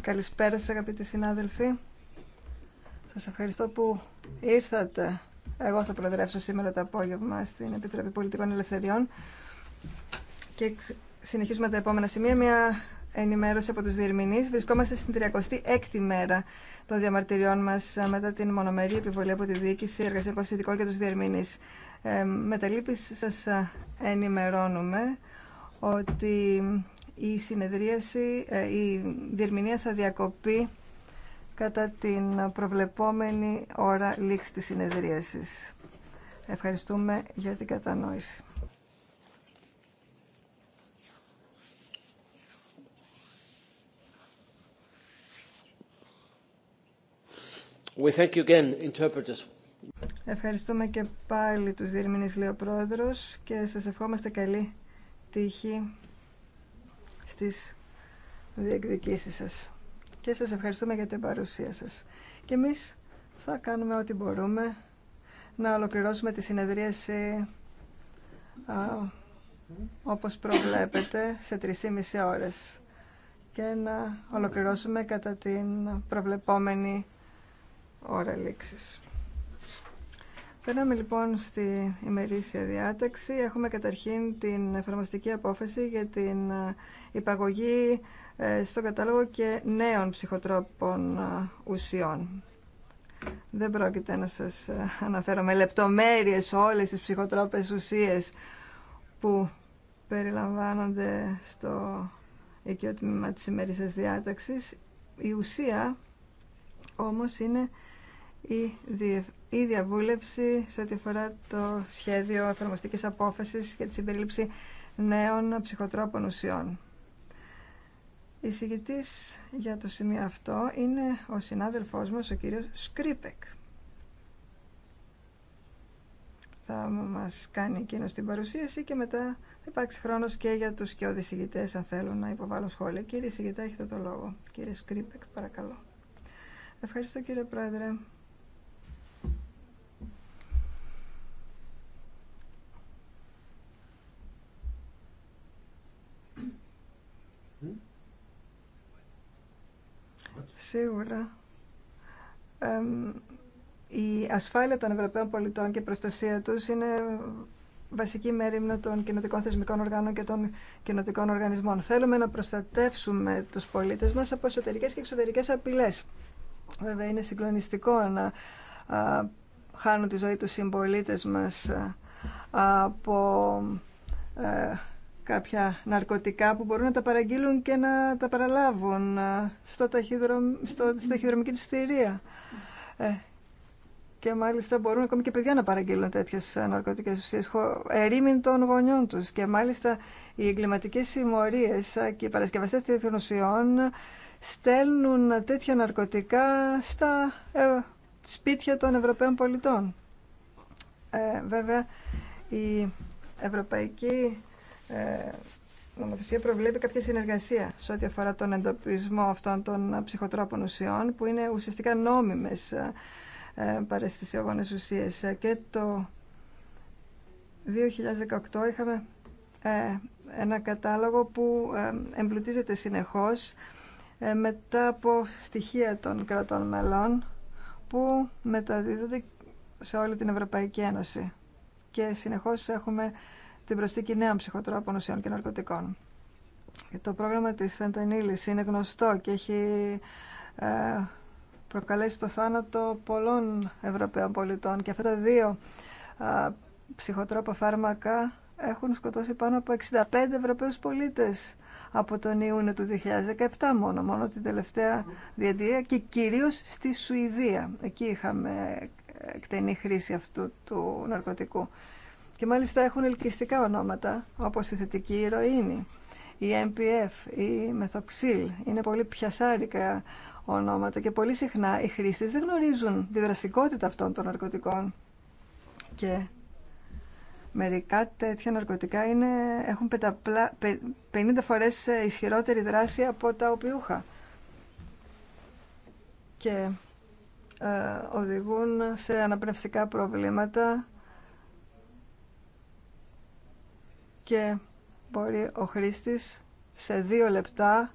Καλησπέρα σας αγαπητοί συνάδελφοι. Σας ευχαριστώ που ήρθατε. Εγώ θα προεδρεύσω σήμερα το απόγευμα στην Επιτροπή Πολιτικών Ελευθεριών και συνεχίζουμε τα επόμενα σημεία. Μια ενημέρωση από τους διερμηνείς. Βρισκόμαστε στην 36η μέρα των διαμαρτυριών μας ε, μετά την μονομερή επιβολή από τη Διοίκηση Εργασιακών Συνδικών και τους διερμηνείς. Ε, με τα λύπη σας ε, ενημερώνουμε ότι η συνεδρίαση, ε, η διερμηνία θα διακοπεί κατά την προβλεπόμενη ώρα λήξη της συνεδρίασης. Ευχαριστούμε για την κατανόηση. We thank you again, interpreters. Ευχαριστούμε και πάλι τους διερμηνείς, λέει ο και σας ευχόμαστε καλή τύχη στις διεκδικήσεις σας. Και σας ευχαριστούμε για την παρουσία σας. Και εμείς θα κάνουμε ό,τι μπορούμε να ολοκληρώσουμε τη συνεδρίαση α, όπως προβλέπετε σε 3,5 ώρες και να ολοκληρώσουμε κατά την προβλεπόμενη ώρα λήξης. Περνάμε λοιπόν στη ημερήσια διάταξη. Έχουμε καταρχήν την εφαρμοστική απόφαση για την ε, υπαγωγή ε, στο κατάλογο και νέων ψυχοτρόπων ε, ουσιών. Δεν πρόκειται να σας αναφέρω με λεπτομέρειες όλες τις ψυχοτρόπες ουσίες που περιλαμβάνονται στο οικείο τμήμα της ημερήσιας διάταξης. Η ουσία όμως είναι η η διαβούλευση σε ό,τι αφορά το σχέδιο εφαρμοστικής απόφασης για τη συμπερίληψη νέων ψυχοτρόπων ουσιών. Η συγκητής για το σημείο αυτό είναι ο συνάδελφός μας, ο κύριος Σκρίπεκ. Θα μας κάνει εκείνο την παρουσίαση και μετά θα υπάρξει χρόνος και για τους και οδησηγητές αν θέλουν να υποβάλουν σχόλια. Κύριε Συγκητά, έχετε το λόγο. Κύριε Σκρίπεκ, παρακαλώ. Ευχαριστώ κύριε Πρόεδρε. Σίγουρα. η ασφάλεια των Ευρωπαίων πολιτών και η προστασία τους είναι βασική μέρημνα των κοινοτικών θεσμικών οργάνων και των κοινοτικών οργανισμών. Θέλουμε να προστατεύσουμε τους πολίτες μας από εσωτερικές και εξωτερικές απειλές. Βέβαια, είναι συγκλονιστικό να χάνουν τη ζωή τους συμπολίτε μας από ε, κάποια ναρκωτικά που μπορούν να τα παραγγείλουν και να τα παραλάβουν ε, στο στο, στη ταχυδρομική του θηρία. Ε, και μάλιστα μπορούν ακόμη και παιδιά να παραγγείλουν τέτοιε ναρκωτικέ ουσίε, ερήμην των γονιών του. Και μάλιστα οι εγκληματικέ συμμορίε ε, και οι παρασκευαστέ τέτοιων ουσιών στέλνουν τέτοια ναρκωτικά στα ε, σπίτια των Ευρωπαίων πολιτών. Ε, βέβαια, η Ευρωπαϊκή ε, νομοθεσία προβλέπει κάποια συνεργασία σε ό,τι αφορά τον εντοπισμό αυτών των ψυχοτρόπων ουσιών που είναι ουσιαστικά νόμιμες ε, ε, παρεστησιογόνες ουσίες και το 2018 είχαμε ένα κατάλογο που εμπλουτίζεται συνεχώς μετά από στοιχεία των κρατών μελών που μεταδίδονται σε όλη την Ευρωπαϊκή Ένωση και συνεχώς έχουμε την προσθήκη νέων ψυχοτρόπων ουσιών και ναρκωτικών. Το πρόγραμμα της φεντανίλης είναι γνωστό και έχει ε, προκαλέσει το θάνατο πολλών Ευρωπαίων πολιτών και αυτά τα δύο ψυχοτρόπα φάρμακα έχουν σκοτώσει πάνω από 65 Ευρωπαίους πολίτες από τον Ιούνιο του 2017 μόνο, μόνο την τελευταία διατηρία και κυρίως στη Σουηδία. Εκεί είχαμε ε, εκτενή χρήση αυτού του ναρκωτικού και μάλιστα έχουν ελκυστικά ονόματα όπως η θετική ηρωίνη, η MPF, η μεθοξύλ. Είναι πολύ πιασάρικα ονόματα και πολύ συχνά οι χρήστες δεν γνωρίζουν τη δραστικότητα αυτών των ναρκωτικών και μερικά τέτοια ναρκωτικά είναι, έχουν 50 φορές ισχυρότερη δράση από τα οπιούχα και ε, οδηγούν σε αναπνευστικά προβλήματα και μπορεί ο χρήστης σε δύο λεπτά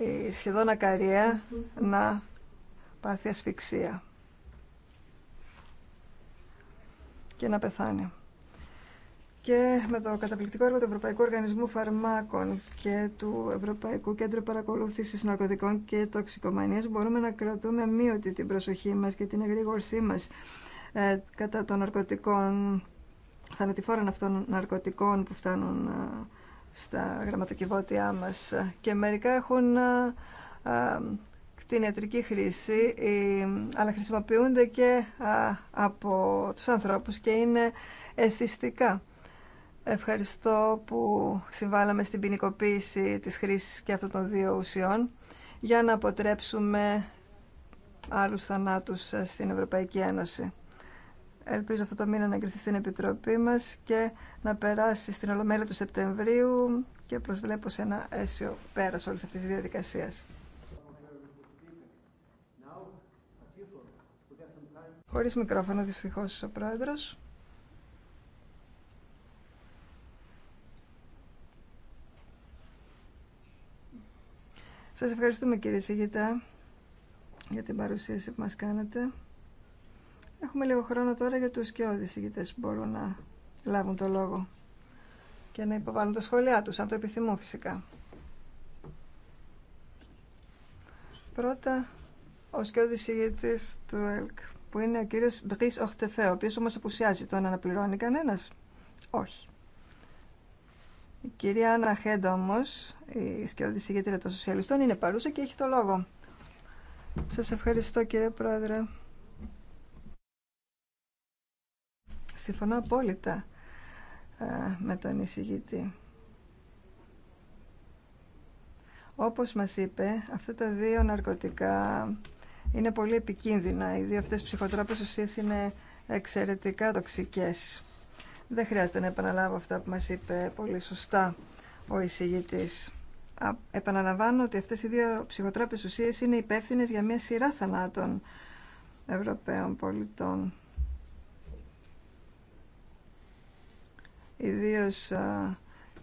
ε, η σχεδόν ακαρία να πάθει ασφυξία και να πεθάνει. Και με το καταπληκτικό έργο του Ευρωπαϊκού Οργανισμού Φαρμάκων και του Ευρωπαϊκού Κέντρου Παρακολούθησης Ναρκωτικών και Τοξικομανίας μπορούμε να κρατούμε μείωτη την προσοχή μας και την εγρήγορσή μας ε, κατά των ναρκωτικών θανατηφόρων αυτών ναρκωτικών που φτάνουν ε, στα γραμματοκιβώτια μας και μερικά έχουν ε, ε, την ιατρική χρήση, αλλά χρησιμοποιούνται και από τους ανθρώπους και είναι εθιστικά. Ευχαριστώ που συμβάλαμε στην ποινικοποίηση της χρήσης και αυτών των δύο ουσιών για να αποτρέψουμε άλλους θανάτους στην Ευρωπαϊκή Ένωση. Ελπίζω αυτό το μήνα να εγκριθεί στην Επιτροπή μας και να περάσει στην Ολομέλεια του Σεπτεμβρίου και προσβλέπω σε ένα αίσιο πέρας όλης αυτής της διαδικασίας. Χωρίς μικρόφωνο δυστυχώς ο Πρόεδρος. Σας ευχαριστούμε κύριε Σιγητά για την παρουσίαση που μας κάνατε. Έχουμε λίγο χρόνο τώρα για τους και ηγητές που μπορούν να λάβουν το λόγο και να υποβάλουν τα σχόλιά τους, αν το επιθυμούν φυσικά. Πρώτα, ο σκιώδης ηγητής του ΕΛΚ, που είναι ο κύριος Μπρίς Οχτεφέ, ο οποίος όμως απουσιάζει τον αναπληρώνει κανένας. Όχι. Η κυρία Άννα Χέντ όμως, η σκιώδης ηγετήρα των Σοσιαλιστών, είναι παρούσα και έχει το λόγο. Σας ευχαριστώ κύριε Πρόεδρε. Συμφωνώ απόλυτα ε, με τον εισηγητή. Όπως μας είπε, αυτά τα δύο ναρκωτικά είναι πολύ επικίνδυνα. Οι δύο αυτές ψυχοτρόπες ουσίες είναι εξαιρετικά τοξικές. Δεν χρειάζεται να επαναλάβω αυτά που μας είπε πολύ σωστά ο εισηγητής. Επαναλαμβάνω ότι αυτές οι δύο ψυχοτρόπες ουσίες είναι υπεύθυνε για μια σειρά θανάτων Ευρωπαίων πολιτών. ιδίως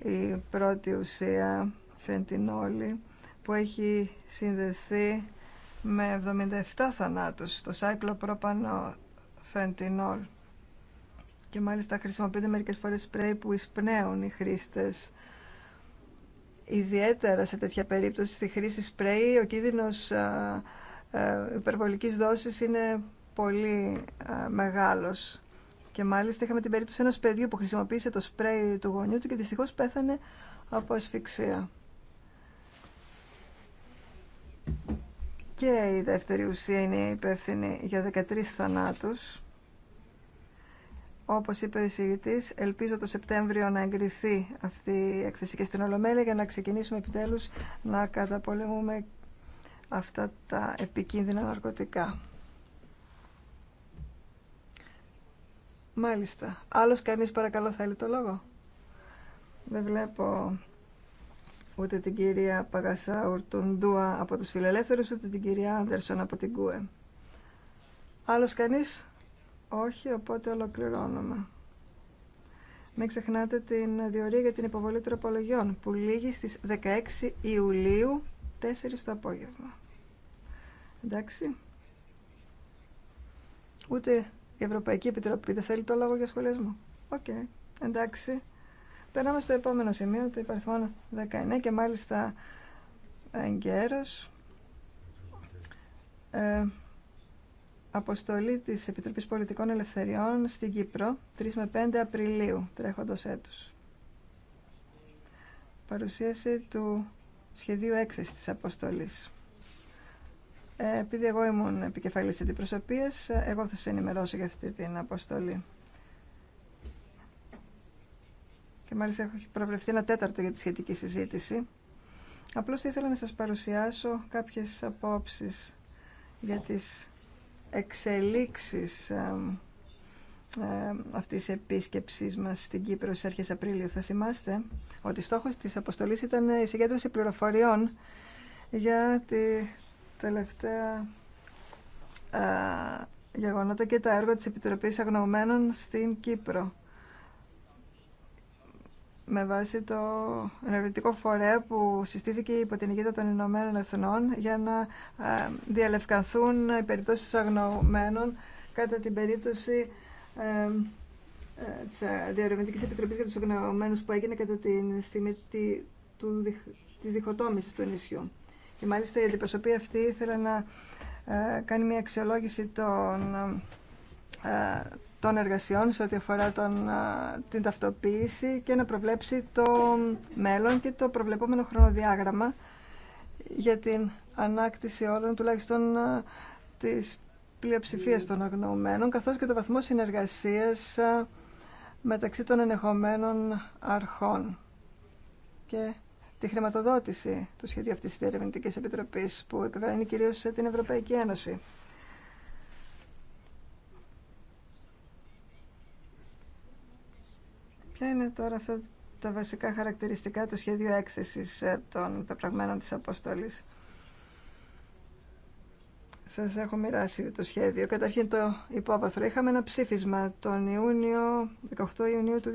η πρώτη ουσία, φεντινόλη, που έχει συνδεθεί με 77 θανάτους, το σάκλο προπανό φεντινόλ. Και μάλιστα χρησιμοποιείται μερικές φορές σπρέι που εισπνέουν οι χρήστες. Ιδιαίτερα σε τέτοια περίπτωση στη χρήση σπρέι ο κίνδυνος ε, υπερβολικής δόσης είναι πολύ μεγάλος και μάλιστα είχαμε την περίπτωση ενό παιδιού που χρησιμοποίησε το σπρέι του γονιού του και δυστυχώ πέθανε από ασφυξία. Και η δεύτερη ουσία είναι υπεύθυνη για 13 θανάτους. Όπως είπε ο εισηγητής, ελπίζω το Σεπτέμβριο να εγκριθεί αυτή η έκθεση και στην Ολομέλεια για να ξεκινήσουμε επιτέλους να καταπολεμούμε αυτά τα επικίνδυνα ναρκωτικά. Μάλιστα. Άλλος κανεί παρακαλώ θέλει το λόγο. Δεν βλέπω ούτε την κυρία Παγασάουρ Τουντούα από τους Φιλελεύθερους, ούτε την κυρία Άντερσον από την ΚΟΕ. Άλλος κανείς? Όχι, οπότε ολοκληρώνουμε. Μην ξεχνάτε την διορία για την υποβολή τροπολογιών που λήγει στις 16 Ιουλίου 4 το απόγευμα. Εντάξει. Ούτε η Ευρωπαϊκή Επιτροπή δεν θέλει το λόγο για σχολιασμό. Οκ, εντάξει. Περνάμε στο επόμενο σημείο, το υπαριθμό 19 και μάλιστα εγκαίρω. Ε, αποστολή της Επιτροπής Πολιτικών Ελευθεριών στην Κύπρο, 3 με 5 Απριλίου, τρέχοντος έτους. Παρουσίαση του σχεδίου έκθεσης της αποστολής επειδή εγώ ήμουν επικεφαλής αντιπροσωπείας, εγώ θα σε ενημερώσω για αυτή την αποστολή. Και μάλιστα έχω προβλεφθεί ένα τέταρτο για τη σχετική συζήτηση. Απλώς ήθελα να σας παρουσιάσω κάποιες απόψεις για τις εξελίξεις αυτής της επίσκεψής μας στην Κύπρο στις αρχές Απρίλιο. Θα θυμάστε ότι στόχος της αποστολής ήταν η συγκέντρωση πληροφοριών για τη, τελευταία ε, γεγονότα και τα έργα της Επιτροπής Αγνωμένων στην Κύπρο με βάση το ενεργητικό φορέα που συστήθηκε υπό την αιγύδα των Ηνωμένων Εθνών για να ε, διαλευκανθούν οι περιπτώσεις αγνωμένων κατά την περίπτωση ε, ε, της ε, Διαρευνητικής Επιτροπής για τους Αγνωμένους που έγινε κατά τη στιγμή της διχοτόμησης του νησιού. Και μάλιστα η αντιπροσωπή αυτή ήθελε να ε, κάνει μια αξιολόγηση των, ε, των εργασιών σε ό,τι αφορά τον, ε, την ταυτοποίηση και να προβλέψει το μέλλον και το προβλεπόμενο χρονοδιάγραμμα για την ανάκτηση όλων τουλάχιστον της πλειοψηφίας των αγνοωμένων καθώς και το βαθμό συνεργασίας μεταξύ των ενεχομένων αρχών. Και τη χρηματοδότηση του σχεδίου αυτής της Διερευνητικής Επιτροπής που επιβαίνει κυρίως σε την Ευρωπαϊκή Ένωση. Ποια είναι τώρα αυτά τα βασικά χαρακτηριστικά του σχέδιου έκθεσης ε, των πεπραγμένων της Απόστολης. Σας έχω μοιράσει το σχέδιο. Καταρχήν το υπόβαθρο. Είχαμε ένα ψήφισμα τον Ιούνιο, 18 Ιουνίου του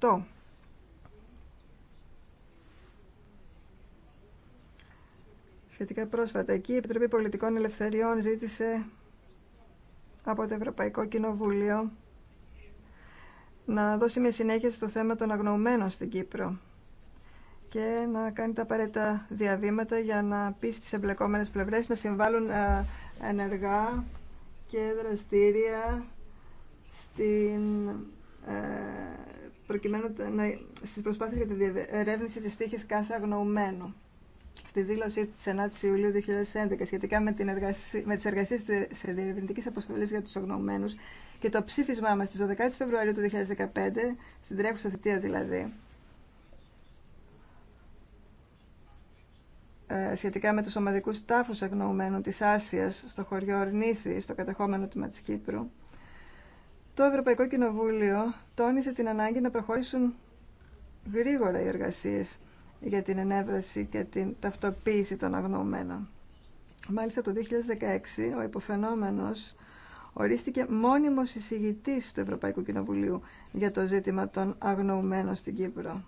2008 σχετικά πρόσφατα. Εκεί η Επιτροπή Πολιτικών Ελευθεριών ζήτησε από το Ευρωπαϊκό Κοινοβούλιο να δώσει μια συνέχεια στο θέμα των αγνοωμένων στην Κύπρο και να κάνει τα απαραίτητα διαβήματα για να πείσει τις εμπλεκόμενες πλευρές να συμβάλλουν ε, ενεργά και δραστήρια στην, ε, προκειμένου, να, στις προσπάθειες για τη διερεύνηση της τύχης κάθε αγνοωμένου στη δήλωση τη 9 η Ιουλίου 2011 σχετικά με, την εργασία, με τις εργασίες της αποστολής για τους αγνωμένους και το ψήφισμά μας στις 12 Φεβρουαρίου του 2015, στην τρέχουσα θητεία δηλαδή, ε, σχετικά με τους ομαδικούς τάφους αγνοωμένων της Άσιας στο χωριό Ορνήθη, στο κατεχόμενο τμήμα της Κύπρου, το Ευρωπαϊκό Κοινοβούλιο τόνισε την ανάγκη να προχωρήσουν γρήγορα οι εργασίες για την ενέβραση και την ταυτοποίηση των αγνοωμένων. Μάλιστα το 2016 ο υποφαινόμενος ορίστηκε μόνιμος εισηγητής του Ευρωπαϊκού Κοινοβουλίου για το ζήτημα των αγνοωμένων στην Κύπρο.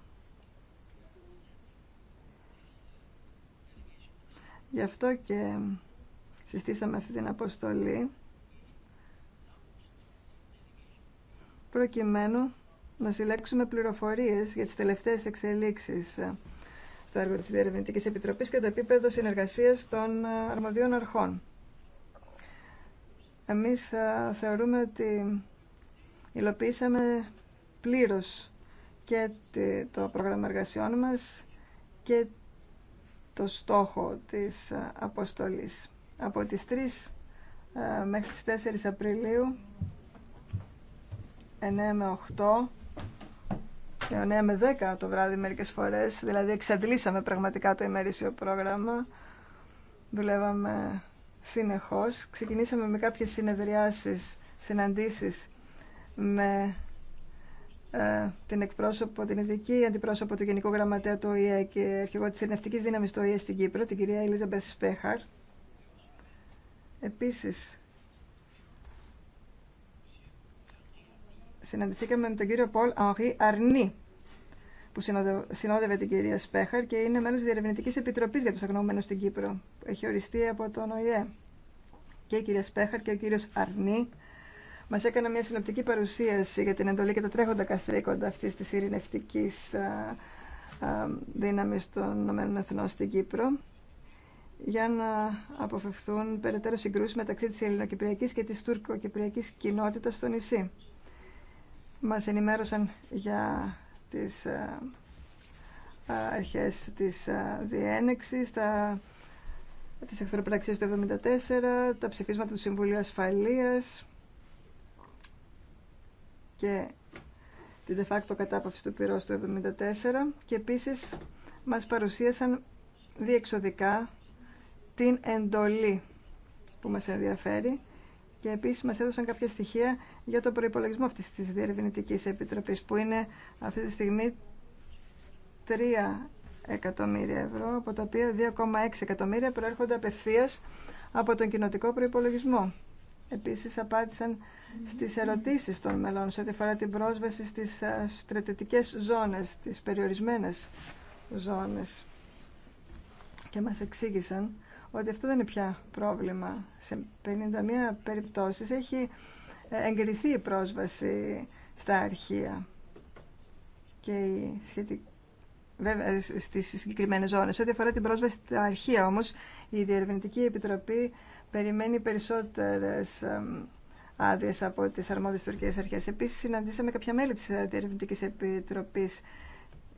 Γι' αυτό και συστήσαμε αυτή την αποστολή προκειμένου να συλλέξουμε πληροφορίες για τις τελευταίες εξελίξεις στο έργο της Διερευνητικής Επιτροπής και το επίπεδο συνεργασίας των ε, αρμοδίων αρχών. Εμείς ε, θεωρούμε ότι υλοποιήσαμε πλήρως και το πρόγραμμα εργασιών μας και το στόχο της ε, αποστολής. Από τις 3 μέχρι τις 4 Απριλίου 9 με 8 9 με 10 το βράδυ μερικές φορές, δηλαδή εξαντλήσαμε πραγματικά το ημερήσιο πρόγραμμα. Δουλεύαμε συνεχώς. Ξεκινήσαμε με κάποιες συνεδριάσεις, συναντήσεις με ε, την εκπρόσωπο, την ειδική αντιπρόσωπο του Γενικού Γραμματέα του ΟΗΕ και αρχηγό της Ενευτικής Δύναμης του ΟΗΕ στην Κύπρο, την κυρία Ελίζα Σπέχαρ. Επίσης, συναντηθήκαμε με τον κύριο Πολ Αγρή Αρνή, που συνόδευε την κυρία Σπέχαρ και είναι μέλος Διερευνητικής Επιτροπής για τους Αγνοούμενους στην Κύπρο, έχει οριστεί από τον ΟΗΕ. Και η κυρία Σπέχαρ και ο κύριος Αρνή μα έκανε μια συνοπτική παρουσίαση για την εντολή και τα τρέχοντα καθήκοντα αυτή τη ειρηνευτική δύναμη των ΗΕ στην Κύπρο για να αποφευθούν περαιτέρω συγκρούσεις μεταξύ τη ελληνοκυπριακής και τη τουρκοκυπριακή κοινότητα στο νησί. Μα ενημέρωσαν για τις ε, ε, αρχές της ε, διένεξης, τα, τις εχθροπραξίες του 1974, τα ψηφίσματα του Συμβουλίου Ασφαλείας και την de facto κατάπαυση του πυρός του 1974 και επίσης μας παρουσίασαν διεξοδικά την εντολή που μας ενδιαφέρει και επίσης μας έδωσαν κάποια στοιχεία για τον προϋπολογισμό αυτής της Διερευνητική Επιτροπής που είναι αυτή τη στιγμή 3 εκατομμύρια ευρώ από τα οποία 2,6 εκατομμύρια προέρχονται απευθείας από τον κοινοτικό προϋπολογισμό. Επίσης απάντησαν στις ερωτήσεις των μελών σε ό,τι αφορά την πρόσβαση στις ε, στρατητικές ζώνες, τις περιορισμένες ζώνες και μας εξήγησαν ότι αυτό δεν είναι πια πρόβλημα. Σε 51 περιπτώσεις έχει ε, εγκριθεί η πρόσβαση στα αρχεία και η σχετική βέβαια ε, στις συγκεκριμένες ζώνες. Ό,τι αφορά την πρόσβαση στα αρχεία όμως, η Διερευνητική Επιτροπή περιμένει περισσότερες άδειε από τις αρμόδιες τουρκικές αρχές. Επίσης, συναντήσαμε κάποια μέλη της ε, Διερευνητικής Επιτροπής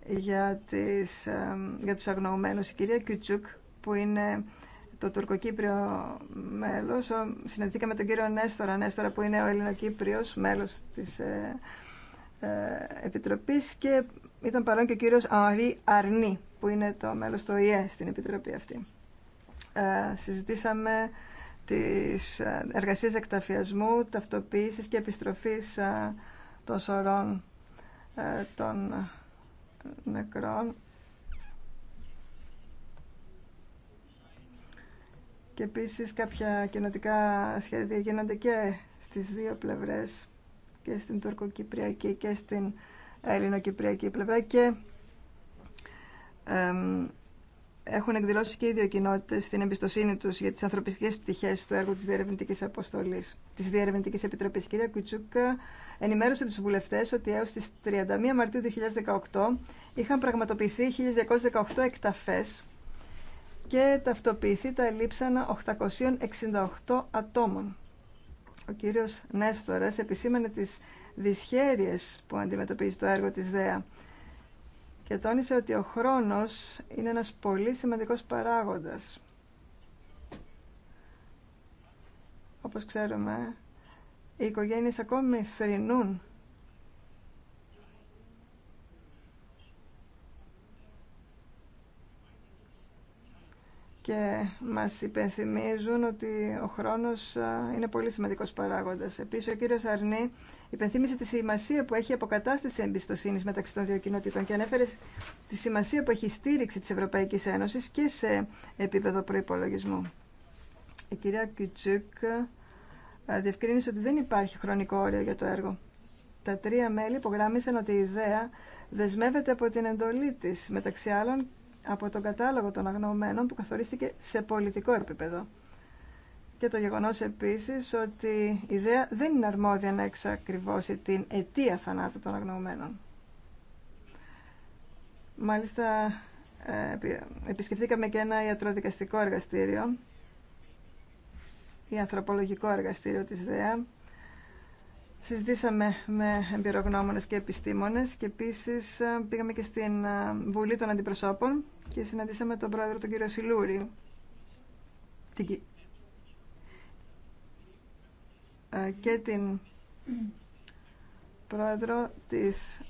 για, τις, για τους αγνοωμένους. Η κυρία Κιουτσούκ, που είναι το τουρκοκύπριο μέλο, συναντηθήκαμε τον κύριο Νέστορα, Νέστορα που είναι ο Ελληνοκύπριο μέλος τη ε, ε, Επιτροπής και ήταν παρόν και ο κύριο Ανρί Αρνή που είναι το μέλος του ΟΗΕ στην Επιτροπή αυτή. Ε, συζητήσαμε τις ε, εργασίε εκταφιασμού, ταυτοποίηση και επιστροφής των σωρών των νεκρών Και επίσης κάποια κοινοτικά σχέδια γίνονται και στις δύο πλευρές, και στην τουρκοκυπριακή και στην ελληνοκυπριακή πλευρά και έχουν εκδηλώσει και οι δύο κοινότητε την εμπιστοσύνη του για τι ανθρωπιστικέ πτυχέ του έργου τη Διερευνητική Αποστολή. Τη Διερευνητική Επιτροπή, κυρία Κουτσούκα ενημέρωσε του βουλευτέ ότι έω τι 31 Μαρτίου 2018 είχαν πραγματοποιηθεί 1218 εκταφέ και ταυτοποιηθεί τα λείψανα 868 ατόμων. Ο κύριος Νέστορας επισήμανε τις δυσχέρειες που αντιμετωπίζει το έργο της ΔΕΑ και τόνισε ότι ο χρόνος είναι ένας πολύ σημαντικός παράγοντας. Όπως ξέρουμε, οι οικογένειες ακόμη θρυνούν. και μας υπενθυμίζουν ότι ο χρόνος είναι πολύ σημαντικός παράγοντας. Επίσης, ο κύριος Αρνή υπενθύμισε τη σημασία που έχει η αποκατάσταση εμπιστοσύνη μεταξύ των δύο κοινότητων και ανέφερε τη σημασία που έχει η στήριξη της Ευρωπαϊκής Ένωσης και σε επίπεδο προϋπολογισμού. Η κυρία Κιουτσούκ διευκρίνησε ότι δεν υπάρχει χρονικό όριο για το έργο. Τα τρία μέλη υπογράμμισαν ότι η ιδέα δεσμεύεται από την εντολή της, μεταξύ άλλων από τον κατάλογο των αγνοωμένων που καθορίστηκε σε πολιτικό επίπεδο. Και το γεγονός επίσης ότι η ιδέα δεν είναι αρμόδια να εξακριβώσει την αιτία θανάτου των αγνοωμένων. Μάλιστα, ε, επισκεφθήκαμε και ένα ιατροδικαστικό εργαστήριο ή ανθρωπολογικό εργαστήριο της ΔΕΑ. Συζητήσαμε με εμπειρογνώμονες και επιστήμονες και επίσης ε, πήγαμε και στην ε, Βουλή των Αντιπροσώπων και συναντήσαμε τον πρόεδρο τον κύριο Σιλούρη ε, και την πρόεδρο της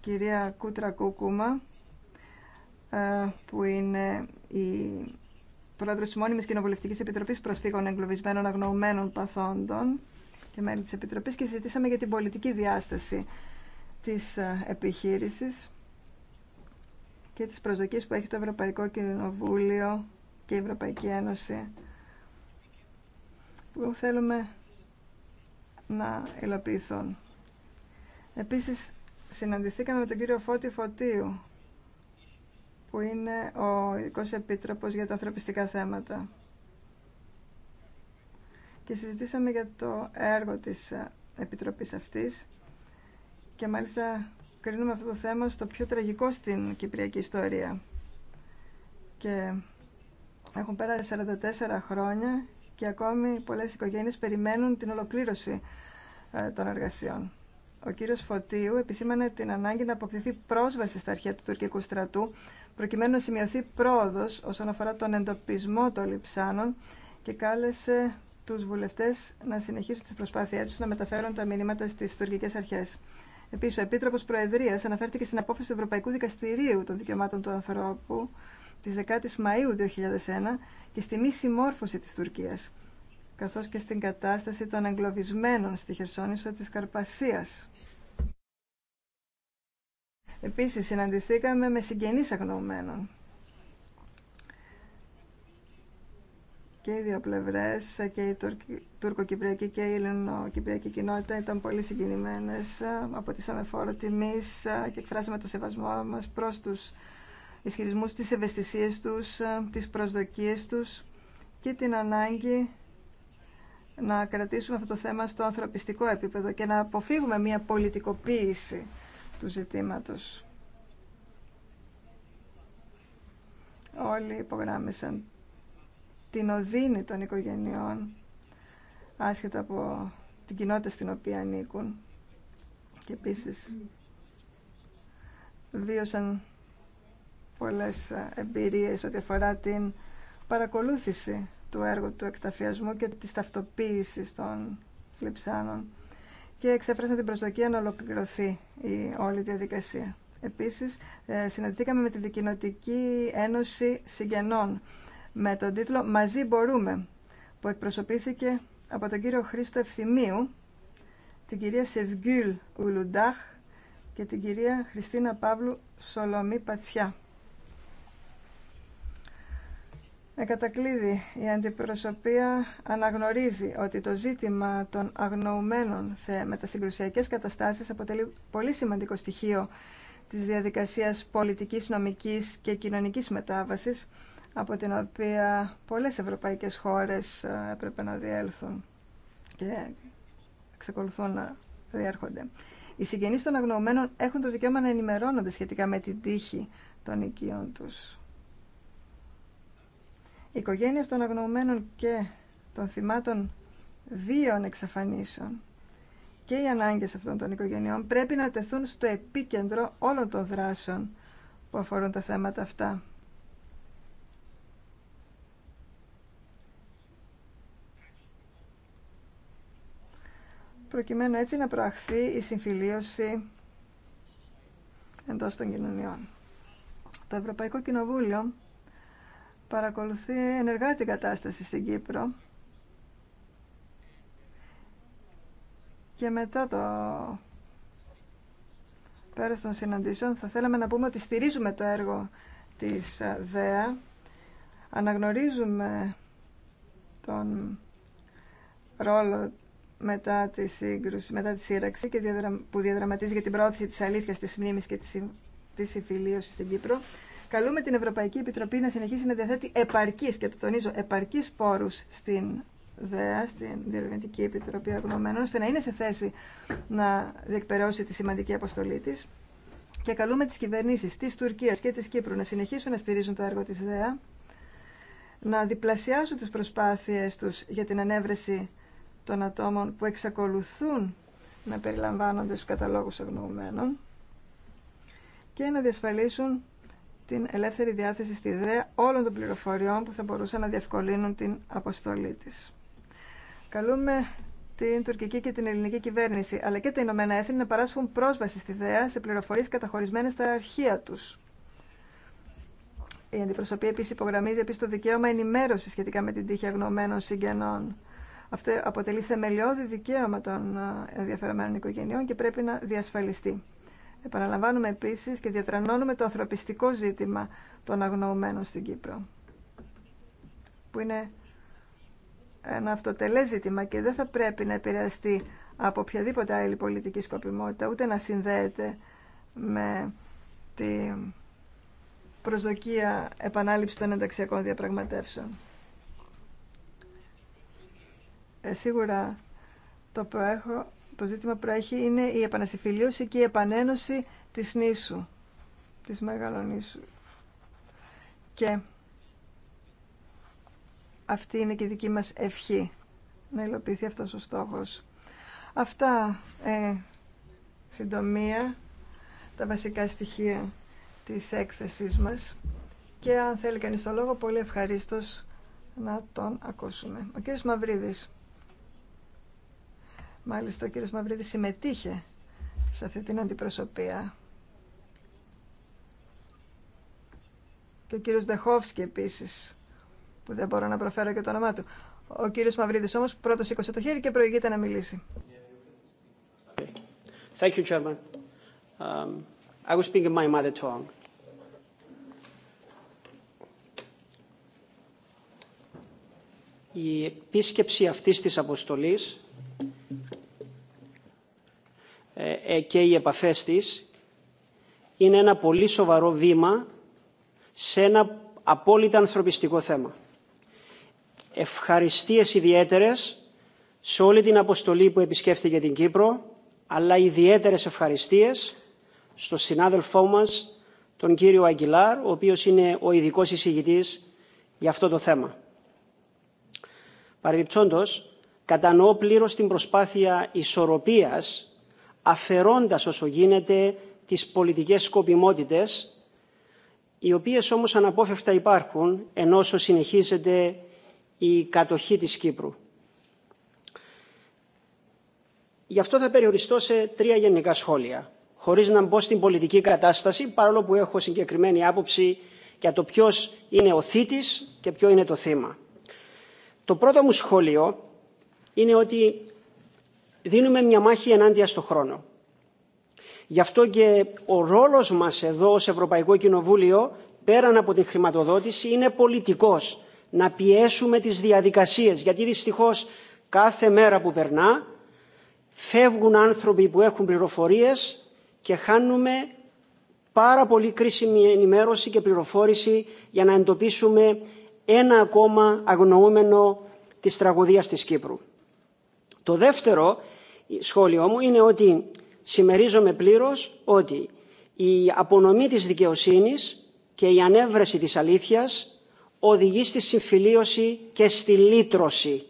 κυρία Κούτρα Κούκουμα ε, που είναι η πρόεδρο τη Μόνιμη Κοινοβουλευτική Επιτροπή Προσφύγων Εγκλωβισμένων Αγνοωμένων Παθόντων και μέλη τη Επιτροπή και συζητήσαμε για την πολιτική διάσταση τη ε, επιχείρηση και τις προσδοκίες που έχει το Ευρωπαϊκό Κοινοβούλιο και η Ευρωπαϊκή Ένωση που θέλουμε να υλοποιηθούν. Επίσης, συναντηθήκαμε με τον κύριο Φώτη Φωτίου, που είναι ο ειδικό Επίτροπος για τα ανθρωπιστικά θέματα. Και συζητήσαμε για το έργο της Επιτροπής αυτής και μάλιστα κρίνουμε αυτό το θέμα στο πιο τραγικό στην κυπριακή ιστορία. Και έχουν πέρασει 44 χρόνια και ακόμη πολλές οικογένειες περιμένουν την ολοκλήρωση ε, των εργασιών. Ο κύριος Φωτίου επισήμανε την ανάγκη να αποκτηθεί πρόσβαση στα αρχεία του τουρκικού στρατού προκειμένου να σημειωθεί πρόοδος όσον αφορά τον εντοπισμό των λιψάνων και κάλεσε τους βουλευτές να συνεχίσουν τις προσπάθειές τους να μεταφέρουν τα μηνύματα στις τουρκικές αρχές. Επίση, ο Επίτροπο Προεδρία αναφέρθηκε στην απόφαση του Ευρωπαϊκού Δικαστηρίου των Δικαιωμάτων του Ανθρώπου τη 10η Μαου 2001 και στη μη συμμόρφωση τη Τουρκία, καθώ και στην κατάσταση των εγκλωβισμένων στη Χερσόνησο τη Καρπασία. Επίσης, συναντηθήκαμε με συγγενεί αγνοωμένων. και οι δύο πλευρέ και η τουρκοκυπριακή και η ελληνοκυπριακή κοινότητα ήταν πολύ συγκινημένε ε, Αποτίσαμε φόρο τιμή ε, και εκφράσαμε το σεβασμό μας προς τους ισχυρισμού τις ευαισθησίε τους, ε, τις προσδοκίε τους και την ανάγκη να κρατήσουμε αυτό το θέμα στο ανθρωπιστικό επίπεδο και να αποφύγουμε μια πολιτικοποίηση του ζητήματος. Όλοι υπογράμμισαν την οδύνη των οικογενειών, άσχετα από την κοινότητα στην οποία ανήκουν. Και επίσης βίωσαν πολλές εμπειρίες ό,τι αφορά την παρακολούθηση του έργου του εκταφιασμού και της ταυτοποίησης των λειψάνων και εξέφρασαν την προσδοκία να ολοκληρωθεί η όλη διαδικασία. Επίσης, ε, συναντηθήκαμε με την Δικοινοτική Ένωση Συγγενών με τον τίτλο «Μαζί μπορούμε» που εκπροσωπήθηκε από τον κύριο Χρήστο Ευθυμίου, την κυρία Σευγγύλ Ουλουντάχ και την κυρία Χριστίνα Παύλου Σολομή Πατσιά. Εκατακλείδη, η αντιπροσωπεία αναγνωρίζει ότι το ζήτημα των αγνοουμένων σε μετασυγκρουσιακές καταστάσεις αποτελεί πολύ σημαντικό στοιχείο της διαδικασίας πολιτικής, νομικής και κοινωνικής μετάβασης από την οποία πολλές ευρωπαϊκές χώρες ε, έπρεπε να διέλθουν και εξακολουθούν να διέρχονται. Οι συγγενείς των αγνοωμένων έχουν το δικαίωμα να ενημερώνονται σχετικά με την τύχη των οικείων τους. Οι οικογένειε των αγνοωμένων και των θυμάτων βίων εξαφανίσεων και οι ανάγκες αυτών των οικογενειών πρέπει να τεθούν στο επίκεντρο όλων των δράσεων που αφορούν τα θέματα αυτά. προκειμένου έτσι να προαχθεί η συμφιλίωση εντός των κοινωνιών. Το Ευρωπαϊκό Κοινοβούλιο παρακολουθεί ενεργά την κατάσταση στην Κύπρο και μετά το πέρας των συναντήσεων θα θέλαμε να πούμε ότι στηρίζουμε το έργο της ΔΕΑ αναγνωρίζουμε τον ρόλο μετά τη σύγκρουση, μετά τη σύραξη και που διαδραματίζει για την πρόθεση της αλήθειας, της μνήμης και της συμφιλίωσης στην Κύπρο, καλούμε την Ευρωπαϊκή Επιτροπή να συνεχίσει να διαθέτει επαρκής και το τονίζω, επαρκής πόρους στην ΔΕΑ, στην Διερευνητική Επιτροπή Αγνωμένων, ώστε να είναι σε θέση να διεκπαιρεώσει τη σημαντική αποστολή τη. Και καλούμε τις κυβερνήσεις της Τουρκίας και της Κύπρου να συνεχίσουν να στηρίζουν το έργο της ΔΕΑ, να διπλασιάσουν τι προσπάθειες του για την ανέβρεση των ατόμων που εξακολουθούν να περιλαμβάνονται στους καταλόγους ευνοωμένων και να διασφαλίσουν την ελεύθερη διάθεση στη ιδέα όλων των πληροφοριών που θα μπορούσαν να διευκολύνουν την αποστολή της. Καλούμε την τουρκική και την ελληνική κυβέρνηση, αλλά και τα Ηνωμένα Έθνη να παράσχουν πρόσβαση στη ΔΕΑ σε πληροφορίε καταχωρισμένε στα αρχεία του. Η αντιπροσωπή επίση υπογραμμίζει επίση το δικαίωμα ενημέρωση σχετικά με την τύχη αγνωμένων συγγενών αυτό αποτελεί θεμελιώδη δικαίωμα των ε, ενδιαφερομένων οικογενειών και πρέπει να διασφαλιστεί. Επαναλαμβάνουμε επίσης και διατρανώνουμε το ανθρωπιστικό ζήτημα των αγνοωμένων στην Κύπρο, που είναι ένα αυτοτελέ ζήτημα και δεν θα πρέπει να επηρεαστεί από οποιαδήποτε άλλη πολιτική σκοπιμότητα, ούτε να συνδέεται με τη προσδοκία επανάληψη των ενταξιακών διαπραγματεύσεων. Ε, σίγουρα το, προέχω, το ζήτημα προέχει είναι η επανασυφιλίωση και η επανένωση της νήσου, της Μεγαλονήσου. Και αυτή είναι και η δική μας ευχή, να υλοποιηθεί αυτός ο στόχος. Αυτά, ε, συντομία, τα βασικά στοιχεία της έκθεσής μας και αν θέλει κανείς το λόγο, πολύ ευχαρίστως να τον ακούσουμε. Ο κύριος Μαυρίδης. Μάλιστα ο κύριος Μαυρίδη συμμετείχε σε αυτή την αντιπροσωπεία. Και ο κύριος Δεχόφσκι επίσης, που δεν μπορώ να προφέρω και το όνομά του. Ο κύριος Μαυρίδης όμως πρώτος σήκωσε το χέρι και προηγείται να μιλήσει. Thank you, Um, I my mother tongue. Η επίσκεψη αυτής της αποστολής ε, ε, και οι επαφές της είναι ένα πολύ σοβαρό βήμα σε ένα απόλυτα ανθρωπιστικό θέμα. Ευχαριστίες ιδιαίτερες σε όλη την αποστολή που επισκέφθηκε την Κύπρο, αλλά ιδιαίτερες ευχαριστίες στο συνάδελφό μας, τον κύριο Αγγιλάρ, ο οποίος είναι ο ειδικό εισηγητής για αυτό το θέμα. Παρεμπιπτόντως, κατανοώ πλήρως την προσπάθεια ισορροπίας αφαιρώντας όσο γίνεται τις πολιτικές σκοπιμότητες, οι οποίες όμως αναπόφευκτα υπάρχουν ενώ όσο συνεχίζεται η κατοχή της Κύπρου. Γι' αυτό θα περιοριστώ σε τρία γενικά σχόλια, χωρίς να μπω στην πολιτική κατάσταση, παρόλο που έχω συγκεκριμένη άποψη για το ποιο είναι ο θήτης και ποιο είναι το θύμα. Το πρώτο μου σχόλιο είναι ότι δίνουμε μια μάχη ενάντια στον χρόνο. Γι' αυτό και ο ρόλος μας εδώ ως Ευρωπαϊκό Κοινοβούλιο, πέραν από την χρηματοδότηση, είναι πολιτικός. Να πιέσουμε τις διαδικασίες, γιατί δυστυχώς κάθε μέρα που περνά φεύγουν άνθρωποι που έχουν πληροφορίες και χάνουμε πάρα πολύ κρίσιμη ενημέρωση και πληροφόρηση για να εντοπίσουμε ένα ακόμα αγνοούμενο της τραγωδίας της Κύπρου. Το δεύτερο σχόλιο μου είναι ότι συμμερίζομαι πλήρως ότι η απονομή της δικαιοσύνης και η ανέβρεση της αλήθειας οδηγεί στη συμφιλίωση και στη λύτρωση.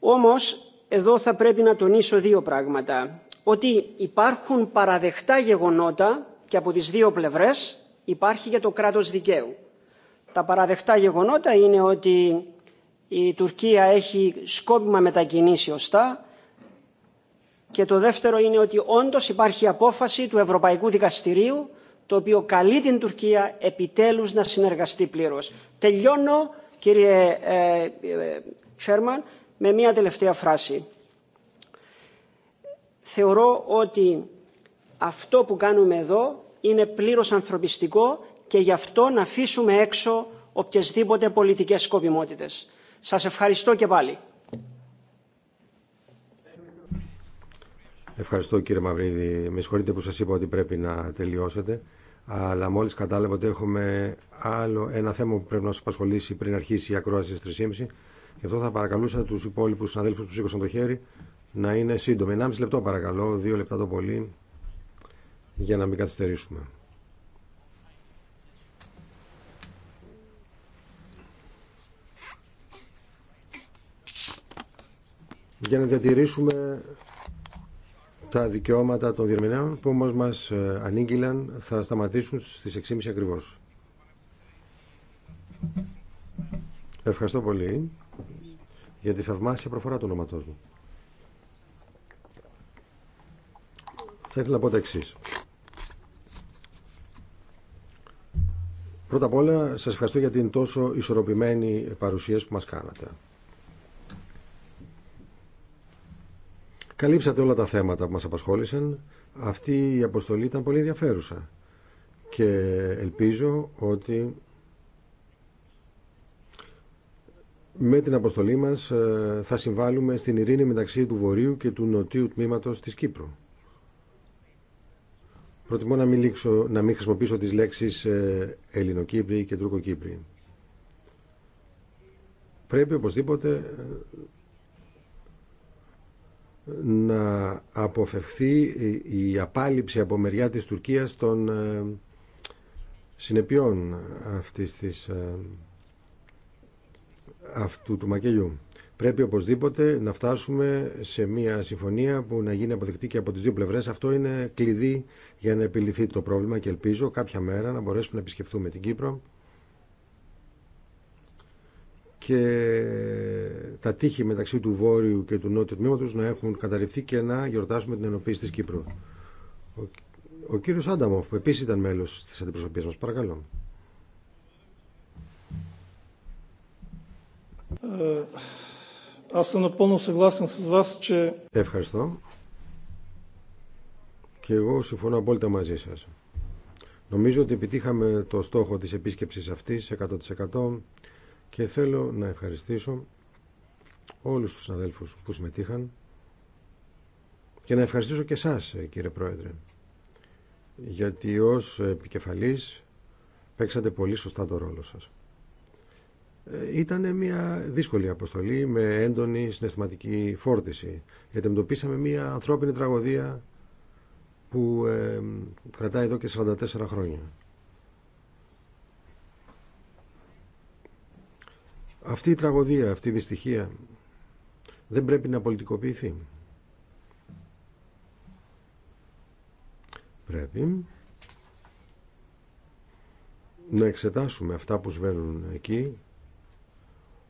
Όμως εδώ θα πρέπει να τονίσω δύο πράγματα. Ότι υπάρχουν παραδεχτά γεγονότα και από τις δύο πλευρές υπάρχει για το κράτος δικαίου. Τα παραδεχτά γεγονότα είναι ότι η Τουρκία έχει σκόπιμα μετακινήσει ωστά και το δεύτερο είναι ότι όντως υπάρχει απόφαση του Ευρωπαϊκού Δικαστηρίου το οποίο καλεί την Τουρκία επιτέλους να συνεργαστεί πλήρως. Τελειώνω, κύριε Σέρμαν, ε, ε, με μία τελευταία φράση. Θεωρώ ότι αυτό που κάνουμε εδώ είναι πλήρως ανθρωπιστικό και γι' αυτό να αφήσουμε έξω οποιασδήποτε πολιτικές σκοπιμότητες. Σας ευχαριστώ και πάλι. Ευχαριστώ κύριε Μαυρίδη. Με συγχωρείτε που σας είπα ότι πρέπει να τελειώσετε, αλλά μόλις κατάλαβα ότι έχουμε άλλο ένα θέμα που πρέπει να σας απασχολήσει πριν αρχίσει η ακρόαση στις 3.30. Γι' αυτό θα παρακαλούσα τους υπόλοιπους συναδέλφου που σήκωσαν το χέρι να είναι σύντομοι. 1,5 λεπτό παρακαλώ, 2 λεπτά το πολύ, για να μην καθυστερήσουμε. για να διατηρήσουμε τα δικαιώματα των διερμηνέων που όμως μας ε, ανήγγυλαν θα σταματήσουν στις 6.30 ακριβώς. Ευχαριστώ πολύ για τη θαυμάσια προφορά του ονόματός μου. Θα ήθελα να πω τα εξή. Πρώτα απ' όλα σας ευχαριστώ για την τόσο ισορροπημένη παρουσίαση που μας κάνατε. Καλύψατε όλα τα θέματα που μας απασχόλησαν. Αυτή η αποστολή ήταν πολύ ενδιαφέρουσα και ελπίζω ότι με την αποστολή μας ε, θα συμβάλλουμε στην ειρήνη μεταξύ του βορείου και του νοτίου τμήματος της Κύπρου. Προτιμώ να μην, να μην χρησιμοποιήσω τις λέξεις ε, Ελληνοκύπριοι και Τουρκοκύπριοι. Πρέπει οπωσδήποτε ε, να αποφευχθεί η απάλληψη από μεριά της Τουρκίας των ε, συνεπειών αυτής της, ε, αυτού του μακελιού. Πρέπει οπωσδήποτε να φτάσουμε σε μια συμφωνία που να γίνει αποδεκτή και από τις δύο πλευρές. Αυτό είναι κλειδί για να επιληθεί το πρόβλημα και ελπίζω κάποια μέρα να μπορέσουμε να επισκεφτούμε την Κύπρο και τα τείχη μεταξύ του βόρειου και του νότιου τμήματος να έχουν καταρριφθεί και να γιορτάσουμε την ενοποίηση της Κύπρου. Ο, ο κύριος Άνταμοφ, που επίσης ήταν μέλος της αντιπροσωπείας μας, παρακαλώ. Ε, Ευχαριστώ. Και εγώ συμφωνώ απόλυτα μαζί σας. Νομίζω ότι επιτύχαμε το στόχο της επίσκεψης αυτής 100% και θέλω να ευχαριστήσω όλους τους αδέλφους που συμμετείχαν και να ευχαριστήσω και εσάς κύριε Πρόεδρε γιατί ως επικεφαλής παίξατε πολύ σωστά το ρόλο σας. Ε, Ήταν μια δύσκολη αποστολή με έντονη συναισθηματική φόρτιση γιατί εντοπίσαμε μια ανθρώπινη τραγωδία που ε, κρατάει εδώ και 44 χρόνια. Αυτή η τραγωδία, αυτή η δυστυχία δεν πρέπει να πολιτικοποιηθεί. Πρέπει να εξετάσουμε αυτά που σβαίνουν εκεί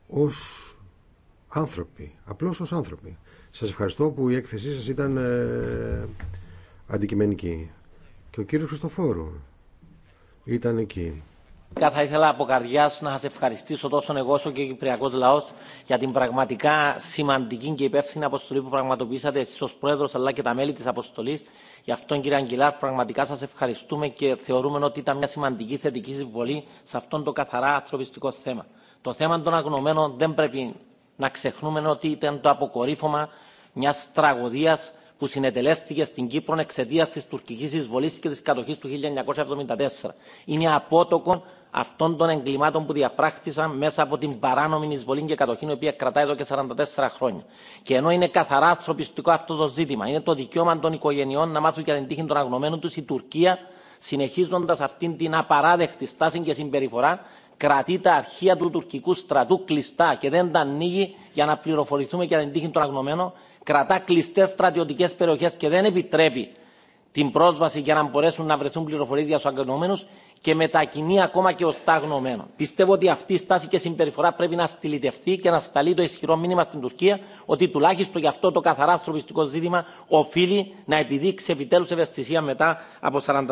ως άνθρωποι, απλώς ως άνθρωποι. Σας ευχαριστώ που η έκθεσή σας ήταν ε, αντικειμενική. Και ο κύριος Χριστοφόρου ήταν εκεί θα ήθελα από καρδιά να σα ευχαριστήσω τόσο εγώ όσο και ο Κυπριακό λαό για την πραγματικά σημαντική και υπεύθυνη αποστολή που πραγματοποιήσατε εσεί ω πρόεδρο αλλά και τα μέλη τη αποστολή. Γι' αυτόν κύριε Αγγιλάρ, πραγματικά σα ευχαριστούμε και θεωρούμε ότι ήταν μια σημαντική θετική συμβολή σε αυτόν το καθαρά ανθρωπιστικό θέμα. Το θέμα των αγνωμένων δεν πρέπει να ξεχνούμε ότι ήταν το αποκορύφωμα μια τραγωδία που συνετελέστηκε στην Κύπρο εξαιτία τη τουρκική εισβολή και τη κατοχή του 1974. Είναι απότοκο αυτών των εγκλημάτων που διαπράχθησαν μέσα από την παράνομη εισβολή και κατοχή, η οποία κρατάει εδώ και 44 χρόνια. Και ενώ είναι καθαρά ανθρωπιστικό αυτό το ζήτημα, είναι το δικαίωμα των οικογενειών να μάθουν για την τύχη των αγνωμένων του, η Τουρκία, συνεχίζοντα αυτήν την απαράδεκτη στάση και συμπεριφορά, κρατεί τα αρχεία του τουρκικού στρατού κλειστά και δεν τα ανοίγει για να πληροφορηθούμε για την τύχη των αγνωμένων, κρατά κλειστέ στρατιωτικέ περιοχέ και δεν επιτρέπει την πρόσβαση για να μπορέσουν να βρεθούν πληροφορίε για του αγνωμένου και μετακινεί ακόμα και ω τάγνωμένο. Πιστεύω ότι αυτή η στάση και συμπεριφορά πρέπει να στυλιτευτεί και να σταλεί το ισχυρό μήνυμα στην Τουρκία ότι τουλάχιστον για αυτό το καθαρά ανθρωπιστικό ζήτημα οφείλει να επιδείξει επιτέλου ευαισθησία μετά από 44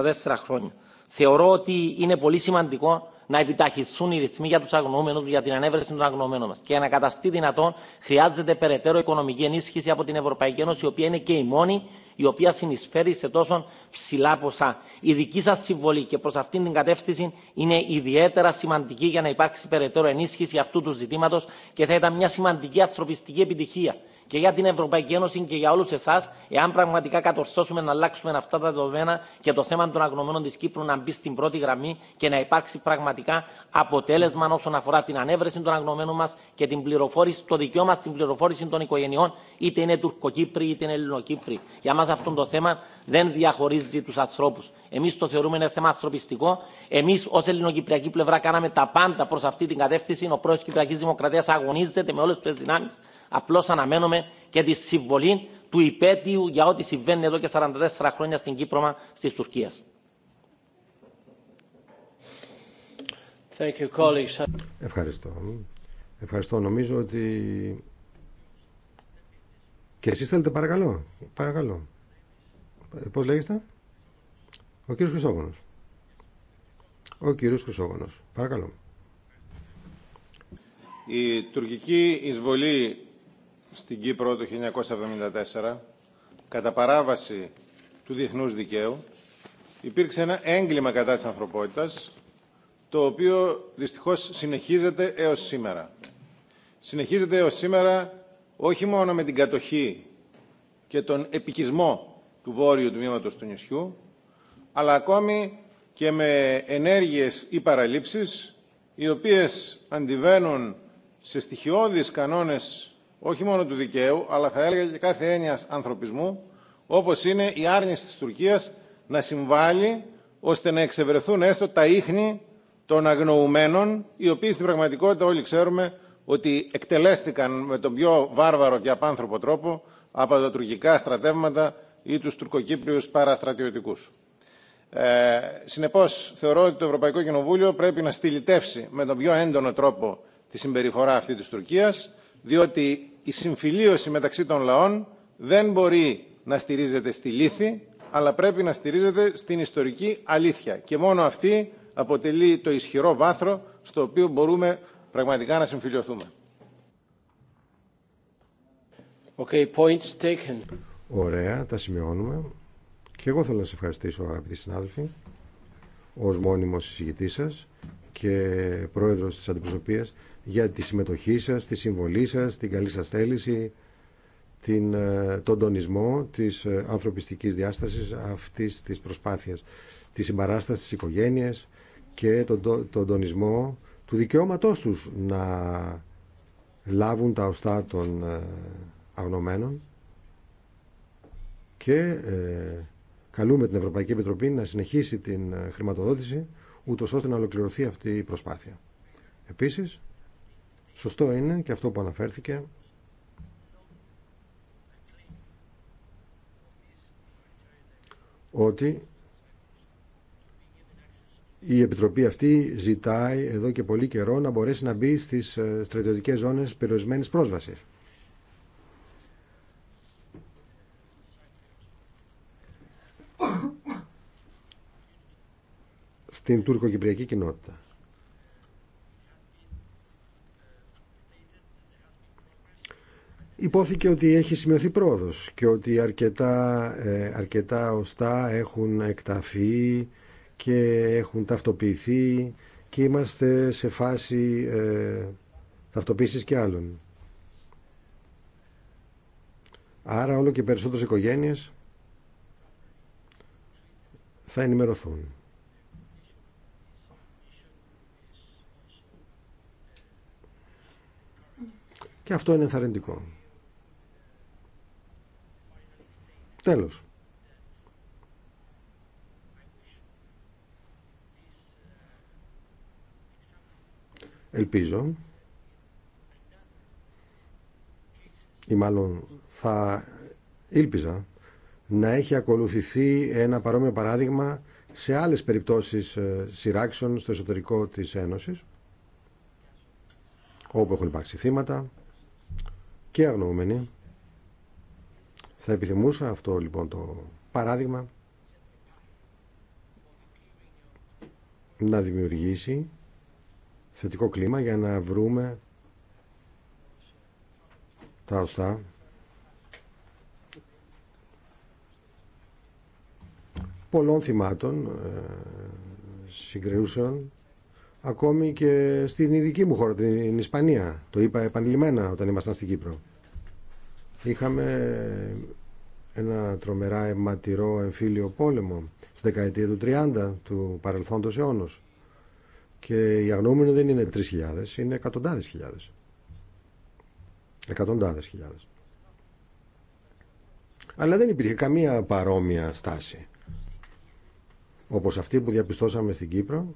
χρόνια. Θεωρώ ότι είναι πολύ σημαντικό να επιταχυνθούν οι ρυθμοί για του αγνοούμενου, για την ανέβρεση των αγνοούμενων μα. Και να καταστεί δυνατόν χρειάζεται περαιτέρω οικονομική ενίσχυση από την Ευρωπαϊκή Ένωση, η οποία είναι και η μόνη η οποία συνεισφέρει σε τόσο ψηλά ποσά. Η δική σα συμβολή και προ αυτήν την κατεύθυνση είναι ιδιαίτερα σημαντική για να υπάρξει περαιτέρω ενίσχυση αυτού του ζητήματο και θα ήταν μια σημαντική ανθρωπιστική επιτυχία και για την Ευρωπαϊκή Ένωση και για όλου εσά, εάν πραγματικά κατορθώσουμε να αλλάξουμε αυτά τα δεδομένα και το θέμα των αγνωμένων τη Κύπρου να μπει στην πρώτη γραμμή και να υπάρξει πραγματικά αποτέλεσμα όσον αφορά την ανέβρεση των αγνωμένων μα και την πληροφόρηση, το δικαίωμα στην πληροφόρηση των οικογενειών, είτε είναι Τουρκοκύπροι είτε είναι Ελληνοκύπροι. Για μα αυτό το θέμα δεν διαχωρίζει του ανθρώπου. Εμεί το θεωρούμε ένα θέμα ανθρωπιστικό. Εμεί ω ελληνοκυπριακή πλευρά κάναμε τα πάντα προ αυτή την κατεύθυνση. Ο πρόεδρο Κυπριακή Δημοκρατία αγωνίζεται με όλε τι δυνάμει Απλώ αναμένουμε και τη συμβολή του υπέτειου για ό,τι συμβαίνει εδώ και 44 χρόνια στην Κύπρο μα τη Τουρκία. Ευχαριστώ. Ευχαριστώ. Νομίζω ότι. Και εσεί θέλετε παρακαλώ. Παρακαλώ. Πώ λέγεστε. Ο κύριο Χρυσόγονο. Ο κύριο Χρυσόγονο. Παρακαλώ. Η τουρκική εισβολή στην Κύπρο το 1974, κατά παράβαση του διεθνούς δικαίου, υπήρξε ένα έγκλημα κατά της ανθρωπότητας, το οποίο δυστυχώς συνεχίζεται έως σήμερα. Συνεχίζεται έως σήμερα όχι μόνο με την κατοχή και τον επικισμό του βόρειου τμήματος του νησιού, αλλά ακόμη και με ενέργειες ή παραλήψεις, οι οποίες αντιβαίνουν σε στοιχειώδεις κανόνες όχι μόνο του δικαίου, αλλά θα έλεγα και κάθε έννοια ανθρωπισμού, όπως είναι η άρνηση της Τουρκίας να συμβάλλει ώστε να εξευρεθούν έστω τα ίχνη των αγνοουμένων, οι οποίοι στην πραγματικότητα όλοι ξέρουμε ότι εκτελέστηκαν με τον πιο βάρβαρο και απάνθρωπο τρόπο από τα τουρκικά στρατεύματα ή τους τουρκοκύπριους παραστρατιωτικούς. Ε, συνεπώς, θεωρώ ότι το Ευρωπαϊκό Κοινοβούλιο πρέπει να στυλιτεύσει με τον πιο έντονο τρόπο τη συμπεριφορά αυτή της Τουρκίας, διότι η συμφιλίωση μεταξύ των λαών δεν μπορεί να στηρίζεται στη λύθη, αλλά πρέπει να στηρίζεται στην ιστορική αλήθεια. Και μόνο αυτή αποτελεί το ισχυρό βάθρο στο οποίο μπορούμε πραγματικά να συμφιλειωθούμε. Okay, points taken. Ωραία, τα σημειώνουμε. Και εγώ θέλω να σε ευχαριστήσω αγαπητοί συνάδελφοι ως μόνιμος συζητητής σας και πρόεδρος της αντιπροσωπείας για τη συμμετοχή σας, τη συμβολή σας, την καλή σας θέληση, ε, τον τονισμό της ε, ανθρωπιστικής διάστασης αυτής της προσπάθειας, τη συμπαράσταση της οικογένειας και τον, τονισμό του δικαιώματός τους να λάβουν τα οστά των ε, αγνωμένων και ε, καλούμε την Ευρωπαϊκή Επιτροπή να συνεχίσει την χρηματοδότηση ούτως ώστε να ολοκληρωθεί αυτή η προσπάθεια. Επίσης, Σωστό είναι και αυτό που αναφέρθηκε. ότι η Επιτροπή αυτή ζητάει εδώ και πολύ καιρό να μπορέσει να μπει στις ε, στρατιωτικές ζώνες περιορισμένης πρόσβασης. Στην τουρκοκυπριακή κοινότητα. Υπόθηκε ότι έχει σημειωθεί πρόοδος και ότι αρκετά, ε, αρκετά οστά έχουν εκταφεί και έχουν ταυτοποιηθεί και είμαστε σε φάση ε, ταυτοποίησης και άλλων. Άρα όλο και περισσότερες οικογένειες θα ενημερωθούν. Και αυτό είναι ενθαρρυντικό. Τέλος. Ελπίζω ή μάλλον θα ήλπιζα να έχει ακολουθηθεί ένα παρόμοιο παράδειγμα σε άλλες περιπτώσεις ε, σειράξεων στο εσωτερικό της Ένωσης όπου έχουν υπάρξει θύματα και αγνοούμενοι θα επιθυμούσα αυτό λοιπόν το παράδειγμα να δημιουργήσει θετικό κλίμα για να βρούμε τα ωστά πολλών θυμάτων ε, συγκριούσεων ακόμη και στην ειδική μου χώρα, την Ισπανία. Το είπα επανειλημμένα όταν ήμασταν στην Κύπρο. Είχαμε ένα τρομερά αιματηρό εμφύλιο πόλεμο στη δεκαετία του 30 του παρελθόντος αιώνος. Και οι αγνώμενοι δεν είναι 3.000, είναι εκατοντάδες χιλιάδες. Εκατοντάδες χιλιάδες. Αλλά δεν υπήρχε καμία παρόμοια στάση. Όπως αυτή που διαπιστώσαμε στην Κύπρο,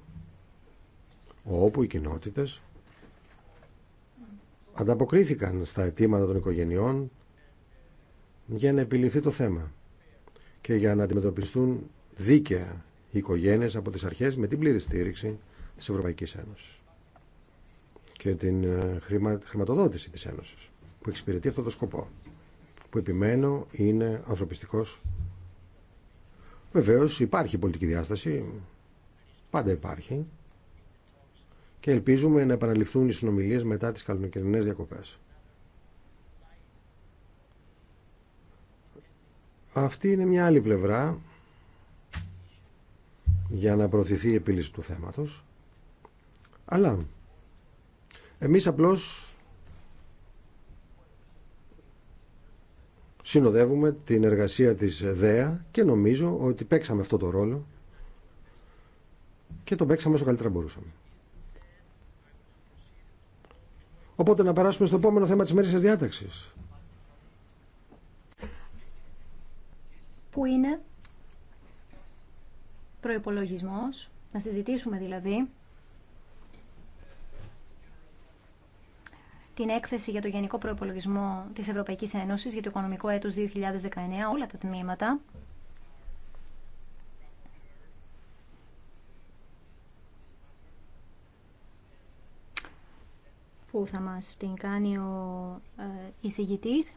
όπου οι κοινότητες ανταποκρίθηκαν στα αιτήματα των οικογενειών για να επιληθεί το θέμα και για να αντιμετωπιστούν δίκαια οι οικογένειες από τις αρχές με την πλήρη στήριξη της Ευρωπαϊκής Ένωσης και την ε, χρηματοδότηση της Ένωσης που εξυπηρετεί αυτό το σκοπό που επιμένω είναι ανθρωπιστικός βεβαίως υπάρχει πολιτική διάσταση πάντα υπάρχει και ελπίζουμε να επαναληφθούν οι συνομιλίες μετά τις καλοκαιρινές διακοπές Αυτή είναι μια άλλη πλευρά για να προωθηθεί η επίλυση του θέματος. Αλλά εμείς απλώς συνοδεύουμε την εργασία της ΔΕΑ και νομίζω ότι παίξαμε αυτό το ρόλο και το παίξαμε όσο καλύτερα μπορούσαμε. Οπότε να περάσουμε στο επόμενο θέμα της μέρης της διάταξης. που είναι προϋπολογισμός, να συζητήσουμε δηλαδή την έκθεση για το Γενικό Προϋπολογισμό της Ευρωπαϊκής Ένωσης για το οικονομικό έτος 2019, όλα τα τμήματα. που θα μας την κάνει ο ε, εισηγητής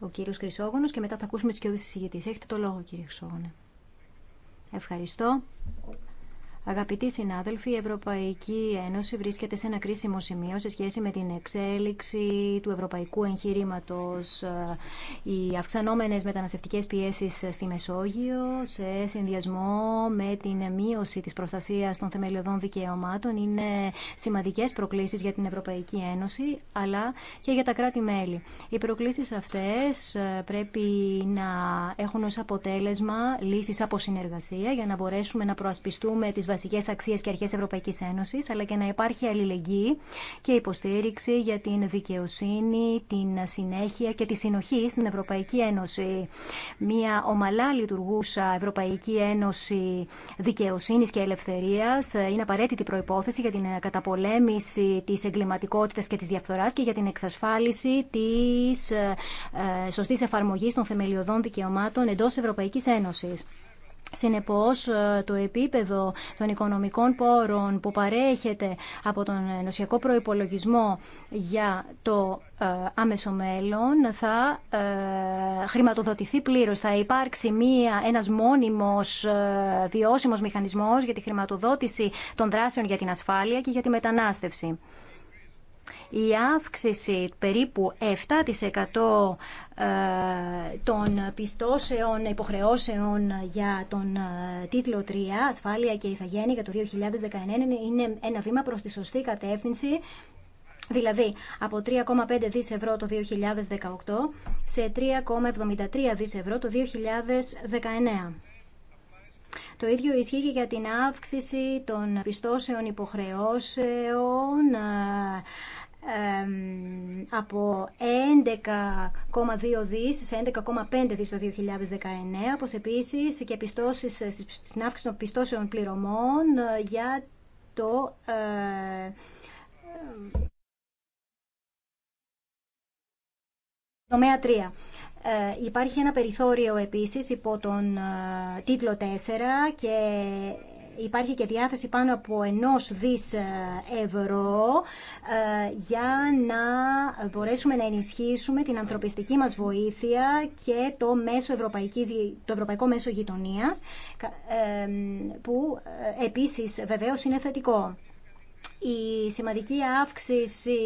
ο κύριο Χρυσόγονο και μετά θα ακούσουμε τις κοιόδες εισηγητής. Έχετε το λόγο κύριε Χρυσόγονο. Ευχαριστώ. Αγαπητοί συνάδελφοι, η Ευρωπαϊκή Ένωση βρίσκεται σε ένα κρίσιμο σημείο σε σχέση με την εξέλιξη του ευρωπαϊκού εγχειρήματο. Ε, οι αυξανόμενε μεταναστευτικέ πιέσει στη Μεσόγειο, σε συνδυασμό με την μείωση τη προστασία των θεμελιωδών δικαιωμάτων, είναι σημαντικέ προκλήσει για την Ευρωπαϊκή Ένωση, αλλά και για τα κράτη-μέλη. Οι προκλήσει αυτέ ε, πρέπει να έχουν ω αποτέλεσμα λύσει από συνεργασία για να μπορέσουμε να προασπιστούμε τι βασικέ βασικέ αξίε και αρχέ Ευρωπαϊκή Ένωση, αλλά και να υπάρχει αλληλεγγύη και υποστήριξη για την δικαιοσύνη, την συνέχεια και τη συνοχή στην Ευρωπαϊκή Ένωση. Μια ομαλά λειτουργούσα Ευρωπαϊκή Ένωση Δικαιοσύνη και Ελευθερία είναι απαραίτητη προπόθεση για την καταπολέμηση τη εγκληματικότητα και τη διαφθορά και για την εξασφάλιση τη ε, σωστή εφαρμογή των θεμελιωδών δικαιωμάτων εντό Ευρωπαϊκή Ένωση. Συνεπώς, ε, το επίπεδο των οικονομικών πόρων που παρέχεται από τον ενωσιακό προϋπολογισμό για το ε, άμεσο μέλλον θα ε, χρηματοδοτηθεί πλήρως. Θα υπάρξει μία, ένας μόνιμος βιώσιμος μηχανισμός για τη χρηματοδότηση των δράσεων για την ασφάλεια και για τη μετανάστευση. Η αύξηση περίπου 7% ε, των πιστώσεων υποχρεώσεων για τον ε, τίτλο 3 ασφάλεια και ηθαγένεια για το 2019 είναι ένα βήμα προς τη σωστή κατεύθυνση δηλαδή από 3,5 δις ευρώ το 2018 σε 3,73 δις ευρώ το 2019. Το ίδιο ισχύει και για την αύξηση των πιστώσεων υποχρεώσεων ε, από 11,2 δις σε 11,5 δις το 2019, όπως επίσης και πιστώσεις, ε, στην αύξηση των πιστώσεων πληρωμών ε, για το... Ε, τομέα 3. Ε, υπάρχει ένα περιθώριο επίσης υπό τον τίτλο 4 και υπάρχει και διάθεση πάνω από ενός δις ε, ευρώ ε, για να μπορέσουμε να ενισχύσουμε την ανθρωπιστική μας βοήθεια και το, μέσο ευρωπαϊκής, το Ευρωπαϊκό Μέσο Γειτονίας ε, που επίσης βεβαίως είναι θετικό. Η σημαντική αύξηση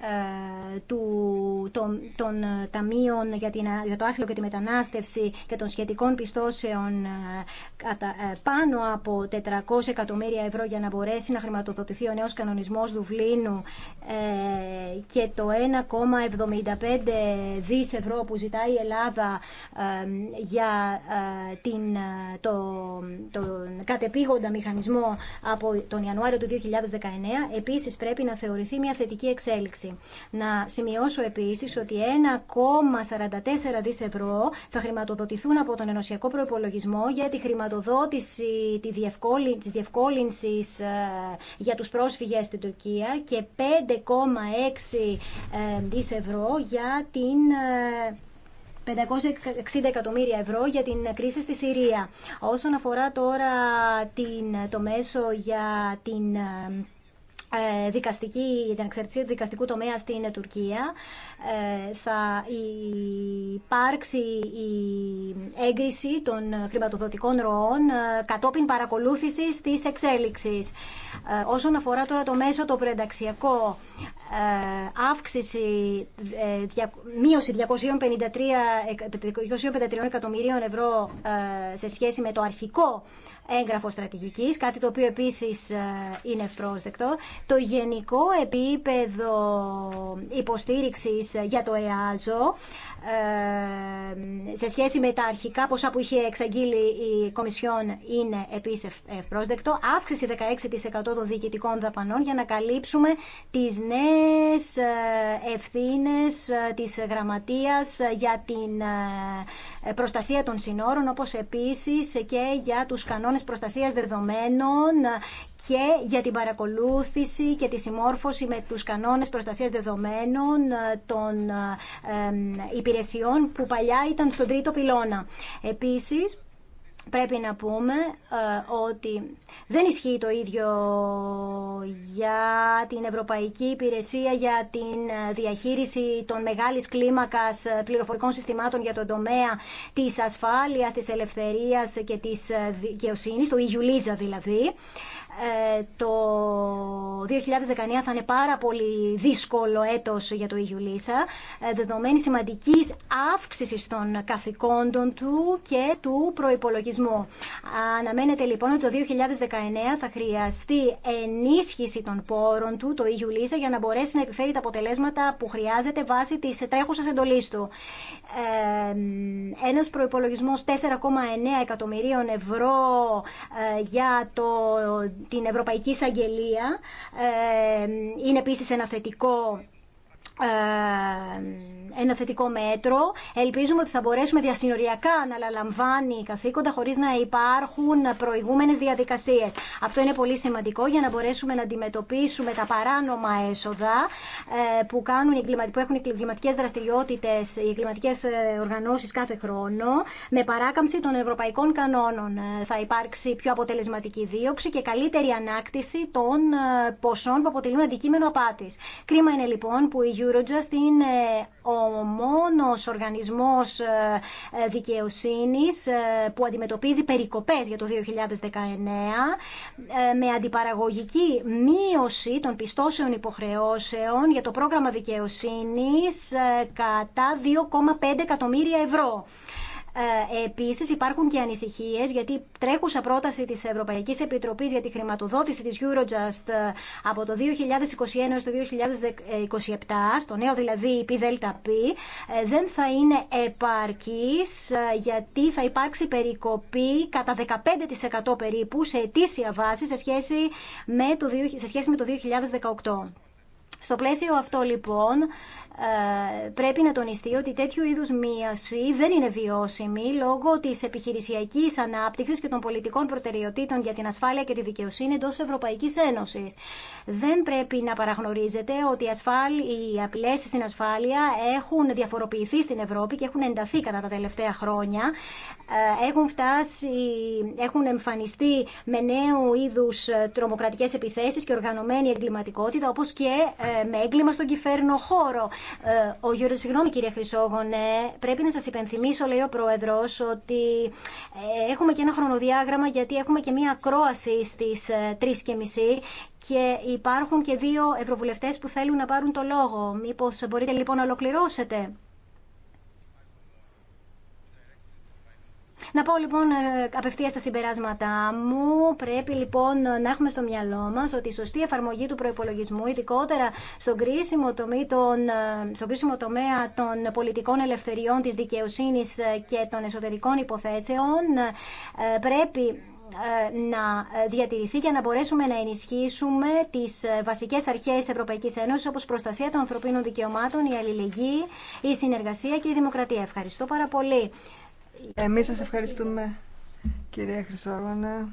ε, του, των, ε, ταμείων για, την, για το άσυλο και τη μετανάστευση και των σχετικών πιστώσεων ε, πάνω από 400 εκατομμύρια ευρώ για να μπορέσει να χρηματοδοτηθεί ο νέος κανονισμός Δουβλίνου και το 1,75 δις ευρώ που ζητάει η Ελλάδα για την, το, τον κατεπήγοντα μηχανισμό από τον Ιανουάριο του 2019 επίσης πρέπει να θεωρηθεί μια θετική εξέλιξη. Να σημειώσω επίσης ότι 1,44 δι ευρώ θα χρηματοδοτηθούν από τον Ενωσιακό Προϋπολογισμό για τη χρηματοδότηση τη της διευκόλυνσης ε, για τους πρόσφυγες στην Τουρκία και 5,6 ε, δι ευρώ για την 560 ε, εκατομμύρια ευρώ για την κρίση στη Συρία. Όσον αφορά τώρα την, το μέσο για την ε, δικαστική, την εξαρτησία του δικαστικού τομέα στην Τουρκία. Ε, θα υπάρξει η έγκριση των χρηματοδοτικών ροών ε, κατόπιν παρακολούθησης της εξέλιξης. Όσον αφορά τώρα το μέσο το προενταξιακό, αύξηση, μείωση 253, 253 εκατομμυρίων ευρώ σε σχέση με το αρχικό έγγραφο στρατηγικής, κάτι το οποίο επίσης ε, είναι ευπρόσδεκτο. Το γενικό επίπεδο υποστήριξης ε, για το ΕΑΖΟ ε, σε σχέση με τα αρχικά ποσά που είχε εξαγγείλει η Κομισιόν είναι επίσης ευπρόσδεκτο. Αύξηση 16% των διοικητικών δαπανών για να καλύψουμε τις νέες ευθύνες της γραμματείας για την προστασία των συνόρων όπως επίσης και για τους κανόνε κανόνες προστασίας δεδομένων και για την παρακολούθηση και τη συμμόρφωση με τους κανόνες προστασίας δεδομένων των ε, ε, υπηρεσιών που παλιά ήταν στον τρίτο πυλώνα. Επίσης, Πρέπει να πούμε ε, ότι δεν ισχύει το ίδιο για την Ευρωπαϊκή Υπηρεσία για την ε, διαχείριση των μεγάλης κλίμακας ε, πληροφορικών συστημάτων για τον τομέα της ασφάλειας, της ελευθερίας και της δικαιοσύνης, το eu δηλαδή. Ε, το 2019 θα είναι πάρα πολύ δύσκολο έτος για το Ιουλίσα, ε, δεδομένη σημαντικής αύξησης των καθηκόντων του και του προϋπολογισμού. Αναμένεται λοιπόν ότι το 2019 θα χρειαστεί ενίσχυση των πόρων του, το Λίσα για να μπορέσει να επιφέρει τα αποτελέσματα που χρειάζεται βάσει της τρέχουσας εντολής του. Ένας προϋπολογισμός 4,9 εκατομμυρίων ευρώ ε, για το την Ευρωπαϊκή Εισαγγελία. Ε, είναι επίσης ένα θετικό ε, ένα θετικό μέτρο. Ελπίζουμε ότι θα μπορέσουμε διασυνοριακά να αναλαμβάνει καθήκοντα χωρί να υπάρχουν προηγούμενε διαδικασίε. Αυτό είναι πολύ σημαντικό για να μπορέσουμε να αντιμετωπίσουμε τα παράνομα έσοδα ε, που, κάνουν, που έχουν οι κλιματικές δραστηριότητες, οι κλιματικές ε, οργανώσεις κάθε χρόνο με παράκαμψη των ευρωπαϊκών κανόνων. Θα υπάρξει πιο αποτελεσματική δίωξη και καλύτερη ανάκτηση των ποσών που αποτελούν αντικείμενο απάτη. Κρίμα είναι λοιπόν που η Eurojust είναι ο μόνος οργανισμός ε, ε, δικαιοσύνης ε, που αντιμετωπίζει περικοπές για το 2019 με αντιπαραγωγική μείωση των πιστώσεων υποχρεώσεων για το πρόγραμμα δικαιοσύνης κατά 2,5 εκατομμύρια ευρώ. Ε, Επίση, υπάρχουν και ανησυχίε γιατί τρέχουσα πρόταση της Ευρωπαϊκής Επιτροπής για τη χρηματοδότηση τη Eurojust ε, από το 2021 έως το 2027, στο νέο δηλαδή ΠΔΠ, ε, δεν θα είναι επαρκή γιατί θα υπάρξει περικοπή κατά 15% περίπου σε ετήσια βάση σε σχέση με το 2018. Στο πλαίσιο αυτό λοιπόν ε, πρέπει να τονιστεί ότι τέτοιου είδους μείωση δεν είναι βιώσιμη λόγω της επιχειρησιακής ανάπτυξης και των πολιτικών προτεραιοτήτων για την ασφάλεια και τη δικαιοσύνη εντός Ευρωπαϊκής Ένωσης. Δεν πρέπει να παραγνωρίζεται ότι οι απειλές στην ασφάλεια έχουν διαφοροποιηθεί στην Ευρώπη και έχουν ενταθεί κατά τα τελευταία χρόνια. Ε, έχουν, φτάσει, έχουν εμφανιστεί με νέου είδους τρομοκρατικές επιθέσεις και οργανωμένη εγκληματικότητα όπως και ε, ε, με έγκλημα στον κυφέρνο χώρο. Ε, ο Γιώργος, συγγνώμη κυρία Χρυσόγωνε, πρέπει να σας υπενθυμίσω, λέει ο Πρόεδρος, ότι ε, έχουμε και ένα χρονοδιάγραμμα γιατί έχουμε και μία ακρόαση στις 3.30 και υπάρχουν και δύο ευρωβουλευτές που θέλουν να πάρουν το λόγο. Μήπως μπορείτε λοιπόν να ολοκληρώσετε. Να πω λοιπόν ε, απευθεία στα συμπεράσματά μου. Πρέπει λοιπόν να έχουμε στο μυαλό μα ότι η σωστή εφαρμογή του προπολογισμού, ειδικότερα ε, στον κρίσιμο, τομέα των πολιτικών ελευθεριών, τη δικαιοσύνη ε, και των εσωτερικών υποθέσεων, πρέπει να διατηρηθεί για να μπορέσουμε να ενισχύσουμε τις βασικές αρχές Ευρωπαϊκή Ένωση όπω προστασία των ανθρωπίνων δικαιωμάτων, η αλληλεγγύη, η συνεργασία και η δημοκρατία. Ευχαριστώ πάρα πολύ. Εμείς σας ευχαριστούμε, κυρία Χρυσόγωνα.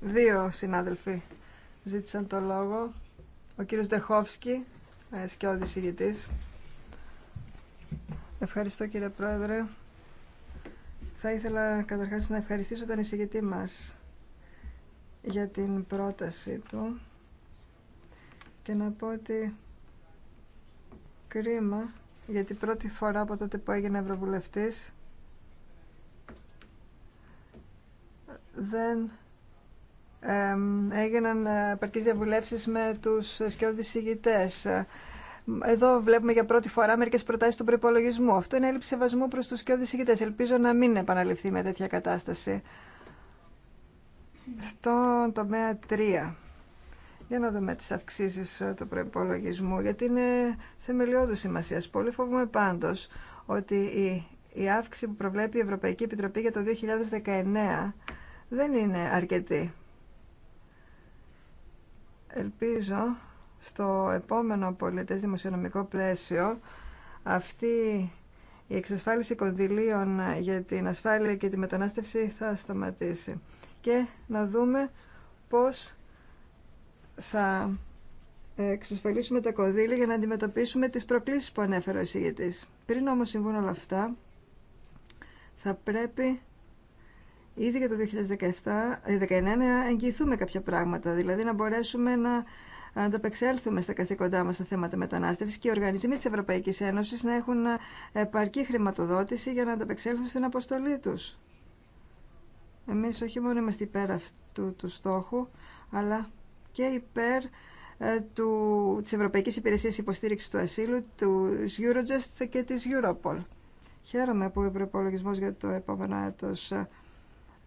Δύο συνάδελφοι ζήτησαν το λόγο. Ο κύριος Δεχόφσκι, ε, σκιώδης ηγητής. Ευχαριστώ, κύριε Πρόεδρε. Θα ήθελα καταρχάς να ευχαριστήσω τον εισηγητή μας για την πρόταση του και να πω ότι κρίμα γιατί πρώτη φορά από τότε που έγινε Ευρωβουλευτής δεν έγιναν επαρκείς διαβουλεύσεις με τους σκιώδεις ηγητές. Εδώ βλέπουμε για πρώτη φορά μερικέ προτάσει του προπολογισμού. Αυτό είναι έλλειψη σεβασμού προ του σκιώδη ηγητέ. Ελπίζω να μην επαναληφθεί με τέτοια κατάσταση. Στον τομέα 3. Για να δούμε τι αυξήσει ε, του προπολογισμού, γιατί είναι θεμελιώδου σημασία. Πολύ φοβούμαι πάντω ότι η, η αύξηση που προβλέπει η Ευρωπαϊκή Επιτροπή για το 2019 δεν είναι αρκετή. Ελπίζω στο επόμενο πολιτές δημοσιονομικό πλαίσιο αυτή η εξασφάλιση κονδυλίων για την ασφάλεια και τη μετανάστευση θα σταματήσει. Και να δούμε πώς θα εξασφαλίσουμε τα κονδύλια για να αντιμετωπίσουμε τις προκλήσεις που ανέφερε ο εισηγητής. Πριν όμως συμβούν όλα αυτά, θα πρέπει ήδη για το 2019 ε, εγγυηθούμε κάποια πράγματα, δηλαδή να μπορέσουμε να ανταπεξέλθουμε στα καθήκοντά μας στα θέματα μετανάστευσης και οι οργανισμοί της Ευρωπαϊκής Ένωσης να έχουν επαρκή χρηματοδότηση για να ανταπεξέλθουν στην αποστολή τους. Εμείς όχι μόνο είμαστε υπέρ αυτού του στόχου, αλλά και υπέρ ε, του, της Ευρωπαϊκής Υπηρεσίας Υποστήριξης του Ασύλου, του Eurojust και της Europol. Χαίρομαι που ο προπολογισμό για το επόμενο έτος ε,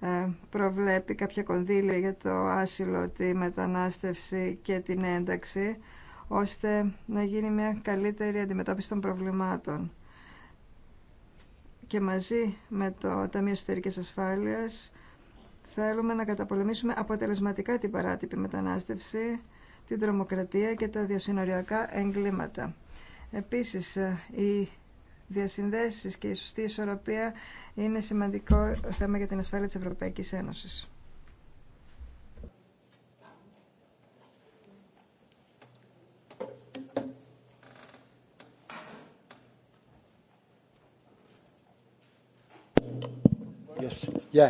ε, προβλέπει κάποια κονδύλια για το άσυλο, τη μετανάστευση και την ένταξη, ώστε να γίνει μια καλύτερη αντιμετώπιση των προβλημάτων. Και μαζί με το Ταμείο Συντερική ασφάλεια θέλουμε να καταπολεμήσουμε αποτελεσματικά την παράτυπη μετανάστευση, την τρομοκρατία και τα διασυνοριακά εγκλήματα. Επίσης, ε, η διασυνδέσεις και η σωστή ισορροπία είναι σημαντικό θέμα για την ασφάλεια της Ευρωπαϊκής Ένωσης. Yes. Yeah,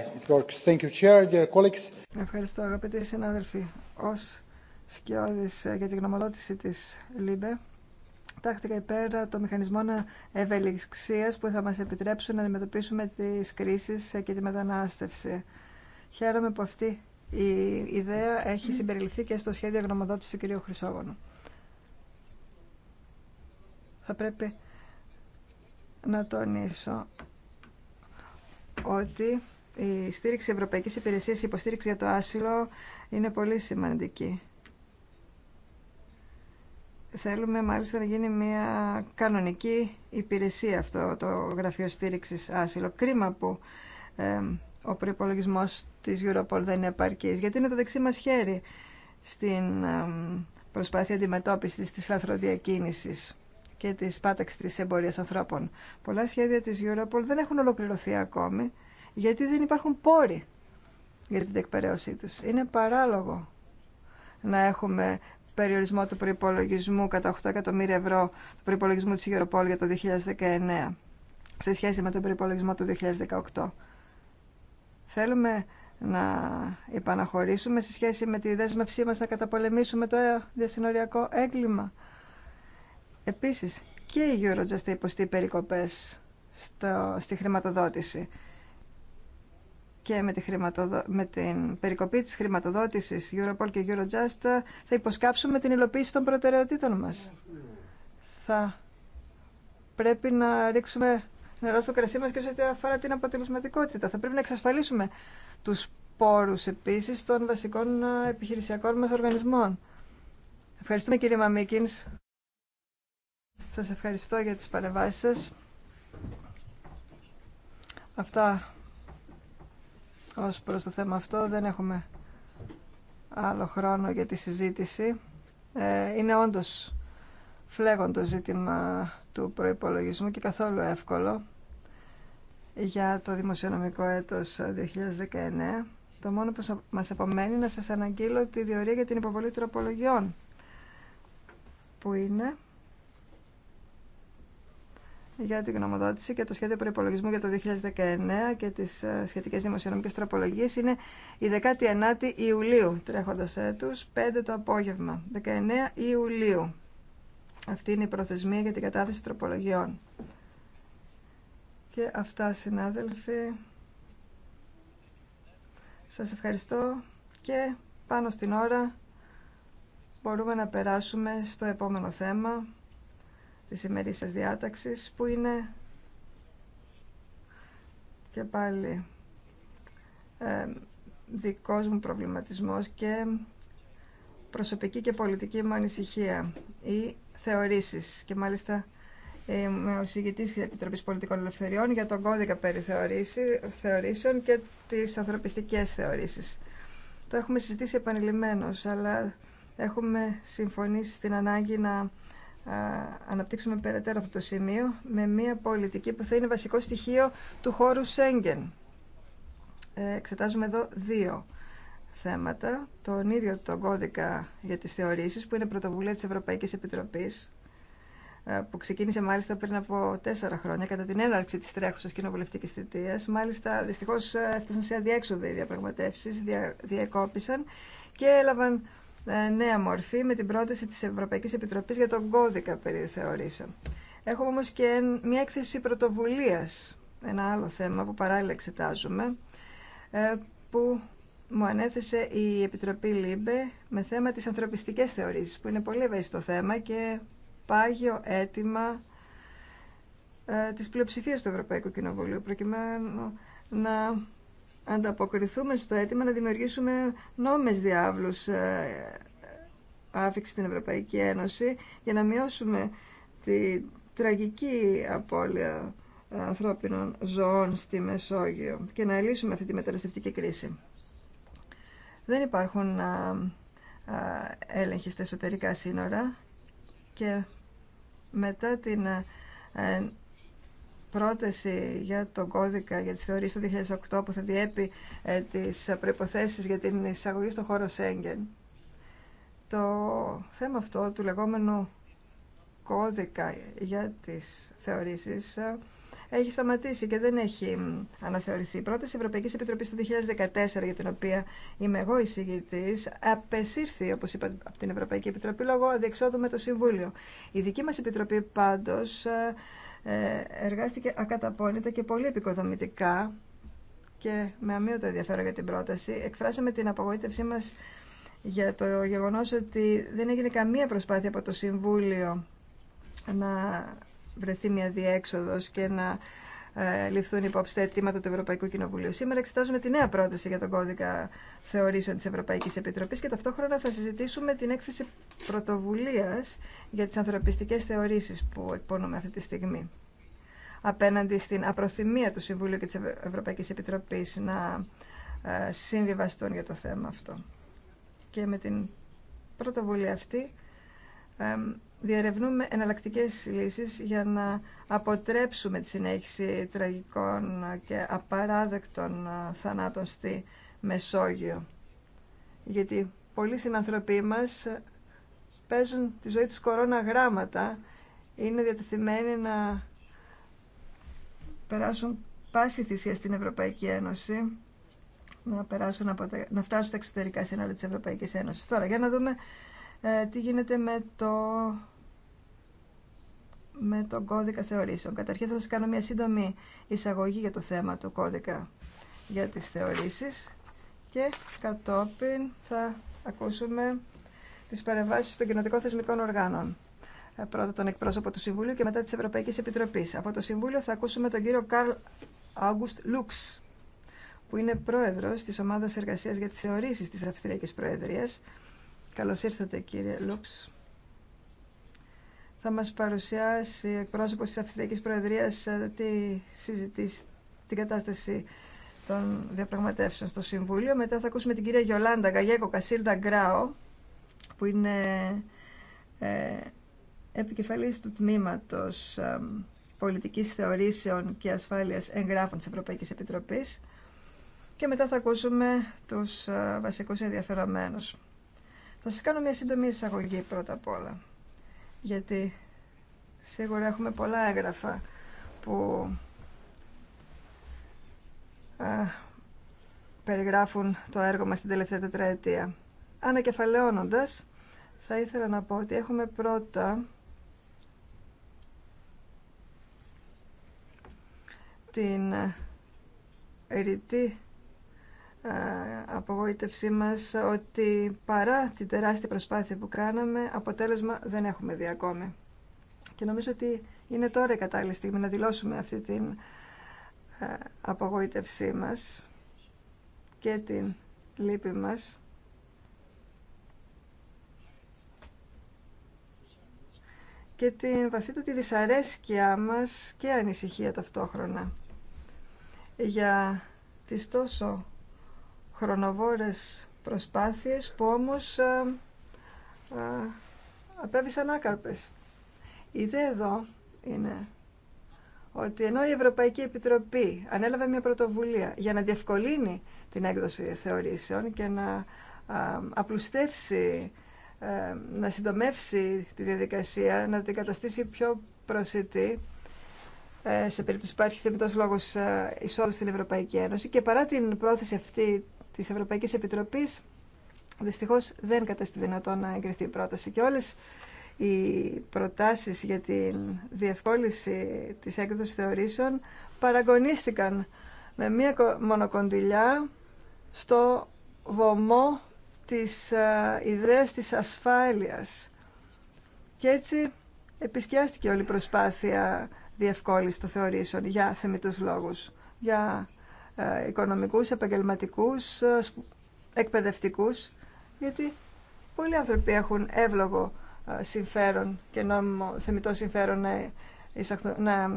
Thank you, Chair, dear colleagues. Ευχαριστώ αγαπητοί συνάδελφοι. Ως σκιώδης ε, για την γνωμοδότηση της ΛΥΜΠΕ τάχθηκα υπέρ των μηχανισμών ευελιξία που θα μας επιτρέψουν να αντιμετωπίσουμε τις κρίσεις και τη μετανάστευση. Χαίρομαι που αυτή η ιδέα έχει συμπεριληφθεί και στο σχέδιο γνωμοδότηση του κ. Χρυσόγωνου. Θα πρέπει να τονίσω ότι η στήριξη Ευρωπαϊκής Υπηρεσίας, η υποστήριξη για το άσυλο είναι πολύ σημαντική. Θέλουμε μάλιστα να γίνει μια κανονική υπηρεσία αυτό το γραφείο στήριξη άσυλο. Κρίμα που ο προπολογισμό της Europol δεν είναι επαρκή, γιατί είναι το δεξί μας χέρι στην προσπάθεια αντιμετώπιση της λαθροδιακίνησης και της πάταξης τη εμπορία ανθρώπων. Πολλά σχέδια της Europol δεν έχουν ολοκληρωθεί ακόμη, γιατί δεν υπάρχουν πόροι για την εκπαιδεύσή τους. Είναι παράλογο να έχουμε περιορισμό του προϋπολογισμού κατά 8 εκατομμύρια ευρώ του προϋπολογισμού της Europol για το 2019 σε σχέση με τον προϋπολογισμό του 2018. Θέλουμε να επαναχωρήσουμε σε σχέση με τη δέσμευσή μας να καταπολεμήσουμε το διασυνοριακό έγκλημα. Επίσης, και η Eurojust θα υποστεί περικοπές στο, στη χρηματοδότηση και με, τη χρηματοδο... με την περικοπή της χρηματοδότησης Europol και Eurojust θα υποσκάψουμε την υλοποίηση των προτεραιοτήτων μας. Θα πρέπει να ρίξουμε νερό στο κρασί μας και σε ό,τι αφορά την αποτελεσματικότητα. Θα πρέπει να εξασφαλίσουμε τους πόρους επίσης των βασικών ε, επιχειρησιακών μας οργανισμών. Ευχαριστούμε κύριε Μαμίκινς. Σας ευχαριστώ για τις παρεμβάσεις σας. Αυτά ως προς το θέμα αυτό δεν έχουμε άλλο χρόνο για τη συζήτηση. Ε, είναι όντως φλέγοντο ζήτημα του προϋπολογισμού και καθόλου εύκολο για το δημοσιονομικό έτος 2019. Το μόνο που μας απομένει είναι να σας αναγγείλω τη διορία για την υποβολή τροπολογιών που είναι για την γνωμοδότηση και το σχέδιο προπολογισμού για το 2019 και τις ε, σχετικές δημοσιονομικές τροπολογίες είναι η 19η Ιουλίου τρέχοντας έτους, 5 το απόγευμα, 19 Ιουλίου. Αυτή είναι η προθεσμία για την κατάθεση τροπολογιών. Και αυτά συνάδελφοι, σας ευχαριστώ και πάνω στην ώρα μπορούμε να περάσουμε στο επόμενο θέμα της ημερήσιας διάταξης που είναι και πάλι ε, δικός μου προβληματισμός και προσωπική και πολιτική μου ανησυχία ή θεωρήσεις και μάλιστα είμαι ο συγγητής της Επιτροπής Πολιτικών Ελευθεριών για τον κώδικα περί θεωρήσεων και τις ανθρωπιστικές θεωρήσεις. Το έχουμε συζητήσει επανειλημμένως, αλλά έχουμε συμφωνήσει στην ανάγκη να αναπτύξουμε περαιτέρω αυτό το σημείο με μια πολιτική που θα είναι βασικό στοιχείο του χώρου Σέγγεν. Ε, εξετάζουμε εδώ δύο θέματα. Τον ίδιο τον κώδικα για τις θεωρήσεις που είναι πρωτοβουλία της Ευρωπαϊκής Επιτροπής ε, που ξεκίνησε μάλιστα πριν από τέσσερα χρόνια κατά την έναρξη της τρέχουσας κοινοβουλευτικής θητείας. Μάλιστα δυστυχώς έφτασαν σε αδιέξοδο οι διαπραγματεύσεις, διακόπησαν και έλαβαν ε, νέα μορφή με την πρόταση της Ευρωπαϊκής Επιτροπής για τον κώδικα περί θεωρήσεων. Έχουμε όμως και μια έκθεση πρωτοβουλίας, ένα άλλο θέμα που παράλληλα εξετάζουμε, ε, που μου ανέθεσε η Επιτροπή ΛΥΜΠΕ με θέμα τις ανθρωπιστικές θεωρήσεις, που είναι πολύ ευαίσθητο θέμα και πάγιο αίτημα ε, της πλειοψηφίας του Ευρωπαϊκού Κοινοβουλίου, προκειμένου να ανταποκριθούμε στο αίτημα να δημιουργήσουμε νόμες διάβλους ε, άφηξη στην Ευρωπαϊκή Ένωση για να μειώσουμε τη τραγική απώλεια ανθρώπινων ζωών στη Μεσόγειο και να λύσουμε αυτή τη μεταναστευτική κρίση. Δεν υπάρχουν έλεγχοι στα εσωτερικά σύνορα και μετά την ε, πρόταση για τον κώδικα για τις θεωρίες το 2008 που θα διέπει ε, τις προϋποθέσεις για την εισαγωγή στο χώρο Σέγγεν. Το θέμα αυτό του λεγόμενου κώδικα για τις θεωρήσεις ε, έχει σταματήσει και δεν έχει αναθεωρηθεί. Η πρόταση Ευρωπαϊκή Επιτροπή του 2014, για την οποία είμαι εγώ εισηγητή, απεσύρθη, όπω είπα, από την Ευρωπαϊκή Επιτροπή λόγω αδιεξόδου με το Συμβούλιο. Η δική μα Επιτροπή, πάντω, ε, ε, εργάστηκε ακαταπώνητα και πολύ επικοδομητικά και με αμύωτο ενδιαφέρον για την πρόταση. Εκφράσαμε την απογοήτευσή μας για το γεγονός ότι δεν έγινε καμία προσπάθεια από το Συμβούλιο να βρεθεί μια διέξοδος και να ε, ληφθούν υπόψη τα αιτήματα του Ευρωπαϊκού Κοινοβουλίου. Σήμερα εξετάζουμε τη νέα πρόταση για τον κώδικα θεωρήσεων τη Ευρωπαϊκή Επιτροπή και ταυτόχρονα θα συζητήσουμε την έκθεση πρωτοβουλία για τι ανθρωπιστικέ θεωρήσει που εκπώνουμε αυτή τη στιγμή. Απέναντι στην απροθυμία του Συμβουλίου και τη Ευρωπαϊκή Επιτροπή να ε, συμβιβαστούν για το θέμα αυτό. Και με την πρωτοβουλία αυτή ε, διαρευνούμε εναλλακτικές λύσεις για να αποτρέψουμε τη συνέχιση τραγικών και απαράδεκτων θανάτων στη Μεσόγειο. Γιατί πολλοί συνανθρωποί μας παίζουν τη ζωή τους κορώνα γράμματα, είναι διατεθειμένοι να περάσουν πάση θυσία στην Ευρωπαϊκή Ένωση, να, περάσουν τα, να φτάσουν στα εξωτερικά σύνορα της Ευρωπαϊκής Ένωσης. Τώρα, για να δούμε ε, τι γίνεται με το με τον κώδικα θεωρήσεων. Καταρχήν θα σας κάνω μια σύντομη εισαγωγή για το θέμα του κώδικα για τις θεωρήσεις και κατόπιν θα ακούσουμε τις παρεμβάσεις των κοινοτικών θεσμικών οργάνων. Ε, πρώτα τον εκπρόσωπο του Συμβουλίου και μετά της Ευρωπαϊκής Επιτροπής. Από το Συμβούλιο θα ακούσουμε τον κύριο Καρλ Άγγουστ Λούξ, που είναι πρόεδρος της Ομάδας Εργασίας για τις Θεωρήσεις της Αυστριακής Προεδρίας Καλώς ήρθατε κύριε Λούξ. Θα μας παρουσιάσει εκπρόσωπος της Αυστριακής Προεδρίας ε, τη συζητήσει την κατάσταση των διαπραγματεύσεων στο Συμβούλιο. Μετά θα ακούσουμε την κυρία Γιολάντα Γαγιέκο Κασίλτα Γκράο, που είναι ε, επικεφαλής του τμήματος ε, πολιτικής θεωρήσεων και ασφάλειας εγγράφων της Ευρωπαϊκής Επιτροπής. Και μετά θα ακούσουμε τους ε, βασικούς ενδιαφερομένους. Θα σας κάνω μια σύντομη εισαγωγή πρώτα απ' όλα, γιατί σίγουρα έχουμε πολλά έγγραφα που περιγράφουν το έργο μας την τελευταία τετραετία. Ανακεφαλαιώνοντας, θα ήθελα να πω ότι έχουμε πρώτα την ρητή απογοήτευσή μας ότι παρά την τεράστια προσπάθεια που κάναμε, αποτέλεσμα δεν έχουμε δει ακόμη. Και νομίζω ότι είναι τώρα η κατάλληλη στιγμή να δηλώσουμε αυτή την ε, απογοήτευσή μας και την λύπη μας. και την βαθύτατη δυσαρέσκειά μας και ανησυχία ταυτόχρονα για τις τόσο χρονοβόρες προσπάθειες που όμως α, ε, ε, απέβησαν άκαρπες. Η ιδέα εδώ είναι ότι ενώ η Ευρωπαϊκή Επιτροπή ανέλαβε μια πρωτοβουλία για να διευκολύνει την έκδοση θεωρήσεων και να ε, απλουστεύσει, να συντομεύσει τη διαδικασία, να την καταστήσει πιο προσιτή, σε περίπτωση που υπάρχει θεμητός λόγος εισόδου στην Ευρωπαϊκή Ένωση και παρά την πρόθεση αυτή Τη Ευρωπαϊκή Επιτροπή. Δυστυχώ δεν κατέστη δυνατό να εγκριθεί η πρόταση και όλε οι προτάσει για τη διευκόλυνση της έκδοση θεωρήσεων παραγωνίστηκαν με μία μονοκοντιλιά στο βωμό της ε, ιδέας της ασφάλειας. Και έτσι επισκιάστηκε όλη η προσπάθεια διευκόλυνση των θεωρήσεων για θεμητούς λόγους, για ε, οικονομικούς, επαγγελματικούς, ε, εκπαιδευτικούς, γιατί πολλοί άνθρωποι έχουν εύλογο ε, συμφέρον και νόμιμο θεμητό συμφέρον να,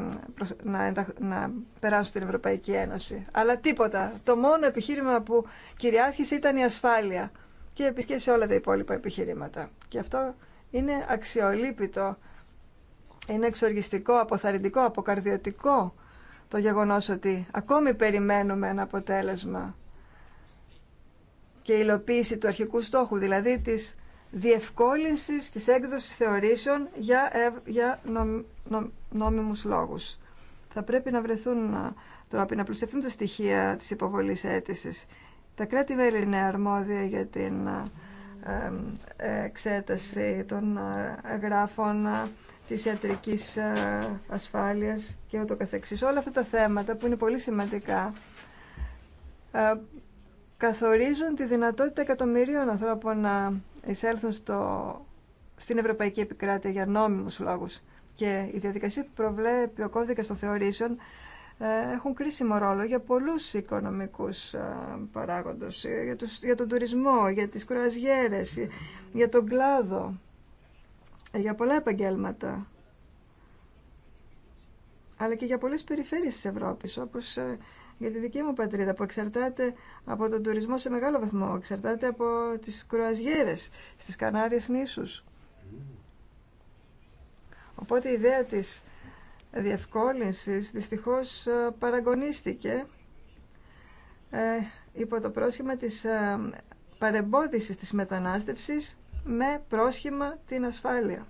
να, να περάσουν στην Ευρωπαϊκή Ένωση. Αλλά τίποτα. Το μόνο επιχείρημα που κυριάρχησε ήταν η ασφάλεια και επισκέσει όλα τα υπόλοιπα επιχειρήματα. Και αυτό είναι αξιολύπητο, είναι εξοργιστικό, αποθαρρυντικό, αποκαρδιωτικό το γεγονός ότι ακόμη περιμένουμε ένα αποτέλεσμα και υλοποίηση του αρχικού στόχου, δηλαδή της διευκόλυνσης της έκδοσης θεωρήσεων για, για νομ, νόμιμους λόγους. Θα πρέπει να βρεθούν τρόποι να πλουστευτούν τα στοιχεία της υποβολής αίτησης. Τα κράτη-μέλη είναι αρμόδια για την εξέταση των γράφων της ιατρικής ε, ασφάλειας και ούτω καθεξής. Όλα αυτά τα θέματα που είναι πολύ σημαντικά ε, καθορίζουν τη δυνατότητα εκατομμυρίων ανθρώπων να εισέλθουν στο, στην Ευρωπαϊκή Επικράτεια για νόμιμους λόγους. Και η διαδικασία που προβλέπει ο κώδικας των θεωρήσεων ε, έχουν κρίσιμο ρόλο για πολλούς οικονομικούς παράγοντες, για, για τον τουρισμό, για τις κρουαζιέρες, για τον κλάδο για πολλά επαγγέλματα αλλά και για πολλές περιφέρειες της Ευρώπης όπως ε, για τη δική μου πατρίδα που εξαρτάται από τον τουρισμό σε μεγάλο βαθμό εξαρτάται από τις κρουαζιέρες στις Κανάριες νήσους οπότε η ιδέα της διευκόλυνσης δυστυχώς ε, παραγωνίστηκε ε, υπό το πρόσχημα της παρεμπόδισης της μετανάστευσης με πρόσχημα την ασφάλεια.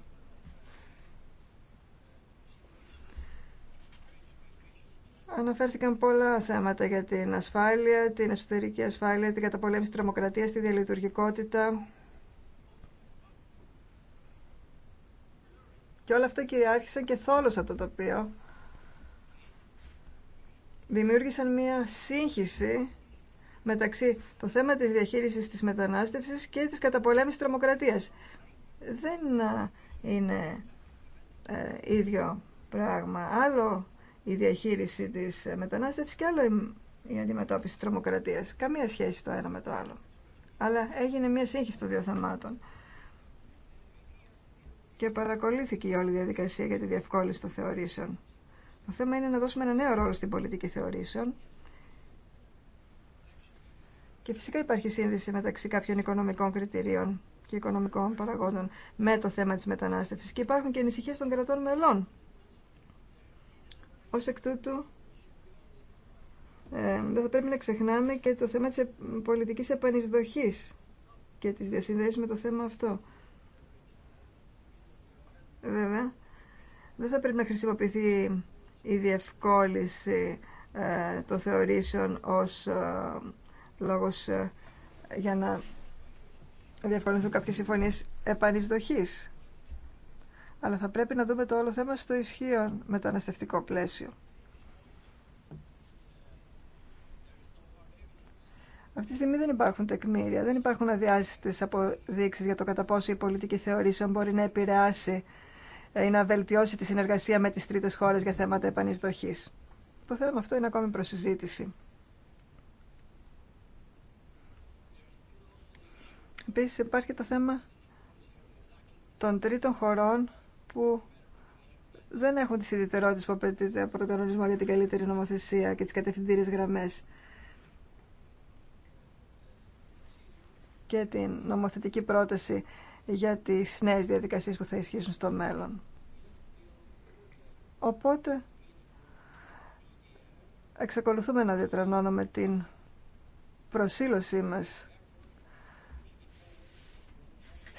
Αναφέρθηκαν πολλά θέματα για την ασφάλεια, την εσωτερική ασφάλεια, την καταπολέμηση της τρομοκρατίας, τη διαλειτουργικότητα. Και όλα αυτά κυριάρχησαν και θόλωσαν το τοπίο. Δημιούργησαν μία σύγχυση μεταξύ το θέμα της διαχείρισης της μετανάστευσης και της καταπολέμησης τρομοκρατίας. Δεν ε, είναι ε, ίδιο πράγμα. Άλλο η διαχείριση της μετανάστευσης και άλλο η, αντιμετώπιση της τρομοκρατίας. Καμία σχέση το ένα με το άλλο. Αλλά έγινε μια σύγχυση των δύο θεμάτων. Και παρακολούθηκε η όλη διαδικασία για τη διευκόλυνση των θεωρήσεων. Το θέμα είναι να δώσουμε ένα νέο ρόλο στην πολιτική θεωρήσεων και φυσικά υπάρχει σύνδεση μεταξύ κάποιων οικονομικών κριτηρίων και οικονομικών παραγόντων με το θέμα της μετανάστευσης και υπάρχουν και ανησυχίε των κρατών μελών. Ως εκ τούτου, ε, δεν θα πρέπει να ξεχνάμε και το θέμα της πολιτικής επανεισδοχής και της διασυνδέση με το θέμα αυτό. Βέβαια, δεν θα πρέπει να χρησιμοποιηθεί η διευκόλυνση ε, των θεωρήσεων ως ε, λόγος ε, για να διαφωνηθούν κάποιες συμφωνίες επανεισδοχής. Αλλά θα πρέπει να δούμε το όλο θέμα στο ισχύον μεταναστευτικό πλαίσιο. Αυτή τη στιγμή δεν υπάρχουν τεκμήρια, δεν υπάρχουν αδιάστητες αποδείξεις για το κατά πόσο η πολιτική θεωρήσεων μπορεί να επηρεάσει ε, ή να βελτιώσει τη συνεργασία με τις τρίτες χώρες για θέματα επανεισδοχής. Το θέμα αυτό είναι ακόμη προσυζήτηση. Επίση, υπάρχει το θέμα των τρίτων χωρών που δεν έχουν τι ιδιαιτερότητε που απαιτείται από τον κανονισμό για την καλύτερη νομοθεσία και τις κατευθυντήριες γραμμές και την νομοθετική πρόταση για τις νέες διαδικασίες που θα ισχύσουν στο μέλλον. Οπότε, εξακολουθούμε να διατρανώνουμε την προσήλωσή μας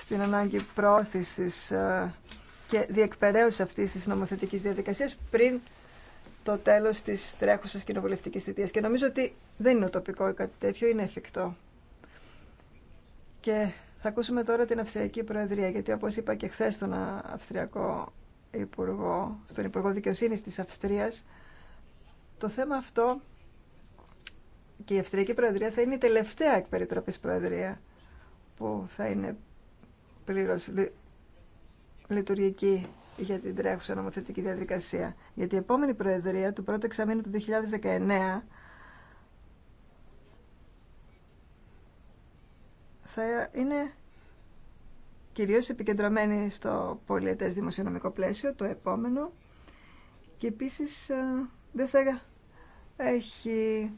στην ανάγκη πρόθεσης ε, και διεκπαιρέωσης αυτής της νομοθετικής διαδικασίας πριν το τέλος της τρέχουσας κοινοβουλευτικής θητείας. Και νομίζω ότι δεν είναι τοπικό ή κάτι τέτοιο, είναι εφικτό. Και θα ακούσουμε τώρα την Αυστριακή Προεδρία, γιατί όπως είπα και χθε στον Αυστριακό Υπουργό, στον Υπουργό Δικαιοσύνης της Αυστρίας, το θέμα αυτό και η Αυστριακή Προεδρία θα είναι η τελευταία εκπεριτροπής Προεδρία που θα είναι λειτουργική για την τρέχουσα νομοθετική διαδικασία. Γιατί η επόμενη Προεδρία του πρώτου εξαμήνου του 2019 θα είναι κυρίως επικεντρωμένη στο πολιετές δημοσιονομικό πλαίσιο, το επόμενο, και επίσης ε, δεν θα έχει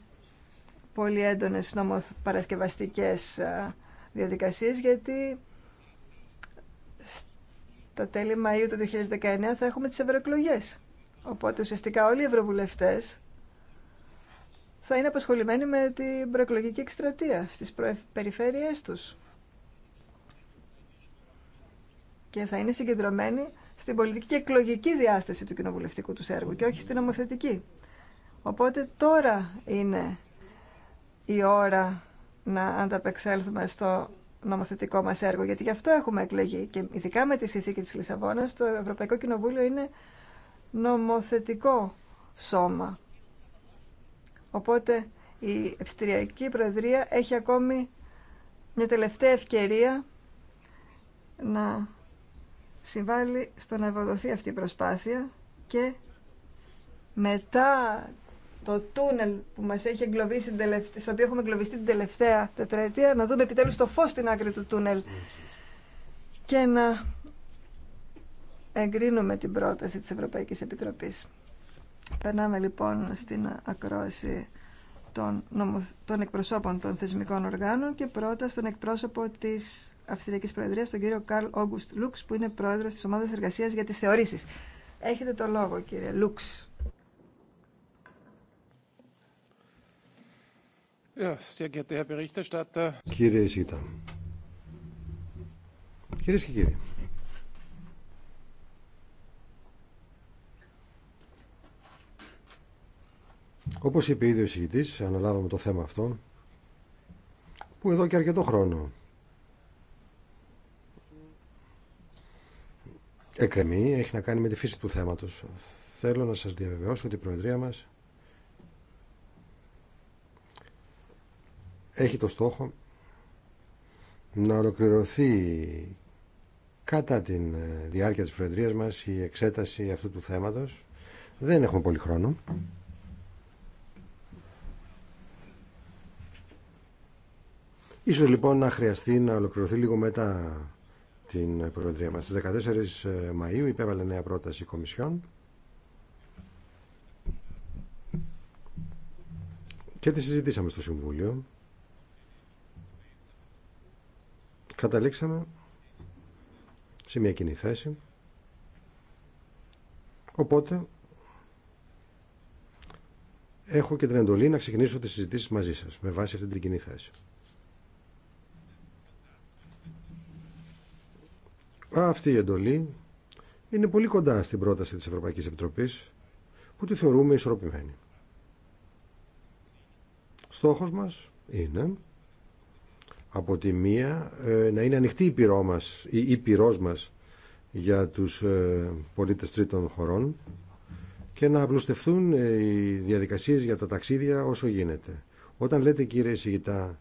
πολύ έντονες νομοπαρασκευαστικές ε, διαδικασίες, γιατί τα τέλη Μαΐου του 2019 θα έχουμε τις ευρωεκλογέ. Οπότε ουσιαστικά όλοι οι ευρωβουλευτές θα είναι απασχολημένοι με την προεκλογική εκστρατεία στις περιφέρειές τους. Και θα είναι συγκεντρωμένοι στην πολιτική και εκλογική διάσταση του κοινοβουλευτικού του έργου και όχι στην νομοθετική. Οπότε τώρα είναι η ώρα να ανταπεξέλθουμε στο νομοθετικό μας έργο, γιατί γι' αυτό έχουμε εκλεγεί και ειδικά με τη συνθήκη της Λισαβόνας το Ευρωπαϊκό Κοινοβούλιο είναι νομοθετικό σώμα. Οπότε η Ευστριακή Προεδρία έχει ακόμη μια τελευταία ευκαιρία να συμβάλλει στο να ευοδοθεί αυτή η προσπάθεια και μετά το τούνελ που μας έχει εγκλωβίσει, στο οποίο έχουμε εγκλωβιστεί την τελευταία τετραετία, να δούμε επιτέλους το φως στην άκρη του τούνελ και να εγκρίνουμε την πρόταση της Ευρωπαϊκής Επιτροπής. Περνάμε λοιπόν στην ακρόαση των, των εκπροσώπων των θεσμικών οργάνων και πρώτα στον εκπρόσωπο της Αυστριακής Προεδρίας, τον κύριο Καρλ Όγκουστ Λούξ, που είναι πρόεδρος της Ομάδας Εργασίας για τις Θεωρήσεις. Έχετε το λόγο κύριε Λούξ. Κύριε Ισίτα, κυρίε και κύριοι, όπω είπε ήδη ο εισηγητή, αναλάβαμε το θέμα αυτό που εδώ και αρκετό χρόνο εκκρεμεί, έχει να κάνει με τη φύση του θέματος. Θέλω να σας διαβεβαιώσω ότι η Προεδρία μας έχει το στόχο να ολοκληρωθεί κατά τη ε, διάρκεια της Προεδρίας μας η εξέταση αυτού του θέματος. Δεν έχουμε πολύ χρόνο. Ίσως λοιπόν να χρειαστεί να ολοκληρωθεί λίγο μετά την Προεδρία μας. Στις 14 ε, Μαΐου υπέβαλε νέα πρόταση Κομισιόν και τη συζητήσαμε στο Συμβούλιο. καταλήξαμε σε μια κοινή θέση. Οπότε έχω και την εντολή να ξεκινήσω τις συζητήσεις μαζί σας με βάση αυτή την κοινή θέση. Αυτή η εντολή είναι πολύ κοντά στην πρόταση της Ευρωπαϊκής Επιτροπής που τη θεωρούμε ισορροπημένη. Στόχος μας είναι από τη μία ε, να είναι ανοιχτή η πυρό μας, η, η πυρός μας για τους ε, πολίτες τρίτων χωρών και να απλουστευτούν ε, οι διαδικασίες για τα ταξίδια όσο γίνεται. Όταν λέτε κύριε Σιγητά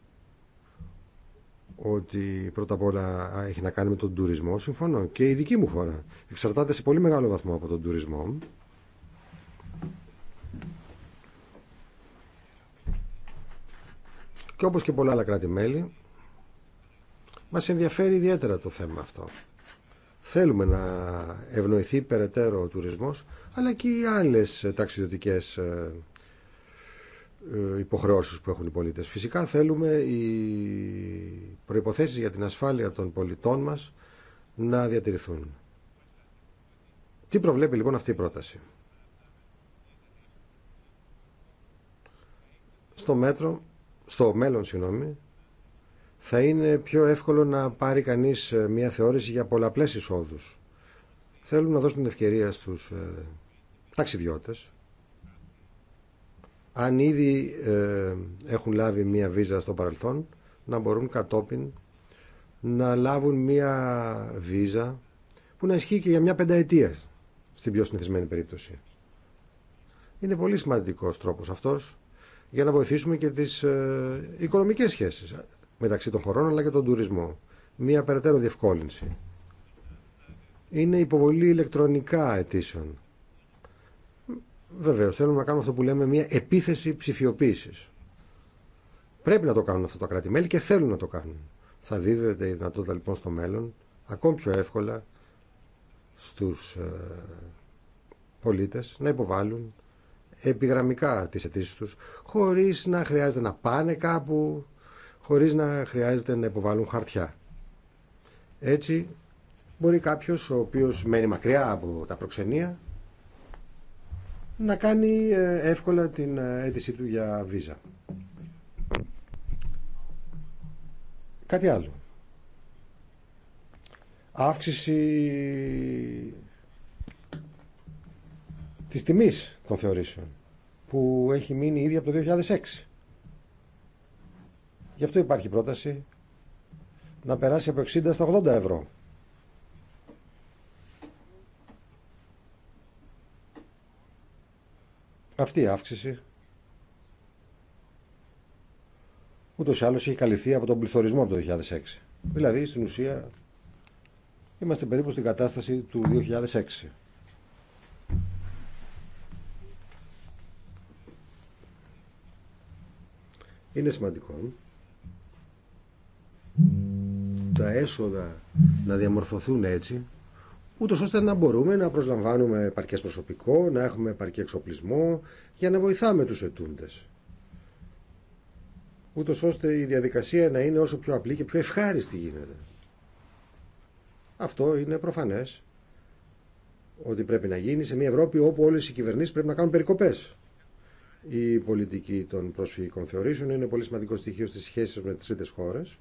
ότι πρώτα απ' όλα έχει να κάνει με τον τουρισμό, συμφωνώ και η δική μου χώρα εξαρτάται σε πολύ μεγάλο βαθμό από τον τουρισμό και όπως και πολλά άλλα κράτη-μέλη μας ενδιαφέρει ιδιαίτερα το θέμα αυτό. Θέλουμε να ευνοηθεί περαιτέρω ο τουρισμός, αλλά και οι άλλες ταξιδιωτικές ε, ε, υποχρεώσεις που έχουν οι πολίτες. Φυσικά θέλουμε οι προϋποθέσεις για την ασφάλεια των πολιτών μας να διατηρηθούν. Τι προβλέπει λοιπόν αυτή η πρόταση. Στο μέτρο, στο μέλλον συγγνώμη, θα είναι πιο εύκολο να πάρει κανείς ε, μια θεώρηση για πολλαπλές εισόδους. Θέλουμε να δώσουν την ευκαιρία στους ε, ταξιδιώτες αν ήδη ε, έχουν λάβει μια βίζα στο παρελθόν να μπορούν κατόπιν να λάβουν μια βίζα που να ισχύει και για μια πενταετία στην πιο συνηθισμένη περίπτωση. Είναι πολύ σημαντικός τρόπος αυτός για να βοηθήσουμε και τις οικονομικές σχέσεις μεταξύ των χωρών αλλά και τον τουρισμό. Μία περαιτέρω διευκόλυνση. Είναι υποβολή ηλεκτρονικά αιτήσεων. Βεβαίω, θέλουμε να κάνουμε αυτό που λέμε μια επίθεση ψηφιοποίηση. Πρέπει να το κάνουν αυτά τα κράτη-μέλη και θέλουν να το κάνουν. Θα δίδεται η δυνατότητα λοιπόν στο μέλλον ακόμη πιο εύκολα στους ε, πολίτε να υποβάλουν επιγραμμικά τι αιτήσει του, χωρί να χρειάζεται να πάνε κάπου χωρίς να χρειάζεται να υποβάλουν χαρτιά. Έτσι μπορεί κάποιος ο οποίος μένει μακριά από τα προξενία να κάνει ε, εύκολα την ε, αίτησή του για βίζα. Κάτι άλλο. Αύξηση της τιμής των θεωρήσεων που έχει μείνει ήδη από το 2006. Γι' αυτό υπάρχει πρόταση να περάσει από 60 στα 80 ευρώ. Αυτή η αύξηση ούτως ή άλλως έχει καλυφθεί από τον πληθωρισμό από το 2006. Δηλαδή στην ουσία είμαστε περίπου στην κατάσταση του 2006. Είναι σημαντικό τα έσοδα να διαμορφωθούν έτσι, ούτως ώστε να μπορούμε να προσλαμβάνουμε επαρκές προσωπικό, να έχουμε επαρκή εξοπλισμό, για να βοηθάμε τους ετούντες. Ούτως ώστε η διαδικασία να είναι όσο πιο απλή και πιο ευχάριστη γίνεται. Αυτό είναι προφανές ότι πρέπει να γίνει σε μια Ευρώπη όπου όλες οι κυβερνήσεις πρέπει να κάνουν περικοπές. Η πολιτική των προσφυγικών θεωρήσεων είναι πολύ σημαντικό στοιχείο στις σχέσεις με τις τρίτες χώρες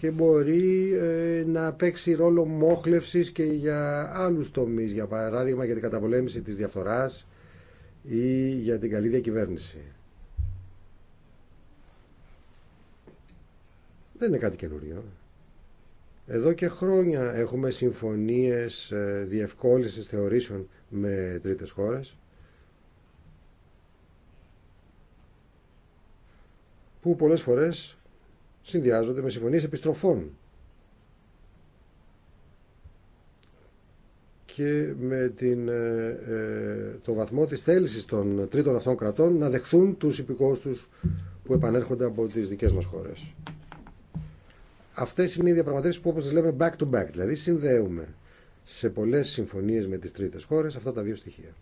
και μπορεί ε, να παίξει ρόλο μόχλευσης και για άλλους τομείς, για παράδειγμα για την καταπολέμηση της διαφθοράς ή για την καλή διακυβέρνηση. Δεν είναι κάτι καινούριο. Εδώ και χρόνια έχουμε συμφωνίες ε, διευκόλυνσης θεωρήσεων με τρίτες χώρες που πολλές φορές συνδυάζονται με συμφωνίες επιστροφών και με την, ε, ε, το βαθμό της θέλησης των τρίτων αυτών κρατών να δεχθούν τους υπηκόους τους που επανέρχονται από τις δικές μας χώρες. Αυτές είναι οι διαπραγματεύσεις που όπως τις λέμε back to back, δηλαδή συνδέουμε σε πολλές συμφωνίες με τις τρίτες χώρες αυτά τα δύο στοιχεία.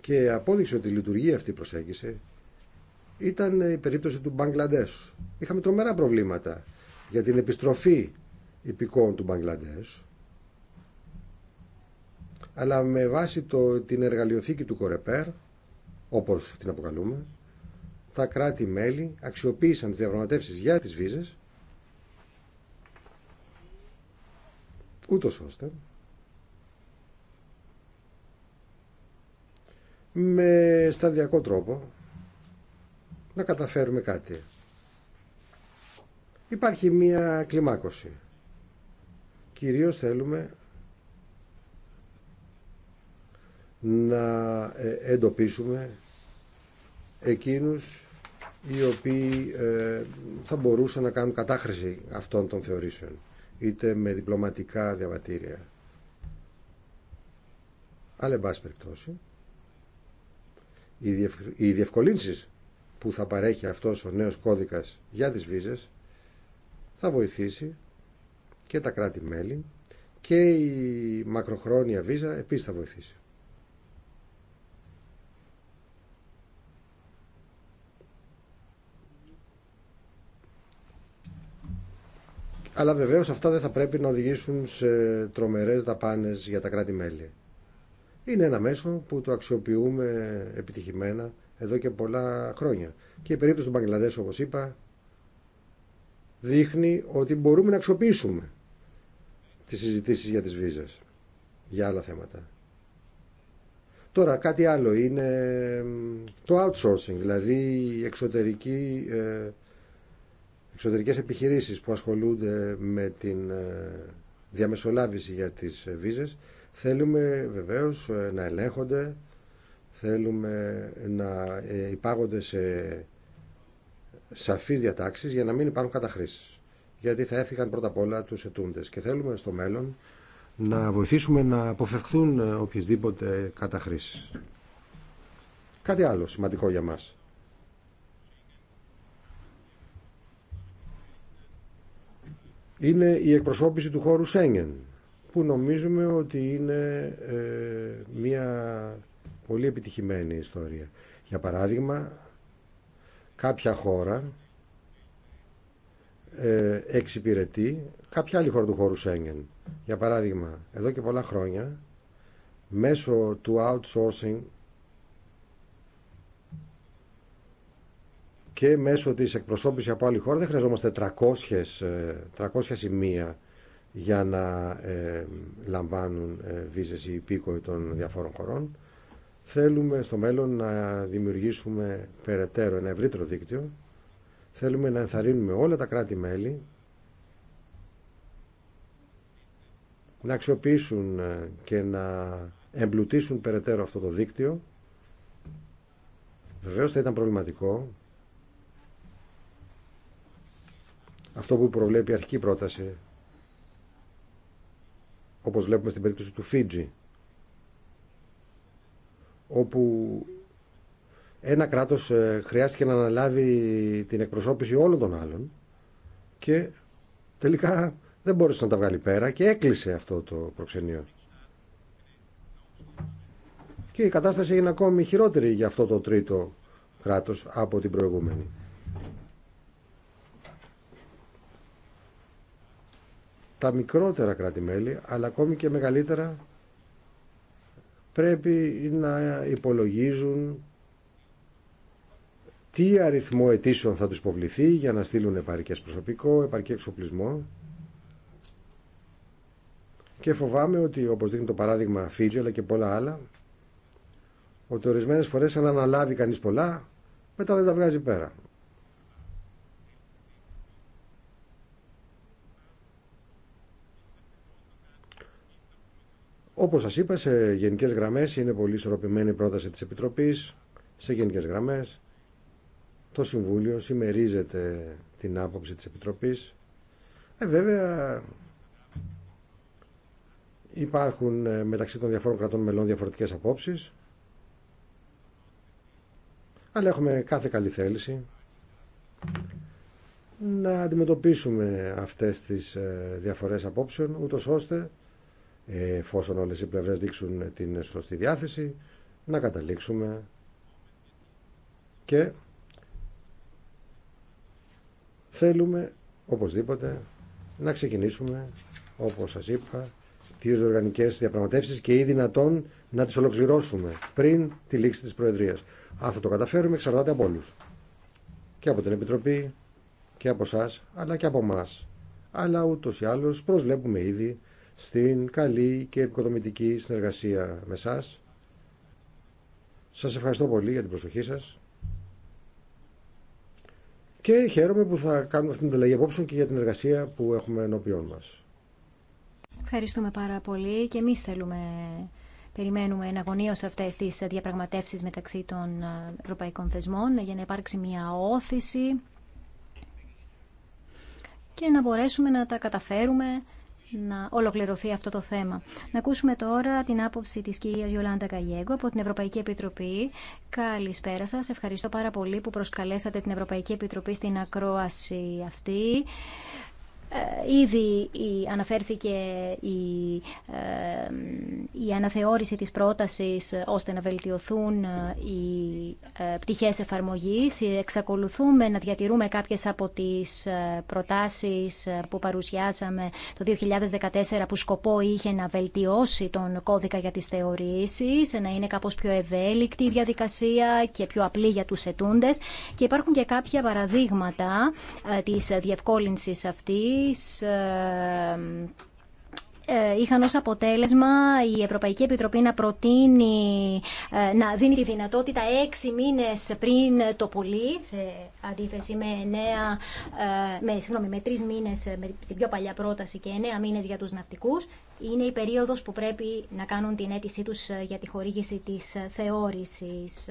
Και απόδειξε ότι λειτουργεί αυτή η προσέγγιση ήταν η περίπτωση του Μπαγκλαντές. Είχαμε τρομερά προβλήματα για την επιστροφή υπηκόων του Μπαγκλαντές αλλά με βάση το, την εργαλειοθήκη του Κορεπέρ όπως την αποκαλούμε τα κράτη-μέλη αξιοποίησαν τις διαπραγματεύσεις για τις βίζες ούτως ώστε με σταδιακό τρόπο να καταφέρουμε κάτι. Υπάρχει μία κλιμάκωση. Κυρίως θέλουμε να ε, εντοπίσουμε εκείνους οι οποίοι ε, θα μπορούσαν να κάνουν κατάχρηση αυτών των θεωρήσεων είτε με διπλωματικά διαβατήρια. Αλλά εν πάση περιπτώσει οι διευκολύνσεις που θα παρέχει αυτός ο νέος κώδικας για τις βίζες θα βοηθήσει και τα κράτη-μέλη και η μακροχρόνια βίζα επίσης θα βοηθήσει. Αλλά βεβαίως αυτά δεν θα πρέπει να οδηγήσουν σε τρομερές δαπάνες για τα κράτη-μέλη. Είναι ένα μέσο που το αξιοποιούμε επιτυχημένα εδώ και πολλά χρόνια. Και η περίπτωση του Μπαγκλαδές όπως είπα δείχνει ότι μπορούμε να αξιοποιήσουμε τις συζητήσεις για τις βίζες για άλλα θέματα. Τώρα κάτι άλλο είναι το outsourcing, δηλαδή εξωτερική, ε, εξωτερικές επιχειρήσεις που ασχολούνται με την ε, διαμεσολάβηση για τις ε, βίζες. Θέλουμε βεβαίως να ελέγχονται Θέλουμε να ε, υπάγονται σε σαφείς διατάξεις για να μην υπάρχουν καταχρήσεις. Γιατί θα έφυγαν πρώτα απ' όλα τους ετούντες και θέλουμε στο μέλλον να βοηθήσουμε να αποφευχθούν ε, οποιασδήποτε καταχρήσεις. Κάτι άλλο σημαντικό για μας. Είναι η εκπροσώπηση του χώρου Σέγγεν, που νομίζουμε ότι είναι ε, μια πολύ επιτυχημένη ιστορία. Για παράδειγμα, κάποια χώρα ε, εξυπηρετεί κάποια άλλη χώρα του χώρου Σέγγεν. Για παράδειγμα, εδώ και πολλά χρόνια, μέσω του outsourcing και μέσω της εκπροσώπησης από άλλη χώρα δεν χρειαζόμαστε 300, 300 ε, σημεία για να ε, λαμβάνουν ε, βίζες ή υπήκοοι των διαφόρων χωρών. Θέλουμε στο μέλλον να δημιουργήσουμε περαιτέρω ένα ευρύτερο δίκτυο. Θέλουμε να ενθαρρύνουμε όλα τα κράτη-μέλη να αξιοποιήσουν ε, και να εμπλουτίσουν περαιτέρω αυτό το δίκτυο. Βεβαίως θα ήταν προβληματικό αυτό που προβλέπει η αρχική πρόταση όπως βλέπουμε στην περίπτωση του Φίτζι όπου ένα κράτος ε, χρειάστηκε να αναλάβει την εκπροσώπηση όλων των άλλων και τελικά δεν μπόρεσε να τα βγάλει πέρα και έκλεισε αυτό το προξενείο. Και η κατάσταση έγινε ακόμη χειρότερη για αυτό το τρίτο κράτος από την προηγούμενη. Τα μικρότερα κράτη-μέλη, αλλά ακόμη και μεγαλύτερα πρέπει να υπολογίζουν τι αριθμό αιτήσεων θα τους υποβληθεί για να στείλουν επαρκές προσωπικό, επαρκή εξοπλισμό. Και φοβάμαι ότι, όπως δείχνει το παράδειγμα Φίτζο, αλλά και πολλά άλλα, ότι ορισμένες φορές αν αναλάβει κανείς πολλά, μετά δεν τα βγάζει πέρα. Όπως σα είπα, σε γενικές γραμμές είναι πολύ ισορροπημένη η πρόταση τη Επιτροπής. Σε γενικές γραμμές το Συμβούλιο συμμερίζεται την άποψη τη Επιτροπής. Ε, βέβαια, υπάρχουν ε, μεταξύ των διαφόρων κρατών μελών διαφορετικές απόψει, Αλλά έχουμε κάθε καλή θέληση να αντιμετωπίσουμε αυτές τις ε, διαφορές απόψεων, ούτως ώστε εφόσον όλες οι πλευρές δείξουν την σωστή διάθεση να καταλήξουμε και θέλουμε οπωσδήποτε να ξεκινήσουμε όπως σας είπα τις οργανικές διαπραγματεύσεις και ή δυνατόν να τις ολοκληρώσουμε πριν τη λήξη της Προεδρίας. Αν θα το καταφέρουμε εξαρτάται από όλους. Και από την Επιτροπή και από εσά, αλλά και από εμά. Αλλά ούτως ή άλλως προσβλέπουμε ήδη στην καλή και επικοδομητική συνεργασία με εσά. Σας ευχαριστώ πολύ για την προσοχή σας. Και χαίρομαι που θα κάνουμε αυτή την ανταλλαγή απόψεων και για την εργασία που έχουμε ενώπιόν μας. Ευχαριστούμε πάρα πολύ και εμεί θέλουμε περιμένουμε εναγωνίως αυτές τις διαπραγματεύσεις μεταξύ των ε, ευρωπαϊκών θεσμών για να υπάρξει μια όθηση και να μπορέσουμε να τα καταφέρουμε να ολοκληρωθεί αυτό το θέμα. Να ακούσουμε τώρα την άποψη της κυρίας Γιολάντα Καγιέγκο από την Ευρωπαϊκή Επιτροπή. Καλησπέρα σας. Ευχαριστώ πάρα πολύ που προσκαλέσατε την Ευρωπαϊκή Επιτροπή στην ακρόαση αυτή. Ε, ήδη αναφέρθηκε η, ε, η αναθεώρηση της πρότασης ώστε να βελτιωθούν ε, οι πτυχές εφαρμογής. Εξακολουθούμε να διατηρούμε κάποιες από τις προτάσεις που παρουσιάσαμε το 2014 που σκοπό είχε να βελτιώσει τον κώδικα για τις θεωρήσεις, να είναι κάπως πιο ευέλικτη η διαδικασία και πιο απλή για τους ετούντες. Και υπάρχουν και κάποια παραδείγματα της διευκόλυνσης αυτής ε, είχαν ως αποτέλεσμα η Ευρωπαϊκή Επιτροπή να προτείνει ε, να δίνει τη δυνατότητα έξι μήνες πριν το πολύ, σε ε, αντίθεση με, εννέα, ε, με, συγγνώμη, με τρεις μήνες ε, με, στην πιο παλιά πρόταση και εννέα μήνες για τους ναυτικούς είναι η περίοδος που πρέπει να κάνουν την αίτησή τους για τη χορήγηση της θεώρησης.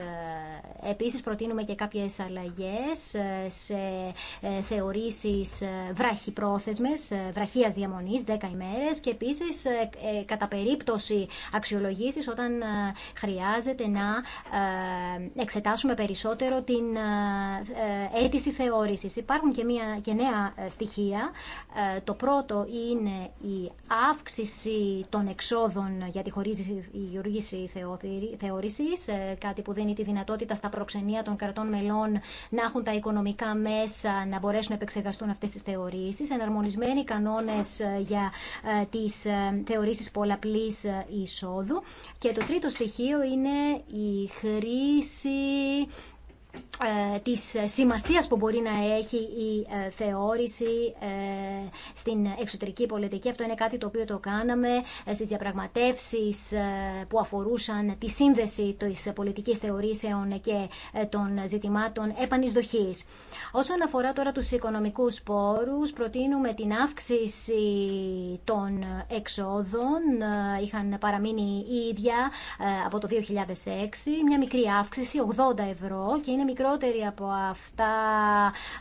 Επίσης προτείνουμε και κάποιες αλλαγές σε θεωρήσεις βραχυπρόθεσμες, βραχίας διαμονής, 10 ημέρες και επίσης κατά περίπτωση αξιολογήσεις όταν χρειάζεται να εξετάσουμε περισσότερο την αίτηση θεώρησης. Υπάρχουν και, μια, και νέα ε, στοιχεία. Ε, το πρώτο είναι η αύξηση των εξόδων για τη χορήγηση θεώρησης, ε, κάτι που δίνει τη δυνατότητα στα προξενία των κρατών μελών να έχουν τα οικονομικά μέσα να μπορέσουν να επεξεργαστούν αυτές τις θεωρήσεις, εναρμονισμένοι κανόνες για τις θεωρήσεις πολλαπλής εισόδου και το τρίτο στοιχείο είναι η χρήση ε, της σημασίας που μπορεί να έχει η ε, θεώρηση ε, στην εξωτερική πολιτική. Αυτό είναι κάτι το οποίο το κάναμε στις διαπραγματεύσεις που αφορούσαν τη σύνδεση της πολιτικής θεωρήσεων και των ζητημάτων επανεισδοχής. Όσον αφορά τώρα τους οικονομικούς πόρους, προτείνουμε την αύξηση των εξόδων. Είχαν παραμείνει ίδια από το 2006, μια μικρή αύξηση, 80 ευρώ και είναι είναι μικρότερη από, αυτά,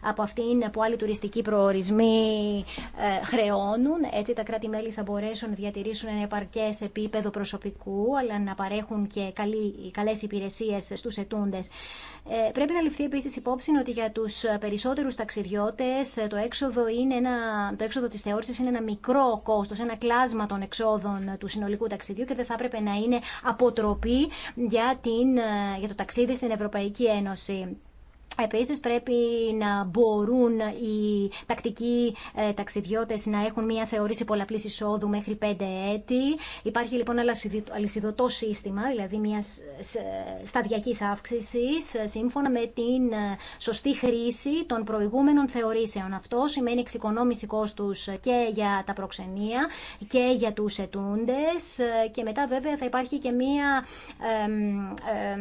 από αυτήν που άλλοι τουριστικοί προορισμοί ε, χρεώνουν. Έτσι τα κράτη-μέλη θα μπορέσουν να διατηρήσουν ένα επαρκές επίπεδο προσωπικού, αλλά να παρέχουν και καλές υπηρεσίες στους ετούντες. Ε, πρέπει να ληφθεί επίσης υπόψη ότι για τους περισσότερου ταξιδιώτες ε, το έξοδο, είναι ένα, το έξοδο της θεώρησης είναι ένα μικρό κόστο, ένα κλάσμα των εξόδων του συνολικού ταξιδιού και δεν θα έπρεπε να είναι αποτροπή για, την, ε, για το ταξίδι στην Ευρωπαϊκή Ένωση. Επίση πρέπει να μπορούν οι τακτικοί ε, ταξιδιώτες να έχουν μια θεώρηση πολλαπλής εισόδου μέχρι πέντε έτη. Υπάρχει λοιπόν ένα αλυσιδωτό σύστημα, δηλαδή μια σταδιακή αύξησης ε, σύμφωνα με την ε, σωστή χρήση των προηγούμενων θεωρήσεων. Αυτό σημαίνει εξοικονόμηση κόστου και για τα προξενία και για του ετούντε, και μετά βέβαια θα υπάρχει και μια ε,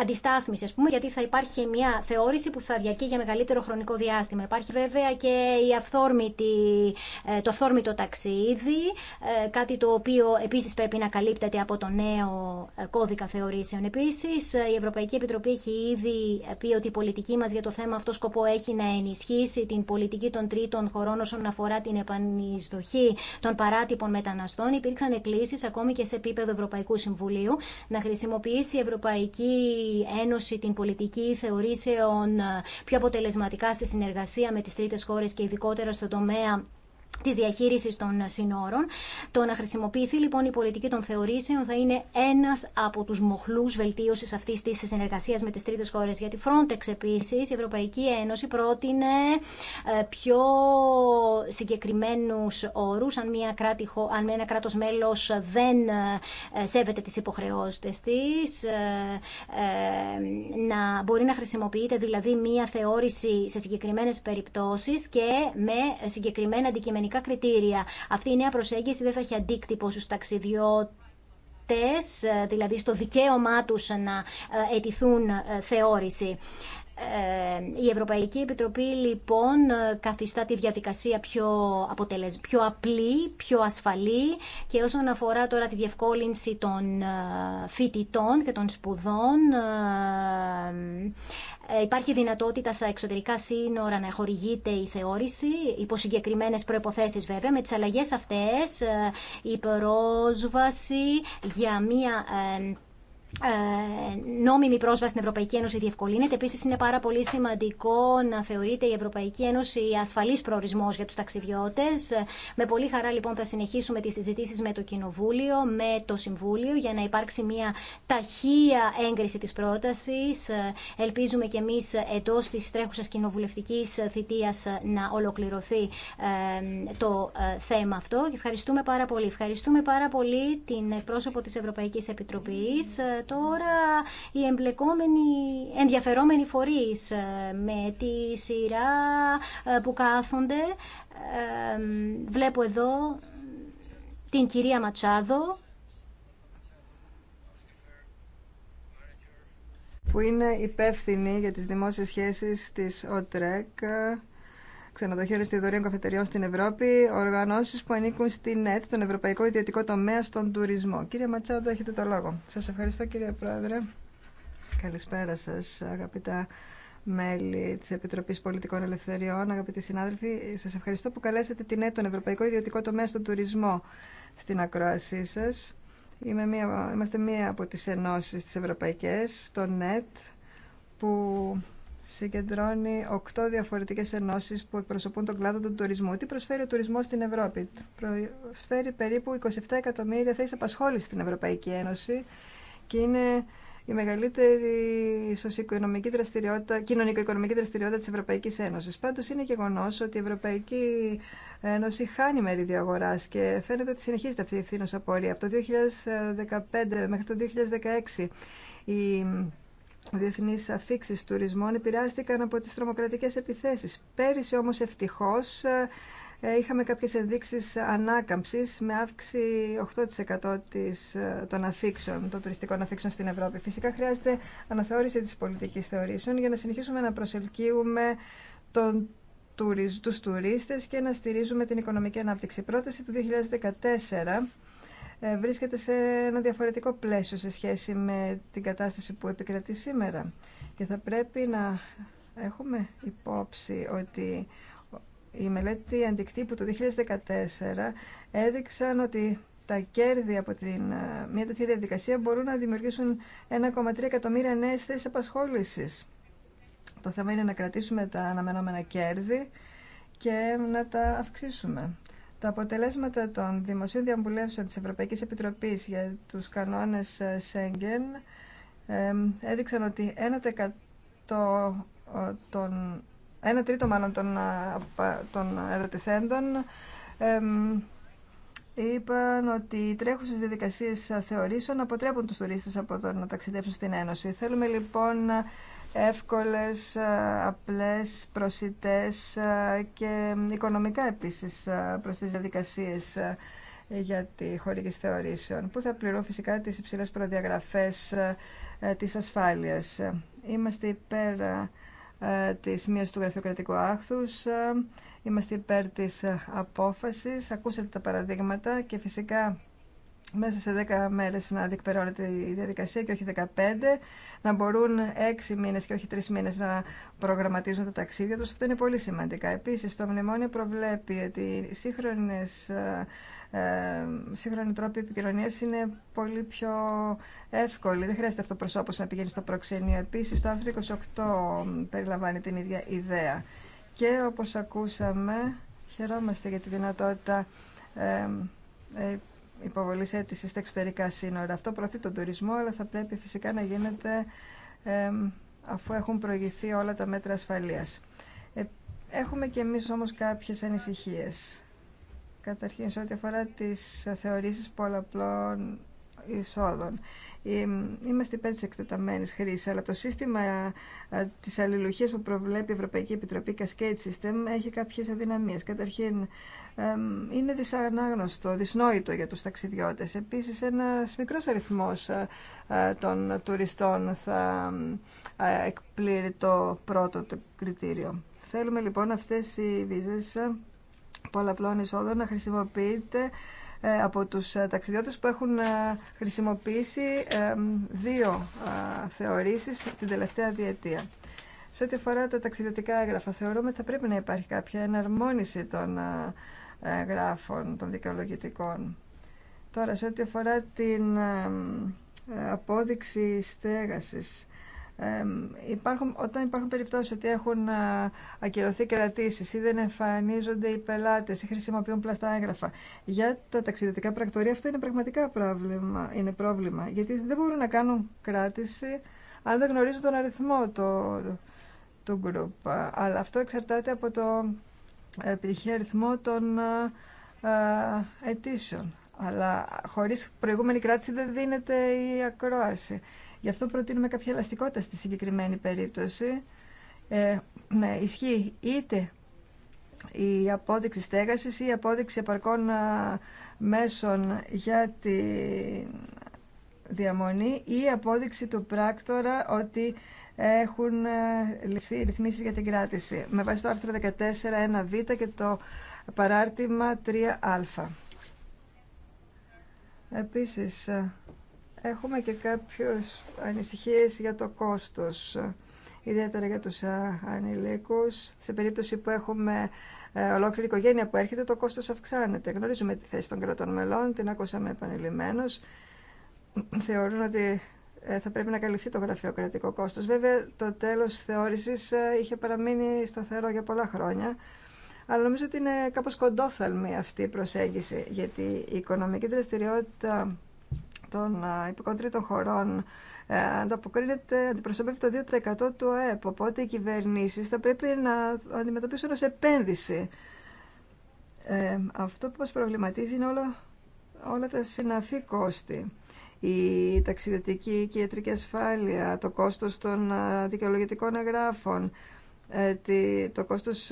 αντιστάθμιση, πούμε, γιατί θα υπάρχει μια μια θεώρηση που θα διακεί για μεγαλύτερο χρονικό διάστημα. Υπάρχει βέβαια και η αυθόρμητη, ε, το αυθόρμητο ταξίδι, ε, κάτι το οποίο επίση πρέπει να καλύπτεται από το νέο ε, κώδικα θεωρήσεων. επίση. η Ευρωπαϊκή Επιτροπή έχει ήδη πει ότι η πολιτική μα για το θέμα αυτό σκοπό έχει να ενισχύσει την πολιτική των τρίτων χωρών όσον αφορά την επανεισδοχή των παράτυπων μεταναστών. Υπήρξαν εκκλήσει ακόμη και σε επίπεδο Ευρωπαϊκού Συμβουλίου να χρησιμοποιήσει η Ευρωπαϊκή Ένωση την πολιτική θεωρήση ε, πιο αποτελεσματικά στη συνεργασία με τις τρίτες χώρες και ειδικότερα στον τομέα τη διαχείριση των συνόρων. Το να χρησιμοποιηθεί λοιπόν η πολιτική των θεωρήσεων θα είναι ένα από του μοχλού βελτίωση αυτή τη συνεργασία με τι τρίτε χώρε. γιατί τη Frontex επίση, η Ευρωπαϊκή Ένωση πρότεινε ε, πιο συγκεκριμένου όρου. Αν, μια αν ένα κράτο μέλο δεν ε, σέβεται τι υποχρεώσει τη, ε, να μπορεί να χρησιμοποιείται δηλαδή μια θεώρηση σε συγκεκριμένε περιπτώσει και με συγκεκριμένα αντικειμενικά κριτήρια. Αυτή η νέα προσέγγιση δεν θα έχει αντίκτυπο στου ταξιδιώτε, ε, δηλαδή στο δικαίωμά τους να ε, αιτηθούν ε, θεώρηση. Ε, η Ευρωπαϊκή Επιτροπή λοιπόν καθιστά τη διαδικασία πιο, αποτελεσ... πιο απλή, πιο ασφαλή και όσον αφορά τώρα τη διευκόλυνση των ε, φοιτητών και των σπουδών ε, υπάρχει δυνατότητα στα εξωτερικά σύνορα να χορηγείται η θεώρηση υπό συγκεκριμένε προποθέσει βέβαια. Με τι αλλαγέ αυτέ η πρόσβαση για μία ε, νόμιμη πρόσβαση στην Ευρωπαϊκή Ένωση διευκολύνεται. Επίση είναι πάρα πολύ σημαντικό να θεωρείται η Ευρωπαϊκή Ένωση ασφαλή προορισμό για του ταξιδιώτε. Με πολύ χαρά λοιπόν θα συνεχίσουμε τι συζητήσει με το Κοινοβούλιο, με το Συμβούλιο για να υπάρξει μια ταχεία έγκριση τη πρόταση. Ελπίζουμε κι εμεί εντό τη Τρέχουσα κοινοβουλευτική Θητεία να ολοκληρωθεί ε, το ε, θέμα αυτό. Ευχαριστούμε πάρα πολύ. Ευχαριστούμε πάρα πολύ την πρόσωπο τη Ευρωπαϊκή Επιτροπή τώρα οι εμπλεκόμενοι ενδιαφερόμενοι φορείς ε, με τη σειρά ε, που κάθονται. Ε, βλέπω εδώ την κυρία Ματσάδο, που είναι υπεύθυνη για τις δημόσιες σχέσεις της ΟΤΡΕΚ ξενοδοχείων εστιατορίων καφετεριών στην Ευρώπη, οργανώσει που ανήκουν στην ΕΤ, τον Ευρωπαϊκό Ιδιωτικό Τομέα στον Τουρισμό. Κύριε Ματσάντο, έχετε το λόγο. Σα ευχαριστώ, κύριε Πρόεδρε. Καλησπέρα σα, αγαπητά μέλη τη Επιτροπή Πολιτικών Ελευθεριών, αγαπητοί συνάδελφοι. Σα ευχαριστώ που καλέσατε την ΕΤ, τον Ευρωπαϊκό Ιδιωτικό Τομέα στον Τουρισμό, στην ακρόασή σα. Είμαι μία, είμαστε μία από τις ενώσεις της Ευρωπαϊκές, το ΝΕΤ, που συγκεντρώνει οκτώ διαφορετικές ενώσεις που εκπροσωπούν τον κλάδο του τουρισμού. Τι προσφέρει ο τουρισμός στην Ευρώπη. Προσφέρει περίπου 27 εκατομμύρια θέσεις απασχόληση στην Ευρωπαϊκή Ένωση και είναι η μεγαλύτερη σοσιοοικονομική δραστηριότητα, κοινωνικο-οικονομική δραστηριότητα της Ευρωπαϊκής Ένωσης. Πάντως είναι γεγονός ότι η Ευρωπαϊκή Ένωση χάνει μερίδιο αγορά και φαίνεται ότι συνεχίζεται αυτή η ευθύνος απορία. Από το 2015 μέχρι το 2016 η διεθνεί αφήξει τουρισμών επηρεάστηκαν από τι τρομοκρατικέ επιθέσεις. Πέρυσι όμως ευτυχώ ε, είχαμε κάποιες ενδείξεις ανάκαμψης με αύξηση 8% της, ε, των αφήξεων, των τουριστικών αφήξεων στην Ευρώπη. Φυσικά χρειάζεται αναθεώρηση τη πολιτική θεωρήσεων για να συνεχίσουμε να προσελκύουμε τον τους τουρίστες και να στηρίζουμε την οικονομική ανάπτυξη. Η πρόταση του 2014 ε, βρίσκεται σε ένα διαφορετικό πλαίσιο σε σχέση με την κατάσταση που επικρατεί σήμερα. Και θα πρέπει να έχουμε υπόψη ότι η μελέτη αντικτύπου του 2014 έδειξαν ότι τα κέρδη από την, ε, μια τέτοια διαδικασία μπορούν να δημιουργήσουν 1,3 εκατομμύρια νέες θέσεις απασχόλησης. Το θέμα είναι να κρατήσουμε τα αναμενόμενα κέρδη και να τα αυξήσουμε. Τα αποτελέσματα των δημοσίων διαβουλεύσεων της Ευρωπαϊκής Επιτροπής για τους κανόνες ε, Σέγγεν έδειξαν ότι ένα των, ένα τρίτο μάλλον των, των ερωτηθέντων είπαν ότι οι τρέχουσες διαδικασίες θεωρήσεων αποτρέπουν τους τουρίστες από το να ταξιδέψουν στην Ένωση. Θέλουμε λοιπόν εύκολες, ε, απλές, προσιτές ε, και οικονομικά επίσης ε, προς τις διαδικασίες για τη χορήγηση θεωρήσεων, που θα πληρούν φυσικά τις υψηλές προδιαγραφές της ασφάλειας. Είμαστε υπέρ της μείωσης του γραφειοκρατικού άχθους, είμαστε υπέρ της απόφασης, ακούσατε τα παραδείγματα και φυσικά μέσα σε 10 μέρε να διεκπεραιώνεται η διαδικασία και όχι 15, να μπορούν 6 μήνε και όχι 3 μήνε να προγραμματίζουν τα ταξίδια του. Αυτό είναι πολύ σημαντικά. Επίση, το μνημόνιο προβλέπει ότι οι σύγχρονες, ε, ε, σύγχρονοι τρόποι επικοινωνία είναι πολύ πιο εύκολοι. Δεν χρειάζεται αυτό προσώπος να πηγαίνει στο προξενείο. Επίση, το άρθρο 28 περιλαμβάνει την ίδια ιδέα. Και όπω ακούσαμε, χαιρόμαστε για τη δυνατότητα ε, ε, υποβολή αίτηση στα εξωτερικά σύνορα. Αυτό προωθεί τον τουρισμό, αλλά θα πρέπει φυσικά να γίνεται αφού έχουν προηγηθεί όλα τα μέτρα ασφαλείας. Ε, έχουμε και εμείς όμως κάποιες ανησυχίες. Καταρχήν σε ό,τι αφορά τι θεωρήσει πολλαπλών εισόδων. Είμαστε υπέρ τη εκτεταμένη χρήση, αλλά το σύστημα τη αλληλουχία που προβλέπει η Ευρωπαϊκή Επιτροπή Cascade System έχει κάποιε αδυναμίε. Καταρχήν, είναι δυσανάγνωστο, δυσνόητο για του ταξιδιώτε. Επίση, ένα μικρό αριθμό των τουριστών θα εκπλήρει το πρώτο κριτήριο. Θέλουμε λοιπόν αυτές οι βίζες πολλαπλών εισόδων να χρησιμοποιείται ε, από τους ε, ταξιδιώτες που έχουν ε, χρησιμοποιήσει δύο θεωρήσεις την τελευταία διετία. Σε ό,τι αφορά τα ταξιδιωτικά έγγραφα, θεωρούμε ότι θα πρέπει να υπάρχει κάποια εναρμόνιση των γράφων, των δικαιολογητικών. Τώρα, σε ό,τι αφορά την απόδειξη στέγασης, υπάρχουν, όταν υπάρχουν περιπτώσεις ότι έχουν ε, ακυρωθεί κρατήσεις ή δεν εμφανίζονται οι πελάτες ή χρησιμοποιούν πλαστά έγγραφα για τα ταξιδιωτικά πρακτορία αυτό είναι πραγματικά πρόβλημα, είναι πρόβλημα γιατί δεν μπορούν να κάνουν κράτηση αν δεν γνωρίζουν τον αριθμό το, του γκρουπ αλλά αυτό εξαρτάται από το επιτυχή αριθμό των ε, αιτήσεων αλλά χωρίς προηγούμενη κράτηση δεν δίνεται η ακρόαση Γι' αυτό προτείνουμε κάποια ελαστικότητα στη συγκεκριμένη περίπτωση. Ε, ναι, ισχύει είτε η απόδειξη στέγασης ή η απόδειξη επαρκών μέσων για τη διαμονή ή η απόδειξη του πράκτορα ότι έχουν ε, ληφθεί ρυθμίσεις για την κράτηση με βάση το άρθρο 14.1β και το παράρτημα 3α. Επίσης, ε, Έχουμε και κάποιες ανησυχίες για το κόστος, ιδιαίτερα για τους ανηλίκους. Σε περίπτωση που έχουμε ε, ολόκληρη οικογένεια που έρχεται, το κόστος αυξάνεται. Γνωρίζουμε τη θέση των κρατών μελών, την άκουσαμε επανειλημμένως. Θεωρούν ότι ε, θα πρέπει να καλυφθεί το γραφειοκρατικό κόστος. Βέβαια, το τέλος θεώρησης ε, είχε παραμείνει σταθερό για πολλά χρόνια. Αλλά νομίζω ότι είναι κάπως κοντόφθαλμη αυτή η προσέγγιση, γιατί η οικονομική δραστηριότητα των υποκοντρήτων χωρών ε, ανταποκρίνεται, αντιπροσωπεύει το 2% του ΑΕΠ. Οπότε οι κυβερνήσεις θα πρέπει να αντιμετωπίσουν ως επένδυση. Ε, αυτό που μας προβληματίζει είναι όλα, όλα τα συναφή κόστη. Η ταξιδιωτική και η ιατρική ασφάλεια, το κόστος των δικαιολογητικών εγγράφων, ε, το κόστος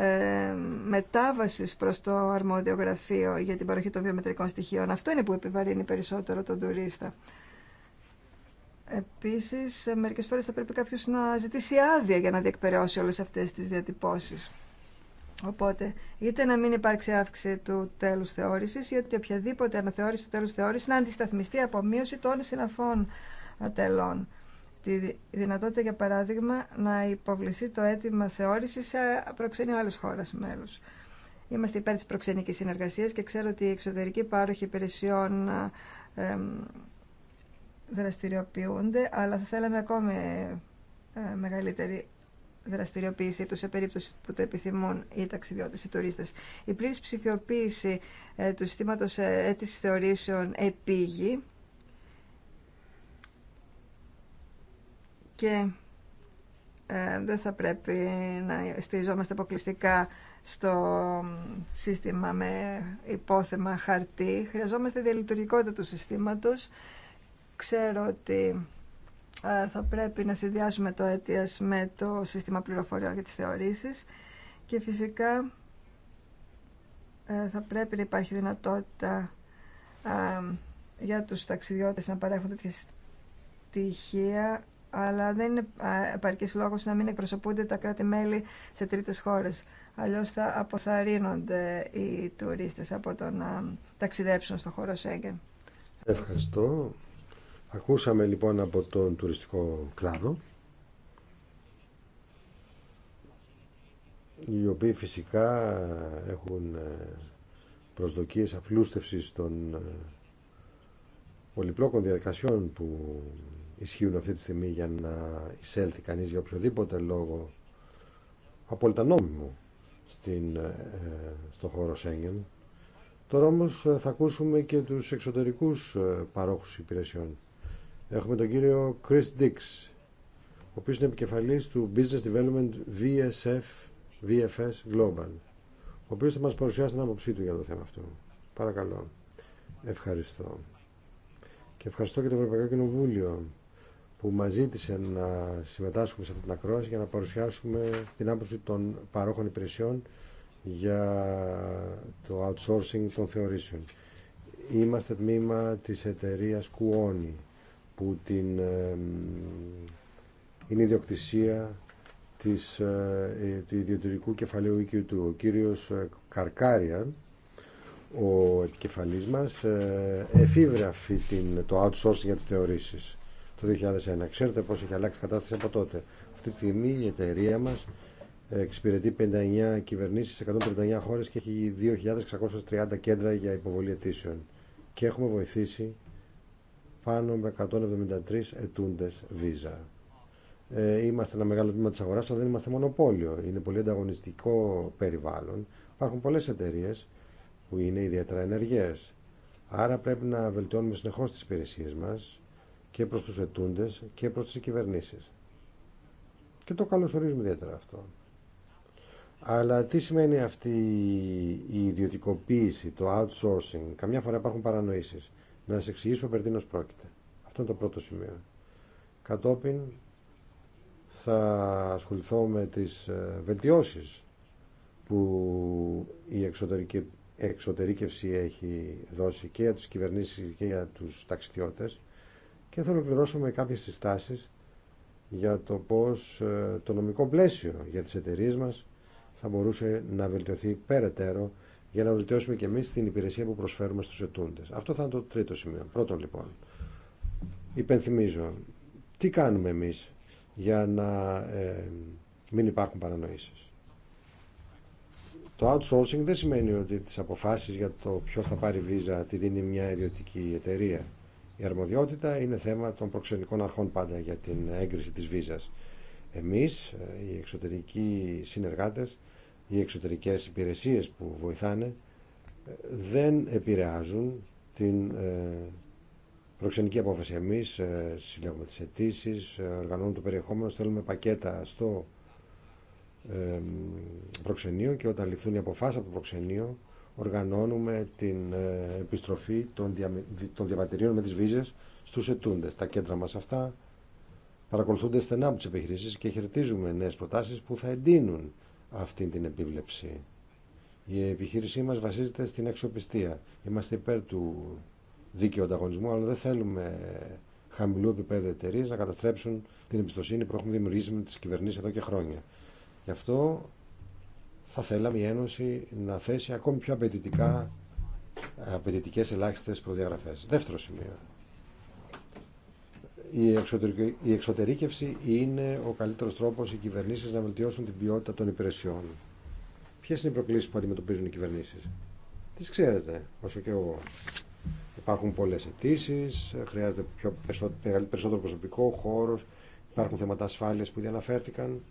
ε, μετάβασης προς το αρμόδιο γραφείο για την παροχή των βιομετρικών στοιχείων. Αυτό είναι που επιβαρύνει περισσότερο τον τουρίστα. Επίσης, ε, μερικές φορές θα πρέπει κάποιος να ζητήσει άδεια για να διεκπαιρεώσει όλες αυτές τις διατυπώσεις. Οπότε, είτε να μην υπάρξει αύξηση του τέλους θεώρησης, είτε οποιαδήποτε αναθεώρηση του τέλους θεώρησης να αντισταθμιστεί από μείωση των συναφών τελών τη δυνατότητα, για παράδειγμα, να υποβληθεί το αίτημα θεώρηση σε προξενείο άλλη χώρα μέλου. Είμαστε υπέρ τη προξενική συνεργασία και ξέρω ότι οι εξωτερικοί πάροχοι υπηρεσιών δραστηριοποιούνται, αλλά θα θέλαμε ακόμη ε, μεγαλύτερη δραστηριοποίησή του σε περίπτωση που το επιθυμούν οι ταξιδιώτες, οι τουρίστες. Η πλήρης ψηφιοποίηση ε, του συστήματος ε, αίτησης θεωρήσεων επίγει και ε, δεν θα πρέπει να στηριζόμαστε αποκλειστικά στο σύστημα με υπόθεμα χαρτί. Χρειαζόμαστε διαλειτουργικότητα του συστήματος. Ξέρω ότι ε, θα πρέπει να συνδυάσουμε το αίτιας με το σύστημα πληροφοριών και τις θεωρήσεις και φυσικά ε, θα πρέπει να υπάρχει δυνατότητα ε, για τους ταξιδιώτες να παρέχουν τέτοια στοιχεία αλλά δεν είναι επαρκή λόγο να μην εκπροσωπούνται τα κράτη-μέλη σε τρίτε χώρε. Αλλιώ θα αποθαρρύνονται οι τουρίστε από το να ταξιδέψουν στο χώρο Σέγγεν. Ευχαριστώ. Ακούσαμε λοιπόν από τον τουριστικό κλάδο οι οποίοι φυσικά έχουν ε, προσδοκίες απλούστευσης των ε, πολυπλόκων διαδικασιών που ισχύουν αυτή τη στιγμή για να εισέλθει κανείς για οποιοδήποτε λόγο απόλυτα νόμιμο στην, ε, στο χώρο Σέγγεν. Τώρα όμως ε, θα ακούσουμε και τους εξωτερικούς ε, παρόχους υπηρεσιών. Έχουμε τον κύριο Chris Dix, ο οποίος είναι επικεφαλής του Business Development VSF, VFS Global, ο οποίος θα μας παρουσιάσει την άποψή του για το θέμα αυτό. Παρακαλώ. Ευχαριστώ. Και ευχαριστώ και το Ευρωπαϊκό Κοινοβούλιο που μας ζήτησε να συμμετάσχουμε σε αυτήν την ακρόαση για να παρουσιάσουμε την άποψη των παρόχων υπηρεσιών για το outsourcing των θεωρήσεων. Είμαστε τμήμα της εταιρείας Κουόνι που την, είναι ιδιοκτησία της, ε, ε, του ιδιωτικού κεφαλαίου του. E ο κύριος ε, Καρκάριαν, ο επικεφαλής μας, εφήβρε αυτή την, το outsourcing για τις θεωρήσεις το 2001. Ξέρετε πώς έχει αλλάξει η κατάσταση από τότε. Αυτή τη στιγμή η εταιρεία μας εξυπηρετεί 59 κυβερνήσεις σε 139 χώρες και έχει 2.630 κέντρα για υποβολή αιτήσεων. Και έχουμε βοηθήσει πάνω με 173 ετούντες βίζα. Ε, είμαστε ένα μεγάλο τμήμα της αγοράς, αλλά δεν είμαστε μονοπόλιο. Είναι πολύ ανταγωνιστικό περιβάλλον. Υπάρχουν πολλές εταιρείε που είναι ιδιαίτερα ενεργές. Άρα πρέπει να βελτιώνουμε συνεχώς τις υπηρεσίες μας και προς τους ετούντες και προς τις κυβερνήσεις. Και το καλωσορίζουμε ιδιαίτερα αυτό. Αλλά τι σημαίνει αυτή η ιδιωτικοποίηση, το outsourcing. Καμιά φορά υπάρχουν παρανοήσεις. Να σας εξηγήσω περί πρόκειται. Αυτό είναι το πρώτο σημείο. Κατόπιν θα ασχοληθώ με τις ε, βελτιώσεις που η εξωτερική εξωτερήκευση έχει δώσει και για τις κυβερνήσεις και για τους ταξιδιώτες και θα ολοκληρώσουμε με κάποιες συστάσεις για το πώς ε, το νομικό πλαίσιο για τις εταιρείε μας θα μπορούσε να βελτιωθεί περαιτέρω για να βελτιώσουμε και εμείς την υπηρεσία που προσφέρουμε στους ετούντες. Αυτό θα είναι το τρίτο σημείο. Πρώτον λοιπόν, υπενθυμίζω, τι κάνουμε εμείς για να ε, μην υπάρχουν παρανοήσεις. Το outsourcing δεν σημαίνει ότι τις αποφάσεις για το ποιο θα πάρει βίζα τη δίνει μια ιδιωτική εταιρεία. Η αρμοδιότητα είναι θέμα των προξενικών αρχών πάντα για την έγκριση της βίζας. Εμείς, ε, οι εξωτερικοί συνεργάτες, οι εξωτερικές υπηρεσίες που βοηθάνε, ε, δεν επηρεάζουν την ε, προξενική απόφαση. Εμείς συλλέγουμε τις αιτήσει, οργανώνουμε το περιεχόμενο, στέλνουμε πακέτα στο προξενείο και όταν ληφθούν οι αποφάσεις από το προξενείο οργανώνουμε την ε, επιστροφή των, των διαβατηρίων με τις βίζες στους ετούντες. Τα κέντρα μας αυτά παρακολουθούνται στενά από τις επιχειρήσεις και χαιρετίζουμε νέες προτάσεις που θα εντείνουν αυτή την επίβλεψη. Η επιχείρησή μας βασίζεται στην αξιοπιστία. Είμαστε υπέρ του δίκαιου ανταγωνισμού, αλλά δεν θέλουμε χαμηλού επίπεδου εταιρείε να καταστρέψουν την εμπιστοσύνη που έχουμε δημιουργήσει με τις κυβερνήσεις εδώ και χρόνια. Γι' αυτό θα θέλαμε η Ένωση να θέσει ακόμη πιο απαιτητικά απαιτητικέ ελάχιστες προδιαγραφέ. Δεύτερο σημείο. Η, εξωτερική, η εξωτερήκευση είναι ο καλύτερο τρόπο οι κυβερνήσει να βελτιώσουν την ποιότητα των υπηρεσιών. Ποιε είναι οι προκλήσει που αντιμετωπίζουν οι κυβερνήσει. Τι ξέρετε, όσο και εγώ. Υπάρχουν πολλέ αιτήσει, χρειάζεται πιο, περισσότερο προσωπικό, χώρο, υπάρχουν θέματα ασφάλεια που ήδη αναφέρθηκαν.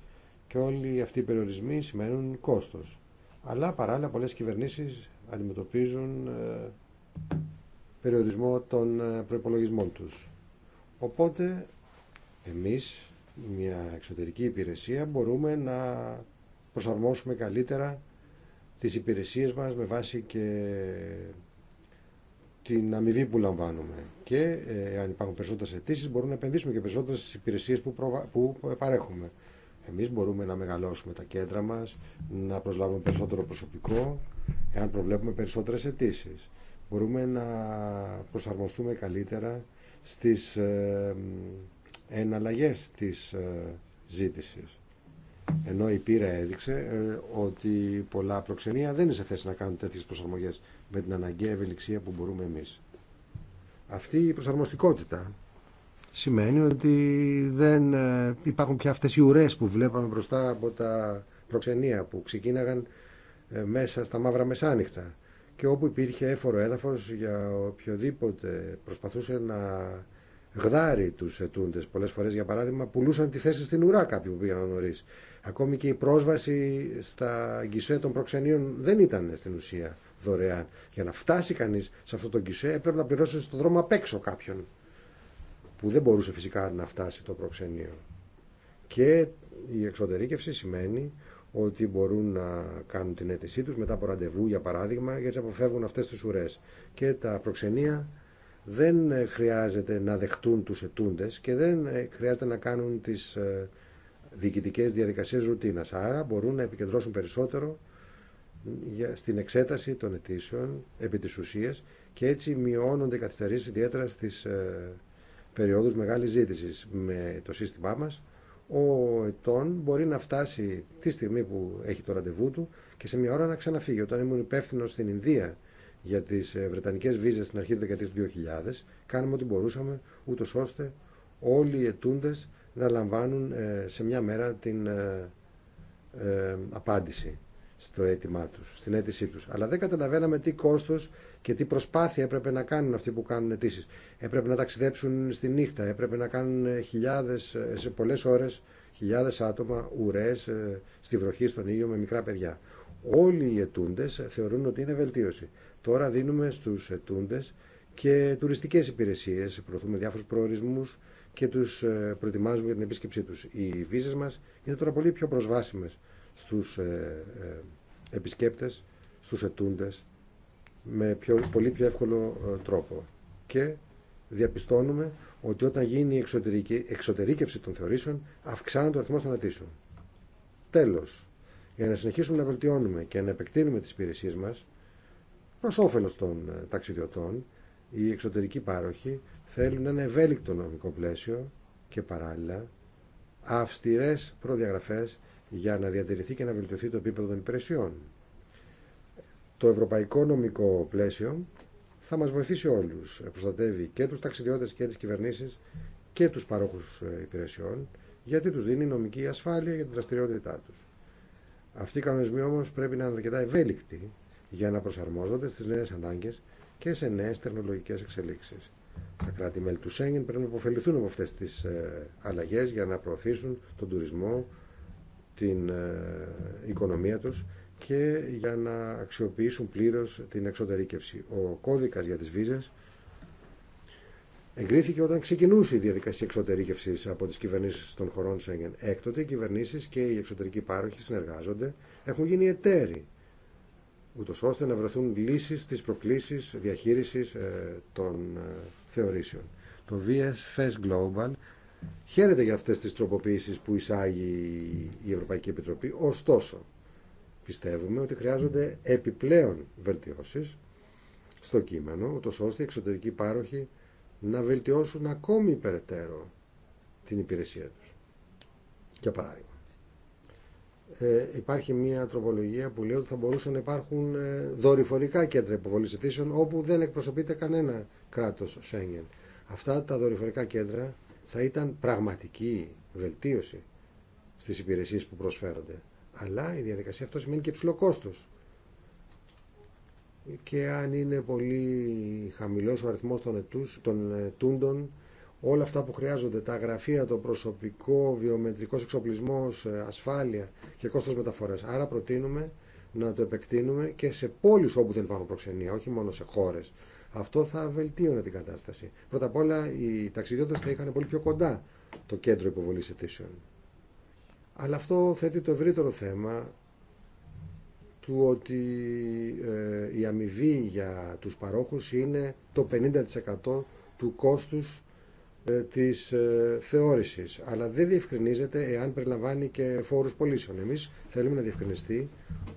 Και όλοι αυτοί οι περιορισμοί σημαίνουν κόστος. Αλλά παράλληλα πολλές κυβερνήσεις αντιμετωπίζουν ε, περιορισμό των ε, προπολογισμών τους. Οπότε εμείς, μια εξωτερική υπηρεσία, μπορούμε να προσαρμόσουμε καλύτερα τις υπηρεσίες μας με βάση και την αμοιβή που λαμβάνουμε. Και αν ε, υπάρχουν περισσότερες αιτήσει, μπορούμε να επενδύσουμε και περισσότερες υπηρεσίες που, που παρέχουμε. Εμείς μπορούμε να μεγαλώσουμε τα κέντρα μας, να προσλάβουμε περισσότερο προσωπικό, εάν προβλέπουμε περισσότερες αιτήσει. Μπορούμε να προσαρμοστούμε καλύτερα στις εναλλαγές της ε, ζήτησης. Ενώ η πείρα έδειξε ε, ότι πολλά προξενία δεν είναι σε θέση να κάνουν τέτοιες προσαρμογές με την αναγκαία ευελιξία που μπορούμε εμείς. Αυτή η προσαρμοστικότητα σημαίνει ότι δεν ε, υπάρχουν πια αυτές οι ουρές που βλέπαμε μπροστά από τα προξενία που ξεκίναγαν ε, μέσα στα μαύρα μεσάνυχτα και όπου υπήρχε έφορο έδαφος για οποιοδήποτε προσπαθούσε να γδάρει τους ετούντες. Πολλές φορές, για παράδειγμα, πουλούσαν τη θέση στην ουρά κάποιοι που πήγαν νωρί. Ακόμη και η πρόσβαση στα γκισέ των προξενείων δεν ήταν στην ουσία δωρεάν. Για να φτάσει κανείς σε αυτό το γκισέ έπρεπε να πληρώσει στον δρόμο απ' έξω κάποιον που δεν μπορούσε φυσικά να φτάσει το προξενείο. Και η εξωτερήκευση σημαίνει ότι μπορούν να κάνουν την αίτησή τους μετά από ραντεβού για παράδειγμα γιατί αποφεύγουν αυτές τις ουρές. Και τα προξενία δεν ε, χρειάζεται να δεχτούν τους ετούντες και δεν ε, χρειάζεται να κάνουν τις ε, διοικητικές διαδικασίες ρουτίνας. Άρα μπορούν να επικεντρώσουν περισσότερο στην εξέταση των αιτήσεων επί της ουσίας και έτσι μειώνονται οι καθυστερήσεις ιδιαίτερα στις περιόδους μεγάλης ζήτησης με το σύστημά μας, ο ετών μπορεί να φτάσει τη στιγμή που έχει το ραντεβού του και σε μια ώρα να ξαναφύγει. Όταν ήμουν υπεύθυνο στην Ινδία για τι ε, Βρετανικέ βίζε στην αρχή τη δεκαετία του 2000, κάναμε ό,τι μπορούσαμε, ούτω ώστε όλοι οι ετούντε να λαμβάνουν ε, σε μια μέρα την ε, απάντηση στο αίτημά του, στην αίτησή του. Αλλά δεν καταλαβαίναμε τι κόστο και τι προσπάθεια έπρεπε να κάνουν αυτοί που κάνουν αιτήσει. Έπρεπε να ταξιδέψουν στη νύχτα, έπρεπε να κάνουν χιλιάδες, ε, σε πολλέ ώρε χιλιάδε άτομα, ουρέ ε, στη βροχή, στον ήλιο, με μικρά παιδιά. Όλοι οι ετούντε θεωρούν ότι είναι βελτίωση. Τώρα δίνουμε στου ετούντε και τουριστικέ υπηρεσίε, προωθούμε διάφορου προορισμού και του ε, προετοιμάζουμε για την επίσκεψή του. Οι βίζε μα είναι τώρα πολύ πιο προσβάσιμε στους ε, ε, επισκέπτες, στους ετούντες με πιο, πολύ πιο εύκολο ε, τρόπο. Και διαπιστώνουμε ότι όταν γίνει η εξωτερική, εξωτερήκευση των θεωρήσεων αυξάνεται ο αριθμός των αιτήσεων. Τέλος, για να συνεχίσουμε να βελτιώνουμε και να επεκτείνουμε τις υπηρεσίες μας προς όφελος των ταξιδιωτών, οι εξωτερικοί πάροχοι θέλουν ένα ευέλικτο νομικό πλαίσιο και παράλληλα αυστηρές προδιαγραφές για να διατηρηθεί και να βελτιωθεί το επίπεδο των υπηρεσιών. Το ευρωπαϊκό νομικό πλαίσιο θα μας βοηθήσει όλους. Προστατεύει και τους ταξιδιώτες και τις κυβερνήσεις και τους παρόχους ε, υπηρεσιών γιατί τους δίνει νομική ασφάλεια για την δραστηριότητά τους. Αυτοί οι κανονισμοί όμως πρέπει να είναι αρκετά ευέλικτοι για να προσαρμόζονται στις νέες ανάγκες και σε νέες τεχνολογικές εξελίξεις. Τα κράτη-μέλη του Σέγγεν πρέπει να υποφεληθούν από αυτές τις ε, αλλαγές για να προωθήσουν τον τουρισμό, την ε, οικονομία τους και για να αξιοποιήσουν πλήρως την εξωτερήκευση. Ο κώδικας για τις βίζες εγκρίθηκε όταν ξεκινούσε η διαδικασία εξωτερήκευσης από τις κυβερνήσεις των χωρών Σέγγεν. Έκτοτε οι κυβερνήσεις και οι εξωτερικοί πάροχοι συνεργάζονται, έχουν γίνει εταίροι ούτω ώστε να βρεθούν λύσεις στις προκλήσεις διαχείρισης ε, των ε, θεωρήσεων. Το VFS Global Χαίρεται για αυτές τις τροποποιήσεις που εισάγει η Ευρωπαϊκή Επιτροπή. Ωστόσο, πιστεύουμε ότι χρειάζονται επιπλέον βελτιώσεις στο κείμενο, ούτως ώστε οι εξωτερικοί πάροχοι να βελτιώσουν ακόμη περαιτέρω την υπηρεσία τους. Για παράδειγμα, ε, υπάρχει μια τροπολογία που λέει ότι θα μπορούσαν να υπάρχουν ε, δορυφορικά κέντρα υποβολής αιτήσεων όπου δεν εκπροσωπείται κανένα κράτος Σέγγεν. Αυτά τα δορυφορικά κέντρα θα ήταν πραγματική βελτίωση στις υπηρεσίες που προσφέρονται. Αλλά η διαδικασία αυτό σημαίνει και ψηλό κόστο. Και αν είναι πολύ χαμηλός ο αριθμός των, ετούντων, όλα αυτά που χρειάζονται, τα γραφεία, το προσωπικό, βιομετρικό εξοπλισμός, ε, ασφάλεια και κόστος μεταφορέ. Άρα προτείνουμε να το επεκτείνουμε και σε πόλεις όπου δεν υπάρχουν προξενία, όχι μόνο σε χώρες αυτό θα βελτίωνε την κατάσταση. Πρώτα απ' όλα οι ταξιδιώτες θα είχαν πολύ πιο κοντά το κέντρο υποβολής αιτήσεων. Αλλά αυτό θέτει το ευρύτερο θέμα του ότι ε, η αμοιβή για τους παρόχους είναι το 50% του κόστους ε, της ε, θεώρησης αλλά δεν διευκρινίζεται εάν περιλαμβάνει και φόρους πωλήσεων. Εμείς θέλουμε να διευκρινιστεί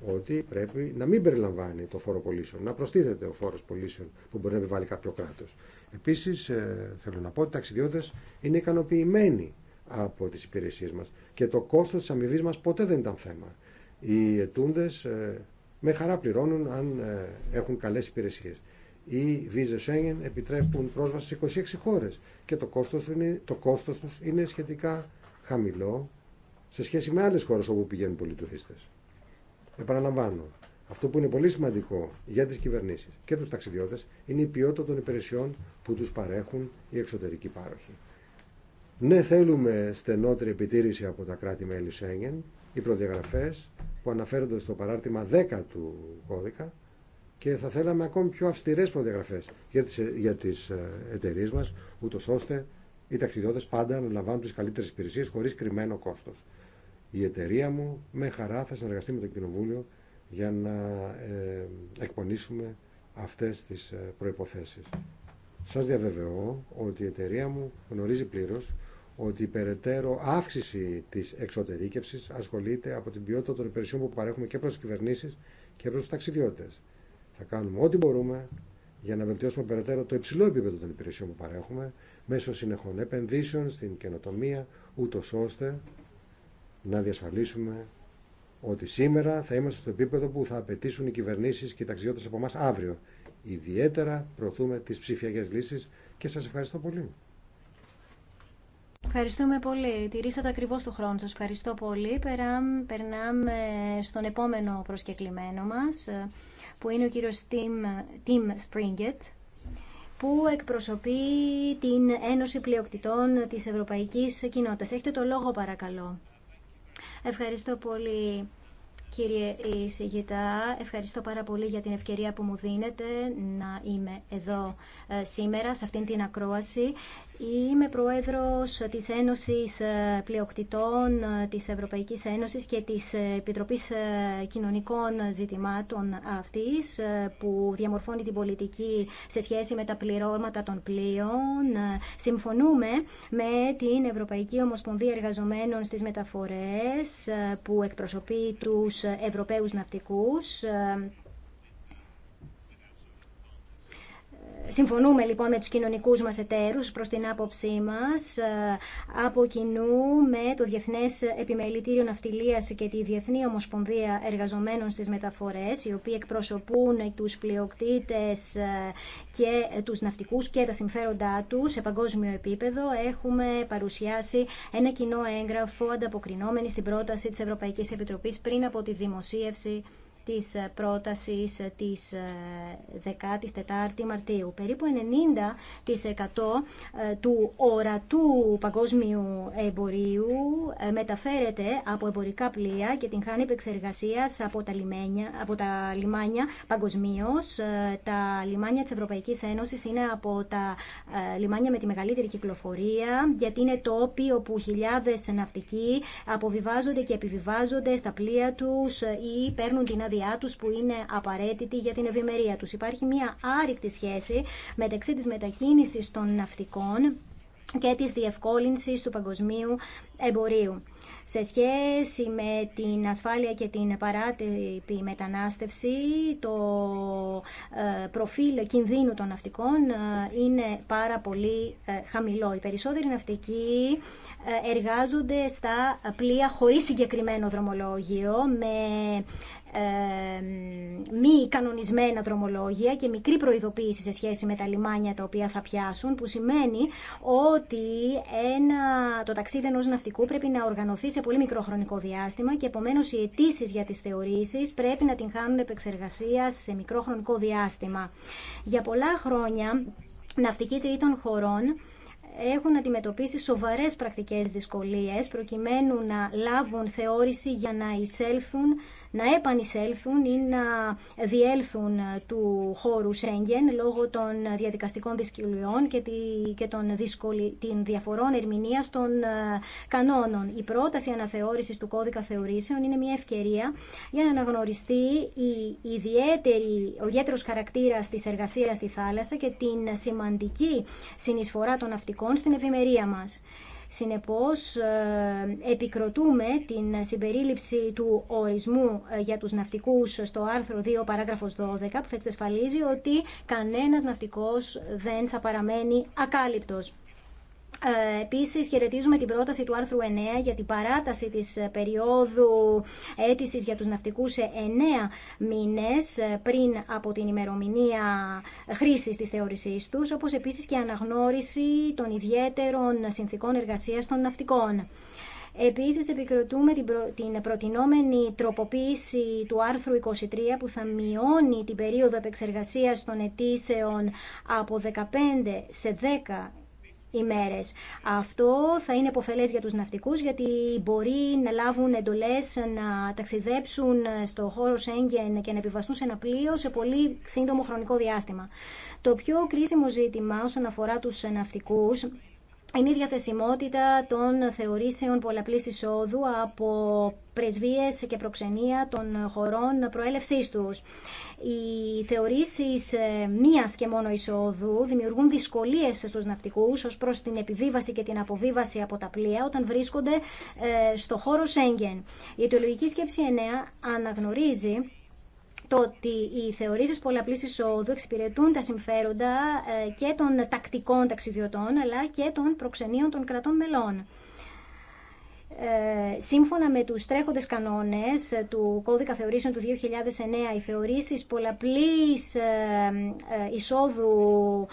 ότι πρέπει να μην περιλαμβάνει το φόρο πωλήσεων, να προστίθεται ο φόρος πωλήσεων που μπορεί να επιβάλλει κάποιο κράτος. Επίσης ε, θέλω να πω ότι οι ταξιδιώτες είναι ικανοποιημένοι από τις υπηρεσίες μας και το κόστος της αμοιβή μας ποτέ δεν ήταν θέμα. Οι ετούντες με χαρά πληρώνουν αν έχουν καλές υπηρεσίες. Οι Visa Schengen επιτρέπουν πρόσβαση σε 26 χώρες και το κόστος, είναι, το κόστος τους είναι σχετικά χαμηλό σε σχέση με άλλες χώρες όπου πηγαίνουν πολλοί τουρίστες. Επαναλαμβάνω, αυτό που είναι πολύ σημαντικό για τις κυβερνήσεις και τους ταξιδιώτες είναι η ποιότητα των υπηρεσιών που τους παρέχουν οι εξωτερικοί πάροχοι. Ναι, θέλουμε στενότερη επιτήρηση από τα κράτη-μέλη Σέγγεν. Οι προδιαγραφές που αναφέρονται στο παράρτημα 10 του κώδικα και θα θέλαμε ακόμη πιο αυστηρέ προδιαγραφέ για τι για τις ε, εταιρείε μα, ούτω ώστε οι ταξιδιώτε πάντα να λαμβάνουν τι καλύτερε υπηρεσίε χωρί κρυμμένο κόστο. Η εταιρεία μου με χαρά θα συνεργαστεί με το Κοινοβούλιο για να ε, εκπονήσουμε αυτέ τι ε, προποθέσει. Σα διαβεβαιώ ότι η εταιρεία μου γνωρίζει πλήρω ότι η περαιτέρω αύξηση τη εξωτερήκευση ασχολείται από την ποιότητα των υπηρεσιών που παρέχουμε και προ τι κυβερνήσει και προ του ταξιδιώτε. Θα κάνουμε ό,τι μπορούμε για να βελτιώσουμε περαιτέρω το υψηλό επίπεδο των υπηρεσιών που παρέχουμε μέσω συνεχών επενδύσεων στην καινοτομία, ούτω ώστε να διασφαλίσουμε ότι σήμερα θα είμαστε στο επίπεδο που θα απαιτήσουν οι κυβερνήσει και οι ταξιδιώτε από εμά αύριο. Ιδιαίτερα προωθούμε τι ψηφιακέ λύσει και σα ευχαριστώ πολύ. Ευχαριστούμε πολύ. Τηρήσατε ακριβώ το χρόνο σα. Ευχαριστώ πολύ. Περνάμε στον επόμενο προσκεκλημένο μα, που είναι ο κύριο Tim, Tim που εκπροσωπεί την Ένωση Πλειοκτητών τη Ευρωπαϊκή Κοινότητα. Έχετε το λόγο, παρακαλώ. Ευχαριστώ πολύ. Κύριε Ισηγητά, ευχαριστώ πάρα πολύ για την ευκαιρία που μου δίνετε να είμαι εδώ ε, σήμερα σε αυτήν την ακρόαση. Είμαι πρόεδρος της Ένωσης ε, Πλειοκτητών ε, της Ευρωπαϊκής Ένωσης και της ε, Επιτροπής Κοινωνικών Ζητημάτων αυτής που διαμορφώνει την πολιτική σε σχέση με τα πληρώματα των πλοίων. Συμφωνούμε με την Ευρωπαϊκή Ομοσπονδία Εργαζομένων στις Μεταφορές που εκπροσωπεί τους Ευρωπαίους Ναυτικούς Συμφωνούμε λοιπόν με τους κοινωνικούς μας εταίρους προς την άποψή μας ε, από κοινού με το Διεθνές Επιμελητήριο Ναυτιλίας και τη Διεθνή Ομοσπονδία Εργαζομένων στις Μεταφορές οι οποίοι εκπροσωπούν τους πλειοκτήτες ε, και τους ναυτικούς και τα συμφέροντά τους σε παγκόσμιο επίπεδο έχουμε παρουσιάσει ένα κοινό έγγραφο ανταποκρινόμενοι στην πρόταση της Ευρωπαϊκής Επιτροπής πριν από τη δημοσίευση της ε, πρότασης ε, της 14η ε, Μαρτίου. Περίπου 90% του ορατού παγκόσμιου εμπορίου μεταφέρεται από εμπορικά πλοία και την χάνει επεξεργασία από, τα λιμένια, από τα λιμάνια παγκοσμίω. Τα λιμάνια της Ευρωπαϊκής Ένωσης είναι από τα λιμάνια με τη μεγαλύτερη κυκλοφορία γιατί είναι τόποι όπου χιλιάδες ναυτικοί αποβιβάζονται και επιβιβάζονται στα πλοία τους ή παίρνουν την διά τους που είναι απαραίτητη για την ευημερία τους. Υπάρχει μια άρρηκτη σχέση μεταξύ της μετακίνησης των ναυτικών και της διευκόλυνσης του παγκοσμίου εμπορίου. Σε σχέση με την ασφάλεια και την παράτυπη μετανάστευση, το ε, προφίλ κινδύνου των ναυτικών ε, είναι πάρα πολύ ε, χαμηλό. Οι περισσότεροι ναυτικοί εργάζονται στα πλοία χωρίς συγκεκριμένο δρομολόγιο, μη κανονισμένα δρομολόγια και μικρή προειδοποίηση σε σχέση με τα λιμάνια τα οποία θα πιάσουν, που σημαίνει ότι ένα, το ταξίδι ενό ναυτικού πρέπει να οργανωθεί σε πολύ μικρό χρονικό διάστημα και επομένω οι αιτήσει για τι θεωρήσει πρέπει να την χάνουν επεξεργασία σε μικρό χρονικό διάστημα. Για πολλά χρόνια, ναυτικοί τρίτων χωρών έχουν αντιμετωπίσει σοβαρές πρακτικές δυσκολίες προκειμένου να λάβουν θεώρηση για να εισέλθουν να επανεισέλθουν ή να διέλθουν του χώρου Σέγγεν λόγω των διαδικαστικών δυσκολιών και, και των δυσκολι... την διαφορών ερμηνείας των ε, κανόνων. Η πρόταση αναθεώρησης του κώδικα θεωρήσεων είναι μια ευκαιρία για να αναγνωριστεί η ιδιαίτερη, ο ιδιαίτερο χαρακτήρας της εργασία στη θάλασσα και την σημαντική συνεισφορά των ναυτικών στην ευημερία μας. Συνεπώς ε, επικροτούμε την συμπερίληψη του ορισμού ε, για τους ναυτικούς στο άρθρο 2 παράγραφος 12 που θα εξασφαλίζει ότι κανένας ναυτικός δεν θα παραμένει ακάλυπτος. Ε, επίσης χαιρετίζουμε την πρόταση του άρθρου 9 για την παράταση της ε, περίοδου αίτησης για τους ναυτικούς σε 9 μήνες ε, πριν από την ημερομηνία χρήσης της θεώρησής τους, όπως επίσης και αναγνώριση των ιδιαίτερων συνθήκων εργασίας των ναυτικών. Επίσης επικροτούμε την, την προτινόμενη τροποποίηση του άρθρου 23 που θα μειώνει την περίοδο επεξεργασίας των αιτήσεων από 15 σε 10 ημέρες. Αυτό θα είναι υποφελές για τους ναυτικούς γιατί μπορεί να λάβουν εντολές να ταξιδέψουν στο χώρο Σέγγεν και να επιβαστούν σε ένα πλοίο σε πολύ σύντομο χρονικό διάστημα. Το πιο κρίσιμο ζήτημα όσον αφορά τους ναυτικούς είναι η διαθεσιμότητα των θεωρήσεων πολλαπλή εισόδου από πρεσβείες και προξενία των χωρών προέλευσή τους. Οι θεωρήσεις ε, μίας και μόνο εισόδου δημιουργούν δυσκολίες στους ναυτικούς ως προς την επιβίβαση και την αποβίβαση από τα πλοία όταν βρίσκονται ε, στο χώρο Σέγγεν. Η αιτιολογική σκέψη 9 αναγνωρίζει το ότι οι θεωρήσει πολλαπλή εισόδου εξυπηρετούν τα συμφέροντα ε, και των τακτικών ταξιδιωτών αλλά και των προξενείων των κρατών μελών. Ε, σύμφωνα με τους τρέχοντες κανόνες ε, του κώδικα θεωρήσεων του 2009, οι θεωρήσεις πολλαπλής ε, ε, εισόδου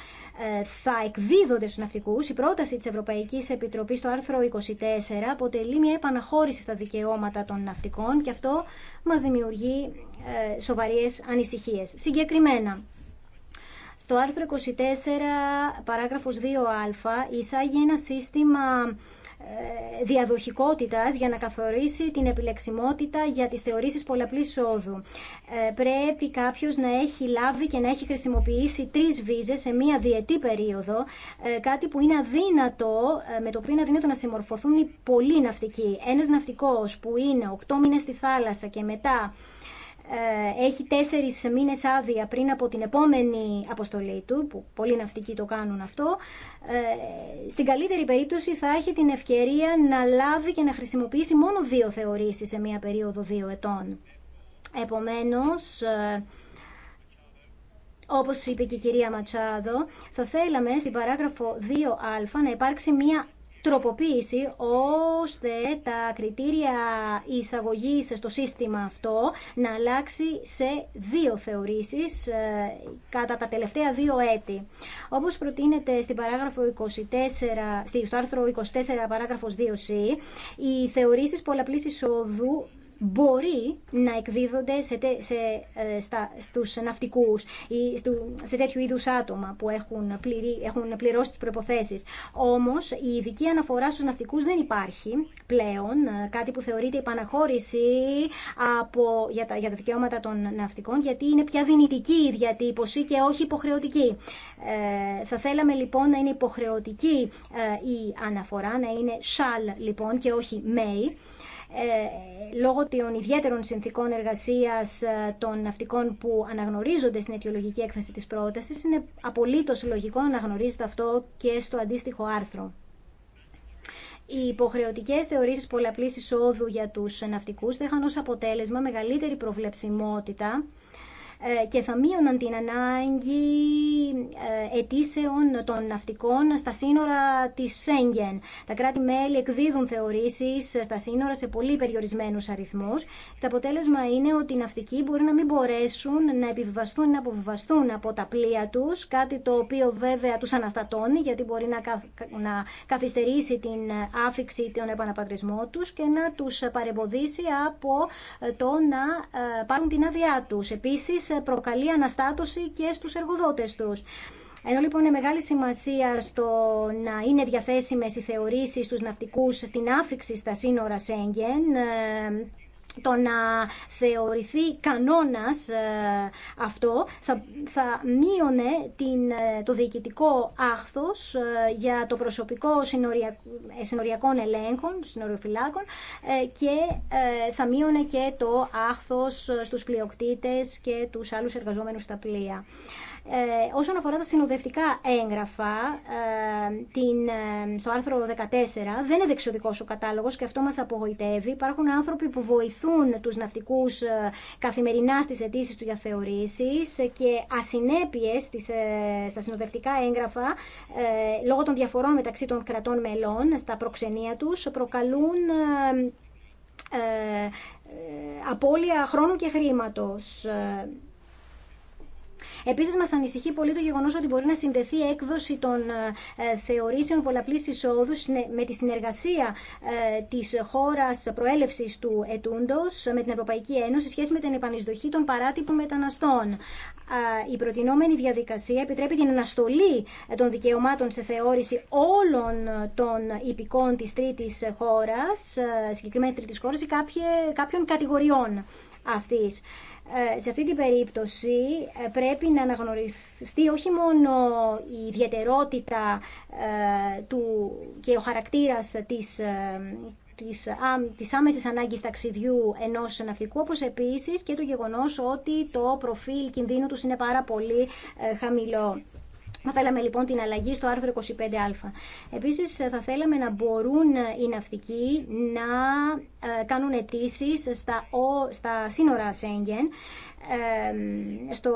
θα εκδίδονται στους ναυτικούς. Η πρόταση της Ευρωπαϊκής Επιτροπής στο άρθρο 24 αποτελεί μια επαναχώρηση στα δικαιώματα των ναυτικών και αυτό μας δημιουργεί σοβαρές ανησυχίες. Συγκεκριμένα, στο άρθρο 24, παράγραφος 2α, εισάγει ένα σύστημα ε, διαδοχικότητας για να καθορίσει την επιλεξιμότητα για τις θεωρήσεις πολλαπλής εισόδου. Ε, πρέπει κάποιος να έχει λάβει και να έχει χρησιμοποιήσει τρεις βίζες σε μία διετή περίοδο, ε, κάτι που είναι αδύνατο, με το οποίο είναι αδύνατο να συμμορφωθούν οι πολλοί ναυτικοί. Ένας ναυτικός που είναι 8 μήνες στη θάλασσα και μετά ε, έχει τέσσερις μήνες άδεια πριν από την επόμενη αποστολή του, που πολλοί ναυτικοί το κάνουν αυτό, ε, στην καλύτερη περίπτωση θα έχει την ευκαιρία να λάβει και να χρησιμοποιήσει μόνο δύο θεωρήσεις σε μία περίοδο δύο ετών. Επομένως, ε, όπως είπε και η κυρία Ματσάδο, θα θέλαμε στην παράγραφο 2α να υπάρξει μία τροποποίηση ώστε τα κριτήρια εισαγωγής στο σύστημα αυτό να αλλάξει σε δύο θεωρήσεις ε, κατά τα τελευταία δύο έτη. Όπως προτείνεται στην παράγραφο 24, στο άρθρο 24 παράγραφος 2c, οι θεωρήσεις πολλαπλής εισόδου μπορεί να εκδίδονται σε, σε, ε, στα, στους ναυτικούς ή σε τέτοιου είδους άτομα που έχουν, έχουν πληρώσει τις προϋποθέσεις. Όμως η ειδική αναφορά στους ναυτικούς δεν υπάρχει πλέον, ε, κάτι που θεωρείται επαναχώρηση από, για, τα, για τα δικαιώματα των ναυτικών, γιατί είναι πια δυνητική η διατύπωση και όχι υποχρεωτική. Ε, θα θέλαμε λοιπόν να είναι υποχρεωτική ε, η αναφορά, να είναι shall λοιπόν και όχι may. Ε, λόγω των ιδιαίτερων συνθήκων εργασίας ε, των ναυτικών που αναγνωρίζονται στην αιτιολογική έκθεση της πρότασης, είναι απολύτως λογικό να αναγνωρίζεται αυτό και στο αντίστοιχο άρθρο. Οι υποχρεωτικέ θεωρήσει πολλαπλή εισόδου για του ναυτικού θα είχαν ω αποτέλεσμα μεγαλύτερη προβλεψιμότητα ε, και θα μείωναν την ανάγκη ε, αιτήσεων των ναυτικών στα σύνορα της Σέγγεν. Τα κράτη-μέλη εκδίδουν θεωρήσεις στα σύνορα σε πολύ περιορισμένους αριθμούς. Το αποτέλεσμα είναι ότι οι ναυτικοί μπορεί να μην μπορέσουν να επιβιβαστούν ή να αποβιβαστούν από τα πλοία τους, κάτι το οποίο βέβαια τους αναστατώνει γιατί μπορεί να καθυστερήσει την άφηξη τον επαναπατρισμό τους και να τους παρεμποδίσει από το να ε, πάρουν την άδειά τους. Επίσης, ε, προκαλεί αναστάτωση και στους εργοδότες τους. Ενώ λοιπόν είναι μεγάλη σημασία στο να είναι διαθέσιμες οι θεωρήσεις στους ναυτικούς στην άφηξη στα σύνορα Σέγγεν, ε, το να θεωρηθεί κανόνας ε, αυτό θα, θα μείωνε την, ε, το διοικητικό άχθος ε, για το προσωπικό συνοριακών ελέγχων, συνοριοφυλάκων και θα μείωνε και το άχθος στους πλειοκτήτες και τους άλλους εργαζόμενους στα πλοία. Ε, όσον αφορά τα συνοδευτικά έγγραφα, ε, την, ε, στο άρθρο 14 δεν είναι δεξιοδικό ο κατάλογος και αυτό μας απογοητεύει. Υπάρχουν άνθρωποι που βοηθούν τους ναυτικούς ε, καθημερινά στις αιτήσει του για και ασυνέπειες στα συνοδευτικά έγγραφα λόγω των διαφορών μεταξύ των κρατών μελών στα προξενία τους προκαλούν απώλεια χρόνου και χρήματος. Επίση, μα ανησυχεί πολύ το γεγονό ότι μπορεί να συνδεθεί έκδοση των ε, θεωρήσεων πολλαπλή εισόδου με τη συνεργασία ε, τη χώρα προέλευση του ετούντο με την Ευρωπαϊκή Ένωση σχέση με την επανεισδοχή των παράτυπων μεταναστών. Η προτινόμενη διαδικασία επιτρέπει την αναστολή των δικαιωμάτων σε θεώρηση όλων των υπηκών τη τρίτη χώρα, ε, συγκεκριμένη τρίτη χώρα ή κάποιων κατηγοριών αυτή. Ε, σε αυτή την περίπτωση ε, πρέπει να αναγνωριστεί όχι μόνο η ιδιαιτερότητα ε, του και ο χαρακτήρας της της, α, της άμεσης ανάγκης ταξιδιού ενός ναυτικού, όπως επίσης και το γεγονός ότι το προφίλ κινδύνου τους είναι πάρα πολύ χαμηλό. Θα θέλαμε λοιπόν την αλλαγή στο άρθρο 25α. Επίσης θα θέλαμε να μπορούν οι ναυτικοί να ε, κάνουν αιτήσει στα, στα σύνορα Σέγγεν. στο,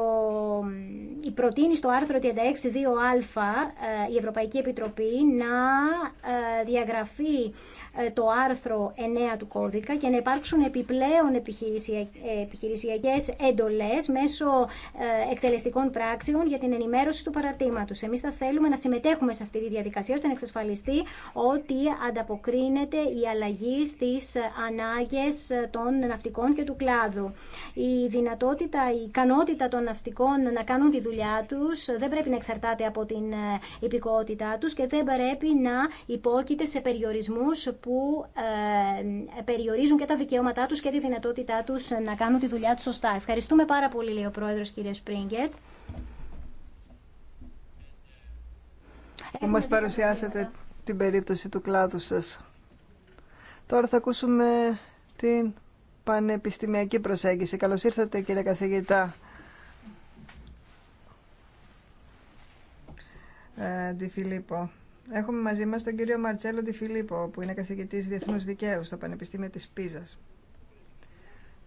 η προτείνει στο άρθρο 36.2α ε, η Ευρωπαϊκή Επιτροπή να ε, διαγραφεί ε, το άρθρο 9 του κώδικα και να υπάρξουν επιπλέον ε, επιχειρησιακές εντολές μέσω ε, εκτελεστικών πράξεων για την ενημέρωση του παραρτήματος. Εμείς θα θέλουμε να συμμετέχουμε σε αυτή τη διαδικασία ώστε να εξασφαλιστεί ότι ανταποκρίνεται η αλλαγή στις ανάγκες των ναυτικών και του κλάδου. Η δυνατότητα, η ικανότητα των ναυτικών να κάνουν τη δουλειά τους δεν πρέπει να εξαρτάται από την υπηκότητά τους και δεν πρέπει να υπόκειται σε περιορισμούς που ε, περιορίζουν και τα δικαιώματά τους και τη δυνατότητά τους να κάνουν τη δουλειά τους σωστά. Ευχαριστούμε πάρα πολύ, λέει ο Πρόεδρος, κύριε Σπρίγκετ. Που μας παρουσιάσατε την περίπτωση του κλάδου σας. Τώρα θα ακούσουμε την πανεπιστημιακή προσέγγιση. Καλώς ήρθατε κύριε καθηγητά. Ε, Φιλίππο. Έχουμε μαζί μας τον κύριο Μαρτσέλο τη Φιλίππο, που είναι καθηγητής Διεθνού Δικαίου στο Πανεπιστήμιο της Πίζας.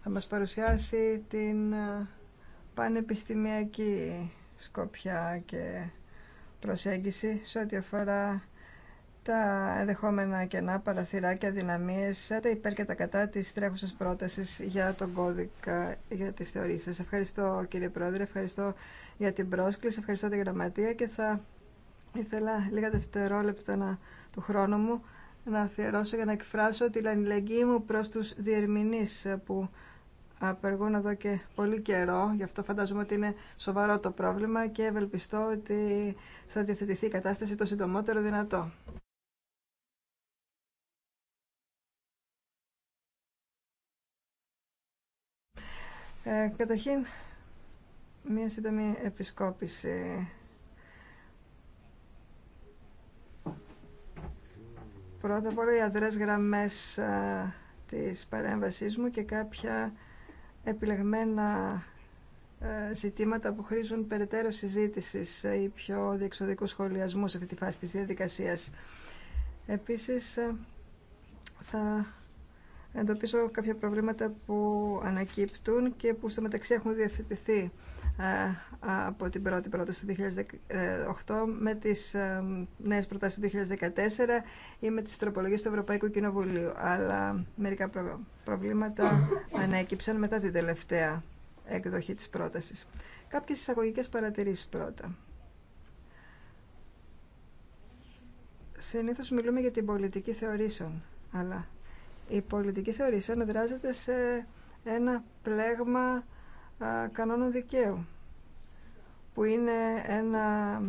Θα μας παρουσιάσει την ε, πανεπιστημιακή σκοπιά και προσέγγιση σε ό,τι αφορά τα ενδεχόμενα κενά, παραθυράκια, δυναμίες, τα υπέρ και τα κατά της τρέχουσας πρότασης για τον κώδικα για τις θεωρίες. Σας ευχαριστώ κύριε Πρόεδρε, ευχαριστώ για την πρόσκληση, ευχαριστώ τη γραμματεία και θα Ήθελα λίγα δευτερόλεπτα να, του χρόνου μου να αφιερώσω για να εκφράσω τη λανιλεγγύη μου προς τους διερμηνείς που απεργούν εδώ και πολύ καιρό. Γι' αυτό φαντάζομαι ότι είναι σοβαρό το πρόβλημα και ευελπιστώ ότι θα διαθετηθεί η κατάσταση το συντομότερο δυνατό. Ε, καταρχήν, μία σύντομη επισκόπηση Πρώτα απ' όλα οι αδρές γραμμές της παρέμβασής μου και κάποια επιλεγμένα ζητήματα που χρήζουν περαιτέρω συζήτησης ή πιο διεξοδικού σχολιασμού σε αυτή τη φάση της διαδικασίας. Επίσης, θα εντοπίσω κάποια προβλήματα που ανακύπτουν και που στο μεταξύ έχουν διαθετηθεί από την πρώτη πρόταση του 2008 με τις νέες προτάσεις του 2014 ή με τις τροπολογίες του Ευρωπαϊκού Κοινοβουλίου. Αλλά μερικά προβλήματα ανέκυψαν μετά την τελευταία εκδοχή της πρότασης. Κάποιες εισαγωγικέ παρατηρήσεις πρώτα. Συνήθως μιλούμε για την πολιτική θεωρήσεων, αλλά η πολιτική θεωρήσεων δράζεται σε ένα πλέγμα κανόνων δικαίου, που είναι ένα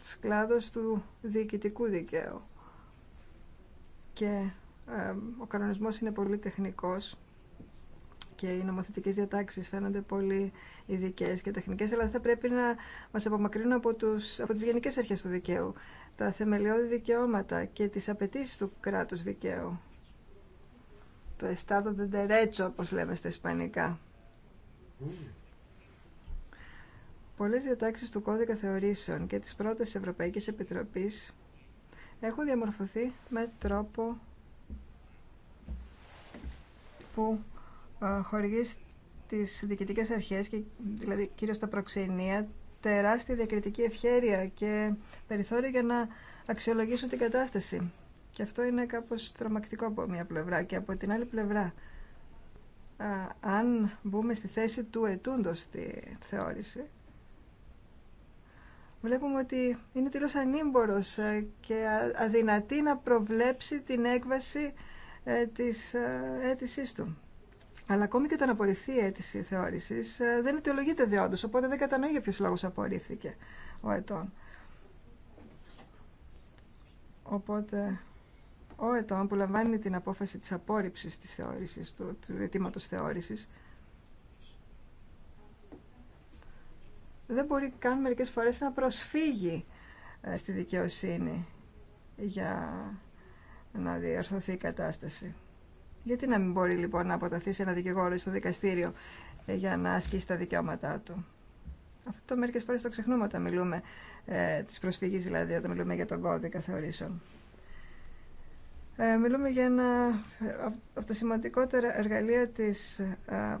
σκλάδος του διοικητικού δικαίου. Και ε, ο κανονισμός είναι πολύ τεχνικός και οι νομοθετικές διατάξεις φαίνονται πολύ ειδικέ και τεχνικές, αλλά θα πρέπει να μας απομακρύνουν από, τους, από τις γενικές αρχές του δικαίου, τα θεμελιώδη δικαιώματα και τις απαιτήσει του κράτους δικαίου. Το estado de derecho, όπως λέμε στα ισπανικά. Πολλές διατάξεις του κώδικα θεωρήσεων και της πρώτης Ευρωπαϊκής Επιτροπής έχουν διαμορφωθεί με τρόπο που ε, χορηγεί στις διοικητικές αρχές, και, δηλαδή κυρίως τα προξενία, τεράστια διακριτική ευχέρεια και περιθώρια για να αξιολογήσουν την κατάσταση. Και αυτό είναι κάπως τρομακτικό από μια πλευρά. Και από την άλλη πλευρά, αν μπούμε στη θέση του ετούντος στη θεώρηση, βλέπουμε ότι είναι τελώς ανήμπορος ε, και αδυνατή να προβλέψει την έκβαση ε, της ε, αίτησή του. Αλλά ακόμη και όταν απορριφθεί η αίτηση θεώρησης, δεν αιτιολογείται διόντως, οπότε δεν κατανοεί για ποιους λόγους απορρίφθηκε ο ετών. Οπότε ο ετών που λαμβάνει την απόφαση της απόρριψης της θεώρησης, του, του αιτήματος θεώρησης, δεν μπορεί καν μερικές φορές να προσφύγει ε, στη δικαιοσύνη για να διορθωθεί η κατάσταση. Γιατί να μην μπορεί λοιπόν να αποταθεί σε ένα δικηγόρο στο δικαστήριο ε, για να ασκήσει τα δικαιώματά του. Αυτό μερικές φορές το ξεχνούμε όταν μιλούμε ε, της προσφυγής, δηλαδή όταν μιλούμε για τον κώδικα θεωρήσεων. Ε, μιλούμε για ένα από τα σημαντικότερα εργαλεία της ε,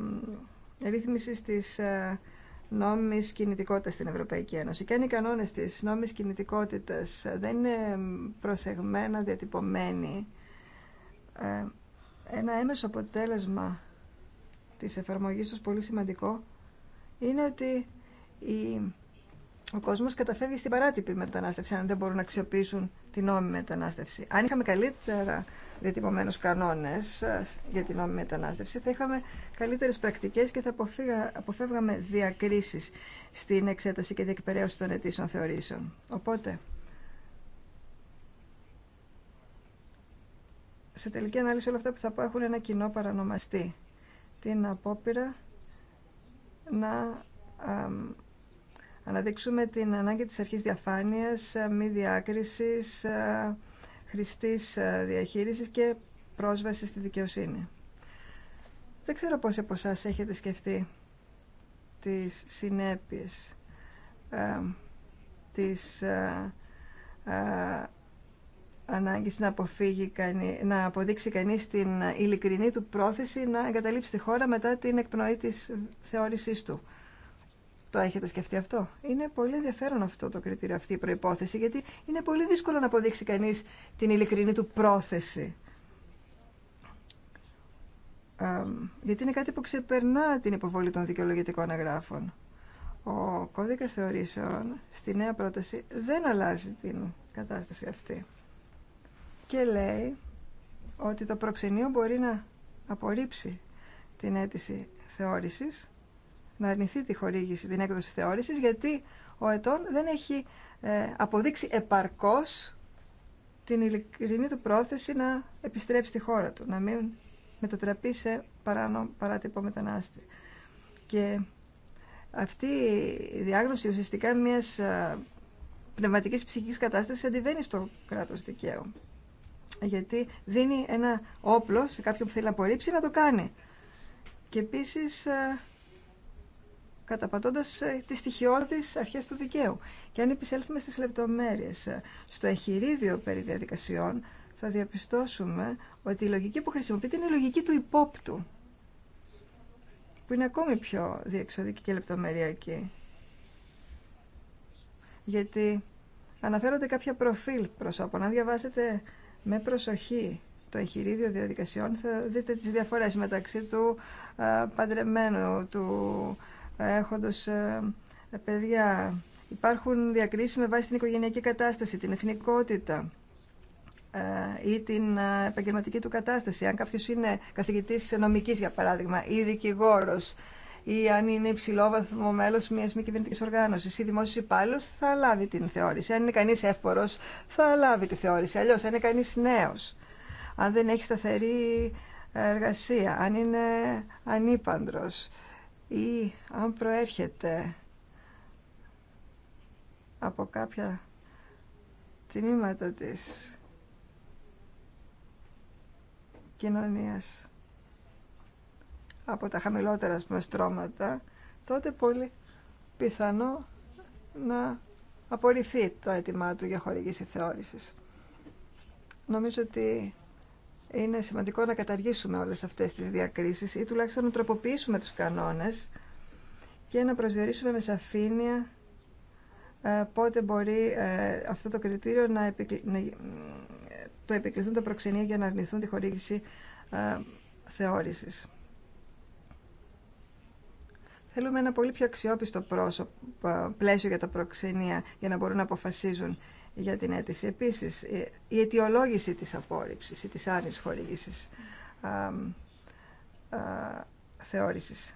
ρύθμισης της ε, νόμιμης κινητικότητας στην Ευρωπαϊκή Ένωση. Και αν οι κανόνες της νόμιμης κινητικότητας δεν είναι προσεγμένα, διατυπωμένοι, ένα έμεσο αποτέλεσμα της εφαρμογής τους πολύ σημαντικό είναι ότι οι ο κόσμος καταφεύγει στην παράτυπη μετανάστευση αν δεν μπορούν να αξιοποιήσουν την νόμιμη μετανάστευση. Αν είχαμε καλύτερα διατυπωμένου κανόνες ε, για την νόμιμη μετανάστευση θα είχαμε καλύτερες πρακτικές και θα αποφεύγαμε διακρίσεις στην εξέταση και διεκπαιρέωση των αιτήσεων θεωρήσεων. Οπότε, σε τελική ανάλυση όλα αυτά που θα πω έχουν ένα κοινό παρανομαστή. Την απόπειρα να αναδείξουμε την ανάγκη της αρχής διαφάνειας, ε, μη διάκρισης, ε, χρηστής ε, διαχείρισης και πρόσβαση στη δικαιοσύνη. Δεν ξέρω πώς από εσά έχετε σκεφτεί τις συνέπειες ε, της ανάγκης να, αποφύγει κανεί, να αποδείξει κανείς την ειλικρινή του πρόθεση να εγκαταλείψει τη χώρα μετά την εκπνοή της θεώρησής του. Το έχετε σκεφτεί αυτό. Είναι πολύ ενδιαφέρον αυτό το κριτήριο, αυτή η προπόθεση, γιατί είναι πολύ δύσκολο να αποδείξει κανεί την ειλικρινή του πρόθεση. γιατί είναι κάτι που ξεπερνά την υποβολή των δικαιολογητικών εγγράφων. Ο κώδικα θεωρήσεων στη νέα πρόταση δεν αλλάζει την κατάσταση αυτή. Και λέει ότι το προξενείο μπορεί να απορρίψει την αίτηση θεώρησης να αρνηθεί τη χορήγηση, την έκδοση θεώρησης, γιατί ο Ετών δεν έχει ε, αποδείξει επαρκώς την ειλικρινή του πρόθεση να επιστρέψει στη χώρα του, να μην μετατραπεί σε παράνο, παράτυπο μετανάστη. Και αυτή η διάγνωση ουσιαστικά μιας ε, πνευματικής ψυχικής κατάστασης αντιβαίνει στο κράτος δικαίου. Γιατί δίνει ένα όπλο σε κάποιον που θέλει να απορρίψει να το κάνει. Και επίσης ε, καταπατώντας ε, τις στοιχειώδεις αρχές του δικαίου. Και αν επισέλθουμε στις λεπτομέρειες, ε, στο εχειρίδιο περί διαδικασιών, θα διαπιστώσουμε ότι η λογική που χρησιμοποιείται είναι η λογική του υπόπτου, που είναι ακόμη πιο διεξοδική και λεπτομεριακή. Γιατί αναφέρονται κάποια προφίλ προσώπων. Αν διαβάζετε με προσοχή το εγχειρίδιο διαδικασιών θα δείτε τις διαφορές μεταξύ του ε, παντρεμένου, του ε, έχοντος ε, ε, παιδιά. Υπάρχουν διακρίσεις με βάση την οικογενειακή κατάσταση, την εθνικότητα ή την επαγγελματική του κατάσταση. Αν κάποιος είναι καθηγητής νομικής, για παράδειγμα, ή δικηγόρος, ή αν είναι υψηλόβαθμο μέλο μια μη κυβερνητική οργάνωση ή δημόσιο υπάλληλο, θα λάβει την θεώρηση. Αν είναι κανεί εύπορο, θα λάβει τη θεώρηση. Αλλιώ, αν είναι κανεί νέο, αν δεν έχει σταθερή εργασία, αν είναι ανύπαντρο, ή αν προέρχεται από κάποια τμήματα της κοινωνίας από τα χαμηλότερα στρώματα, τότε πολύ πιθανό να απορριφθεί το αίτημά του για χορηγήση θεώρησης. Νομίζω ότι είναι σημαντικό να καταργήσουμε όλες αυτές τις διακρίσεις ή τουλάχιστον να τροποποιήσουμε τους κανόνες και να προσδιορίσουμε με σαφήνεια ε, πότε μπορεί ε, αυτό το κριτήριο να, ε, το επικληθούν τα προξενία για να αρνηθούν τη χορήγηση θεώρησης. Θέλουμε ένα πολύ πιο αξιόπιστο πρόσωπο, πλαίσιο για τα προξενία για να μπορούν να αποφασίζουν για την αίτηση. Επίσης, η αιτιολόγηση της απόρριψης ή της άνης χορήγησης α, α, θεώρησης.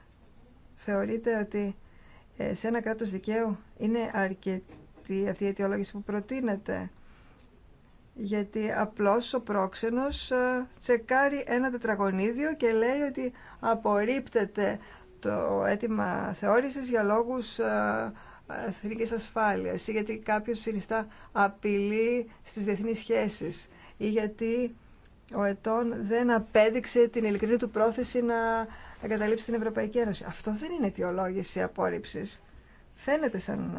Θεωρείται ότι ε, σε ένα κράτος δικαίου είναι αρκετή αυτή η αιτιολόγηση που προτείνεται γιατί απλώς ο πρόξενος τσεκάρει ένα τετραγωνίδιο και λέει ότι απορρίπτεται το αίτημα θεώρησης για λόγους εθνικής ασφάλειας ή γιατί κάποιος συνιστά απειλή στις διεθνείς σχέσεις ή γιατί ο ετών δεν απέδειξε την ειλικρινή του πρόθεση να εγκαταλείψει την Ευρωπαϊκή Ένωση. Αυτό δεν είναι αιτιολόγηση απόρριψης. Φαίνεται σαν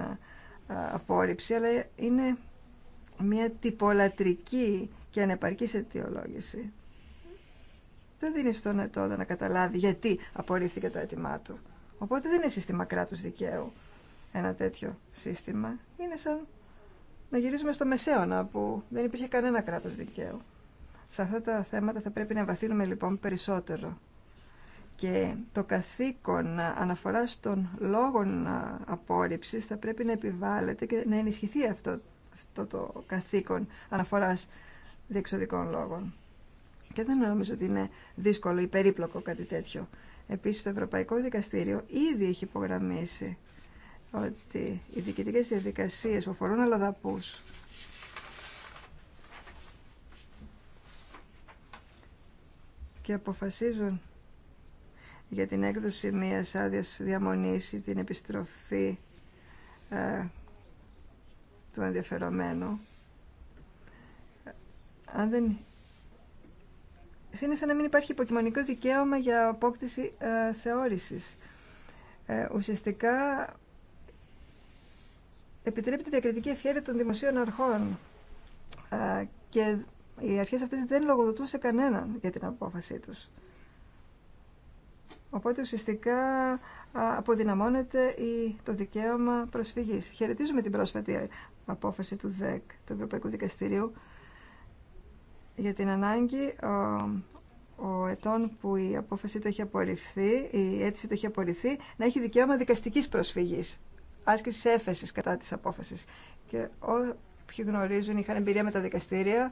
ε, απόρριψη, αλλά είναι μια τυπολατρική και ανεπαρκής αιτιολόγηση. Δεν δίνει στον ετών να καταλάβει γιατί απορρίφθηκε το αίτημά του. Οπότε δεν είναι σύστημα κράτους δικαίου ένα τέτοιο σύστημα. Είναι σαν να γυρίζουμε στο μεσαίωνα που δεν υπήρχε κανένα κράτος δικαίου. Σε αυτά τα θέματα θα πρέπει να βαθύνουμε λοιπόν περισσότερο. Και το καθήκον αναφοράς των λόγων απόρριψης θα πρέπει να επιβάλλεται και να ενισχυθεί αυτό, αυτό το καθήκον αναφοράς διεξοδικών λόγων. Και δεν νομίζω ότι είναι δύσκολο ή περίπλοκο κάτι τέτοιο. Επίσης το Ευρωπαϊκό Δικαστήριο ήδη έχει υπογραμμίσει ότι οι διοικητικές διαδικασίες που αφορούν αλλοδαπούς και αποφασίζουν για την έκδοση μιας άδειας διαμονής ή την επιστροφή ε, του ενδιαφερομένου αν δεν... είναι σαν να μην υπάρχει υποκειμονικό δικαίωμα για απόκτηση ε, θεώρησης. Ε, ουσιαστικά επιτρέπει διακριτική ευχαίρεια των δημοσίων αρχών και οι αρχές αυτές δεν λογοδοτούν σε κανέναν για την απόφασή τους. Οπότε ουσιαστικά αποδυναμώνεται το δικαίωμα προσφυγής. Χαιρετίζουμε την πρόσφατη απόφαση του ΔΕΚ, του Ευρωπαϊκού Δικαστηρίου, για την ανάγκη ο, ετών που η απόφαση το έχει απορριφθεί, η αίτηση του έχει απορριφθεί, να έχει δικαίωμα δικαστικής προσφυγής άσκηση έφεση κατά τη απόφαση. Και όποιοι γνωρίζουν, είχαν εμπειρία με τα δικαστήρια,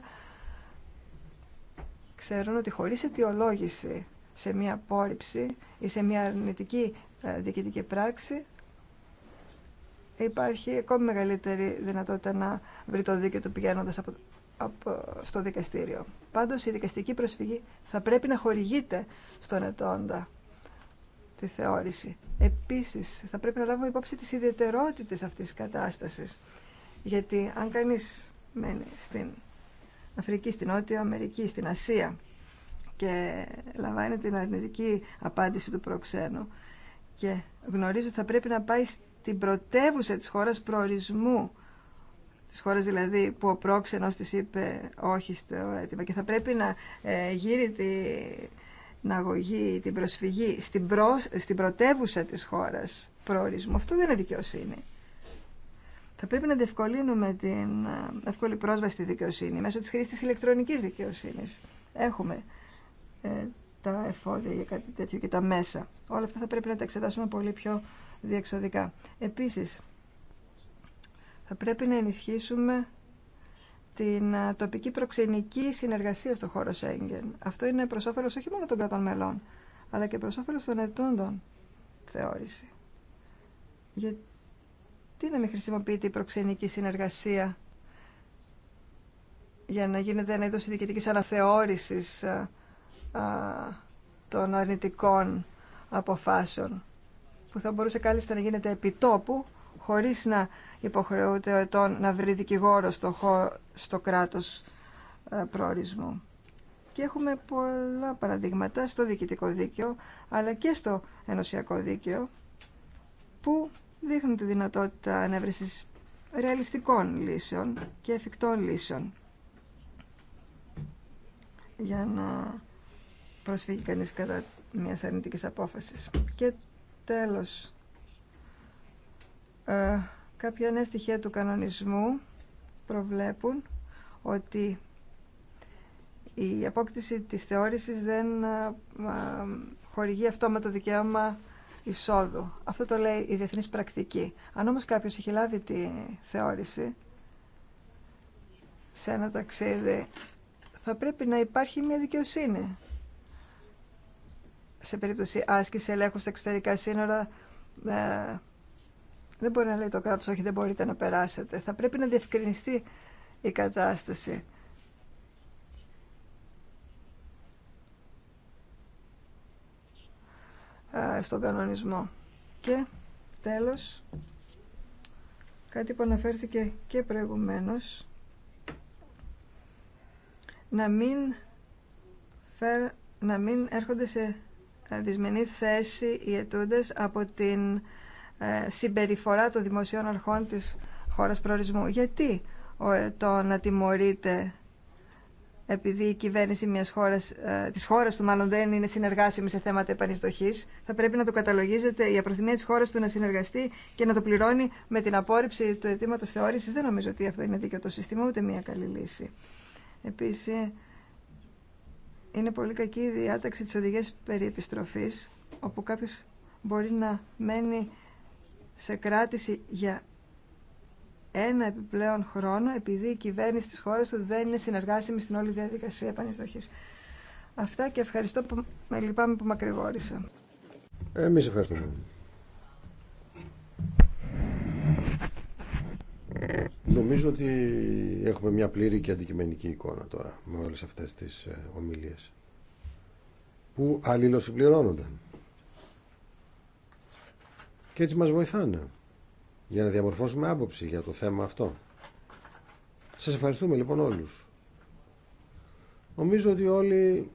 ξέρουν ότι χωρί αιτιολόγηση σε μια απόρριψη ή σε μια αρνητική ε, διοικητική πράξη, υπάρχει ακόμη μεγαλύτερη δυνατότητα να βρει το δίκαιο του πηγαίνοντα από, στο δικαστήριο. Πάντως η δικαστική προσφυγή θα πρέπει να χορηγείται στον ετώντα τη θεώρηση. Επίσης, θα πρέπει να λάβουμε υπόψη τις ιδιαιτερότητες αυτής της κατάστασης. Γιατί αν κανείς μένει στην Αφρική, στην Νότια Αμερική, στην Ασία και λαμβάνει την αρνητική απάντηση του προξένου και γνωρίζει ότι θα πρέπει να πάει στην πρωτεύουσα της χώρας προορισμού της χώρας δηλαδή που ο πρόξενος της είπε όχι στο έτοιμα και θα πρέπει να ε, γύρει τη αγωγή, την προσφυγή στην, στην πρωτεύουσα της χώρας προορισμού. Αυτό δεν είναι δικαιοσύνη. Θα πρέπει να διευκολύνουμε την ε, εύκολη πρόσβαση στη δικαιοσύνη μέσω της χρήσης της ηλεκτρονικής δικαιοσύνης. Έχουμε ε, τα εφόδια για κάτι τέτοιο και τα μέσα. Όλα αυτά θα πρέπει να τα εξετάσουμε πολύ πιο διεξοδικά. Επίσης, θα πρέπει να ενισχύσουμε την ε, τοπική προξενική συνεργασία στο χώρο Σέγγεν. Αυτό είναι προ όφελο όχι μόνο των κρατών μελών, αλλά και προ όφελο των ετούντων, θεώρηση. Γιατί να μην χρησιμοποιείται η προξενική συνεργασία για να γίνεται ένα είδο διοικητική αναθεώρηση ε, ε, των αρνητικών αποφάσεων που θα μπορούσε κάλλιστα να γίνεται επιτόπου χωρίς να υποχρεούται ο να βρει δικηγόρο στο, χώ, στο κράτος ε, προορισμού. Και έχουμε πολλά παραδείγματα στο διοικητικό δίκαιο, αλλά και στο ενωσιακό δίκαιο, που δείχνουν τη δυνατότητα ανέβρεσης ρεαλιστικών λύσεων και εφικτών λύσεων για να προσφύγει κανείς κατά μια αρνητικής απόφασης. Και τέλος, ε, κάποια νέα στοιχεία του κανονισμού προβλέπουν ότι η απόκτηση της θεώρησης δεν ε, ε, χορηγεί το δικαίωμα εισόδου. Αυτό το λέει η διεθνής πρακτική. Αν όμως κάποιος έχει λάβει τη θεώρηση σε ένα ταξίδι, θα πρέπει να υπάρχει μια δικαιοσύνη. Σε περίπτωση άσκηση ελέγχου στα εξωτερικά σύνορα, δεν μπορεί να λέει το κράτος, όχι δεν μπορείτε να περάσετε. Θα πρέπει να διευκρινιστεί η κατάσταση. στον κανονισμό. Και τέλος, κάτι που αναφέρθηκε και προηγουμένως, να μην, φέρ, να μην έρχονται σε ε, δυσμενή θέση οι ετούντες από την ε, συμπεριφορά των δημοσίων αρχών της χώρας προορισμού. Γιατί ε, το να τιμωρείται επειδή η κυβέρνηση μιας χώρας, ε, της χώρας του μάλλον δεν είναι συνεργάσιμη σε θέματα επανειστοχής, θα πρέπει να το καταλογίζεται η απροθυμία της χώρας του να συνεργαστεί και να το πληρώνει με την απόρριψη του αιτήματος θεώρησης. Δεν νομίζω ότι αυτό είναι δίκαιο το σύστημα, ούτε μια καλή λύση. Επίσης, είναι πολύ κακή η διάταξη της οδηγίας περί επιστροφής, όπου κάποιος μπορεί να μένει σε κράτηση για ένα επιπλέον χρόνο επειδή η κυβέρνηση της χώρας του δεν είναι συνεργάσιμη στην όλη διαδικασία επανειστοχής. Αυτά και ευχαριστώ που με λυπάμαι που μακρηγόρησα. Εμείς ευχαριστούμε. Νομίζω ότι έχουμε μια πλήρη και αντικειμενική εικόνα τώρα με όλες αυτές τις ε, ομιλίες που αλληλοσυμπληρώνονταν και έτσι μας βοηθάνε για να διαμορφώσουμε άποψη για το θέμα αυτό. Σας ευχαριστούμε λοιπόν όλους. Νομίζω ότι όλοι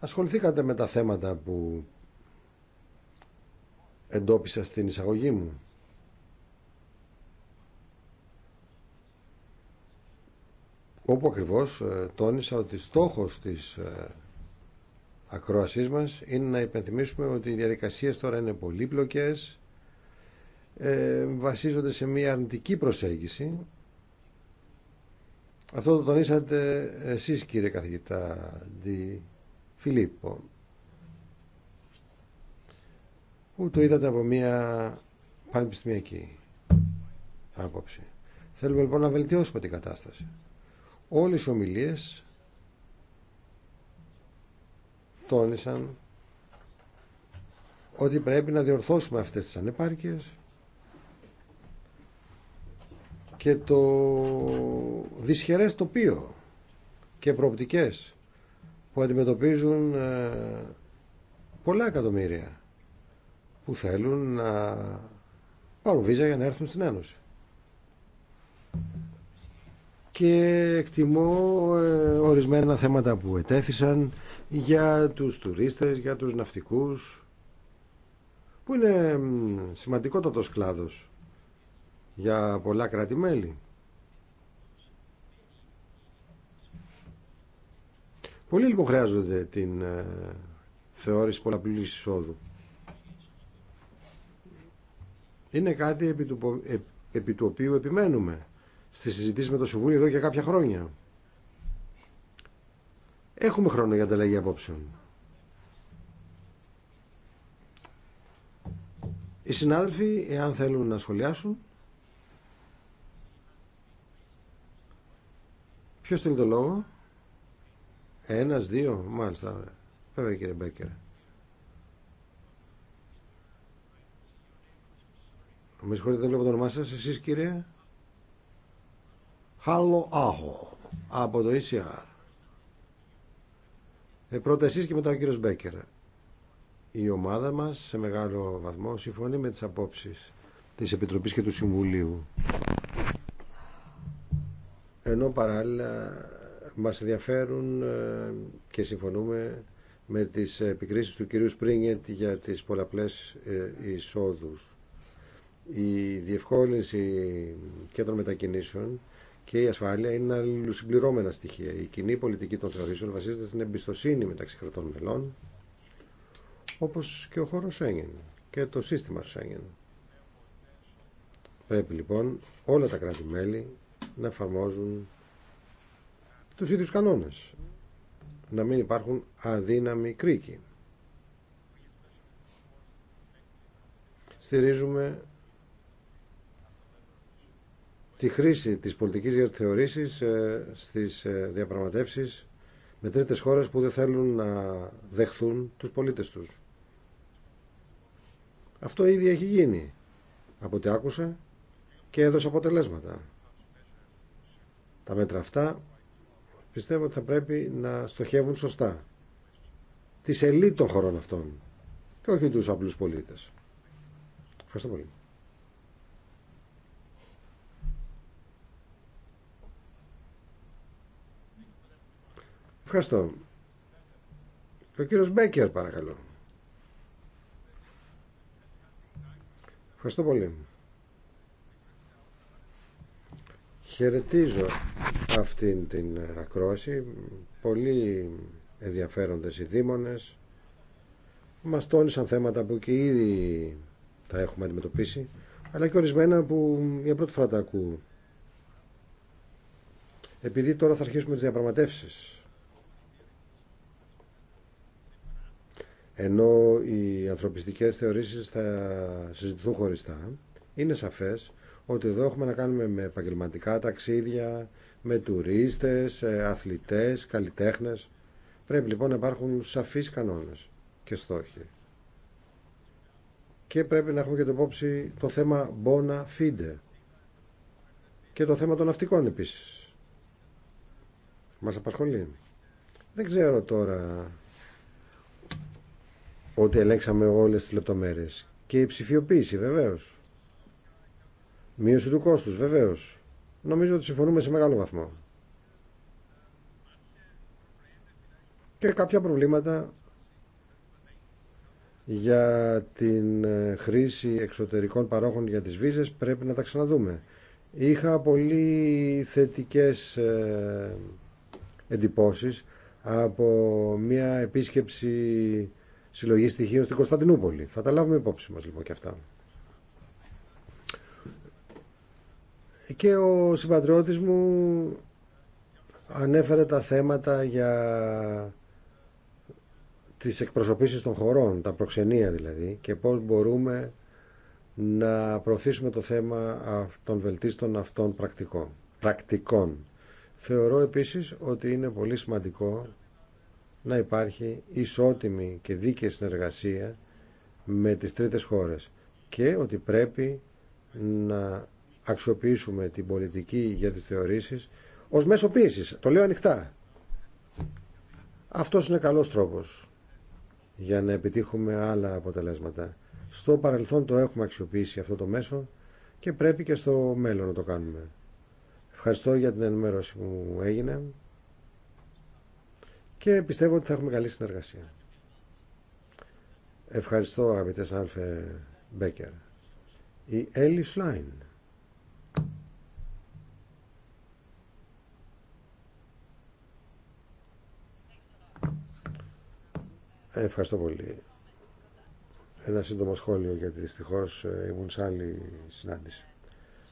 ασχοληθήκατε με τα θέματα που εντόπισα στην εισαγωγή μου. Όπου ακριβώς ε, τόνισα ότι στόχος της ε, ακρόασής μα είναι να υπενθυμίσουμε ότι οι διαδικασίες τώρα είναι πολύπλοκες, ε, βασίζονται σε μια αρνητική προσέγγιση. Αυτό το τονίσατε εσείς κύριε καθηγητά Ντι Φιλίππο, που το είδατε από μια πανεπιστημιακή άποψη. Θέλουμε λοιπόν να βελτιώσουμε την κατάσταση. Όλες οι ομιλίες τόνισαν ότι πρέπει να διορθώσουμε αυτές τις ανεπάρκειες και το δυσχερές τοπίο και προοπτικές που αντιμετωπίζουν ε, πολλά εκατομμύρια που θέλουν να πάρουν βίζα για να έρθουν στην Ένωση. Και εκτιμώ ε, ορισμένα θέματα που ετέθησαν για τους τουρίστες, για τους ναυτικούς που είναι σημαντικότατος κλάδος για πολλά κράτη-μέλη. Πολλοί λοιπόν χρειάζονται την ε, θεώρηση πολλαπλής εισόδου. Είναι κάτι επί του, οποίου επιμένουμε στη συζήτηση με το Συμβούλιο εδώ και κάποια χρόνια. Έχουμε χρόνο για ανταλλαγή απόψεων. Οι συνάδελφοι, εάν θέλουν να σχολιάσουν, ποιο θέλει το λόγο, ένα, δύο, μάλιστα. Βέβαια, κύριε Μπέκερ. Με συγχωρείτε, δεν βλέπω το όνομά σα. Εσεί, κύριε. Χάλο Άχο από το ECR. Ε, πρώτα εσείς και μετά ο κύριος Μπέκερ. Η ομάδα μας σε μεγάλο βαθμό συμφωνεί με τις απόψεις της Επιτροπής και του Συμβουλίου. Ενώ παράλληλα μας ενδιαφέρουν ε, και συμφωνούμε με τις επικρίσεις του κυρίου Σπρίγγετ για τις πολλαπλές ε, εισόδους. Η διευκόλυνση κέντρων μετακινήσεων και η ασφάλεια είναι αλληλοσυμπληρώμενα στοιχεία. Η κοινή πολιτική των θεωρήσεων βασίζεται στην εμπιστοσύνη μεταξύ κρατών μελών, όπως και ο χώρος Σέγγεν και το σύστημα Σέγγεν. Πρέπει λοιπόν όλα τα κράτη-μέλη να εφαρμόζουν τους ίδιους κανόνες, να μην υπάρχουν αδύναμοι κρίκοι. Στηρίζουμε τη χρήση της πολιτικής για στι ε, στις ε, διαπραγματεύσεις με τρίτες χώρες που δεν θέλουν να δεχθούν τους πολίτες τους. Αυτό ήδη έχει γίνει από ό,τι άκουσα και έδωσε αποτελέσματα. Τα μέτρα αυτά πιστεύω ότι θα πρέπει να στοχεύουν σωστά τις ελίτ των χωρών αυτών και όχι τους απλούς πολίτες. Ευχαριστώ πολύ. Ευχαριστώ. Ο κύριο Μπέκερ παρακαλώ. Ευχαριστώ πολύ. Χαιρετίζω αυτήν την ακρόαση. Πολύ ενδιαφέροντες οι δήμονες. Μας τόνισαν θέματα που και ήδη τα έχουμε αντιμετωπίσει, αλλά και ορισμένα που για πρώτη φορά τα ακούω. Επειδή τώρα θα αρχίσουμε τις διαπραγματεύσεις ενώ οι ανθρωπιστικές θεωρήσεις θα συζητηθούν χωριστά, είναι σαφές ότι εδώ έχουμε να κάνουμε με επαγγελματικά ταξίδια, με τουρίστες, ε, αθλητές, καλλιτέχνες. Πρέπει λοιπόν να υπάρχουν σαφείς κανόνες και στόχοι. Και πρέπει να έχουμε και το υπόψη το θέμα bona fide και το θέμα των ναυτικών επίσης. Μας απασχολεί. Δεν ξέρω τώρα ότι ελέγξαμε όλες τις λεπτομέρειες. Και η ψηφιοποίηση βεβαίως. Μείωση του κόστους βεβαίως. Νομίζω ότι συμφωνούμε σε μεγάλο βαθμό. Και κάποια προβλήματα για την ε, χρήση εξωτερικών παρόχων για τις βίζες πρέπει να τα ξαναδούμε. Είχα πολύ θετικές ε, εντυπώσεις από μια επίσκεψη συλλογή στοιχείων στην Κωνσταντινούπολη. Θα τα λάβουμε υπόψη μας λοιπόν και αυτά. Και ο συμπατριώτης μου ανέφερε τα θέματα για τις εκπροσωπήσεις των χωρών, τα προξενία δηλαδή, και πώς μπορούμε να προωθήσουμε το θέμα των βελτίστων αυτών πρακτικών. Θεωρώ επίσης ότι είναι πολύ σημαντικό να υπάρχει ισότιμη και δίκαιη συνεργασία με τις τρίτες χώρες και ότι πρέπει να αξιοποιήσουμε την πολιτική για τις θεωρήσεις ως μέσο πίεσης. Το λέω ανοιχτά. Αυτός είναι καλός τρόπος για να επιτύχουμε άλλα αποτελέσματα. Στο παρελθόν το έχουμε αξιοποιήσει αυτό το μέσο και πρέπει και στο μέλλον να το κάνουμε. Ευχαριστώ για την ενημέρωση που μου έγινε και πιστεύω ότι θα έχουμε καλή συνεργασία. Ευχαριστώ αγαπητέ Άλφε Μπέκερ. Η Έλλη Σλάιν. Ευχαριστώ πολύ. Ένα σύντομο σχόλιο γιατί δυστυχώ ε, ήμουν σε άλλη συνάντηση.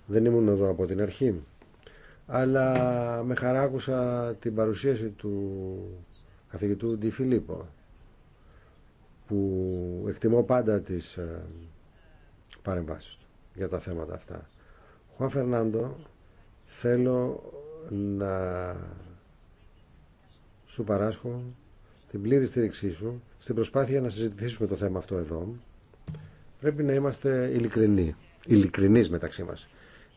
Δεν ήμουν εδώ από την αρχή, αλλά με χαράκουσα την παρουσίαση του καθηγητού Ντι Φιλίππο που εκτιμώ πάντα τις ε, παρεμβάσεις του για τα θέματα αυτά. Χουάν Φερνάντο, θέλω να σου παράσχω την πλήρη στήριξή σου στην προσπάθεια να συζητήσουμε το θέμα αυτό εδώ. Πρέπει να είμαστε ειλικρινοί, ειλικρινείς μεταξύ μας.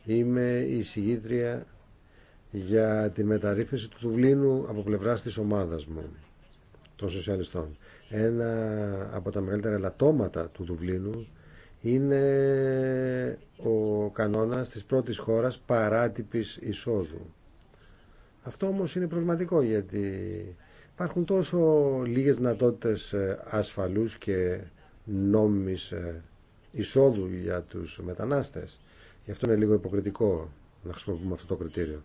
Είμαι η συγγήτρια για τη μεταρρύθμιση του Δουβλίνου από πλευράς της ομάδας μου των σοσιαλιστών. Ένα από τα μεγαλύτερα ελαττώματα του Δουβλίνου είναι ο κανόνας της πρώτης χώρας παράτυπης εισόδου. Αυτό όμως είναι προβληματικό γιατί υπάρχουν τόσο λίγες δυνατότητες ε, ασφαλούς και νόμιμης ε, εισόδου για τους μετανάστες. Γι' αυτό είναι λίγο υποκριτικό να χρησιμοποιούμε αυτό το κριτήριο.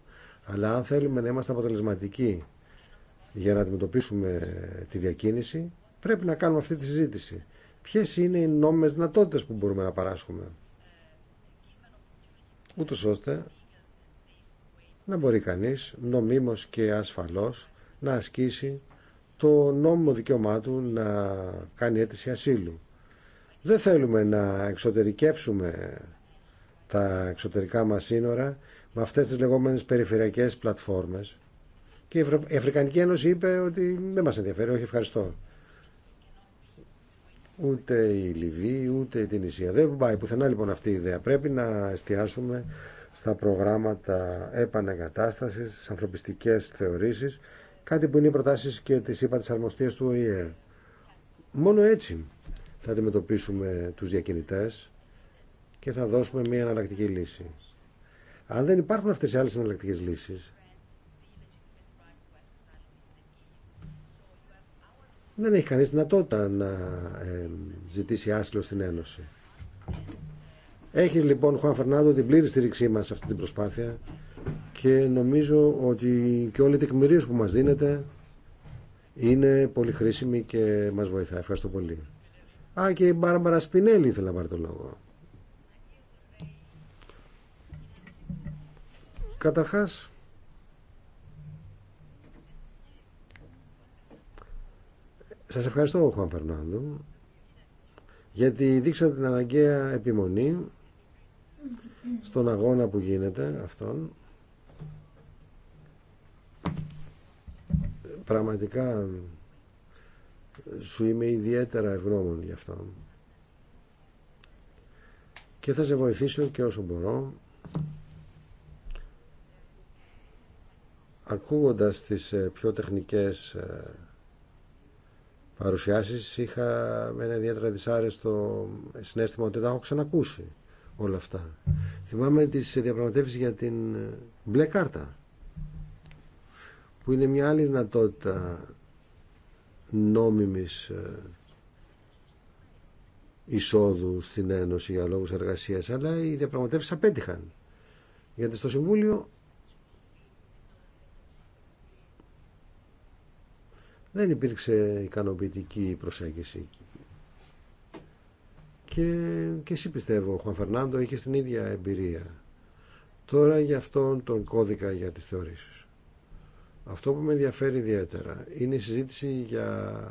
Αλλά αν θέλουμε να είμαστε αποτελεσματικοί για να αντιμετωπίσουμε τη διακίνηση, πρέπει να κάνουμε αυτή τη συζήτηση. Ποιε είναι οι νόμιμε δυνατότητε που μπορούμε να παράσχουμε, ούτω ώστε να μπορεί κανεί νομίμω και ασφαλώ να ασκήσει το νόμιμο δικαίωμά του να κάνει αίτηση ασύλου. Δεν θέλουμε να εξωτερικεύσουμε τα εξωτερικά μας σύνορα με αυτές τις λεγόμενες περιφερειακές πλατφόρμες και η Αφρικανική Ένωση είπε ότι δεν μας ενδιαφέρει, όχι ευχαριστώ. Ούτε η Λιβύη, ούτε η Τινησία. Δεν πάει πουθενά λοιπόν αυτή η ιδέα. Πρέπει να εστιάσουμε στα προγράμματα επανεγκατάστασης, στις ανθρωπιστικές θεωρήσεις, κάτι που είναι οι προτάσεις και τις είπα τις αρμοστίες του ΟΗΕ. Μόνο έτσι θα αντιμετωπίσουμε τους διακινητές και θα δώσουμε μια εναλλακτική λύση. Αν δεν υπάρχουν αυτές οι άλλες εναλλακτικές λύσεις, δεν έχει κανείς δυνατότητα να ζητήσει άσυλο στην Ένωση. Έχεις λοιπόν, Χωάν Φερνάντο, την πλήρη στήριξή μας σε αυτή την προσπάθεια και νομίζω ότι και όλη η τεκμηρίωση που μας δίνεται είναι πολύ χρήσιμη και μας βοηθά. Ευχαριστώ πολύ. Α, και η Μπάρμπαρα Σπινέλη ήθελα να πάρει το λόγο. Καταρχάς, σας ευχαριστώ, Χουαν Φερνάνδο, γιατί δείξατε την αναγκαία επιμονή στον αγώνα που γίνεται αυτόν. Πραγματικά σου είμαι ιδιαίτερα ευγνώμων γι' αυτό. Και θα σε βοηθήσω και όσο μπορώ Ακούγοντας τις ε, πιο τεχνικές ε, παρουσιάσεις είχα ένα ιδιαίτερα δυσάρεστο συνέστημα ότι τα έχω ξανακούσει όλα αυτά. Θυμάμαι τις διαπραγματεύσεις για την ε, μπλε κάρτα που είναι μια άλλη δυνατότητα νόμιμης εισόδου στην Ένωση για λόγους εργασίας αλλά οι διαπραγματεύσεις απέτυχαν γιατί στο Συμβούλιο δεν υπήρξε ικανοποιητική προσέγγιση. Και, και εσύ πιστεύω, ο Χουαν Φερνάντο είχε την ίδια εμπειρία. Τώρα για αυτόν τον κώδικα για τις θεωρήσεις. Αυτό που με ενδιαφέρει ιδιαίτερα είναι η συζήτηση για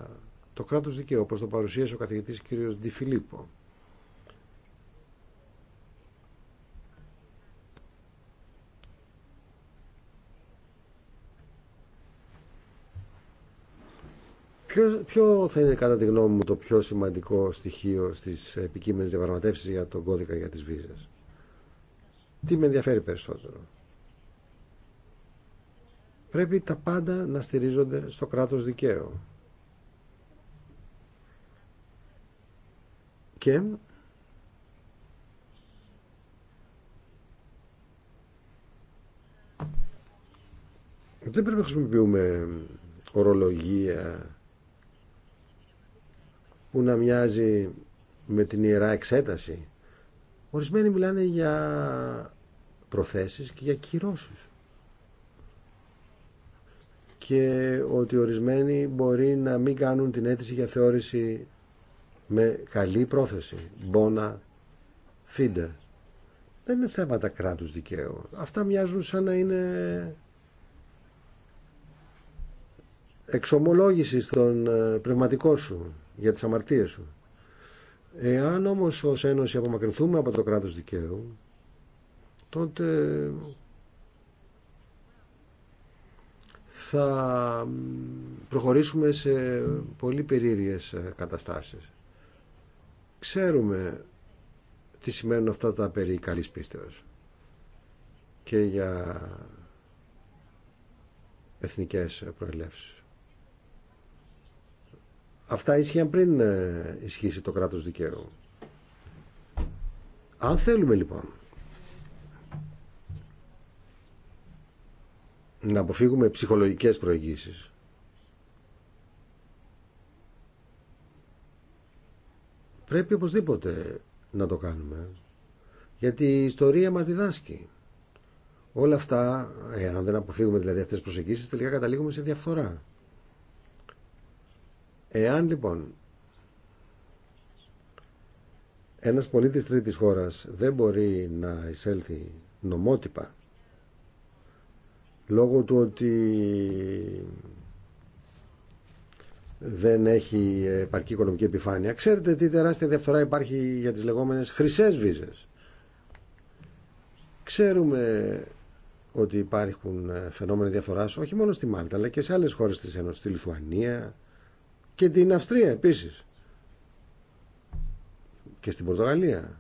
το κράτος δικαίου, όπως το παρουσίασε ο καθηγητής κ. Ντιφιλίππο. Ποιο, θα είναι κατά τη γνώμη μου το πιο σημαντικό στοιχείο στις επικείμενες διαπραγματεύσεις για τον κώδικα για τις βίζες. Τι με ενδιαφέρει περισσότερο. Πρέπει τα πάντα να στηρίζονται στο κράτος δικαίου. Και δεν πρέπει να χρησιμοποιούμε ορολογία που να μοιάζει με την ιερά εξέταση. Ορισμένοι μιλάνε για προθέσεις και για κυρώσεις. Και ότι ορισμένοι μπορεί να μην κάνουν την αίτηση για θεώρηση με καλή πρόθεση. Μπόνα, φίντε. Δεν είναι θέματα κράτους δικαίου. Αυτά μοιάζουν σαν να είναι εξομολόγηση στον ε, πνευματικό σου για τις αμαρτίες σου. Εάν όμως ως Ένωση απομακρυνθούμε από το κράτος δικαίου, τότε θα προχωρήσουμε σε πολύ περίεργες καταστάσεις. Ξέρουμε τι σημαίνουν αυτά τα περί καλής πίστεως και για εθνικές προελεύσεις. Αυτά ίσχυαν πριν ε, ισχύσει το κράτος δικαίου. Αν θέλουμε λοιπόν να αποφύγουμε ψυχολογικές προηγήσεις πρέπει οπωσδήποτε να το κάνουμε γιατί η ιστορία μας διδάσκει όλα αυτά εάν δεν αποφύγουμε δηλαδή αυτές τις προσεγγίσεις τελικά καταλήγουμε σε διαφθορά Εάν λοιπόν ένας πολίτης τρίτης χώρας δεν μπορεί να εισέλθει νομότυπα λόγω του ότι δεν έχει επαρκή οικονομική επιφάνεια. Ξέρετε τι τεράστια διαφθορά υπάρχει για τις λεγόμενες χρυσές βίζες. Ξέρουμε ότι υπάρχουν φαινόμενα διαφθοράς όχι μόνο στη Μάλτα αλλά και σε άλλες χώρες της Ένωσης, στη Λιθουανία, και την Αυστρία επίσης και στην Πορτογαλία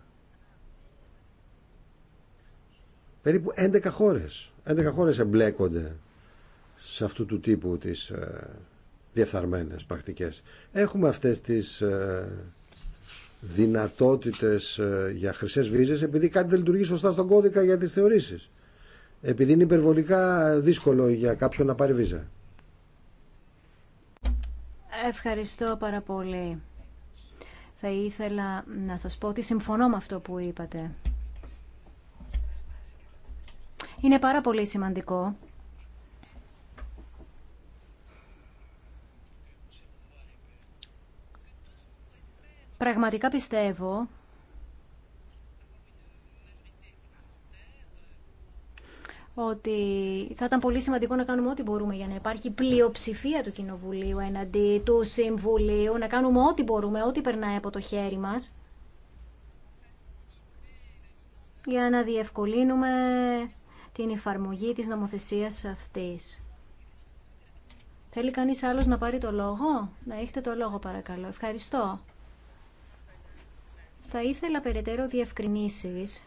περίπου 11 χώρες 11 χώρες εμπλέκονται σε αυτού του τύπου τις ε, διεφθαρμένες πρακτικές έχουμε αυτές τις ε, δυνατότητες ε, για χρυσές βίζες επειδή κάτι δεν λειτουργεί σωστά στον κώδικα για τις θεωρήσεις επειδή είναι υπερβολικά δύσκολο για κάποιον να πάρει βίζα Ευχαριστώ πάρα πολύ. Θα ήθελα να σας πω ότι συμφωνώ με αυτό που είπατε. Είναι πάρα πολύ σημαντικό Πραγματικά πιστεύω ότι θα ήταν πολύ σημαντικό να κάνουμε ό,τι μπορούμε για να υπάρχει πλειοψηφία του Κοινοβουλίου εναντί του Συμβουλίου, να κάνουμε ό,τι μπορούμε, ό,τι περνάει από το χέρι μας, για να διευκολύνουμε την εφαρμογή της νομοθεσίας αυτής. Θέλει κανείς άλλος να πάρει το λόγο? Να έχετε το λόγο παρακαλώ. Ευχαριστώ. Θα ήθελα περαιτέρω διευκρινήσεις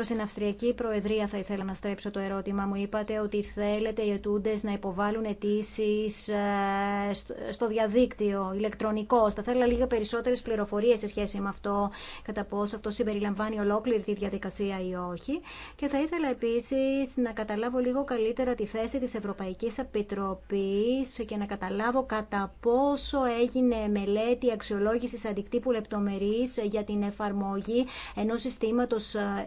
Προ την Αυστριακή Προεδρία θα ήθελα να στρέψω το ερώτημα μου. Είπατε ότι θέλετε οι ετούντε να υποβάλουν αιτήσει ε, στο διαδίκτυο, ηλεκτρονικό. Θα θέλα λίγα περισσότερε πληροφορίε σε σχέση με αυτό, κατά πόσο αυτό συμπεριλαμβάνει ολόκληρη τη διαδικασία ή όχι. Και θα ήθελα επίση να καταλάβω λίγο καλύτερα τη θέση τη Ευρωπαϊκή Επιτροπή και να καταλάβω κατά πόσο έγινε μελέτη αξιολόγηση αντικτύπου λεπτομερή για την εφαρμογή ενό συστήματο ε,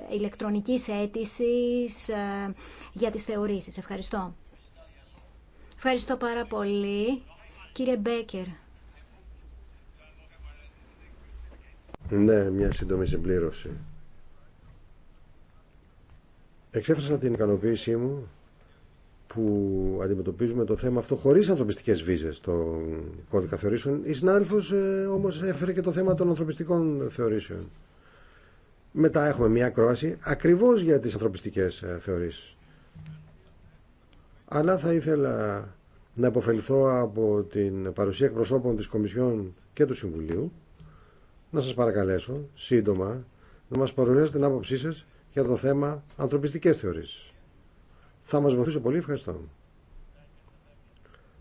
ηλεκτρονικού ηλεκτρονικής αίτησης ε, για τις θεωρήσεις. Ευχαριστώ. Ευχαριστώ πάρα πολύ. Κύριε Μπέκερ. Ναι, μια σύντομη συμπλήρωση. Εξέφρασα την ικανοποίησή μου που αντιμετωπίζουμε το θέμα αυτό χωρίς ανθρωπιστικές βίζες των κώδικα θεωρήσεων. Η συνάδελφος ε, όμως έφερε και το θέμα των ανθρωπιστικών θεωρήσεων. Μετά έχουμε μια ακρόαση ακριβώς για τις ανθρωπιστικές ε, θεωρήσεις. Αλλά θα ήθελα να υποφεληθώ από την παρουσία εκπροσώπων της Κομισιόν και του Συμβουλίου να σας παρακαλέσω σύντομα να μας παρουσιάσετε την άποψή σας για το θέμα ανθρωπιστικές θεωρήσεις. Θα μας βοηθήσω πολύ. Ευχαριστώ.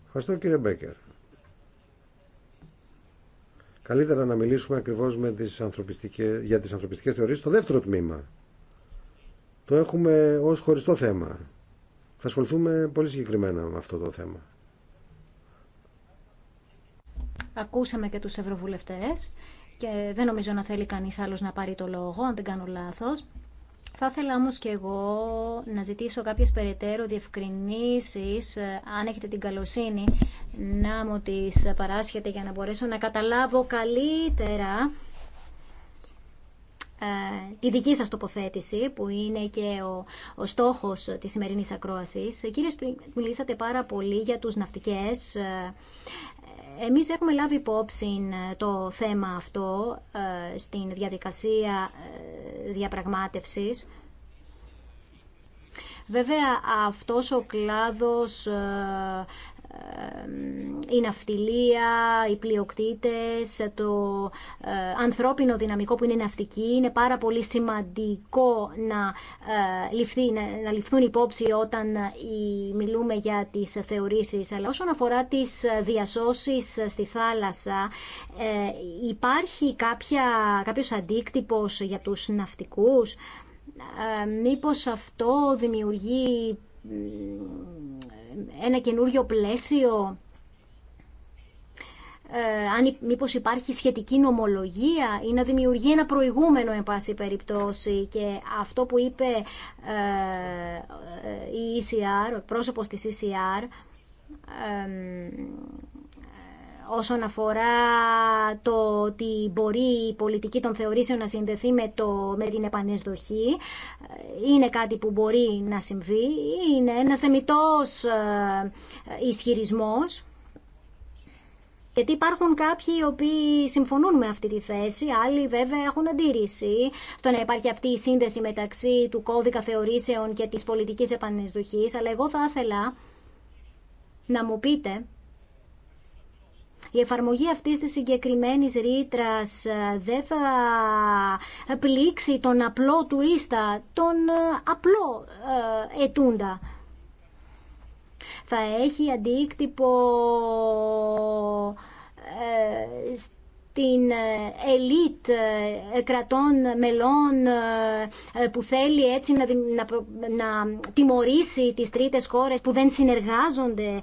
Ευχαριστώ κύριε Μπέκερ. Καλύτερα να μιλήσουμε ακριβώς με τις ανθρωπιστικές, για τις ανθρωπιστικές θεωρίες στο δεύτερο τμήμα. Το έχουμε ως χωριστό θέμα. Θα ασχοληθούμε πολύ συγκεκριμένα με αυτό το θέμα. Ακούσαμε και τους ευρωβουλευτές και δεν νομίζω να θέλει κανείς άλλος να πάρει το λόγο, αν δεν κάνω λάθος. Θα ήθελα όμω και εγώ να ζητήσω κάποιε περαιτέρω διευκρινήσει, ε, αν έχετε την καλοσύνη να μου τις παράσχετε για να μπορέσω να καταλάβω καλύτερα τη ε, δική σας τοποθέτηση που είναι και ο, ο στόχος της σημερινής ακρόασης. Κύριε, μιλήσατε πάρα πολύ για τους ναυτικές ε, εμείς έχουμε λάβει υπόψη ε, το θέμα αυτό ε, στην διαδικασία ε, διαπραγμάτευσης. Βέβαια αυτός ο κλάδος ε, η ναυτιλία, οι πλειοκτήτες, το ε, ανθρώπινο δυναμικό που είναι ναυτική. Είναι πάρα πολύ σημαντικό να, ε, ληφθεί, να ληφθούν υπόψη όταν μιλούμε για τις θεωρήσεις. Αλλά όσον αφορά τις διασώσεις στη θάλασσα, υπάρχει κάποια, κάποιος αντίκτυπος για τους ναυτικούς. Μήπως αυτό δημιουργεί ένα καινούριο πλαίσιο ε, αν, μήπως υπάρχει σχετική νομολογία ή να δημιουργεί ένα προηγούμενο εν πάση περιπτώσει και αυτό που είπε ε, ε, η ECR, ο πρόσωπος της ECR όσον αφορά το ότι μπορεί η πολιτική των θεωρήσεων να συνδεθεί με, το, με την επανεσδοχή. Ε, είναι κάτι που μπορεί να συμβεί. Είναι ένας θεμητός ε, ισχυρισμός. Γιατί υπάρχουν κάποιοι οι οποίοι συμφωνούν με αυτή τη θέση, άλλοι βέβαια έχουν αντίρρηση στο να υπάρχει αυτή η σύνδεση μεταξύ του κώδικα θεωρήσεων και της πολιτικής επανεσδοχής. Αλλά εγώ θα ήθελα να μου πείτε η εφαρμογή αυτή τη συγκεκριμένη ρήτρα ε, δεν θα πλήξει τον απλό τουρίστα, τον ε, απλό ε, ετούντα θα έχει αντίκτυπο την ε, ελίτ ε, κρατών μελών ε, που θέλει έτσι να, να, να τιμωρήσει τις τρίτες χώρες που δεν συνεργάζονται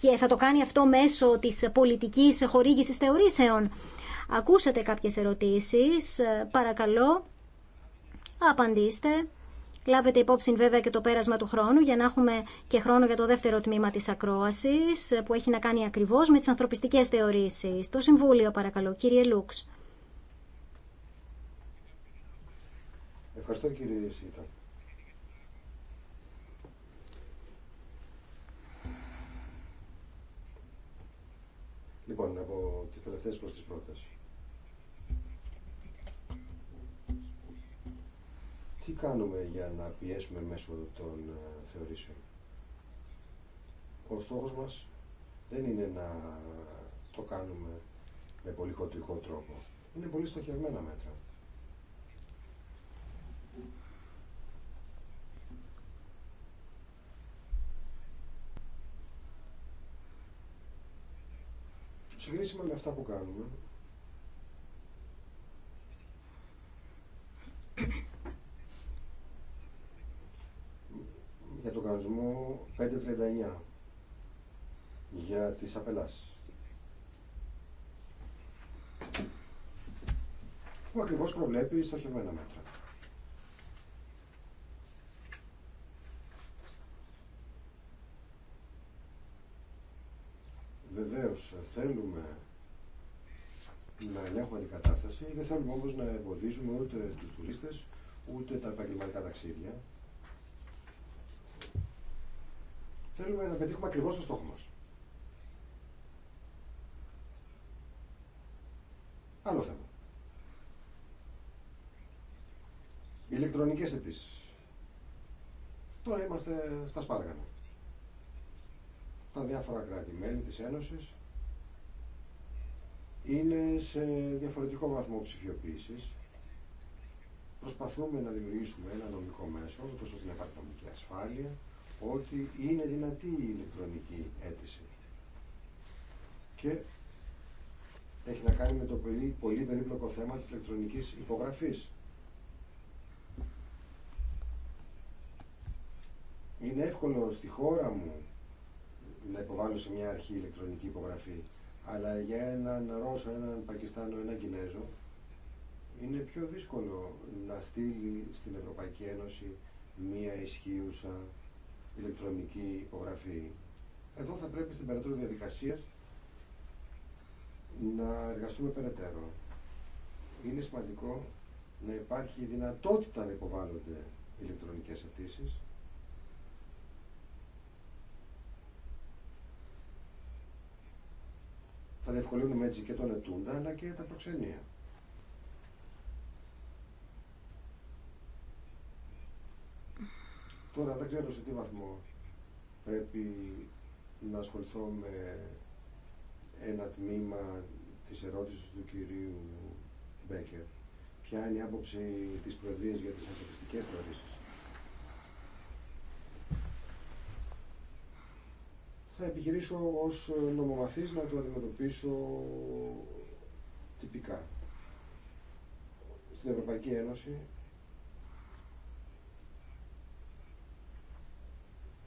και θα το κάνει αυτό μέσω της πολιτικής χορήγησης θεωρήσεων. Ακούσατε κάποιες ερωτήσεις, παρακαλώ απαντήστε λάβετε υπόψη βέβαια και το πέρασμα του χρόνου για να έχουμε και χρόνο για το δεύτερο τμήμα της ακρόασης ε, που έχει να κάνει ακριβώς με τις ανθρωπιστικές θεωρήσεις. Το Συμβούλιο παρακαλώ, κύριε Λούξ. Ευχαριστώ κύριε Σίτα. Λοιπόν, από τις τελευταίες προς τις πρώτες. Τι κάνουμε για να πιέσουμε μέσω των ε, θεωρήσεων. Ο στόχος μας δεν είναι να το κάνουμε με πολύ χοντρικό τρόπο. Είναι πολύ στοχευμένα μέτρα. Συγκρίσιμα με αυτά που κάνουμε, για τον κανονισμό 539 για τις απελάσεις. Που ακριβώς προβλέπει στοχευμένα μέτρα. Βεβαίως θέλουμε να ελέγχουμε την κατάσταση, δεν θέλουμε όμως να εμποδίζουμε ούτε τους τουρίστες, ούτε τα επαγγελματικά ταξίδια Θέλουμε να πετύχουμε ακριβώ το στόχο μα. Άλλο θέμα. Ηλεκτρονικέ αιτήσει. Τώρα είμαστε στα Σπάργανα. Τα διάφορα κράτη-μέλη της Ένωσης είναι σε διαφορετικό βαθμό ψηφιοποίηση Προσπαθούμε να δημιουργήσουμε ένα νομικό μέσο, ώστε να υπάρχει νομική ασφάλεια, ότι είναι δυνατή η ηλεκτρονική αίτηση. Και έχει να κάνει με το πολύ, πολύ περίπλοκο θέμα της ηλεκτρονικής υπογραφής. Είναι εύκολο στη χώρα μου να υποβάλω σε μια αρχή ηλεκτρονική υπογραφή, αλλά για έναν Ρώσο, έναν Πακιστάνο, έναν Κινέζο, είναι πιο δύσκολο να στείλει στην Ευρωπαϊκή Ένωση μία ισχύουσα ηλεκτρονική υπογραφή. Εδώ θα πρέπει στην περαιτέρω διαδικασία να εργαστούμε περαιτέρω. Είναι σημαντικό να υπάρχει δυνατότητα να υποβάλλονται ηλεκτρονικές αιτήσει. Θα διευκολύνουμε έτσι και τον ετούντα αλλά και τα προξενία. Τώρα δεν ξέρω σε τι βαθμό πρέπει να ασχοληθώ με ένα τμήμα της ερώτησης του κυρίου Μπέκερ. Ποια είναι η άποψη της Προεδρίας για τις ανθρωπιστικές θεωρήσεις. Θα επιχειρήσω ως νομομαθής να το αντιμετωπίσω τυπικά. Στην Ευρωπαϊκή Ένωση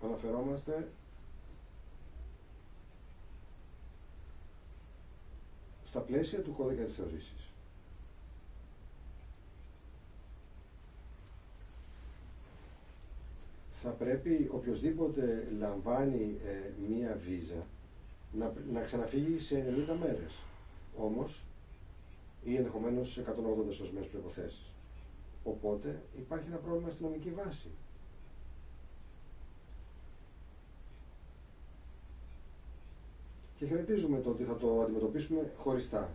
αναφερόμαστε στα πλαίσια του κώδικα της θεωρήσης. Θα πρέπει οποιοδήποτε λαμβάνει ε, μία βίζα να, να ξαναφύγει σε 90 μέρες. Όμως, ή ενδεχομένως σε 180 σωσμένες προϋποθέσεις. Οπότε υπάρχει ένα πρόβλημα στην νομική βάση. και χαιρετίζουμε το ότι θα το αντιμετωπίσουμε χωριστά.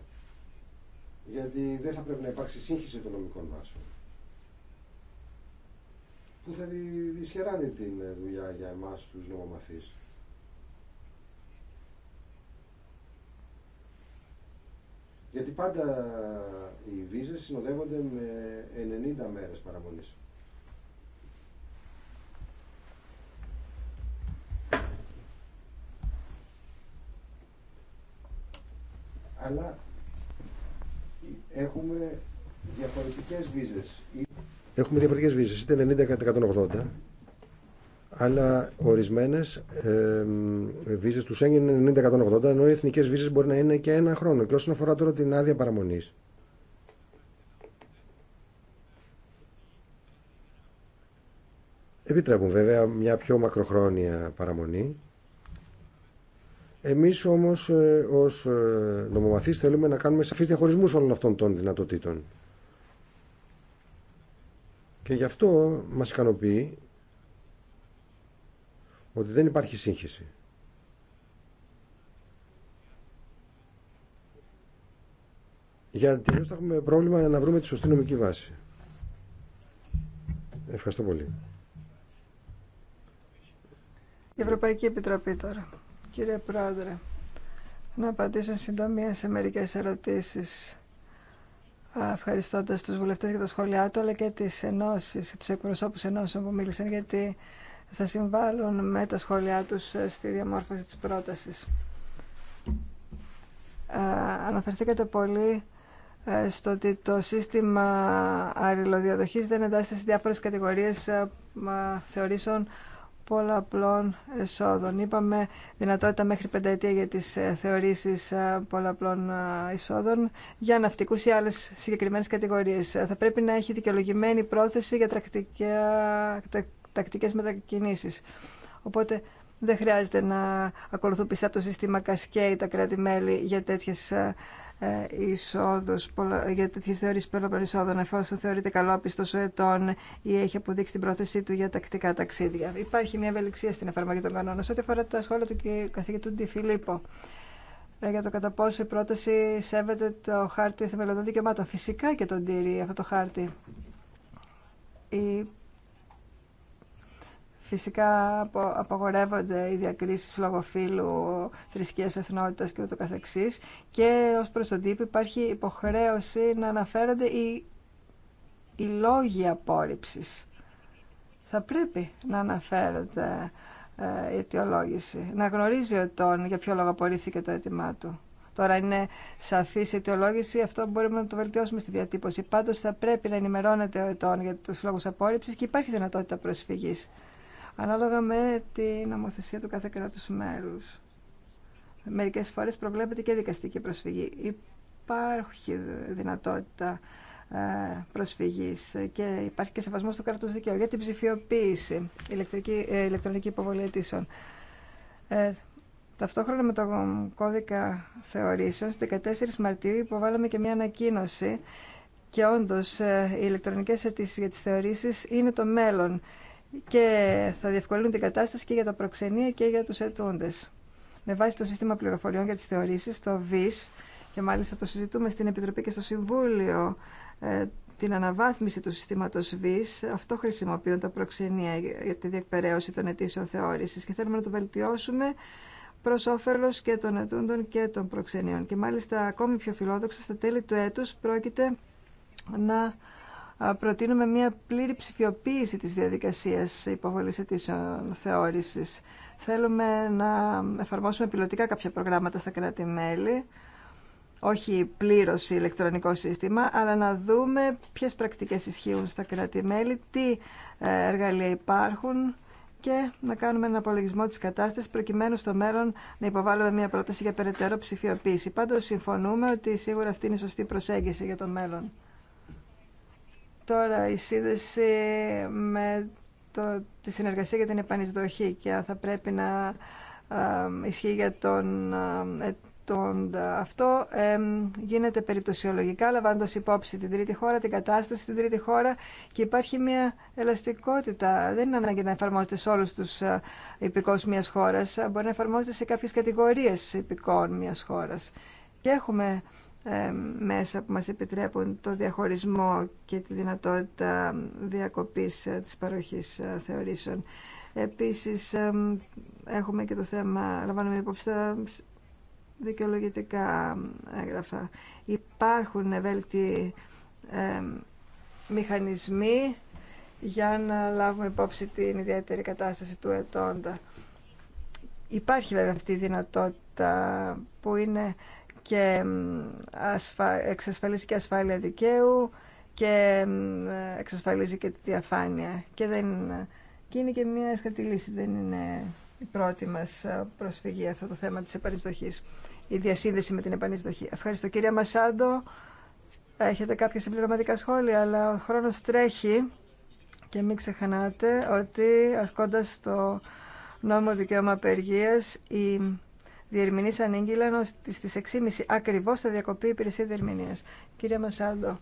Γιατί δεν θα πρέπει να υπάρξει σύγχυση των νομικών βάσεων που θα δυσχεράνει την ε, δουλειά για εμάς τους νομομαθείς. Γιατί πάντα ε, οι βίζες συνοδεύονται με 90 μέρες παραμονής. αλλά έχουμε διαφορετικές βίζες. Έχουμε διαφορετικές βίζες, είτε 90 180, αλλά ορισμένες ε, βίζες του εγινε 90 180, ενώ οι εθνικές βίζες μπορεί να είναι και ένα χρόνο. Και όσον αφορά τώρα την άδεια παραμονής, Επιτρέπουν βέβαια μια πιο μακροχρόνια παραμονή εμείς όμως ε, ως ε, νομομαθείς θέλουμε να κάνουμε σαφείς διαχωρισμούς όλων αυτών των δυνατοτήτων. Και γι' αυτό μας ικανοποιεί ότι δεν υπάρχει σύγχυση. Γιατί θα έχουμε πρόβλημα να βρούμε τη σωστή νομική βάση. Ευχαριστώ πολύ. Η Ευρωπαϊκή Επιτροπή τώρα. Κύριε Πρόεδρε, να απαντήσω συντομία σε μερικές ερωτήσεις ευχαριστώντα του βουλευτέ για τα σχόλιά του, αλλά και τι ενώσει, του εκπροσώπους ενώσεων που μίλησαν, γιατί θα συμβάλλουν με τα σχόλιά του ε, στη διαμόρφωση τη πρόταση. Αναφερθήκατε πολύ ε, στο ότι το σύστημα αλληλοδιαδοχής δεν εντάσσεται σε διάφορες κατηγορίες ε, θεωρήσεων πολλαπλών εσόδων. Είπαμε δυνατότητα μέχρι πενταετία για τις ε, θεωρήσεις ε, πολλαπλών εισόδων για ναυτικούς ή άλλες συγκεκριμένες κατηγορίες. Ε, θα πρέπει να έχει δικαιολογημένη πρόθεση για τακτικές, τακτικές μετακινήσεις. Οπότε δεν χρειάζεται να ακολουθούν πιστά το σύστημα Κασκέι τα κράτη-μέλη για τέτοιες ε, εισόδου, για τέτοιες θεωρίες πολλαπλών εισόδων εφόσον θεωρείται καλόπιστο ο ετών ή έχει αποδείξει την πρόθεσή του για τακτικά ταξίδια. Υπάρχει μια ευελιξία στην εφαρμογή των κανόνων. Σε ό,τι αφορά τα σχόλια του καθηγητού Ντι Φιλίππο ε, για το κατά πόσο η πρόταση σέβεται το χάρτη θεμελιωδών δικαιωμάτων. Φυσικά και τον τηρεί αυτό το χάρτη. Η Φυσικά απαγορεύονται οι διακρίσεις λόγω φύλου, θρησκείας, εθνότητας και ούτω καθεξής και ως προς τον τύπο υπάρχει υποχρέωση να αναφέρονται οι, οι λόγοι απόρριψης. Θα πρέπει να αναφέρονται ε, η αιτιολόγηση, να γνωρίζει ο τον για ποιο λόγο απορρίφθηκε το αίτημά του. Τώρα είναι σαφή η αιτιολόγηση, αυτό μπορούμε να το βελτιώσουμε στη διατύπωση. Πάντω θα πρέπει να ενημερώνεται ο ετών για του λόγου απόρριψη και υπάρχει δυνατότητα προσφυγή ανάλογα με την νομοθεσία του κάθε κράτους μέρους. Μερικές φορές προβλέπεται και δικαστική προσφυγή. Υπάρχει δυνατότητα ε, προσφυγής και υπάρχει και σεβασμός του κράτους δικαίου για την ψηφιοποίηση, ηλεκτρική, ε, ηλεκτρονική υποβολή αιτήσεων. Ε, ταυτόχρονα με τον κώδικα θεωρήσεων, στις 14 Μαρτίου υποβάλαμε και μια ανακοίνωση και όντως οι ηλεκτρονικές αιτήσει για τις θεωρήσεις είναι το μέλλον και θα διευκολύνουν την κατάσταση και για τα προξενία και για τους ετούντε. Με βάση το σύστημα πληροφοριών για τις θεωρήσεις, το ΒΙΣ, και μάλιστα το συζητούμε στην Επιτροπή και στο Συμβούλιο, ε, την αναβάθμιση του συστήματος ΒΙΣ, αυτό χρησιμοποιούν τα προξενία για τη διεκπαιρέωση των αιτήσεων θεώρησης και θέλουμε να το βελτιώσουμε προ όφελο και των ετούντων και των προξενίων. Και μάλιστα ακόμη πιο φιλόδοξα, στα τέλη του έτου, πρόκειται να προτείνουμε μια πλήρη ψηφιοποίηση της διαδικασίας υποβολής αιτήσεων θεώρησης. Θέλουμε να εφαρμόσουμε πιλωτικά κάποια προγράμματα στα κράτη-μέλη, όχι πλήρως ηλεκτρονικό σύστημα, αλλά να δούμε ποιες πρακτικές ισχύουν στα κράτη-μέλη, τι ε, εργαλεία υπάρχουν και να κάνουμε έναν απολογισμό της κατάστασης προκειμένου στο μέλλον να υποβάλουμε μια πρόταση για περαιτέρω ψηφιοποίηση. Πάντως συμφωνούμε ότι σίγουρα αυτή είναι η σωστή προσέγγιση για το μέλλον. Τώρα η σύνδεση με τη συνεργασία για την επανεισδοχή και θα πρέπει να ισχύει για τον ετώντα. Αυτό ε, γίνεται περιπτωσιολογικά, λαμβάνοντα υπόψη την τρίτη χώρα, την κατάσταση στην τρίτη χώρα και υπάρχει μια ελαστικότητα. Δεν είναι ανάγκη να εφαρμόζεται σε όλου του υπηκού μια χώρα. Μπορεί να εφαρμόζεται σε κάποιε κατηγορίε υπηκών μια χώρα. Και έχουμε ε, μέσα που μας επιτρέπουν το διαχωρισμό και τη δυνατότητα διακοπής ε, της παροχής ε, θεωρήσεων. Επίσης, έχουμε και το θέμα, λαμβάνουμε υπόψη τα δικαιολογητικά έγγραφα. Υπάρχουν ευέλικτοι μηχανισμοί για να λάβουμε υπόψη την ιδιαίτερη κατάσταση του ετώντα. Υπάρχει βέβαια αυτή η δυνατότητα που είναι και εξασφαλίζει και ασφάλεια δικαίου και εξασφαλίζει και τη διαφάνεια. Και, δεν, και είναι και μια ασχατή λύση, δεν είναι η πρώτη μας ε, προσφυγή αυτό το θέμα της επανειστοχής, η διασύνδεση με την επανειστοχή. Ευχαριστώ κύριε Μασάντο. Έχετε κάποια συμπληρωματικά σχόλια, αλλά ο χρόνος τρέχει και μην ξεχνάτε ότι ασκώντας το νόμο δικαίωμα απεργίας η διερμηνείς ανήγγυλαν ότι στις 6.30 ακριβώς θα διακοπεί η υπηρεσία διερμηνίας. Κύριε Μασάντο,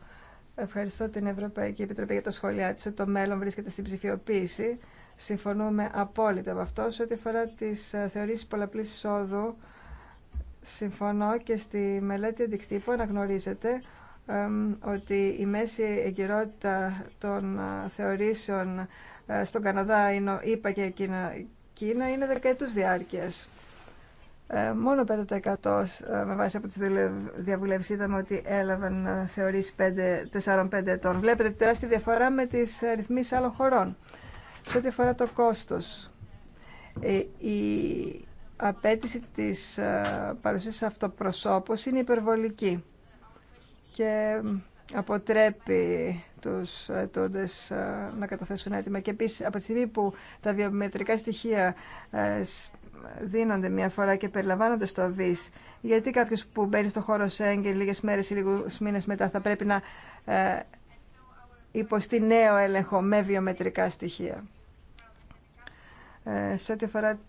ευχαριστώ την Ευρωπαϊκή Επιτροπή για τα σχόλιά της ότι το μέλλον βρίσκεται στην ψηφιοποίηση. Συμφωνούμε απόλυτα με αυτό. Σε ό,τι αφορά τις ε, θεωρήσεις πολλαπλής εισόδου, συμφωνώ και στη μελέτη αντικτύπου αναγνωρίζεται ότι η μέση εγκυρότητα των ε, θεωρήσεων ε, στον Καναδά, είπα και εκείνα, είναι δεκαετούς διάρκειας. Ε, μόνο 5% ε, με βάση από τις διαβουλεύσεις είδαμε ότι θεωρήσει θεωρείς 4-5 ετών. Βλέπετε τεράστια διαφορά με τις ε, ρυθμίσεις άλλων χωρών. Σε ό,τι αφορά το κόστος, η απέτηση της παρουσίας αυτοπροσώπως είναι υπερβολική και αποτρέπει τους ετώντες να καταθέσουν έτοιμα. Και επίσης από τη στιγμή που τα βιομετρικά στοιχεία δίνονται μια φορά και περιλαμβάνονται στο ΒΙΣ, γιατί κάποιο που μπαίνει στο χώρο και λίγε μέρε ή λίγου μήνε μετά θα πρέπει να ε, υποστεί νέο έλεγχο με βιομετρικά στοιχεία. Ε, σε ό,τι αφορά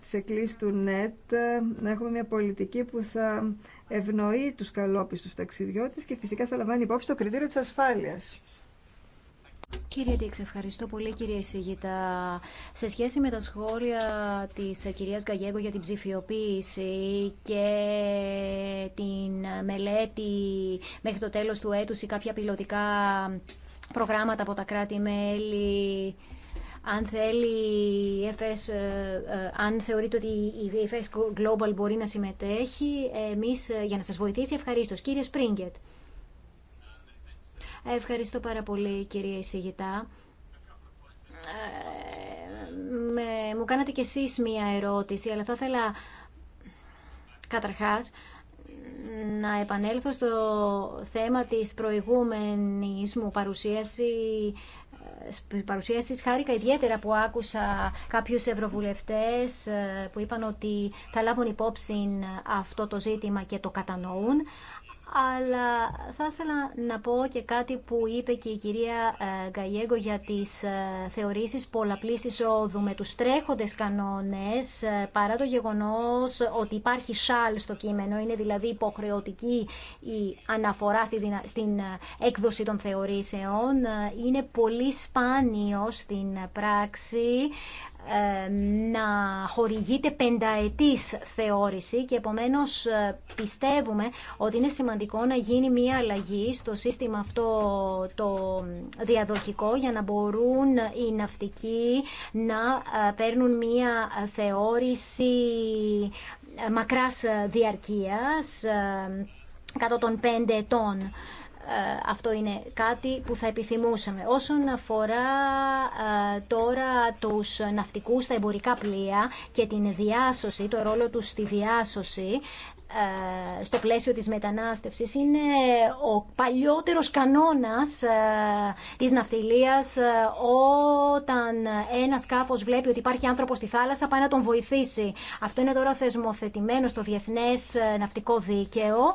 τις εκκλήσεις του ΝΕΤ να ε, έχουμε μια πολιτική που θα ευνοεί τους καλόπιστους ταξιδιώτες και φυσικά θα λαμβάνει υπόψη το κριτήριο της ασφάλειας. Κύριε Δίξ, ευχαριστώ πολύ κύριε Σίγητα. Σε σχέση με τα σχόλια της ε, κυρίας Γκαγιέγκο για την ψηφιοποίηση και την μελέτη μέχρι το τέλος του έτους ή κάποια πιλωτικά προγράμματα από τα κράτη-μέλη, αν θέλει ε, ε, αν θεωρείτε ότι η FS Global μπορεί να συμμετέχει, εμείς για να σας βοηθήσει ευχαρίστως. Κύριε Σπρίγκετ. Ευχαριστώ πάρα πολύ κυρία Ισηγητά. Ε, με, μου κάνατε κι εσείς μία ερώτηση, αλλά θα ήθελα καταρχάς να επανέλθω στο θέμα της προηγούμενης μου παρουσίαση ε, παρουσίασης χάρηκα ιδιαίτερα που άκουσα κάποιους ευρωβουλευτές ε, που είπαν ότι θα λάβουν υπόψη αυτό το ζήτημα και το κατανοούν αλλά θα ήθελα να πω και κάτι που είπε και η κυρία ε, Γκαλιέγκο για τις ε, θεωρήσεις πολλαπλής εισόδου με τους τρέχοντες κανόνες ε, παρά το γεγονός ότι υπάρχει σάλ στο κείμενο, είναι δηλαδή υποχρεωτική η αναφορά στην έκδοση των θεωρήσεων, είναι πολύ σπάνιο στην πράξη ε, να χορηγείται πενταετής θεώρηση και επομένως ε, πιστεύουμε ότι είναι σημαντικό να γίνει μια αλλαγή στο σύστημα αυτό το διαδοχικό για να μπορούν οι ναυτικοί να ε, παίρνουν μια θεώρηση μακράς διαρκείας κατά των πέντε ετών. Ε, αυτό είναι κάτι που θα επιθυμούσαμε. Όσον αφορά ε, τώρα τους ναυτικούς στα εμπορικά πλοία και την διάσωση, το ρόλο τους στη διάσωση, ε, στο πλαίσιο της μετανάστευσης είναι ο παλιότερος κανόνας ε, της ναυτιλίας ε, όταν ένα σκάφος βλέπει ότι υπάρχει άνθρωπος στη θάλασσα πάει να τον βοηθήσει. Αυτό είναι τώρα θεσμοθετημένο στο Διεθνές Ναυτικό Δίκαιο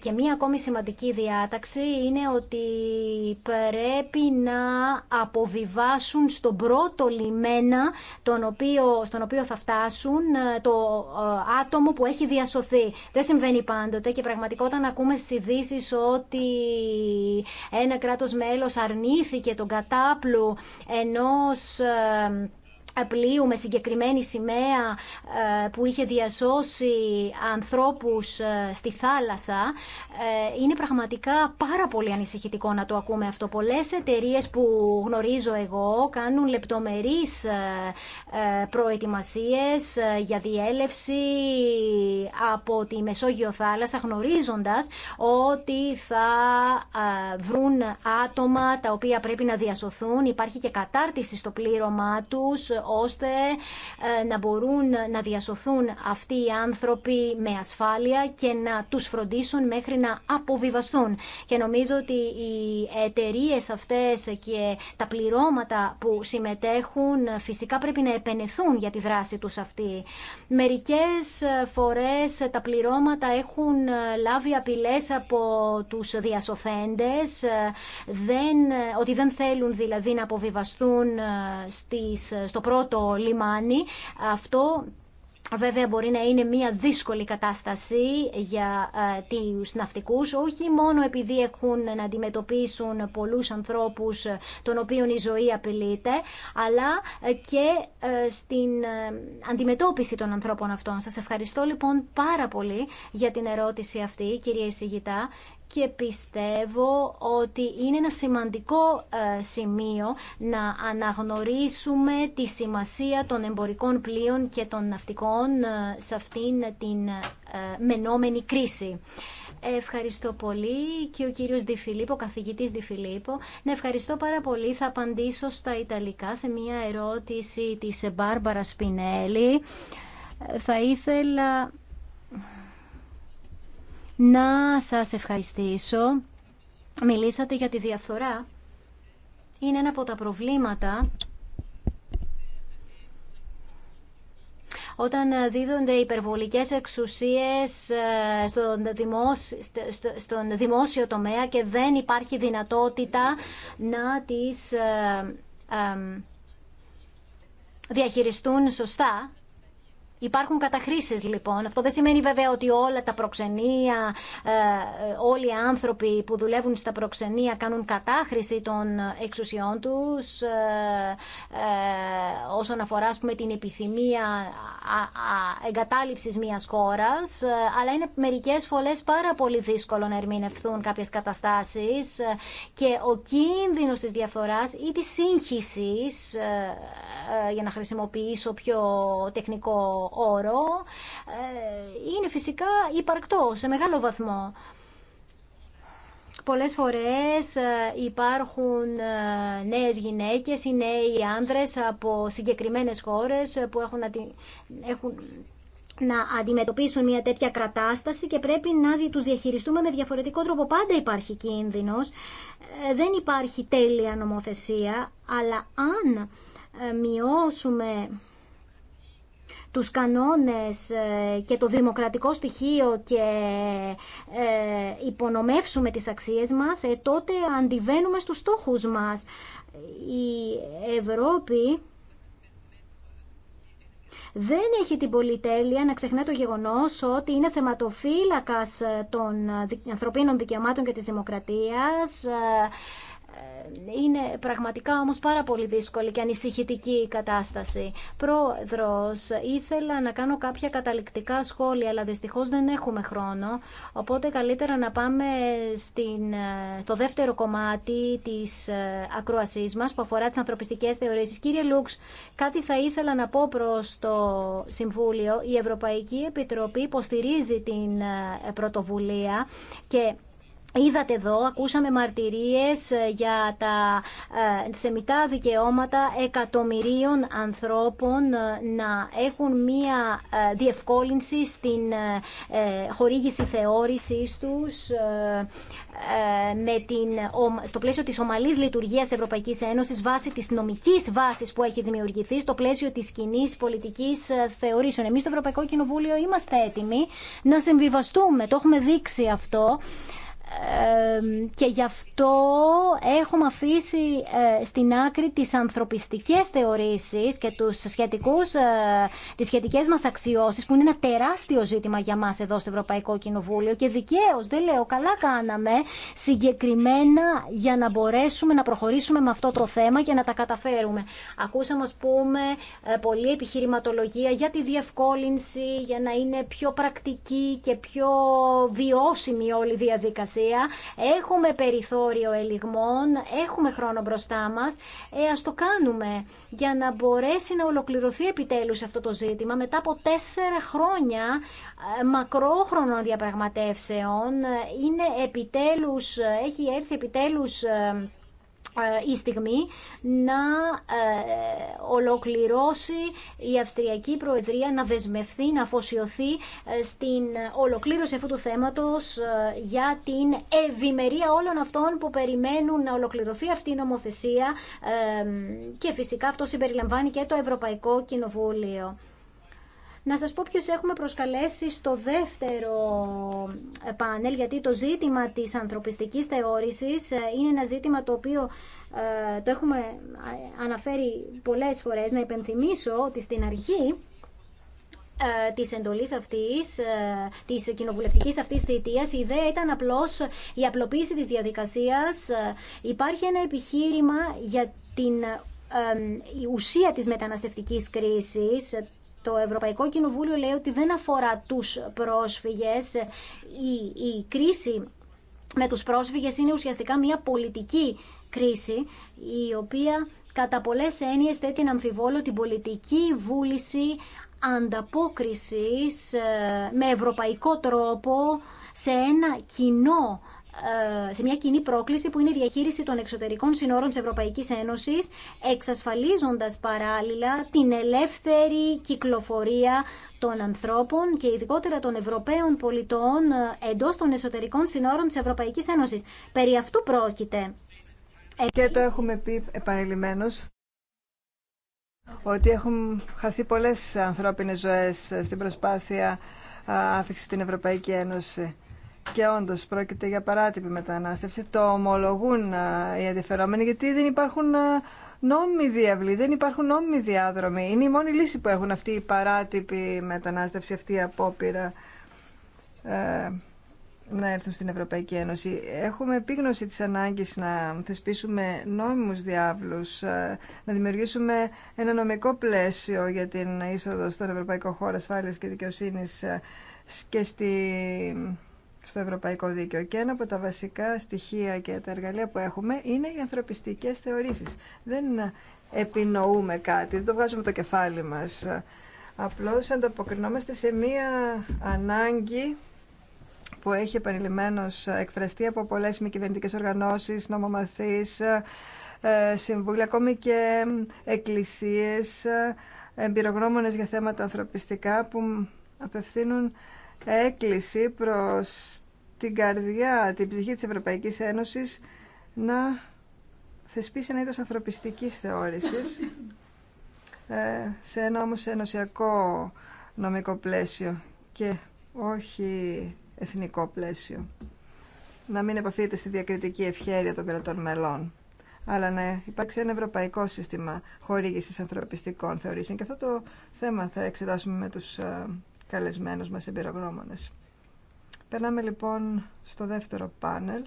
και μία ακόμη σημαντική διάταξη είναι ότι πρέπει να αποβιβάσουν στον πρώτο λιμένα τον στον οποίο θα φτάσουν το άτομο που έχει διασωθεί. Δεν συμβαίνει πάντοτε και πραγματικά όταν ακούμε στι ειδήσει ότι ένα κράτος μέλος αρνήθηκε τον κατάπλου ενός ε, πλοίου συγκεκριμένη σημαία ε, που είχε διασώσει ανθρώπους ε, στη θάλασσα. Ε, είναι πραγματικά πάρα πολύ ανησυχητικό να το ακούμε αυτό. Πολλές εταιρείε που γνωρίζω εγώ κάνουν λεπτομερείς προετοιμασίες για διέλευση από τη Μεσόγειο θάλασσα γνωρίζοντας ότι θα βρουν άτομα τα οποία πρέπει να διασωθούν. Υπάρχει και κατάρτιση στο πλήρωμά τους ώστε ε, να μπορούν να διασωθούν αυτοί οι άνθρωποι με ασφάλεια και να τους φροντίσουν μέχρι να αποβιβαστούν. Και νομίζω ότι οι εταιρείε αυτές και τα πληρώματα που συμμετέχουν φυσικά πρέπει να επενεθούν για τη δράση τους αυτή. Μερικές φορές τα πληρώματα έχουν ε, λάβει απειλές από τους διασωθέντες, ε, δεν, ότι δεν θέλουν δηλαδή να αποβιβαστούν στις, στο πρώτο λιμάνι. Αυτό Βέβαια μπορεί να είναι μια δύσκολη κατάσταση για ε, τους ναυτικούς, όχι μόνο επειδή έχουν να αντιμετωπίσουν πολλούς ανθρώπους ε, των οποίων η ζωή απειλείται, αλλά ε, και στην αντιμετώπιση των ανθρώπων αυτών. Σας ευχαριστώ λοιπόν πάρα πολύ για την ερώτηση αυτή, κυρία Ισηγητά και πιστεύω ότι είναι ένα σημαντικό ε, σημείο να αναγνωρίσουμε τη σημασία των εμπορικών πλοίων και των ναυτικών ε, σε αυτήν την ε, μενόμενη κρίση. Ευχαριστώ πολύ και ο κύριος Διφιλίππο, καθηγητής Διφιλίππο. Να ευχαριστώ πάρα πολύ. Θα απαντήσω στα Ιταλικά σε μια ερώτηση της Μπάρμπαρα Σπινέλη. Θα ήθελα να σας ευχαριστήσω. Μιλήσατε για τη διαφθορά. Είναι ένα από τα προβλήματα όταν δίδονται υπερβολικές εξουσίες ε, στον, δημόσιο, στον δημόσιο τομέα και δεν υπάρχει δυνατότητα να τις ε, ε, διαχειριστούν σωστά Υπάρχουν καταχρήσεις λοιπόν. Αυτό δεν σημαίνει βέβαια ότι όλα τα προξενία, ε, όλοι οι άνθρωποι που δουλεύουν στα προξενία κάνουν κατάχρηση των εξουσιών τους ε, ε, όσον αφορά πούμε, την επιθυμία εγκατάλειψης μιας χώρας, αλλά είναι μερικές φορές πάρα πολύ δύσκολο να ερμηνευθούν κάποιες καταστάσεις και ο κίνδυνος της διαφθοράς ή της σύγχυσης, για να χρησιμοποιήσω πιο τεχνικό όρο ε, είναι φυσικά υπαρκτό σε μεγάλο βαθμό. Πολλές φορές ε, υπάρχουν ε, νέες γυναίκες ή νέοι άνδρες από συγκεκριμένες χώρες που έχουν, έχουν να αντιμετωπίσουν μια τέτοια κατάσταση και πρέπει να τους διαχειριστούμε με διαφορετικό τρόπο. Πάντα υπάρχει κίνδυνος, δεν υπάρχει τέλεια νομοθεσία, αλλά αν μειώσουμε τους κανόνες ε, και το δημοκρατικό στοιχείο και ε, υπονομεύσουμε τις αξίες μας, ε, τότε αντιβαίνουμε στους στόχους μας. Η Ευρώπη δεν έχει την πολυτέλεια να ξεχνά το γεγονός ότι είναι θεματοφύλακας των ανθρωπίνων δικαιωμάτων και της δημοκρατίας ε, είναι πραγματικά όμως πάρα πολύ δύσκολη και ανησυχητική η κατάσταση. Πρόεδρος, ήθελα να κάνω κάποια καταληκτικά σχόλια, αλλά δυστυχώς δεν έχουμε χρόνο, οπότε καλύτερα να πάμε στην, ε, στο δεύτερο κομμάτι της ε, ακροασής μας που αφορά τις ανθρωπιστικές θεωρήσεις. Κύριε Λούξ, κάτι θα ήθελα να πω προς το Συμβούλιο. Η Ευρωπαϊκή Επιτροπή υποστηρίζει την πρωτοβουλία και Είδατε εδώ, ακούσαμε μαρτυρίες ε, για τα ε, θεμητά δικαιώματα εκατομμυρίων ανθρώπων ε, να έχουν μία διευκόλυνση στην χορήγηση θεώρησης τους με την, στο πλαίσιο της ομαλής λειτουργίας Ευρωπαϊκής Ένωσης βάσει της νομικής βάσης που έχει δημιουργηθεί στο πλαίσιο της κοινή πολιτικής θεωρήσεων. Εμείς στο Ευρωπαϊκό Κοινοβούλιο είμαστε έτοιμοι να συμβιβαστούμε. Το έχουμε δείξει αυτό και γι' αυτό έχουμε αφήσει ε, στην άκρη τις ανθρωπιστικές θεωρήσεις και τους σχετικούς, ε, τις σχετικές μας αξιώσεις που είναι ένα τεράστιο ζήτημα για μας εδώ στο Ευρωπαϊκό Κοινοβούλιο και δικαίως δεν λέω καλά κάναμε συγκεκριμένα για να μπορέσουμε να προχωρήσουμε με αυτό το θέμα και να τα καταφέρουμε. Ακούσαμε ας πούμε ε, πολλή επιχειρηματολογία για τη διευκόλυνση για να είναι πιο πρακτική και πιο βιώσιμη όλη η διαδικασία έχουμε περιθώριο ελιγμών, έχουμε χρόνο μπροστά μας, ε, ας το κάνουμε για να μπορέσει να ολοκληρωθεί επιτέλους αυτό το ζήτημα μετά από τέσσερα χρόνια ε, μακρόχρονων διαπραγματεύσεων. Ε, είναι επιτέλους, ε, έχει έρθει επιτέλους ε, η στιγμή να ε, ολοκληρώσει η Αυστριακή Προεδρία, να δεσμευθεί, να αφοσιωθεί ε, στην ολοκλήρωση αυτού του θέματος για την ευημερία όλων αυτών που περιμένουν να ολοκληρωθεί αυτή η νομοθεσία και φυσικά αυτό συμπεριλαμβάνει και το Ευρωπαϊκό Κοινοβούλιο. Να σας πω ποιους έχουμε προσκαλέσει στο δεύτερο ε, πάνελ, γιατί το ζήτημα της ανθρωπιστικής θεώρησης ε, είναι ένα ζήτημα το οποίο ε, το έχουμε αναφέρει πολλές φορές. Να υπενθυμίσω ότι στην αρχή της εντολής αυτής, της κοινοβουλευτικής αυτής θητείας. Η ιδέα ήταν απλώς η απλοποίηση της διαδικασίας. Υπάρχει ένα επιχείρημα για την ουσία της μεταναστευτικής κρίσης το Ευρωπαϊκό Κοινοβούλιο λέει ότι δεν αφορά τους πρόσφυγες. Η, κρίση με τους πρόσφυγες είναι ουσιαστικά μια πολιτική κρίση η οποία κατά πολλές έννοιες θέτει να αμφιβόλω την πολιτική βούληση ανταπόκρισης ε, με ευρωπαϊκό τρόπο σε ένα κοινό ε, σε μια κοινή πρόκληση που είναι η διαχείριση των εξωτερικών συνόρων της Ευρωπαϊκής Ένωσης, εξασφαλίζοντας παράλληλα την ελεύθερη κυκλοφορία των ανθρώπων και ειδικότερα των Ευρωπαίων πολιτών ε, εντός των εσωτερικών συνόρων της Ευρωπαϊκής Ένωσης. Περί αυτού πρόκειται. Και το έχουμε πει επανειλημμένως ότι έχουν χαθεί πολλές ανθρώπινες ζωές στην προσπάθεια ε, άφηξη στην Ευρωπαϊκή Ένωση. Και όντω πρόκειται για παράτυπη μετανάστευση. Το ομολογούν οι ενδιαφερόμενοι γιατί δεν υπάρχουν νόμιμοι διαβλοί, δεν υπάρχουν νόμιμοι διάδρομοι. Είναι η μόνη λύση που έχουν αυτή η παράτυπη μετανάστευση, αυτή η απόπειρα ε, να έρθουν στην Ευρωπαϊκή Ένωση. Έχουμε επίγνωση της ανάγκης να θεσπίσουμε νόμιμους διάβλους, να δημιουργήσουμε ένα νομικό πλαίσιο για την είσοδο στον Ευρωπαϊκό Χώρο Ασφάλειας και Δικαιοσύνης και στη στο Ευρωπαϊκό Δίκαιο. Και ένα από τα βασικά στοιχεία και τα εργαλεία που έχουμε είναι οι ανθρωπιστικές θεωρήσεις. Δεν επινοούμε κάτι, δεν το βγάζουμε το κεφάλι μας. Απλώς ανταποκρινόμαστε σε μία ανάγκη που έχει επανειλημμένως εκφραστεί από πολλές μη κυβερνητικές οργανώσεις, νομομαθείς, ε, συμβούλια, ακόμη και εκκλησίες, εμπειρογνώμονες για θέματα ανθρωπιστικά που απευθύνουν έκκληση προς την καρδιά, την ψυχή της Ευρωπαϊκής Ένωσης να θεσπίσει ένα είδος ανθρωπιστικής θεώρησης ε, σε ένα όμως ενωσιακό νομικό πλαίσιο και όχι εθνικό πλαίσιο. Να μην επαφείται στη διακριτική ευχέρεια των κρατών μελών αλλά να υπάρξει ένα ευρωπαϊκό σύστημα χορήγησης ανθρωπιστικών θεωρήσεων. Και αυτό το θέμα θα εξετάσουμε με τους ε, Καλεσμένος μας εμπειρογνώμονες. Περνάμε λοιπόν στο δεύτερο πάνελ.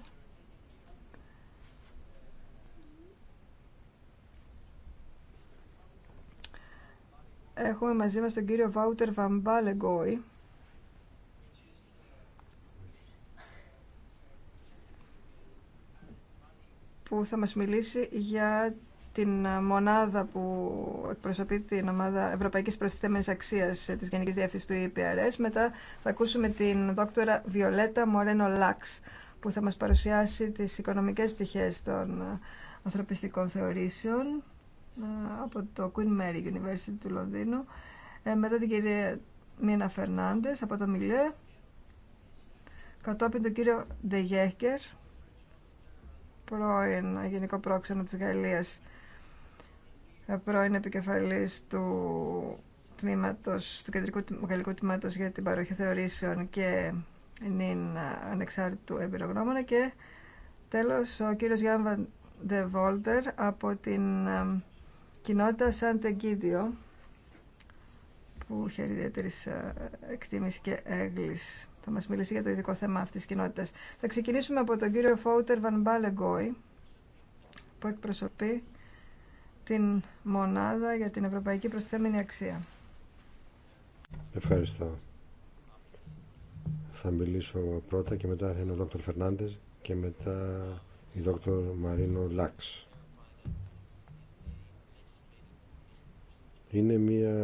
Έχουμε μαζί μας τον κύριο Βάουτερ Βαμπάλεγκόη, που θα μας μιλήσει για την ε, μονάδα που εκπροσωπεί την ομάδα Ευρωπαϊκής Προστιθέμενης Αξίας ε, της Γενικής Διεύθυνσης του EPRS. Μετά θα ακούσουμε την δόκτωρα Βιολέτα Μορένο Λάξ που θα μας παρουσιάσει τις οικονομικές πτυχές των ε, ανθρωπιστικών θεωρήσεων από το Queen Mary University του Λονδίνου. Μετά την κυρία Μίνα Φερνάντες από το Μιλιέ. Κατόπιν τον κύριο Ντεγέκερ, πρώην Γενικό Πρόξενο της Γαλλίας ε, πρώην επικεφαλής του τμήματος, του κεντρικού γαλλικού τμήματος για την παροχή θεωρήσεων και νυν ε, ανεξάρτητου εμπειρογνώμονα και τέλος ο κύριος Γιάνν Βαντεβόλτερ από την ε, κοινότητα Σαντεγκίδιο, Τεγκίδιο που έχει ιδιαίτερη εκτίμηση και έγκλης. Θα μας μιλήσει για το ειδικό θέμα αυτής της κοινότητας. Θα ξεκινήσουμε από τον κύριο Φόουτερ Βαν Μπάλεγκόι που εκπροσωπεί την μονάδα για την ευρωπαϊκή προσθέμενη αξία. Ευχαριστώ. Θα μιλήσω πρώτα και μετά θα είναι ο Δόκτωρ Φερνάντες και μετά η Δόκτωρ Μαρίνο Λάξ. Είναι μια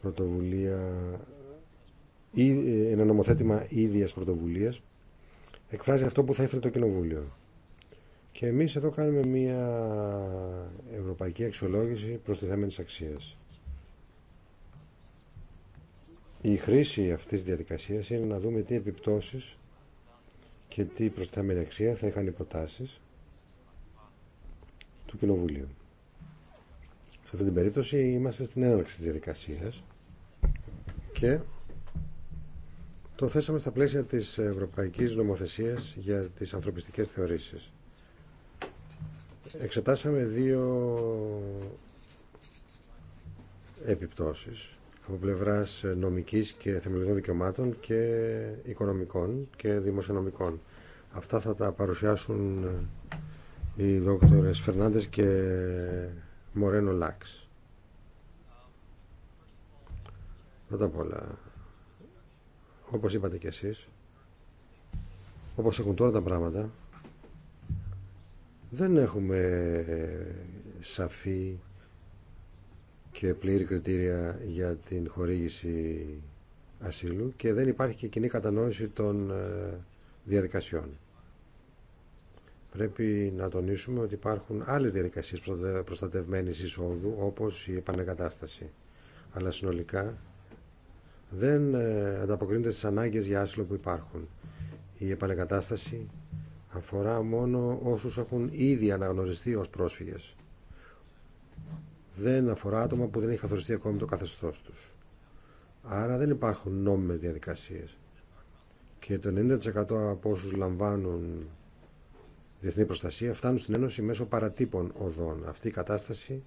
πρωτοβουλία ή ε, ένα νομοθέτημα ίδιας πρωτοβουλίας εκφράζει αυτό που θα ήθελε το Κοινοβούλιο και εμείς εδώ κάνουμε μια ευρωπαϊκή αξιολόγηση προστιθέμενης αξίας. Η χρήση αυτής της διαδικασίας είναι να δούμε τι επιπτώσεις και τι προστιθέμενη αξία θα είχαν οι προτάσεις του Κοινοβουλίου. Σε αυτή την περίπτωση είμαστε στην έναρξη της διαδικασίας και το θέσαμε στα πλαίσια της Ευρωπαϊκής Νομοθεσίας για τις ανθρωπιστικές θεωρήσεις. Εξετάσαμε δύο επιπτώσεις από πλευράς νομικής και θεμελιωδών δικαιωμάτων και οικονομικών και δημοσιονομικών. Αυτά θα τα παρουσιάσουν οι δόκτωρες Φερνάντες και Μορένο Λάξ. Πρώτα απ' όλα, όπως είπατε κι εσείς, όπως έχουν τώρα τα πράγματα, δεν έχουμε ε, σαφή και πλήρη κριτήρια για την χορήγηση ασύλου και δεν υπάρχει και κοινή κατανόηση των ε, διαδικασιών. Πρέπει να τονίσουμε ότι υπάρχουν άλλες διαδικασίες προστατευμένης εισόδου όπως η επανεγκατάσταση. Αλλά συνολικά δεν ε, ανταποκρίνεται στις ανάγκες για άσυλο που υπάρχουν. Η επανεγκατάσταση αφορά μόνο όσους έχουν ήδη αναγνωριστεί ως πρόσφυγες. Δεν αφορά άτομα που δεν έχει καθοριστεί ακόμη το καθεστώς τους. Άρα δεν υπάρχουν νόμιμες διαδικασίες. Και το 90% από όσους λαμβάνουν διεθνή προστασία φτάνουν στην Ένωση μέσω παρατύπων οδών. Αυτή η κατάσταση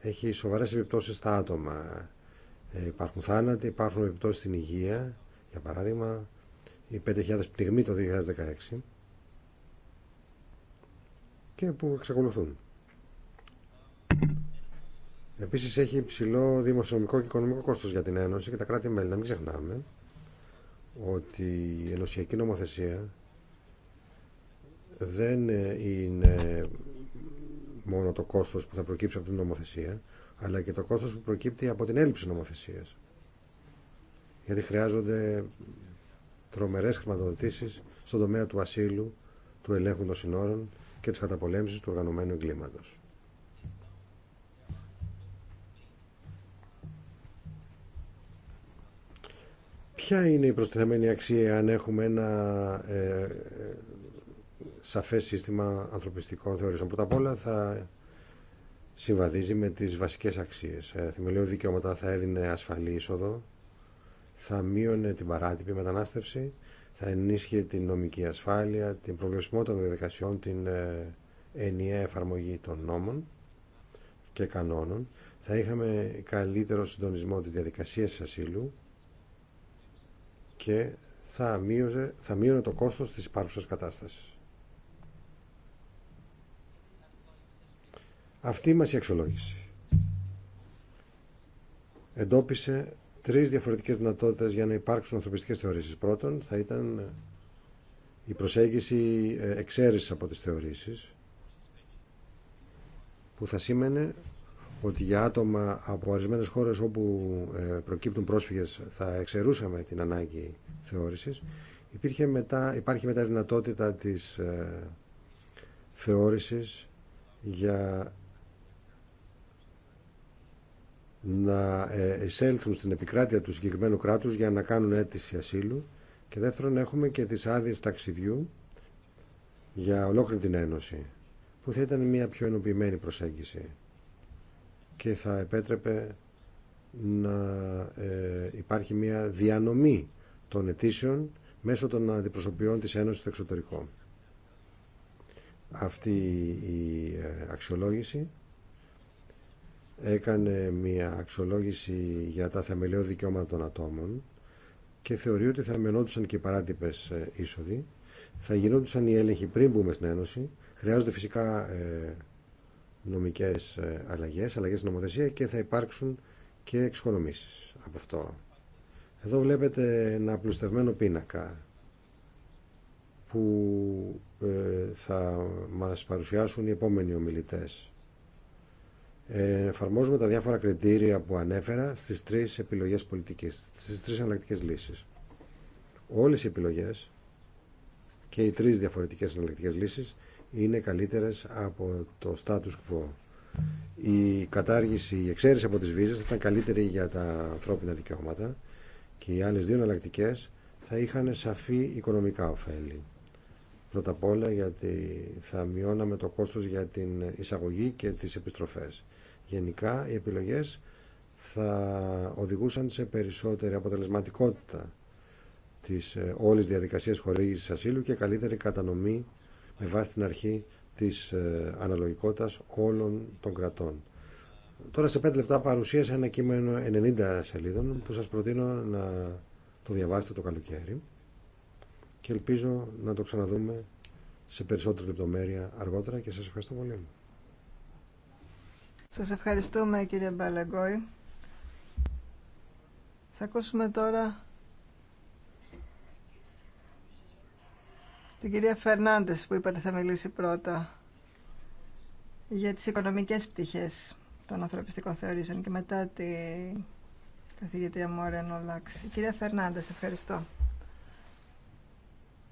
έχει σοβαρές επιπτώσεις στα άτομα. Ε, υπάρχουν θάνατοι, υπάρχουν επιπτώσεις στην υγεία. Για παράδειγμα, οι 5.000 πνιγμοί το 2016 και που εξακολουθούν. Επίσης έχει υψηλό δημοσιονομικό και οικονομικό κόστος για την Ένωση και τα κράτη-μέλη. Να μην ξεχνάμε ότι η ενωσιακή νομοθεσία δεν είναι μόνο το κόστος που θα προκύψει από την νομοθεσία, αλλά και το κόστος που προκύπτει από την έλλειψη νομοθεσίας. Γιατί χρειάζονται τρομερές χρηματοδοτήσει στον τομέα του ασύλου, του ελέγχου των συνόρων και της καταπολέμησης του οργανωμένου εγκλήματος. Ποια είναι η προστιθεμένη αξία αν έχουμε ένα ε, σαφές σύστημα ανθρωπιστικών θεωρήσεων. Πρώτα απ' όλα θα συμβαδίζει με τις βασικές αξίες. Ε, θεμελιώδη δικαιώματα θα έδινε ασφαλή είσοδο, θα μείωνε την παράτυπη μετανάστευση θα ενίσχυε την νομική ασφάλεια, την προβλεψιμότητα των διαδικασιών, την ε, ενιαία εφαρμογή των νόμων και κανόνων, θα είχαμε καλύτερο συντονισμό της διαδικασίας ασύλου και θα μείωνε, θα το κόστος της υπάρχουσας κατάστασης. Αυτή μας η αξιολόγηση. Εντόπισε τρεις διαφορετικές δυνατότητες για να υπάρξουν ανθρωπιστικές θεωρήσεις. Πρώτον, θα ήταν η προσέγγιση ε, εξαίρεσης από τις θεωρήσεις, που θα σήμαινε ότι για άτομα από ορισμένες χώρες όπου ε, προκύπτουν πρόσφυγες θα εξαιρούσαμε την ανάγκη θεώρησης. Υπήρχε μετά, υπάρχει μετά δυνατότητα της ε, θεώρησης για να ε, εισέλθουν στην επικράτεια του συγκεκριμένου κράτους για να κάνουν αίτηση ασύλου και δεύτερον έχουμε και τις άδειες ταξιδιού για ολόκληρη την Ένωση που θα ήταν μια πιο ενοποιημένη προσέγγιση και θα επέτρεπε να ε, υπάρχει μια διανομή των αιτήσεων μέσω των αντιπροσωπιών της Ένωσης στο εξωτερικό. Αυτή η ε, αξιολόγηση έκανε μια αξιολόγηση για τα θεμελιώδη δικαιώματα των ατόμων και θεωρεί ότι θα μενόντουσαν και οι παράτυπες ε, είσοδοι, θα γινόντουσαν οι έλεγχοι πριν μπούμε στην Ένωση, χρειάζονται φυσικά ε, νομικές ε, αλλαγές, αλλαγές στην νομοθεσία και θα υπάρξουν και εξοικονομήσεις από αυτό. Εδώ βλέπετε ένα απλουστευμένο πίνακα που θα μας παρουσιάσουν οι επόμενοι ομιλητές. Ε, εφαρμόζουμε τα διάφορα κριτήρια που ανέφερα στις τρεις επιλογές πολιτικής, στις τρεις εναλλακτικές λύσεις. Όλες οι επιλογές και οι τρεις διαφορετικές εναλλακτικές λύσεις είναι καλύτερες από το status quo. Η κατάργηση, η εξαίρεση από τις βίζες θα ήταν καλύτερη για τα ανθρώπινα δικαιώματα και οι άλλες δύο εναλλακτικέ θα είχαν σαφή οικονομικά ωφέλη. Πρώτα απ' όλα γιατί θα μειώναμε το κόστος για την εισαγωγή και τις επιστροφές. Γενικά οι επιλογές θα οδηγούσαν σε περισσότερη αποτελεσματικότητα της ε, όλης διαδικασίας χορήγησης ασύλου και καλύτερη κατανομή με βάση την αρχή της ε, αναλογικότητας όλων των κρατών. Τώρα σε 5 λεπτά παρουσίασα ένα κείμενο 90 σελίδων που σας προτείνω να το διαβάσετε το καλοκαίρι και ελπίζω να το ξαναδούμε σε περισσότερη λεπτομέρεια αργότερα και σας ευχαριστώ πολύ. Σας ευχαριστούμε κύριε Μπαλαγκόη. Θα ακούσουμε τώρα την κυρία Φερνάντες που είπατε θα μιλήσει πρώτα για τις οικονομικές πτυχές των ανθρωπιστικών θεωρήσεων και μετά την καθηγήτρια Μόρεν Ολάξη. Κυρία Φερνάντες, ευχαριστώ.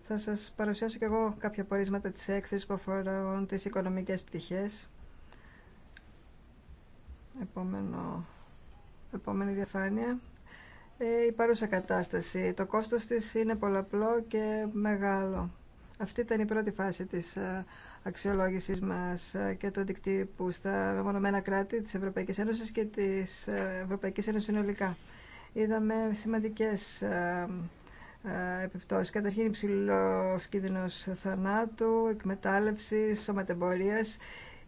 Θα σας παρουσιάσω και εγώ κάποια πορίσματα της έκθεσης που αφορούν τις οικονομικές πτυχές. Επόμενο, επόμενη διαφάνεια. Ε, η παρούσα κατάσταση. Το κόστος της είναι πολλαπλό και μεγάλο. Αυτή ήταν η πρώτη φάση της ε, αξιολόγησης μας ε, και του αντικτύπου στα μεμονωμένα κράτη της Ευρωπαϊκής Ένωσης και της Ευρωπαϊκής Ένωσης συνολικά. Είδαμε σημαντικές ε, επιπτώσεις. Καταρχήν υψηλό κίνδυνο θανάτου, εκμετάλλευση σωματεμπορία.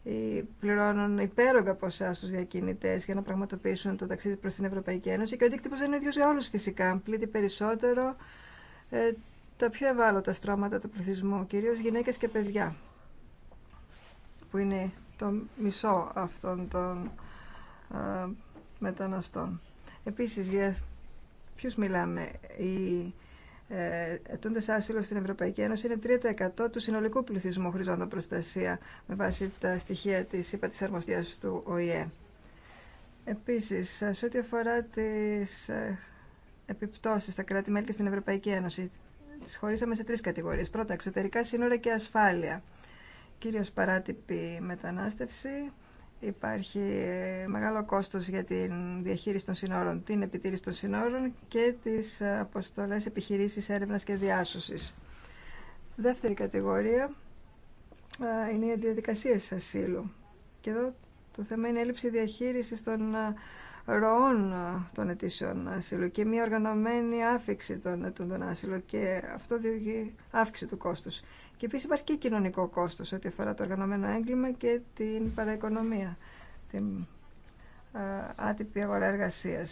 Ε, πληρώνουν υπέρογκα ποσά στου διακινητέ για να πραγματοποιήσουν το ταξίδι προ την Ευρωπαϊκή Ένωση και ο αντίκτυπο δεν είναι ίδιο για όλους φυσικά. Πλήττει περισσότερο ε, τα πιο ευάλωτα στρώματα του πληθυσμού, κυρίω γυναίκε και παιδιά, που είναι το μισό αυτών των ε, μεταναστών. Επίσης, για ποιου μιλάμε, οι ε, ετούντε άσυλο στην Ευρωπαϊκή Ένωση είναι 3% του συνολικού πληθυσμού χρηζόντων προστασία με βάση τα στοιχεία της ΥΠΑ του ΟΗΕ. Επίσης, σε ό,τι αφορά τις ε, επιπτώσει στα κράτη-μέλη και στην Ευρωπαϊκή Ένωση, τι χωρίσαμε σε τρει κατηγορίες. Πρώτα, εξωτερικά σύνορα και ασφάλεια. κυρίω παράτυπη μετανάστευση, υπάρχει ε, μεγάλο κόστος για την διαχείριση των συνόρων, την επιτήρηση των συνόρων και τις αποστολές επιχειρήσεις έρευνας και διάσωσης. Δεύτερη κατηγορία ε, είναι οι διαδικασίες ασύλου. Και εδώ το θέμα είναι η έλλειψη διαχείρισης των ε, ροών ε, των αιτήσεων άσυλου και μια οργανωμένη άφηξη των αιτούντων άσυλο και αυτό δημιουργεί αύξηση του κόστους. Και επίσης υπάρχει και κοινωνικό κόστος ό,τι αφορά το οργανωμένο έγκλημα και την παραοικονομία, την ε, άτυπη αγορά εργασία.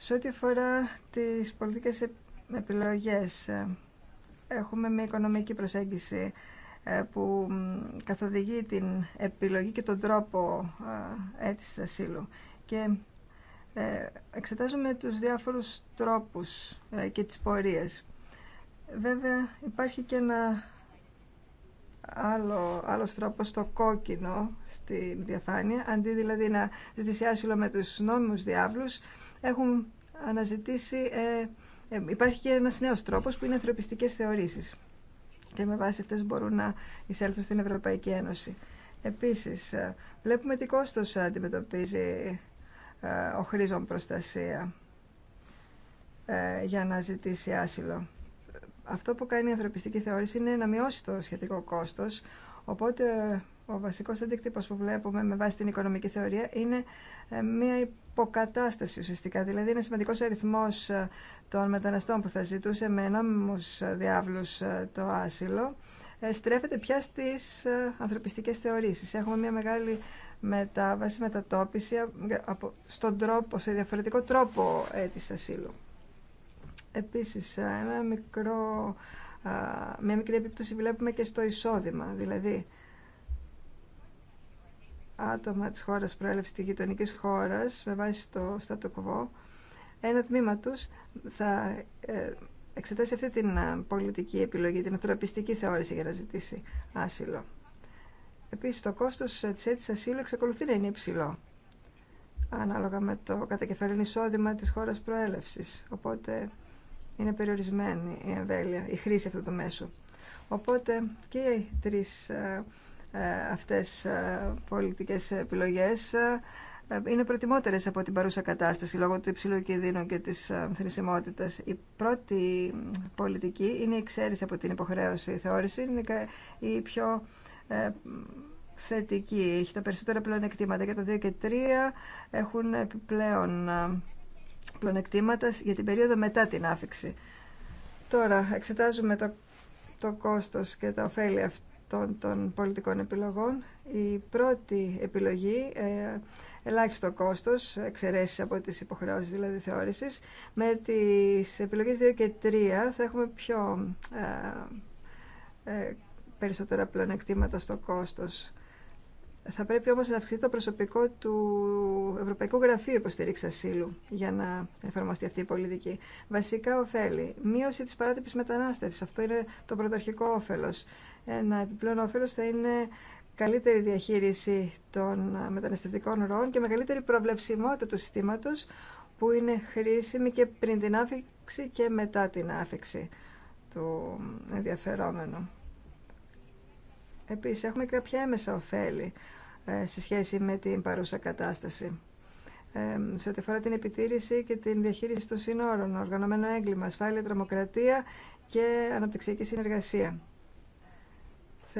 Σε ό,τι αφορά τις πολιτικές επιλογές, ε, έχουμε μια οικονομική προσέγγιση ε, που καθοδηγεί την επιλογή και τον τρόπο ε, αίτησης ασύλου. Και ε, εξετάζουμε τους διάφορους τρόπους και τις πορείες. Βέβαια υπάρχει και ένα άλλο, άλλος τρόπος στο κόκκινο στη διαφάνεια. Αντί δηλαδή να ζητήσει άσυλο με τους νόμιμους διάβλους, έχουν αναζητήσει, ε, υπάρχει και ένας νέος τρόπος που είναι ανθρωπιστικές θεωρήσεις και με βάση αυτές μπορούν να εισέλθουν στην Ευρωπαϊκή Ένωση. Επίσης, ε, βλέπουμε τι κόστος αντιμετωπίζει ε, ο χρήζων προστασία ε, για να ζητήσει άσυλο. Αυτό που κάνει η ανθρωπιστική θεώρηση είναι να μειώσει το σχετικό κόστος, οπότε ο βασικός αντίκτυπος που βλέπουμε με βάση την οικονομική θεωρία είναι μια αποκατάσταση ουσιαστικά. Δηλαδή είναι σημαντικό αριθμό ε, των μεταναστών που θα ζητούσε με νόμιμου ε, διάβλους ε, το άσυλο στρέφεται πια στις ανθρωπιστικές θεωρήσει. Έχουμε μια μεγάλη μετάβαση, μετατόπιση στον τρόπο, σε διαφορετικό τρόπο τη ασύλου. Επίσης, ένα μικρό, μια μικρή επίπτωση βλέπουμε και στο εισόδημα. Δηλαδή, άτομα της χώρας προέλευσης της γειτονική χώρας με βάση το στατοκβό, ένα τμήμα τους θα ε, εξετάσει αυτή την ε, πολιτική επιλογή, την ανθρωπιστική θεώρηση για να ζητήσει άσυλο. Επίσης, το κόστος ε, της αίτησης ασύλου εξακολουθεί να είναι υψηλό, ανάλογα με το κατακεφαλήν εισόδημα της χώρας προέλευσης. Οπότε, είναι περιορισμένη η εμβέλεια, η χρήση αυτού του μέσου. Οπότε, και οι τρεις ε, αυτές ε, πολιτικές επιλογές ε, είναι προτιμότερες από την παρούσα κατάσταση λόγω του υψηλού κινδύνου και της θρησιμότητας. Η πρώτη πολιτική είναι η εξαίρεση από την υποχρέωση η θεώρηση, είναι η πιο θετική. Έχει τα περισσότερα πλεονεκτήματα και τα 2 και 3 έχουν επιπλέον πλεονεκτήματα για την περίοδο μετά την άφηξη. Τώρα εξετάζουμε το, το κόστος και τα ωφέλη αυτή αυτών των πολιτικών επιλογών. Η πρώτη επιλογή, ε, ελάχιστο κόστος, εξαιρέσεις από τις υποχρεώσεις δηλαδή θεώρησης. Με τις επιλογές 2 και 3 θα έχουμε πιο ε, ε, περισσότερα πλεονεκτήματα στο κόστος. Θα πρέπει όμως να αυξηθεί το προσωπικό του Ευρωπαϊκού Γραφείου υποστηρίξης Ασύλου για να εφαρμοστεί αυτή η πολιτική. Βασικά ωφέλη. Μείωση της παράτυπης μετανάστευσης. Αυτό είναι το πρωτορχικό όφελος. Ένα επιπλέον όφελος θα είναι καλύτερη διαχείριση των μεταναστευτικών ροών και μεγαλύτερη προβλεψιμότητα του συστήματος που είναι χρήσιμη και πριν την άφηξη και μετά την άφηξη του ενδιαφερόμενου. Επίσης, έχουμε κάποια έμεσα ωφέλη ε, σε σχέση με την παρούσα κατάσταση. Ε, σε ό,τι αφορά την επιτήρηση και την διαχείριση των συνόρων, οργανωμένο έγκλημα, ασφάλεια, τρομοκρατία και αναπτυξιακή συνεργασία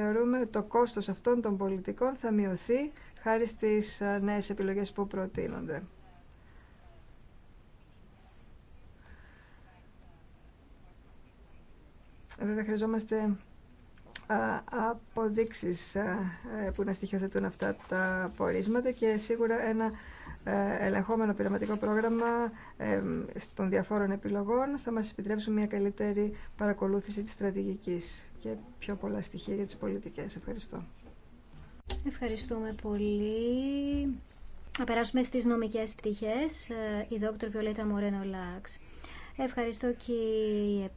θεωρούμε ότι το κόστος αυτών των πολιτικών θα μειωθεί χάρη στις ε, νέες επιλογές που προτείνονται. Ε, βέβαια χρειαζόμαστε ε, αποδείξεις που να στοιχειοθετούν αυτά τα πορίσματα και σίγουρα ένα ελεγχόμενο πειραματικό πρόγραμμα των διαφόρων επιλογών θα μας επιτρέψουν μια καλύτερη παρακολούθηση της στρατηγικής και πιο πολλά στοιχεία για τις πολιτικές. Ευχαριστώ. Ευχαριστούμε πολύ. Να περάσουμε στις νομικές πτυχές. Ε, η δόκτωρ Βιολέτα Μορένο Λάξ. Ευχαριστώ κύριε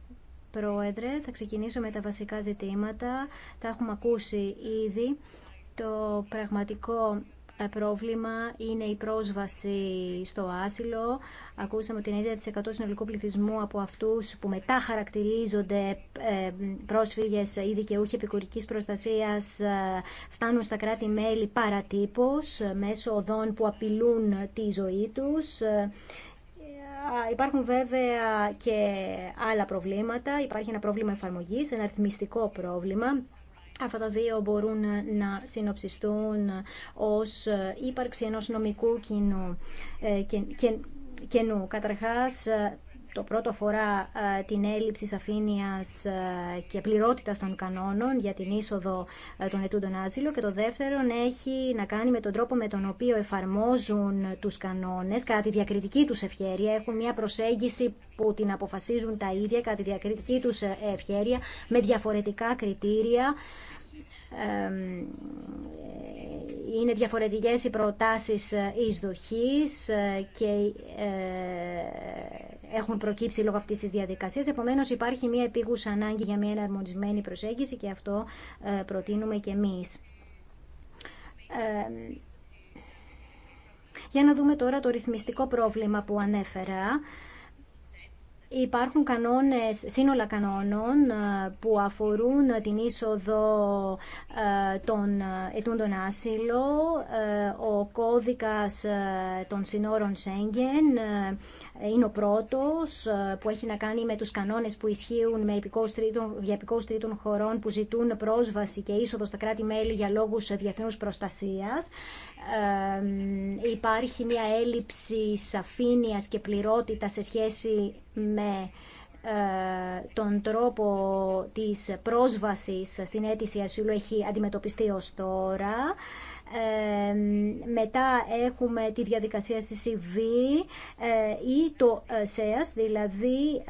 Πρόεδρε. Θα ξεκινήσω με τα βασικά ζητήματα. Τα έχουμε ακούσει ήδη. Το πραγματικό ε, πρόβλημα είναι η πρόσβαση στο άσυλο. Ακούσαμε ότι 90% συνολικού πληθυσμού από αυτούς που μετά χαρακτηρίζονται ε, πρόσφυγες ή δικαιούχοι επικουρικής προστασίας ε, φτάνουν στα κράτη-μέλη παρατύπως μέσω οδών που απειλούν τη ζωή τους. Υπάρχουν βέβαια και άλλα προβλήματα. Υπάρχει ένα πρόβλημα εφαρμογής, ένα αριθμιστικό πρόβλημα Αυτά τα δύο μπορούν να συνοψιστούν ως ύπαρξη ενός νομικού κοινού. Και, ε, και, καινού. Καταρχάς, το πρώτο αφορά ε, την έλλειψη σαφήνειας ε, και πληρότητα των κανόνων για την είσοδο ε, των ετούντων άσυλο και το δεύτερο έχει να κάνει με τον τρόπο με τον οποίο εφαρμόζουν τους κανόνες κατά τη διακριτική τους ευχέρεια, έχουν μια προσέγγιση που την αποφασίζουν τα ίδια κατά τη διακριτική τους ευχέρεια με διαφορετικά κριτήρια είναι διαφορετικές οι προτάσεις εισδοχής και έχουν προκύψει λόγω αυτή τη διαδικασία. Επομένως υπάρχει μια επίγουσα ανάγκη για μια εναρμονισμένη προσέγγιση και αυτό ε, προτείνουμε και εμείς. Ε, για να δούμε τώρα το ρυθμιστικό πρόβλημα που ανέφερα. Υπάρχουν κανόνες, σύνολα κανόνων ε, που αφορούν την είσοδο ε, των ετούντων άσυλο, ε, ο κώδικας των συνόρων Σέγγεν είναι ο πρώτος που έχει να κάνει με τους κανόνες που ισχύουν με τρίτων, για επικός τρίτων χωρών που ζητούν πρόσβαση και είσοδο στα κράτη-μέλη για λόγους διεθνούς προστασίας. υπάρχει μια έλλειψη σαφήνειας και πληρότητα σε σχέση με ε, τον τρόπο της πρόσβασης στην αίτηση ασύλου έχει αντιμετωπιστεί ως τώρα. Ε, μετά έχουμε τη διαδικασία CCV ε, ή το ε, ΣΕΑΣ, δηλαδή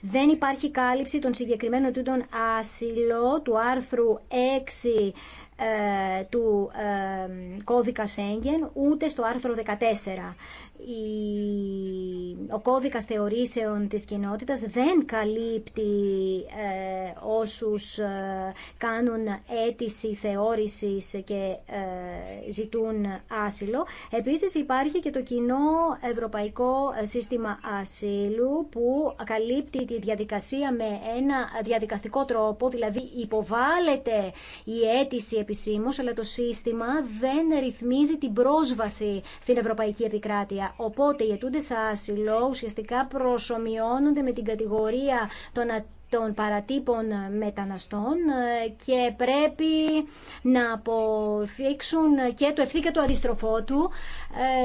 δεν υπάρχει κάλυψη των συγκεκριμένων τούτων άσυλο του άρθρου 6 ε, του ε, κώδικα Σέγγεν ούτε στο άρθρο 14 ο κώδικας θεωρήσεων της κοινότητας δεν καλύπτει ε, όσους ε, κάνουν αίτηση θεώρησης και ε, ζητούν άσυλο. Επίσης υπάρχει και το κοινό ευρωπαϊκό σύστημα ασύλου που καλύπτει τη διαδικασία με ένα διαδικαστικό τρόπο, δηλαδή υποβάλλεται η αίτηση επισήμως, αλλά το σύστημα δεν ρυθμίζει την πρόσβαση στην ευρωπαϊκή επικράτεια. Οπότε οι αιτούντε άσυλο ουσιαστικά προσωμιώνονται με την κατηγορία των των παρατύπων μεταναστών ε, και πρέπει να αποφύξουν και το ευθύ και το αντιστροφό του.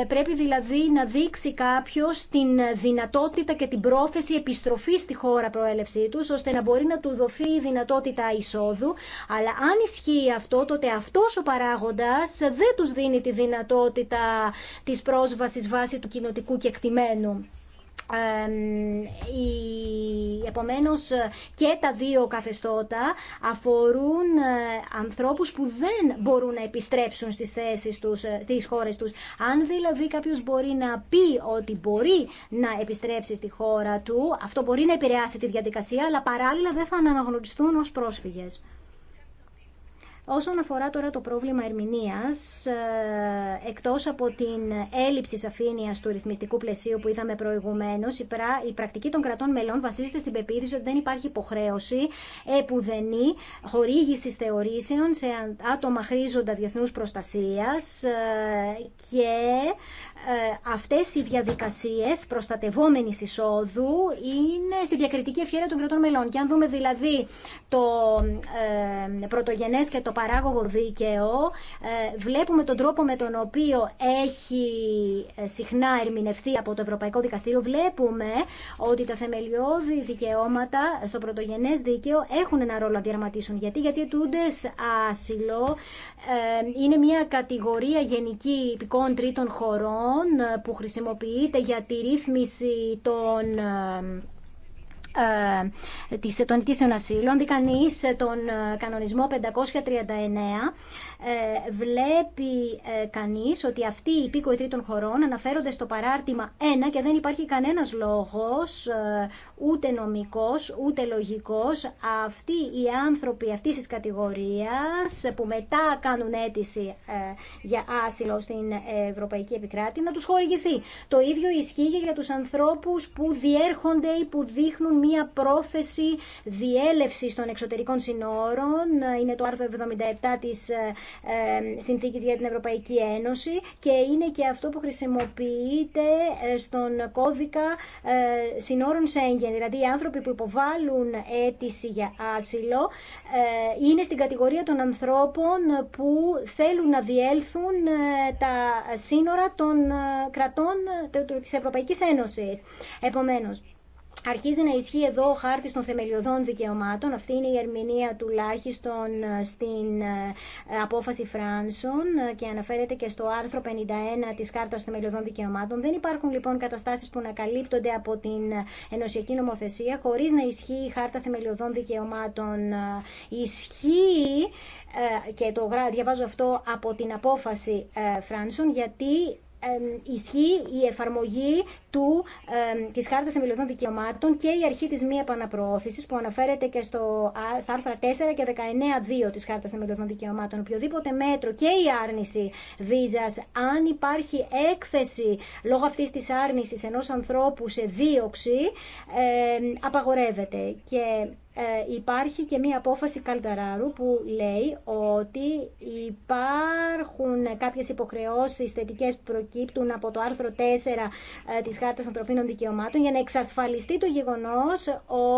Ε, πρέπει δηλαδή να δείξει κάποιος την δυνατότητα και την πρόθεση επιστροφής στη χώρα προέλευσή τους, ώστε να μπορεί να του δοθεί η δυνατότητα εισόδου. Αλλά αν ισχύει αυτό, τότε αυτός ο παράγοντας δεν τους δίνει τη δυνατότητα της πρόσβασης βάσει του κοινοτικού κεκτημένου. Επομένως και τα δύο καθεστώτα αφορούν ε, ανθρώπους που δεν μπορούν να επιστρέψουν στις θέσεις τους, ε, στις χώρες τους. Αν δηλαδή κάποιος μπορεί να πει ότι μπορεί να επιστρέψει στη χώρα του, αυτό μπορεί να επηρεάσει τη διαδικασία, αλλά παράλληλα δεν θα αναγνωριστούν ως πρόσφυγες. Όσον αφορά τώρα το πρόβλημα ερμηνείας, ε, εκτός από την έλλειψη σαφήνειας του ρυθμιστικού πλαισίου που είδαμε προηγουμένως, η, πρακτική των κρατών μελών βασίζεται στην πεποίθηση ότι δεν υπάρχει υποχρέωση επουδενή χορήγηση θεωρήσεων σε άτομα χρήζοντα διεθνούς προστασίας ε, και ε, αυτές οι διαδικασίες προστατευόμενης εισόδου είναι στη διακριτική ευχαίρεια των κρατών μελών. Και αν δούμε δηλαδή το ε, πρωτογενές και το παράγωγο δίκαιο, ε, βλέπουμε τον τρόπο με τον οποίο έχει ε, συχνά ερμηνευθεί από το Ευρωπαϊκό Δικαστήριο. Βλέπουμε ότι τα θεμελιώδη δικαιώματα στο πρωτογενές δίκαιο έχουν ένα ρόλο να διαρματίσουν. Γιατί, γιατί ετούντες άσυλο είναι μια κατηγορία γενική υπηκών τρίτων χωρών ε, που χρησιμοποιείται για τη ρύθμιση των ε, ε, των αιτήσεων ασύλων, δει τον κανονισμό 539 ε, βλέπει ε, κανείς ότι αυτοί οι υπήκοοι τρίτων χωρών αναφέρονται στο παράρτημα 1 και δεν υπάρχει κανένας λόγος, ε, ούτε νομικός, ούτε λογικός, αυτοί οι άνθρωποι αυτής της κατηγορίας που μετά κάνουν αίτηση για άσυλο στην Ευρωπαϊκή Επικράτη να του χορηγηθεί. Το ίδιο ισχύει για τους ανθρώπους που διέρχονται ή που δείχνουν μία πρόθεση διέλευση των εξωτερικών συνόρων. Είναι το άρθρο 77 της συνθήκης για την Ευρωπαϊκή Ένωση και είναι και αυτό που χρησιμοποιείται ε, στον κώδικα ε, συνόρων Σέγγεν. Δηλαδή οι άνθρωποι που υποβάλλουν αίτηση για άσυλο ε, είναι στην κατηγορία των ανθρώπων που θέλουν να διέλθουν τα σύνορα των κρατών της Ευρωπαϊκής Ένωσης. Επομένως, Αρχίζει να ισχύει εδώ ο χάρτης των θεμελιωδών δικαιωμάτων. Αυτή είναι η ερμηνεία τουλάχιστον ε, στην ε, απόφαση Φράνσον ε, και αναφέρεται και στο άρθρο 51 της Χάρτας των Θεμελιωδών Δικαιωμάτων. Δεν υπάρχουν λοιπόν καταστάσεις που να καλύπτονται από την ενωσιακή νομοθεσία χωρίς να ισχύει η Χάρτα Θεμελιωδών Δικαιωμάτων. Ισχύει και το διαβάζω αυτό από την απόφαση Φράνσον γιατί ισχύει η εφαρμογή του, ε, της Χάρτας Εμιλωτών Δικαιωμάτων και η αρχή της μη επαναπροώθησης που αναφέρεται και στο, στα άρθρα 4 και 19.2 της Χάρτας Εμιλωτών Δικαιωμάτων. Οποιοδήποτε μέτρο και η άρνηση βίζας, αν υπάρχει έκθεση λόγω αυτής της άρνησης ενός ανθρώπου σε δίωξη, ε, απαγορεύεται. Και ε, υπάρχει και μία απόφαση Καλταράρου που λέει ότι υπάρχουν κάποιες υποχρεώσεις θετικές που προκύπτουν από το άρθρο 4 ε, της Χάρτας Ανθρωπίνων Δικαιωμάτων για να εξασφαλιστεί το γεγονός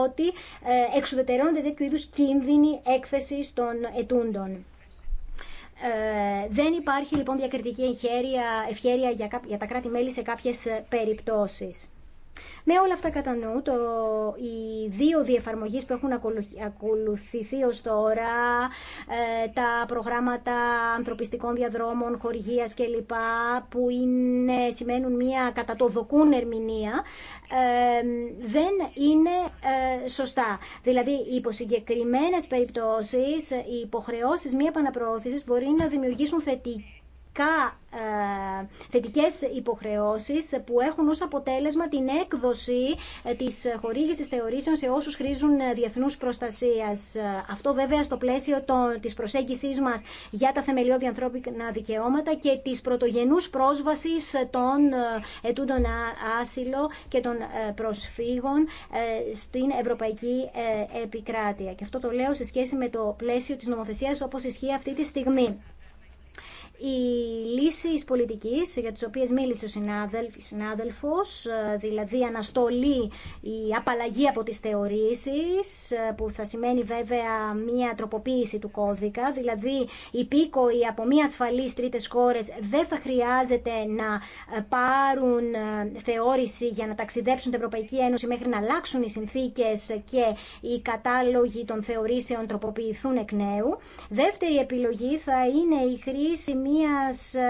ότι ε, εξουδετερώνονται τέτοιου είδους κίνδυνοι έκθεσης των ετούντων. Ε, δεν υπάρχει λοιπόν διακριτική ευχέρεια, για, για τα κράτη-μέλη σε κάποιες περιπτώσεις. Με όλα αυτά κατά νου, το, οι δύο διεφαρμογές που έχουν ακολουθηθεί ως τώρα, ε, τα προγράμματα ανθρωπιστικών διαδρόμων, χορηγίας κλπ, που είναι, σημαίνουν μια κατά ερμηνεία, ε, δεν είναι ε, σωστά. Δηλαδή, υπό συγκεκριμένε περιπτώσεις, οι υποχρεώσεις μία επαναπροώθησης μπορεί να δημιουργήσουν θετική θετικά, ε, θετικές υποχρεώσεις που έχουν ως αποτέλεσμα την έκδοση ε, της χορήγησης θεωρήσεων σε όσους χρήζουν ε, διεθνούς προστασίας. Αυτό βέβαια στο πλαίσιο των, της προσέγγισής μας για τα θεμελιώδη ανθρώπινα δικαιώματα και της πρωτογενούς πρόσβασης των ε, ετούντων άσυλο και των προσφύγων στην Ευρωπαϊκή Επικράτεια. Και αυτό το λέω σε σχέση με το πλαίσιο της νομοθεσίας όπως ισχύει αυτή τη στιγμή. Οι λύσεις πολιτικής για τις οποίες μίλησε ο συνάδελφος, ε, δηλαδή αναστολή, η απαλλαγή από τις θεωρήσεις, ε, που θα σημαίνει βέβαια μία τροποποίηση του κώδικα, δηλαδή οι πίκοοι από μία ασφαλή τρίτες χώρες δεν θα χρειάζεται να ε, πάρουν θεώρηση για να ταξιδέψουν την Ευρωπαϊκή Ένωση μέχρι να αλλάξουν οι συνθήκες και οι κατάλογοι των θεωρήσεων τροποποιηθούν εκ νέου. Δεύτερη επιλογή θα είναι η χρήση μίας, ε,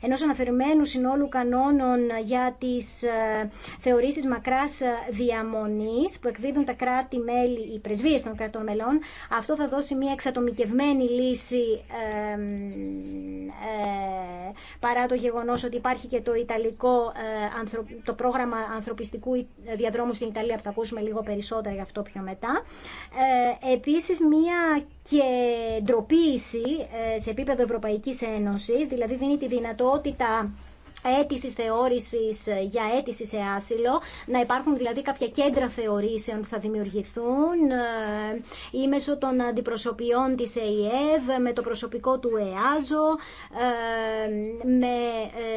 ενός αναφερειμένου συνόλου κανόνων για τις ε, θεωρήσεις μακράς ε, διαμονής που εκδίδουν τα κράτη-μέλη, οι πρεσβείες των κρατών μελών. Αυτό θα δώσει μια εξατομικευμένη λύση ε, παρά το γεγονός ότι υπάρχει και το Ιταλικό το πρόγραμμα ανθρωπιστικού διαδρόμου στην Ιταλία που θα ακούσουμε λίγο περισσότερα γι' αυτό πιο μετά. Ε, επίσης μια κεντροποίηση σε επίπεδο Ευρωπαϊκής Ένωσης δηλαδή δίνει τη δυνατότητα αίτηση θεώρηση για αίτηση σε άσυλο, να υπάρχουν δηλαδή κάποια κέντρα θεωρήσεων που θα δημιουργηθούν ε, ή μέσω των αντιπροσωπιών της ΕΙΕΒ, με το προσωπικό του ΕΑΖΟ, ε, με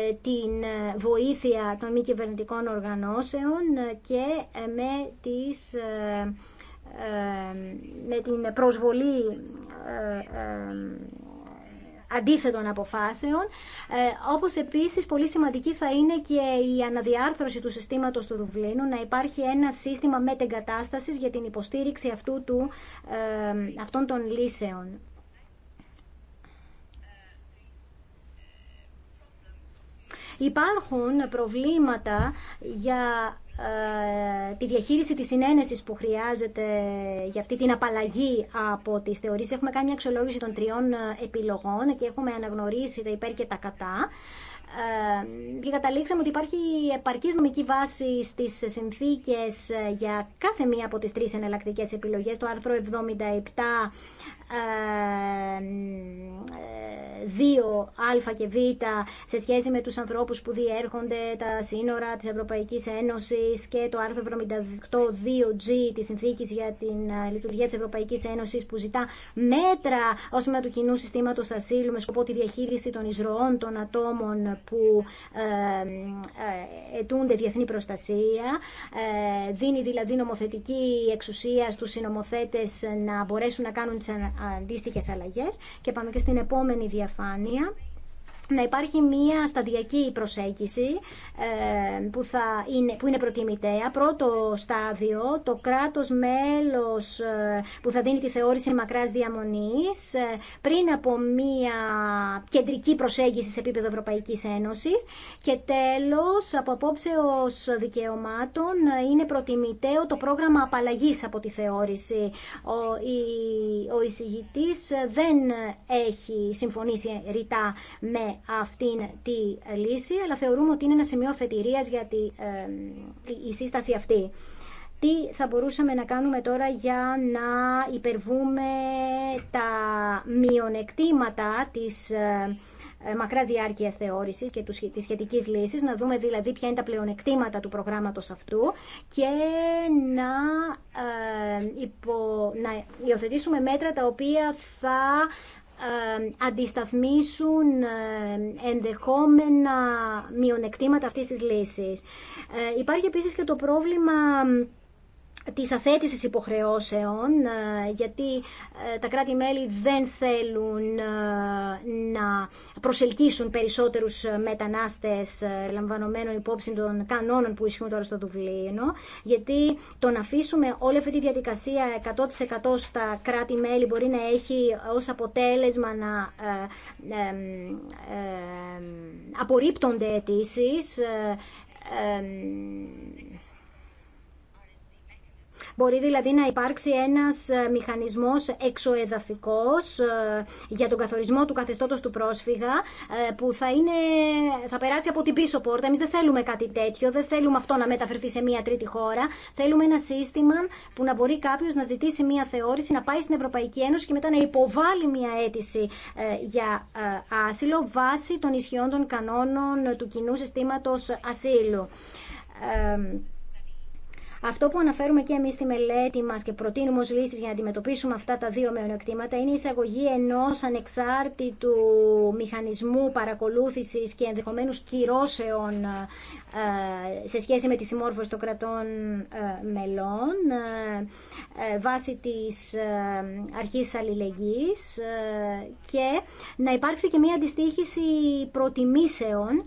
ε, την βοήθεια των μη κυβερνητικών οργανώσεων και με τις με την προσβολή αντίθετων αποφάσεων, ε, όπως επίση, πολύ σημαντική θα είναι και η αναδιάρθρωση του συστήματος του Δουβλίνου, να υπάρχει ένα σύστημα μετεγκατάστασης για την υποστήριξη αυτού του, ε, αυτών των λύσεων. Υπάρχουν προβλήματα για ε, τη διαχείριση της συνένεσης που χρειάζεται για αυτή την απαλλαγή από τις θεωρίες. Έχουμε κάνει μια αξιολόγηση των τριών ε, επιλογών και έχουμε αναγνωρίσει τα υπέρ και τα κατά ε, και καταλήξαμε ότι υπάρχει επαρκή νομική βάση στι συνθήκε για κάθε μία από τι τρει εναλλακτικέ επιλογέ. Το άρθρο 77 2α ε, και β σε σχέση με τους ανθρώπους που διέρχονται τα σύνορα της Ευρωπαϊκής Ένωσης και το αρθρο 2 78.2g της Συνθήκης για την ε, Λειτουργία της Ευρωπαϊκής Ένωσης που ζητά μέτρα ως με του κοινού συστήματος ασύλου με σκοπό τη διαχείριση των εισρωών των ατόμων που ετούνται ε, διεθνή προστασία δίνει δηλαδή νομοθετική εξουσία στους συνομοθέτες να μπορέσουν να κάνουν τις Αντίστοιχε αλλαγέ Και πάμε και στην επόμενη διαφάνεια να υπάρχει μία σταδιακή προσέγγιση ε, που, θα είναι, που είναι προτιμητέα. Πρώτο στάδιο, το κράτος μέλος ε, που θα δίνει τη θεώρηση μακράς διαμονής ε, πριν από μία κεντρική προσέγγιση σε επίπεδο Ευρωπαϊκής Ένωσης και τέλος, από απόψε ως δικαιωμάτων, είναι προτιμητέο το πρόγραμμα απαλλαγής από τη θεώρηση. Ο, η, ο εισηγητής δεν έχει συμφωνήσει ρητά με αυτή αυτήν τη λύση, αλλά θεωρούμε ότι είναι ένα σημείο αφετηρία για ε, τη, η σύσταση αυτή. Τι θα μπορούσαμε να κάνουμε τώρα για να υπερβούμε τα μειονεκτήματα της ε, ε μακράς διάρκειας θεώρησης και της σχετικής λύσης, να δούμε δηλαδή ποια είναι τα πλεονεκτήματα του προγράμματος αυτού και να, ε, να υιοθετήσουμε μέτρα τα οποία θα ε, αντισταθμίσουν ε, ενδεχόμενα μειονεκτήματα αυτής της λύσης. Ε, υπάρχει επίσης και το πρόβλημα της αθέτησης υποχρεώσεων, ε, γιατί ε, τα κράτη-μέλη δεν θέλουν ε, να προσελκύσουν περισσότερους μετανάστες λαμβανομένων υπόψη των κανόνων που ισχύουν τώρα στο Δουβλίνο, γιατί το να αφήσουμε όλη αυτή τη διαδικασία 100% στα κράτη-μέλη μπορεί να έχει ως αποτέλεσμα να απορρίπτονται αιτήσει Μπορεί δηλαδή να υπάρξει ένας ε, μηχανισμός εξοεδαφικός ε, για τον καθορισμό του καθεστώτος του πρόσφυγα ε, που θα, είναι, θα περάσει από την πίσω πόρτα. Εμείς δεν θέλουμε κάτι τέτοιο, δεν θέλουμε αυτό να μεταφερθεί σε μια τρίτη χώρα. Θέλουμε ένα σύστημα που να μπορεί κάποιο να ζητήσει μια θεώρηση, να πάει στην Ευρωπαϊκή Ένωση και μετά να υποβάλει μια αίτηση για άσυλο βάσει των ισχυών των κανόνων του κοινού συστήματος ασύλου. Αυτό που αναφέρουμε και εμεί στη μελέτη μα και προτείνουμε ω λύσει για να αντιμετωπίσουμε αυτά τα δύο μειονεκτήματα είναι η εισαγωγή ενό ανεξάρτητου μηχανισμού παρακολούθηση και ενδεχομένω κυρώσεων ε, σε σχέση με τη συμμόρφωση των κρατών ε, μελών ε, βάσει της αρχής αλληλεγγύης και να υπάρξει και μια αντιστοίχηση προτιμήσεων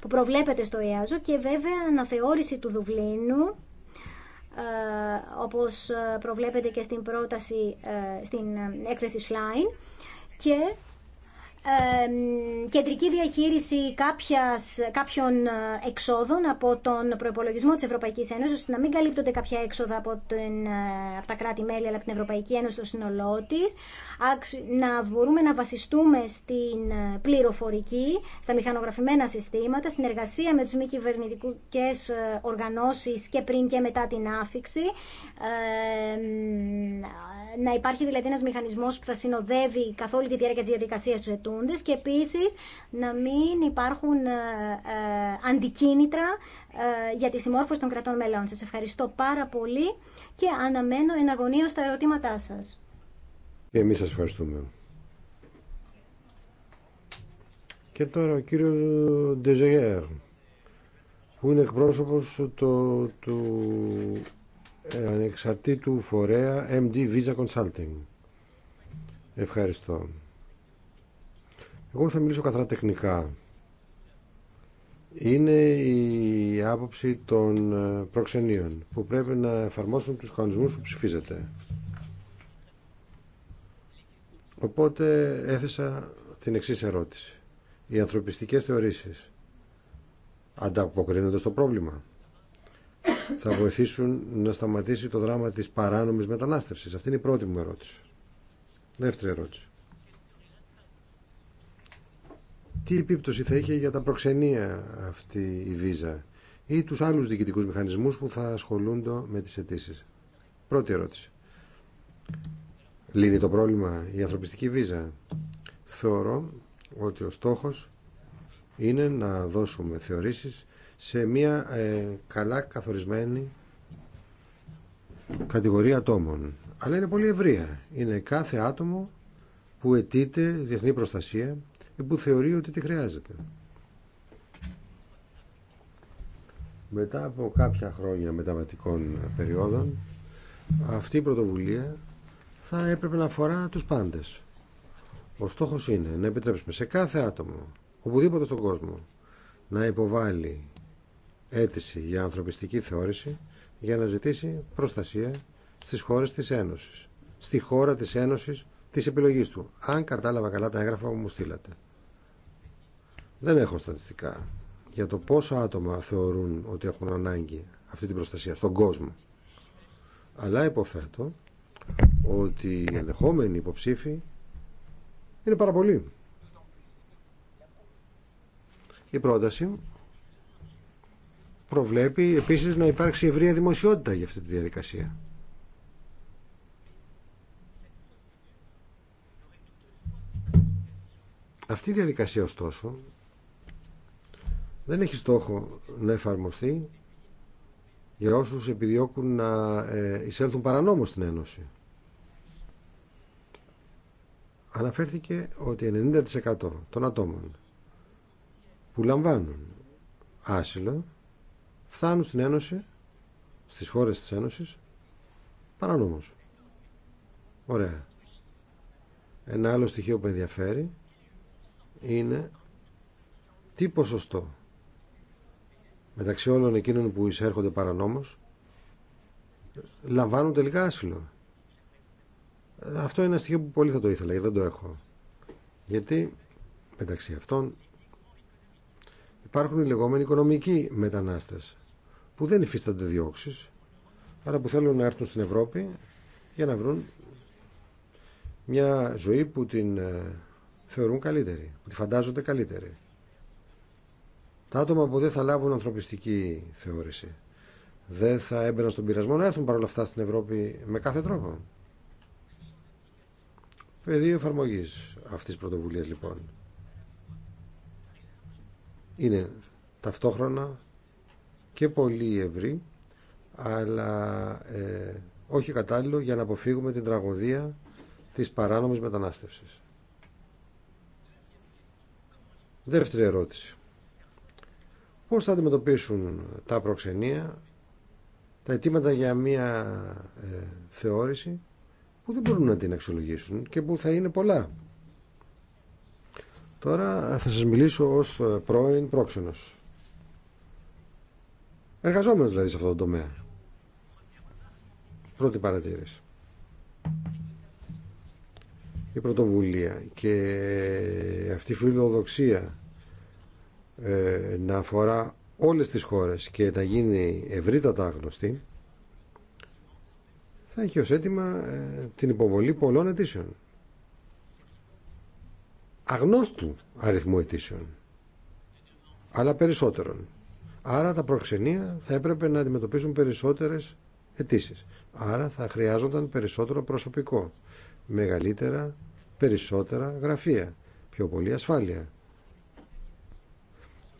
που προβλέπεται στο ΕΑΖΟ και βέβαια αναθεώρηση του Δουβλίνου ε, όπως ε, προβλέπεται και στην πρόταση ε, στην έκθεση ΣΛΑΙΝ... και κεντρική διαχείριση κάποιας, κάποιων ε, εξόδων από τον προπολογισμό της Ευρωπαϊκής Ένωσης, ώστε να μην καλύπτονται κάποια έξοδα από, την, ε, από τα κράτη-μέλη, αλλά από την Ευρωπαϊκή Ένωση στο σύνολό τη, να μπορούμε να βασιστούμε στην ε, πληροφορική, στα μηχανογραφημένα συστήματα, συνεργασία με τους μη κυβερνητικέ οργανώσεις και πριν και μετά την άφηξη, να υπάρχει δηλαδή ένας μηχανισμός που θα συνοδεύει καθ' όλη τη διάρκεια της διαδικασία του Ετού και επίση να μην υπάρχουν ε, ε, αντικίνητρα ε, για τη συμμόρφωση των κρατών μελών. Σα ευχαριστώ πάρα πολύ και αναμένω εναγωνίως τα ερωτήματά σας. Εμεί σα ευχαριστούμε. Και τώρα ο κύριο Ντεζεγέρ, που είναι εκπρόσωπος το, του ανεξαρτήτου φορέα MD Visa Consulting. Ευχαριστώ. Εγώ θα μιλήσω καθαρά τεχνικά. Είναι η άποψη των ε, προξενείων που πρέπει να εφαρμόσουν τους κανονισμούς που ψηφίζεται. Οπότε έθεσα την εξής ερώτηση. Οι ανθρωπιστικές θεωρήσεις ανταποκρίνονται στο πρόβλημα. Θα βοηθήσουν να σταματήσει το δράμα της παράνομης μετανάστευσης. Αυτή είναι η πρώτη μου ερώτηση. Δεύτερη ερώτηση τι επίπτωση θα είχε για τα προξενία αυτή η βίζα ή τους άλλους διοικητικούς μηχανισμούς που θα ασχολούνται με τις αιτήσει. Πρώτη ερώτηση. Λύνει το πρόβλημα η ανθρωπιστική βίζα. Θεωρώ ότι ο στόχος είναι να δώσουμε θεωρήσεις σε μια ε, καλά καθορισμένη κατηγορία ατόμων. Αλλά είναι πολύ ευρεία. Είναι κάθε άτομο που αιτείται διεθνή προστασία που θεωρεί ότι τη χρειάζεται. Μετά από κάποια χρόνια μεταβατικών περιόδων, αυτή η πρωτοβουλία θα έπρεπε να αφορά τους πάντες. Ο στόχος είναι να επιτρέψουμε σε κάθε άτομο, οπουδήποτε στον κόσμο, να υποβάλει αίτηση για ανθρωπιστική θεώρηση για να ζητήσει προστασία στις χώρες της Ένωσης, στη χώρα της Ένωσης της επιλογής του, αν κατάλαβα καλά τα έγγραφα που μου στείλατε. Δεν έχω στατιστικά για το πόσα άτομα θεωρούν ότι έχουν ανάγκη αυτή την προστασία στον κόσμο. Αλλά υποθέτω ότι οι ενδεχόμενοι υποψήφοι είναι πάρα πολλοί. Η πρόταση προβλέπει επίσης να υπάρξει ευρεία δημοσιότητα για αυτή τη διαδικασία. Αυτή η διαδικασία ωστόσο δεν έχει στόχο να εφαρμοστεί για όσους επιδιώκουν να ε, εισέλθουν παρανόμως στην Ένωση. Αναφέρθηκε ότι 90% των ατόμων που λαμβάνουν άσυλο φτάνουν στην Ένωση, στις χώρες της Ένωσης, παρανόμως. Ωραία. Ένα άλλο στοιχείο που ενδιαφέρει είναι τι ποσοστό μεταξύ όλων εκείνων που εισέρχονται παρανόμως λαμβάνουν τελικά άσυλο. Αυτό είναι ένα στοιχείο που πολύ θα το ήθελα, γιατί δεν το έχω. Γιατί μεταξύ αυτών υπάρχουν οι λεγόμενοι οικονομικοί μετανάστες που δεν υφίστανται διώξεις, αλλά που θέλουν να έρθουν στην Ευρώπη για να βρουν μια ζωή που την ε, θεωρούν καλύτερη, που τη φαντάζονται καλύτερη. Τα άτομα που δεν θα λάβουν ανθρωπιστική θεώρηση, δεν θα έμπαιναν στον πειρασμό να έρθουν παρόλα αυτά στην Ευρώπη με κάθε τρόπο. Πεδίο εφαρμογή αυτή τη πρωτοβουλία λοιπόν. Είναι ταυτόχρονα και πολύ ευρύ, αλλά ε, όχι κατάλληλο για να αποφύγουμε την τραγωδία της παράνομης μετανάστευσης. Δεύτερη ερώτηση πώς θα αντιμετωπίσουν τα προξενία τα αιτήματα για μια ε, θεώρηση που δεν μπορούν να την αξιολογήσουν και που θα είναι πολλά. Τώρα θα σας μιλήσω ως ε, πρώην πρόξενος. Εργαζόμενος δηλαδή σε αυτό το τομέα. Πρώτη παρατήρηση. Η πρωτοβουλία και αυτή η φιλοδοξία ε, να αφορά όλες τις χώρες και να γίνει ευρύτατα άγνωστη θα έχει ως αίτημα ε, την υποβολή πολλών αιτήσεων αγνώστου αριθμού αιτήσεων αλλά περισσότερων άρα τα προξενία θα έπρεπε να αντιμετωπίσουν περισσότερες αιτήσει. άρα θα χρειάζονταν περισσότερο προσωπικό μεγαλύτερα περισσότερα γραφεία πιο πολύ ασφάλεια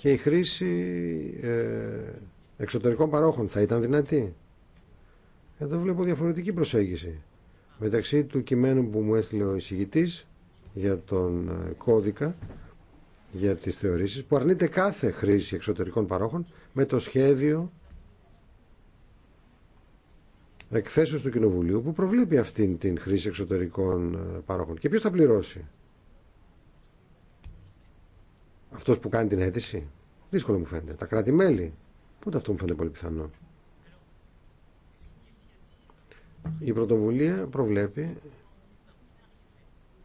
και η χρήση ε, εξωτερικών παρόχων θα ήταν δυνατή. Εδώ βλέπω διαφορετική προσέγγιση μεταξύ του κειμένου που μου έστειλε ο εισηγητής για τον ε, κώδικα για τις θεωρήσεις που αρνείται κάθε χρήση εξωτερικών παρόχων με το σχέδιο εκθέσεως του Κοινοβουλίου που προβλέπει αυτήν την χρήση εξωτερικών ε, παρόχων. Και ποιος θα πληρώσει. Αυτό που κάνει την αίτηση. Δύσκολο μου φαίνεται. Τα κράτη-μέλη. Πότε αυτό μου φαίνεται πολύ πιθανό. Η πρωτοβουλία προβλέπει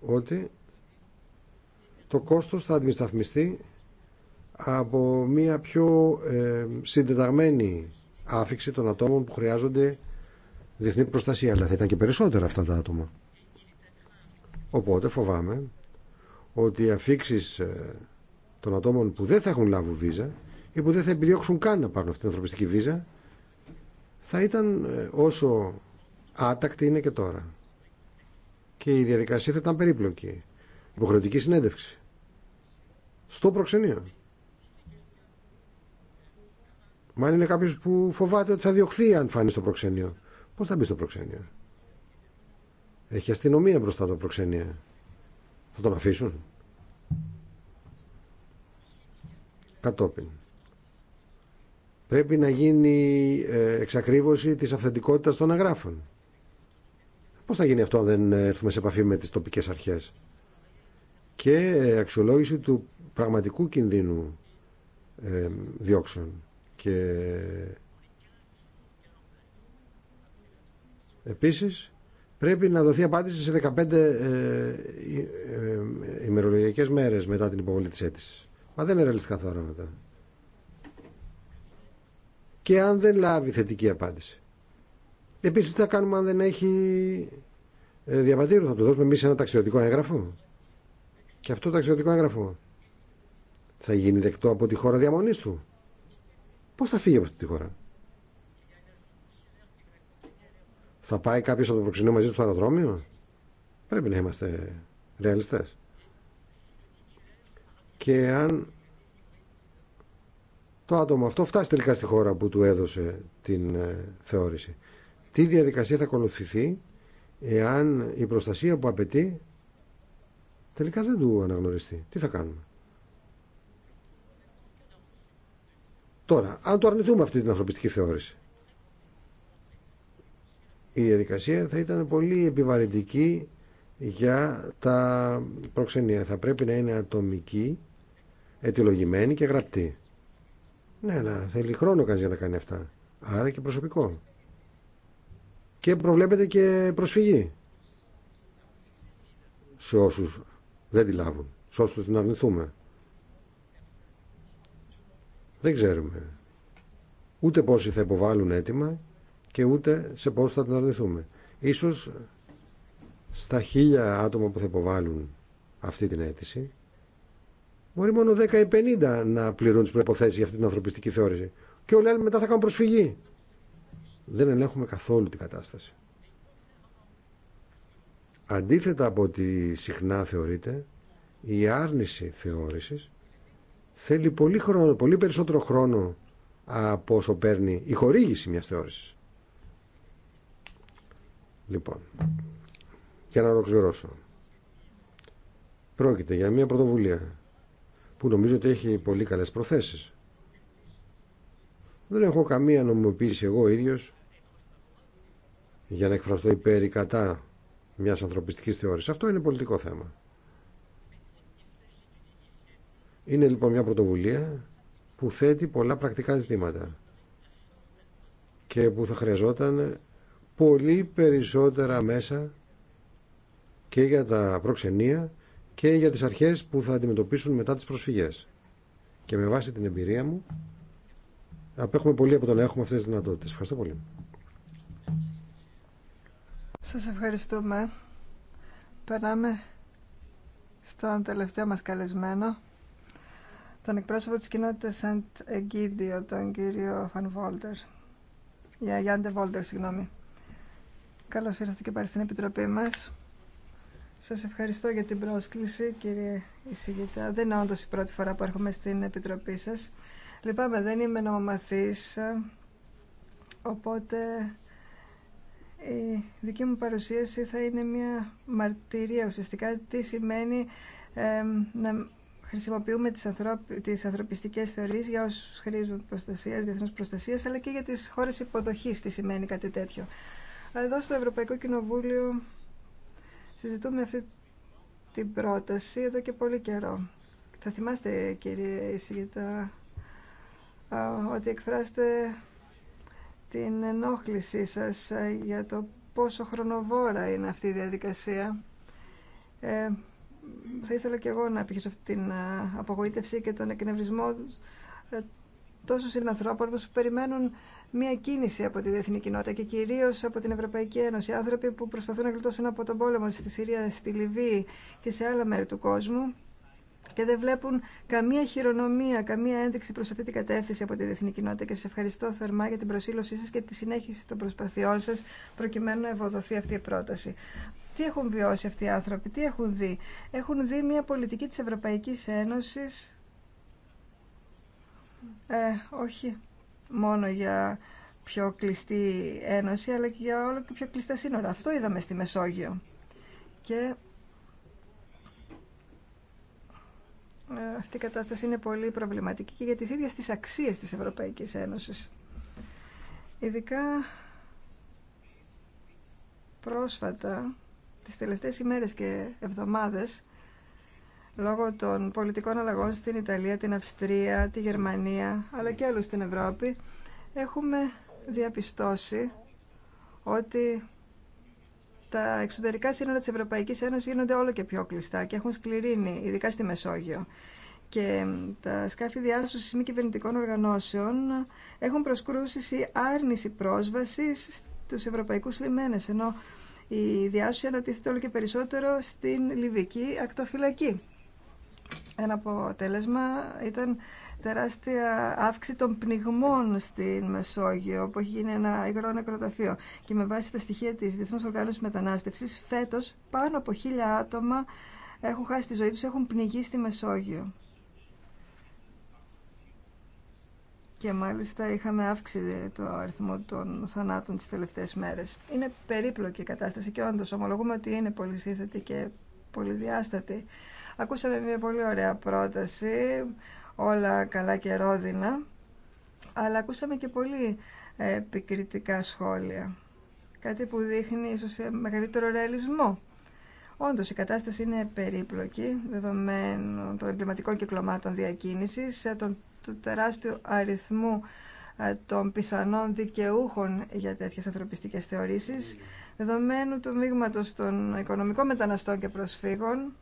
ότι το κόστος θα αντισταθμιστεί από μια πιο ε, συντεταγμένη άφηξη των ατόμων που χρειάζονται διεθνή προστασία. Αλλά θα ήταν και περισσότερα αυτά τα άτομα. Οπότε φοβάμαι ότι οι αφήξεις ε, των ατόμων που δεν θα έχουν λάβει βίζα ή που δεν θα επιδιώξουν καν να πάρουν αυτή την ανθρωπιστική βίζα θα ήταν ε, όσο άτακτη είναι και τώρα. Και η διαδικασία θα ήταν περίπλοκη. Υποχρεωτική συνέντευξη. Στο προξενείο. Μα αν είναι κάποιο που φοβάται ότι θα διωχθεί αν φανεί στο προξενείο. Πώ θα μπει στο προξενείο. Έχει αστυνομία μπροστά το προξενείο. Θα τον αφήσουν. κατόπιν. Πρέπει να γίνει ε, εξακρίβωση της αυθεντικότητας των αγράφων. Πώς θα γίνει αυτό αν δεν ε, έρθουμε σε επαφή με τις τοπικές αρχές. Και ε, αξιολόγηση του πραγματικού κινδύνου διώξεων. Και επίσης πρέπει να δοθεί απάντηση σε 15 ημερολογιακές μέρες μετά την υποβολή της αίτησης. Μα δεν είναι ρεαλιστικά τα Και αν δεν λάβει θετική απάντηση. Επίση τι θα κάνουμε αν δεν έχει ε, διαβατήριο. Θα του δώσουμε εμεί ένα ταξιδιωτικό έγγραφο. Και αυτό το ταξιδιωτικό έγγραφο θα γίνει δεκτό από τη χώρα διαμονής του. Πώς θα φύγει από αυτή τη χώρα. Θα πάει κάποιο από το προξενείο μαζί του στο αεροδρόμιο. Πρέπει να είμαστε ρεαλιστές και αν το άτομο αυτό φτάσει τελικά στη χώρα που του έδωσε την ε, θεώρηση. Τι διαδικασία θα ακολουθηθεί εάν η προστασία που απαιτεί τελικά δεν του αναγνωριστεί. Τι θα κάνουμε. Τώρα, αν το αρνηθούμε αυτή την ανθρωπιστική θεώρηση, η διαδικασία θα ήταν πολύ επιβαρυντική για τα προξενία. Θα πρέπει να είναι ατομική, αιτιολογημένη και γραπτή. Ναι, αλλά θέλει χρόνο κανείς για να τα κάνει αυτά. Άρα και προσωπικό. Και προβλέπεται και προσφυγή. Σε όσους δεν τη λάβουν. Σε όσους την αρνηθούμε. Δεν ξέρουμε. Ούτε πόσοι θα υποβάλουν έτοιμα και ούτε σε πόσους θα την αρνηθούμε. Ίσως στα χίλια άτομα που θα υποβάλουν αυτή την αίτηση, μπορεί μόνο 10 ή 50 να πληρούν τι προποθέσει για αυτή την ανθρωπιστική θεώρηση. Και όλοι οι άλλοι μετά θα κάνουν προσφυγή. Δεν ελέγχουμε καθόλου την κατάσταση. Αντίθετα από ό,τι συχνά θεωρείται, η άρνηση θεώρησης θέλει πολύ, χρόνο, πολύ περισσότερο χρόνο από όσο παίρνει η χορήγηση μιας θεώρησης. Λοιπόν, για να ολοκληρώσω. Πρόκειται για μια πρωτοβουλία που νομίζω ότι έχει πολύ καλές προθέσεις. Δεν έχω καμία νομιμοποίηση εγώ ίδιος για να εκφραστώ υπέρ ή κατά μιας ανθρωπιστικής θεώρησης. Αυτό είναι πολιτικό θέμα. Είναι λοιπόν μια πρωτοβουλία που θέτει πολλά πρακτικά ζητήματα και που θα χρειαζόταν πολύ περισσότερα μέσα και για τα προξενία και για τις αρχές που θα αντιμετωπίσουν μετά τις προσφυγές. Και με βάση την εμπειρία μου, απέχουμε πολύ από το να έχουμε αυτές τις δυνατότητες. Ευχαριστώ πολύ. Σας ευχαριστούμε. Περνάμε στον τελευταίο μας καλεσμένο, τον εκπρόσωπο της κοινότητας Σαντ Εγκίδιο, τον κύριο Φαν Βόλτερ. Για Γιάντε Βόλτερ, συγγνώμη. Καλώς ήρθατε και πάλι στην Επιτροπή μας. Σας ευχαριστώ για την πρόσκληση, κύριε Ισηγητά. Δεν είναι όντως η πρώτη φορά που έρχομαι στην Επιτροπή σας. Λυπάμαι, δεν είμαι νομομαθής, οπότε η δική μου παρουσίαση θα είναι μια μαρτυρία ουσιαστικά τι σημαίνει ε, να χρησιμοποιούμε τις, ανθρωπ, τις ανθρωπιστικές θεωρίες για όσους χρήζουν προστασίας, διεθνούς προστασίας, αλλά και για τις χώρες υποδοχής τι σημαίνει κάτι τέτοιο. Εδώ στο Ευρωπαϊκό Κοινοβούλιο Συζητούμε αυτή την πρόταση εδώ και πολύ καιρό. Θα θυμάστε, κύριε Ισηγητά, ότι εκφράστε την ενόχλησή σας για το πόσο χρονοβόρα είναι αυτή η διαδικασία. Ε, θα ήθελα και εγώ να επιχειρήσω αυτή την απογοήτευση και τον εκνευρισμό ε, τόσο συνανθρώπων που περιμένουν μια κίνηση από τη διεθνή κοινότητα και κυρίω από την Ευρωπαϊκή Ένωση. Άνθρωποι που προσπαθούν να γλιτώσουν από τον πόλεμο στη Συρία, στη Λιβύη και σε άλλα μέρη του κόσμου και δεν βλέπουν καμία χειρονομία, καμία ένδειξη προ αυτή την κατεύθυνση από τη διεθνή κοινότητα. Και σα ευχαριστώ θερμά για την προσήλωσή σα και τη συνέχιση των προσπαθειών σα προκειμένου να ευοδοθεί αυτή η πρόταση. Τι έχουν βιώσει αυτοί οι άνθρωποι, τι έχουν δει. Έχουν δει μια πολιτική της Ευρωπαϊκής Ένωσης, ε, όχι μόνο για πιο κλειστή ένωση, αλλά και για όλο και πιο κλειστά σύνορα. Αυτό είδαμε στη Μεσόγειο. Και ε, αυτή η κατάσταση είναι πολύ προβληματική και για τις ίδιες τις αξίες της Ευρωπαϊκής Ένωσης. Ειδικά πρόσφατα, τις τελευταίες ημέρες και εβδομάδες, λόγω των πολιτικών αλλαγών στην Ιταλία, την Αυστρία, τη Γερμανία, αλλά και άλλου στην Ευρώπη, έχουμε διαπιστώσει ότι τα εξωτερικά σύνορα της Ευρωπαϊκής Ένωσης γίνονται όλο και πιο κλειστά και έχουν σκληρύνει, ειδικά στη Μεσόγειο. Και τα σκάφη διάσωσης μη κυβερνητικών οργανώσεων έχουν προσκρούσει ή άρνηση πρόσβασης στους ευρωπαϊκούς λιμένες, ενώ σε διάσωση ανατίθεται όλο και περισσότερο στην Λιβική ακτοφυλακή. Ένα αποτέλεσμα ήταν τεράστια αύξηση των πνιγμών στην Μεσόγειο, που έχει γίνει ένα υγρό νεκροταφείο. Και με βάση τα στοιχεία της Διεθνούς Οργάνωσης Μετανάστευσης, φέτος πάνω από χίλια άτομα έχουν χάσει τη ζωή τους, έχουν πνιγεί στη Μεσόγειο. Και μάλιστα είχαμε αύξηση το αριθμό των θανάτων τις τελευταίες μέρες. Είναι περίπλοκη η κατάσταση και όντως ομολογούμε ότι είναι πολύ σύνθετη και πολύ διάστατη. Ακούσαμε μια πολύ ωραία πρόταση, όλα καλά και ρόδινα, αλλά ακούσαμε και πολύ ε, επικριτικά σχόλια. Κάτι που δείχνει ίσως μεγαλύτερο ρεαλισμό. Όντως, η κατάσταση είναι περίπλοκη, δεδομένου των εγκληματικών κυκλωμάτων διακίνησης, ε, του τεράστιου αριθμού ε, των πιθανών δικαιούχων για τέτοιες ανθρωπιστικές θεωρήσεις, δεδομένου του μείγματος των οικονομικών μεταναστών και προσφύγων,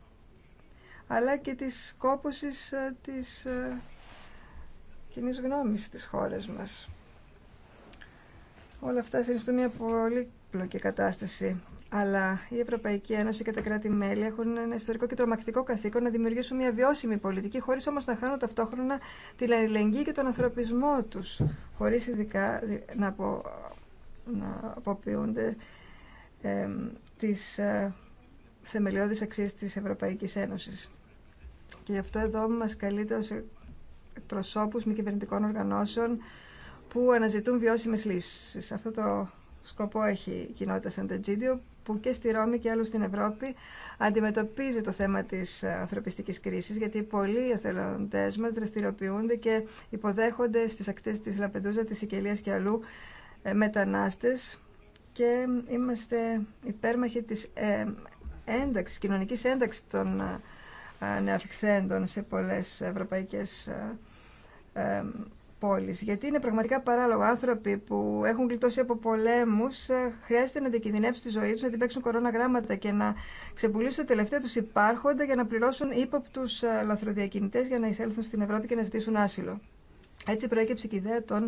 αλλά και της κόπωσης ε, της ε, κοινή γνώμη της χώρας μας. Όλα αυτά συνιστούν μια πολύ πλοκή κατάσταση. Αλλά η Ευρωπαϊκή Ένωση και τα κράτη-μέλη έχουν ένα ιστορικό και τρομακτικό καθήκον να δημιουργήσουν μια βιώσιμη πολιτική, χωρί όμω να χάνουν ταυτόχρονα την αλληλεγγύη και τον ανθρωπισμό του, χωρί ειδικά να, να αποποιούνται ε, θεμελιώδεις αξίες της Ευρωπαϊκής Ένωσης. Και γι' αυτό εδώ μας καλείται ως προσώπους μη κυβερνητικών οργανώσεων που αναζητούν βιώσιμες λύσεις. Αυτό το σκοπό έχει η κοινότητα Σαντατζίντιο που και στη Ρώμη και άλλου στην Ευρώπη αντιμετωπίζει το θέμα της ανθρωπιστικής κρίσης γιατί πολλοί εθελοντές μας δραστηριοποιούνται και υποδέχονται στις ακτές της Λαπεντούζα, της Σικελίας και αλλού ε, μετανάστες και είμαστε υπέρμαχοι της ε, ένταξης, κοινωνικής ένταξης των ε, ε, νεοαφιχθέντων σε πολλές ευρωπαϊκές ε, πόλεις. Γιατί είναι πραγματικά παράλογο. Άνθρωποι που έχουν γλιτώσει από πολέμους χρειάζεται να διακινδυνεύσουν τη ζωή τους, να την παίξουν κορώνα γράμματα και να ξεπουλήσουν τα τελευταία τους υπάρχοντα για να πληρώσουν ύποπτους λαθροδιακινητές για να εισέλθουν στην Ευρώπη και να ζητήσουν άσυλο. Έτσι προέκυψε και η ιδέα των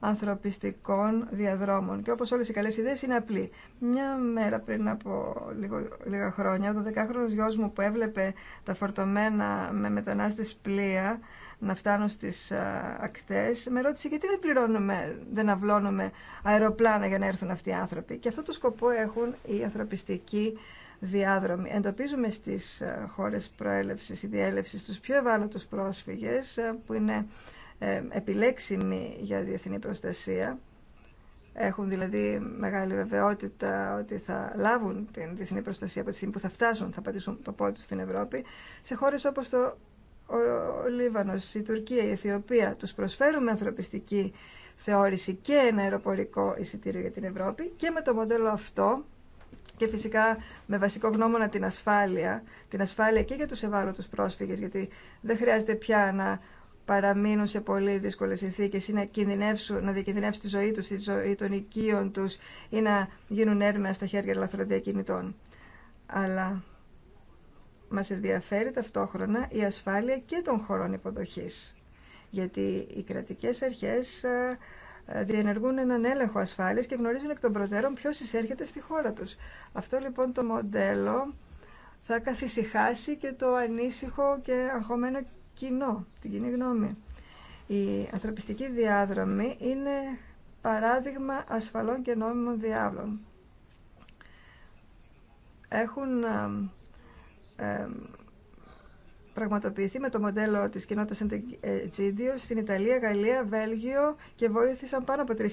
ανθρωπιστικών διαδρόμων. Και όπω όλε οι καλέ ιδέε είναι απλή. Μια μέρα πριν από λίγο, λίγα χρόνια, ο 12 χρονο μου που έβλεπε τα φορτωμένα με μετανάστες πλοία να φτάνουν στι ακτέ, με ρώτησε γιατί δεν πληρώνουμε, δεν αυλώνουμε αεροπλάνα για να έρθουν αυτοί οι άνθρωποι. Και αυτό το σκοπό έχουν οι ανθρωπιστικοί διάδρομοι. Εντοπίζουμε στις χώρες προέλευσης ή διέλευσης τους πιο ευάλωτους πρόσφυγες που είναι ε, επιλέξιμοι για διεθνή προστασία, έχουν δηλαδή μεγάλη βεβαιότητα ότι θα λάβουν την διεθνή προστασία από τη στιγμή που θα φτάσουν, θα πατήσουν το πόδι τους στην Ευρώπη, σε χώρε όπω το ο Λίβανο, η Τουρκία, η Αιθιοπία, τους προσφέρουμε ανθρωπιστική θεώρηση και ένα αεροπορικό εισιτήριο για την Ευρώπη και με το μοντέλο αυτό και φυσικά με βασικό γνώμονα την ασφάλεια, την ασφάλεια και για τους ευάλωτους πρόσφυγες, γιατί δεν χρειάζεται πια να παραμείνουν σε πολύ δύσκολε συνθήκε ή να, κινδυνεύσουν, τη ζωή του, τη ζωή των οικείων του ή να γίνουν έρμεα στα χέρια λαθροδιακινητών. Αλλά μα ενδιαφέρει ταυτόχρονα η ασφάλεια και των χωρών υποδοχή. Γιατί οι κρατικέ αρχέ ε, διενεργούν έναν έλεγχο ασφάλειας και γνωρίζουν εκ των προτέρων ποιος εισέρχεται στη χώρα τους. Αυτό λοιπόν το μοντέλο θα καθησυχάσει και το ανήσυχο και αγχωμένο κοινό, την κοινή γνώμη. Η ανθρωπιστική διάδρομη είναι παράδειγμα ασφαλών και νόμιμων διάβλων. Έχουν πραγματοποιηθεί με το μοντέλο της κοινότητας Εντεγίδιο στην Ιταλία, Γαλλία, Βέλγιο και βοήθησαν πάνω από 3.000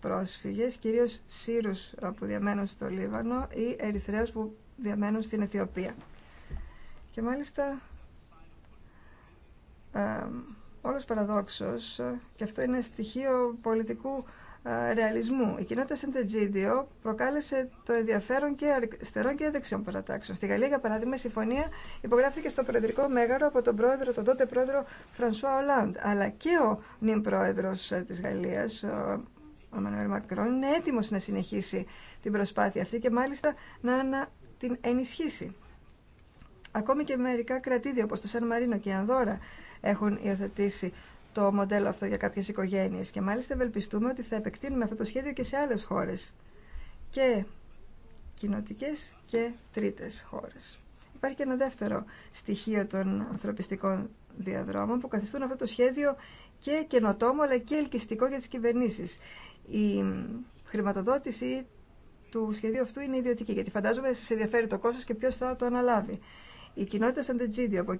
πρόσφυγες, κυρίως Σύρους που διαμένουν στο Λίβανο ή Ερυθρέους που διαμένουν στην Αιθιοπία. Και μάλιστα όλος παραδόξως, ε, και αυτό είναι στοιχείο πολιτικού ε, ρεαλισμού. Η κοινότητα Σεντετζίδιο προκάλεσε το ενδιαφέρον και αριστερών και δεξιών παρατάξεων. Στη Γαλλία, για παράδειγμα, η συμφωνία υπογράφηκε στο Προεδρικό Μέγαρο από τον, πρόεδρο, τον τότε πρόεδρο Φρανσουά Ολάντ. Αλλά και ο νυν πρόεδρο ε, τη Γαλλία, ο Μανουέλ Μακρόν, είναι έτοιμο να συνεχίσει την προσπάθεια αυτή και μάλιστα να, την ενισχύσει. Ακόμη και μερικά κρατήδια όπω το Σαν Μαρίνο και η Ανδώρα έχουν υιοθετήσει το μοντέλο αυτό για κάποιες οικογένειες και μάλιστα ευελπιστούμε ότι θα επεκτείνουμε αυτό το σχέδιο και σε άλλες χώρες και κοινοτικέ και τρίτες χώρες. Υπάρχει και ένα δεύτερο στοιχείο των ανθρωπιστικών διαδρόμων που καθιστούν αυτό το σχέδιο και καινοτόμο αλλά και ελκυστικό για τις κυβερνήσεις. Η χρηματοδότηση του σχεδίου αυτού είναι ιδιωτική γιατί φαντάζομαι σε ενδιαφέρει το κόστος και ποιος θα το αναλάβει. Η κοινότητα Σαντετζίδη, από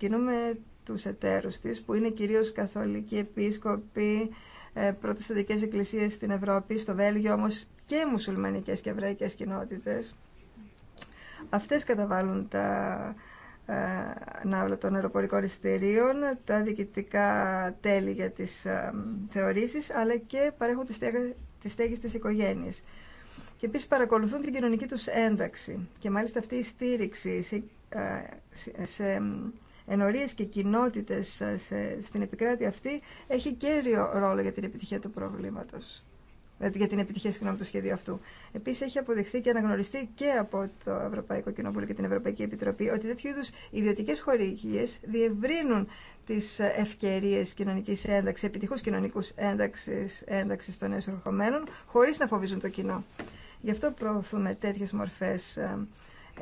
τους εταίρους της, που είναι κυρίως καθολικοί επίσκοποι, ε, πρωτοστατικές εκκλησίες στην Ευρώπη, στο Βέλγιο όμως και μουσουλμανικές και εβραϊκές κοινότητες. Αυτές καταβάλουν τα ε, ναύλα των αεροπορικών εισιτηρίων, τα διοικητικά τέλη για τις ε, θεωρήσεις, αλλά και παρέχουν τις στέγη της οικογένειας Και επίσης παρακολουθούν την κοινωνική τους ένταξη. Και μάλιστα αυτή η στήριξη σε ενορίες και κοινότητε ε, στην επικράτεια αυτή έχει κέριο ρόλο για την επιτυχία του προβλήματος ε, για την επιτυχία συγγνώμη, του σχεδίου αυτού. Επίση, έχει αποδειχθεί και αναγνωριστεί και από το Ευρωπαϊκό Κοινοβούλιο και την Ευρωπαϊκή Επιτροπή ότι τέτοιου είδου ιδιωτικέ χορηγίε διευρύνουν τι ε, ευκαιρίε κοινωνική ένταξη, επιτυχού κοινωνικού ένταξη των ερχομένων, χωρί να φοβίζουν το κοινό. Γι' αυτό προωθούμε τέτοιε μορφέ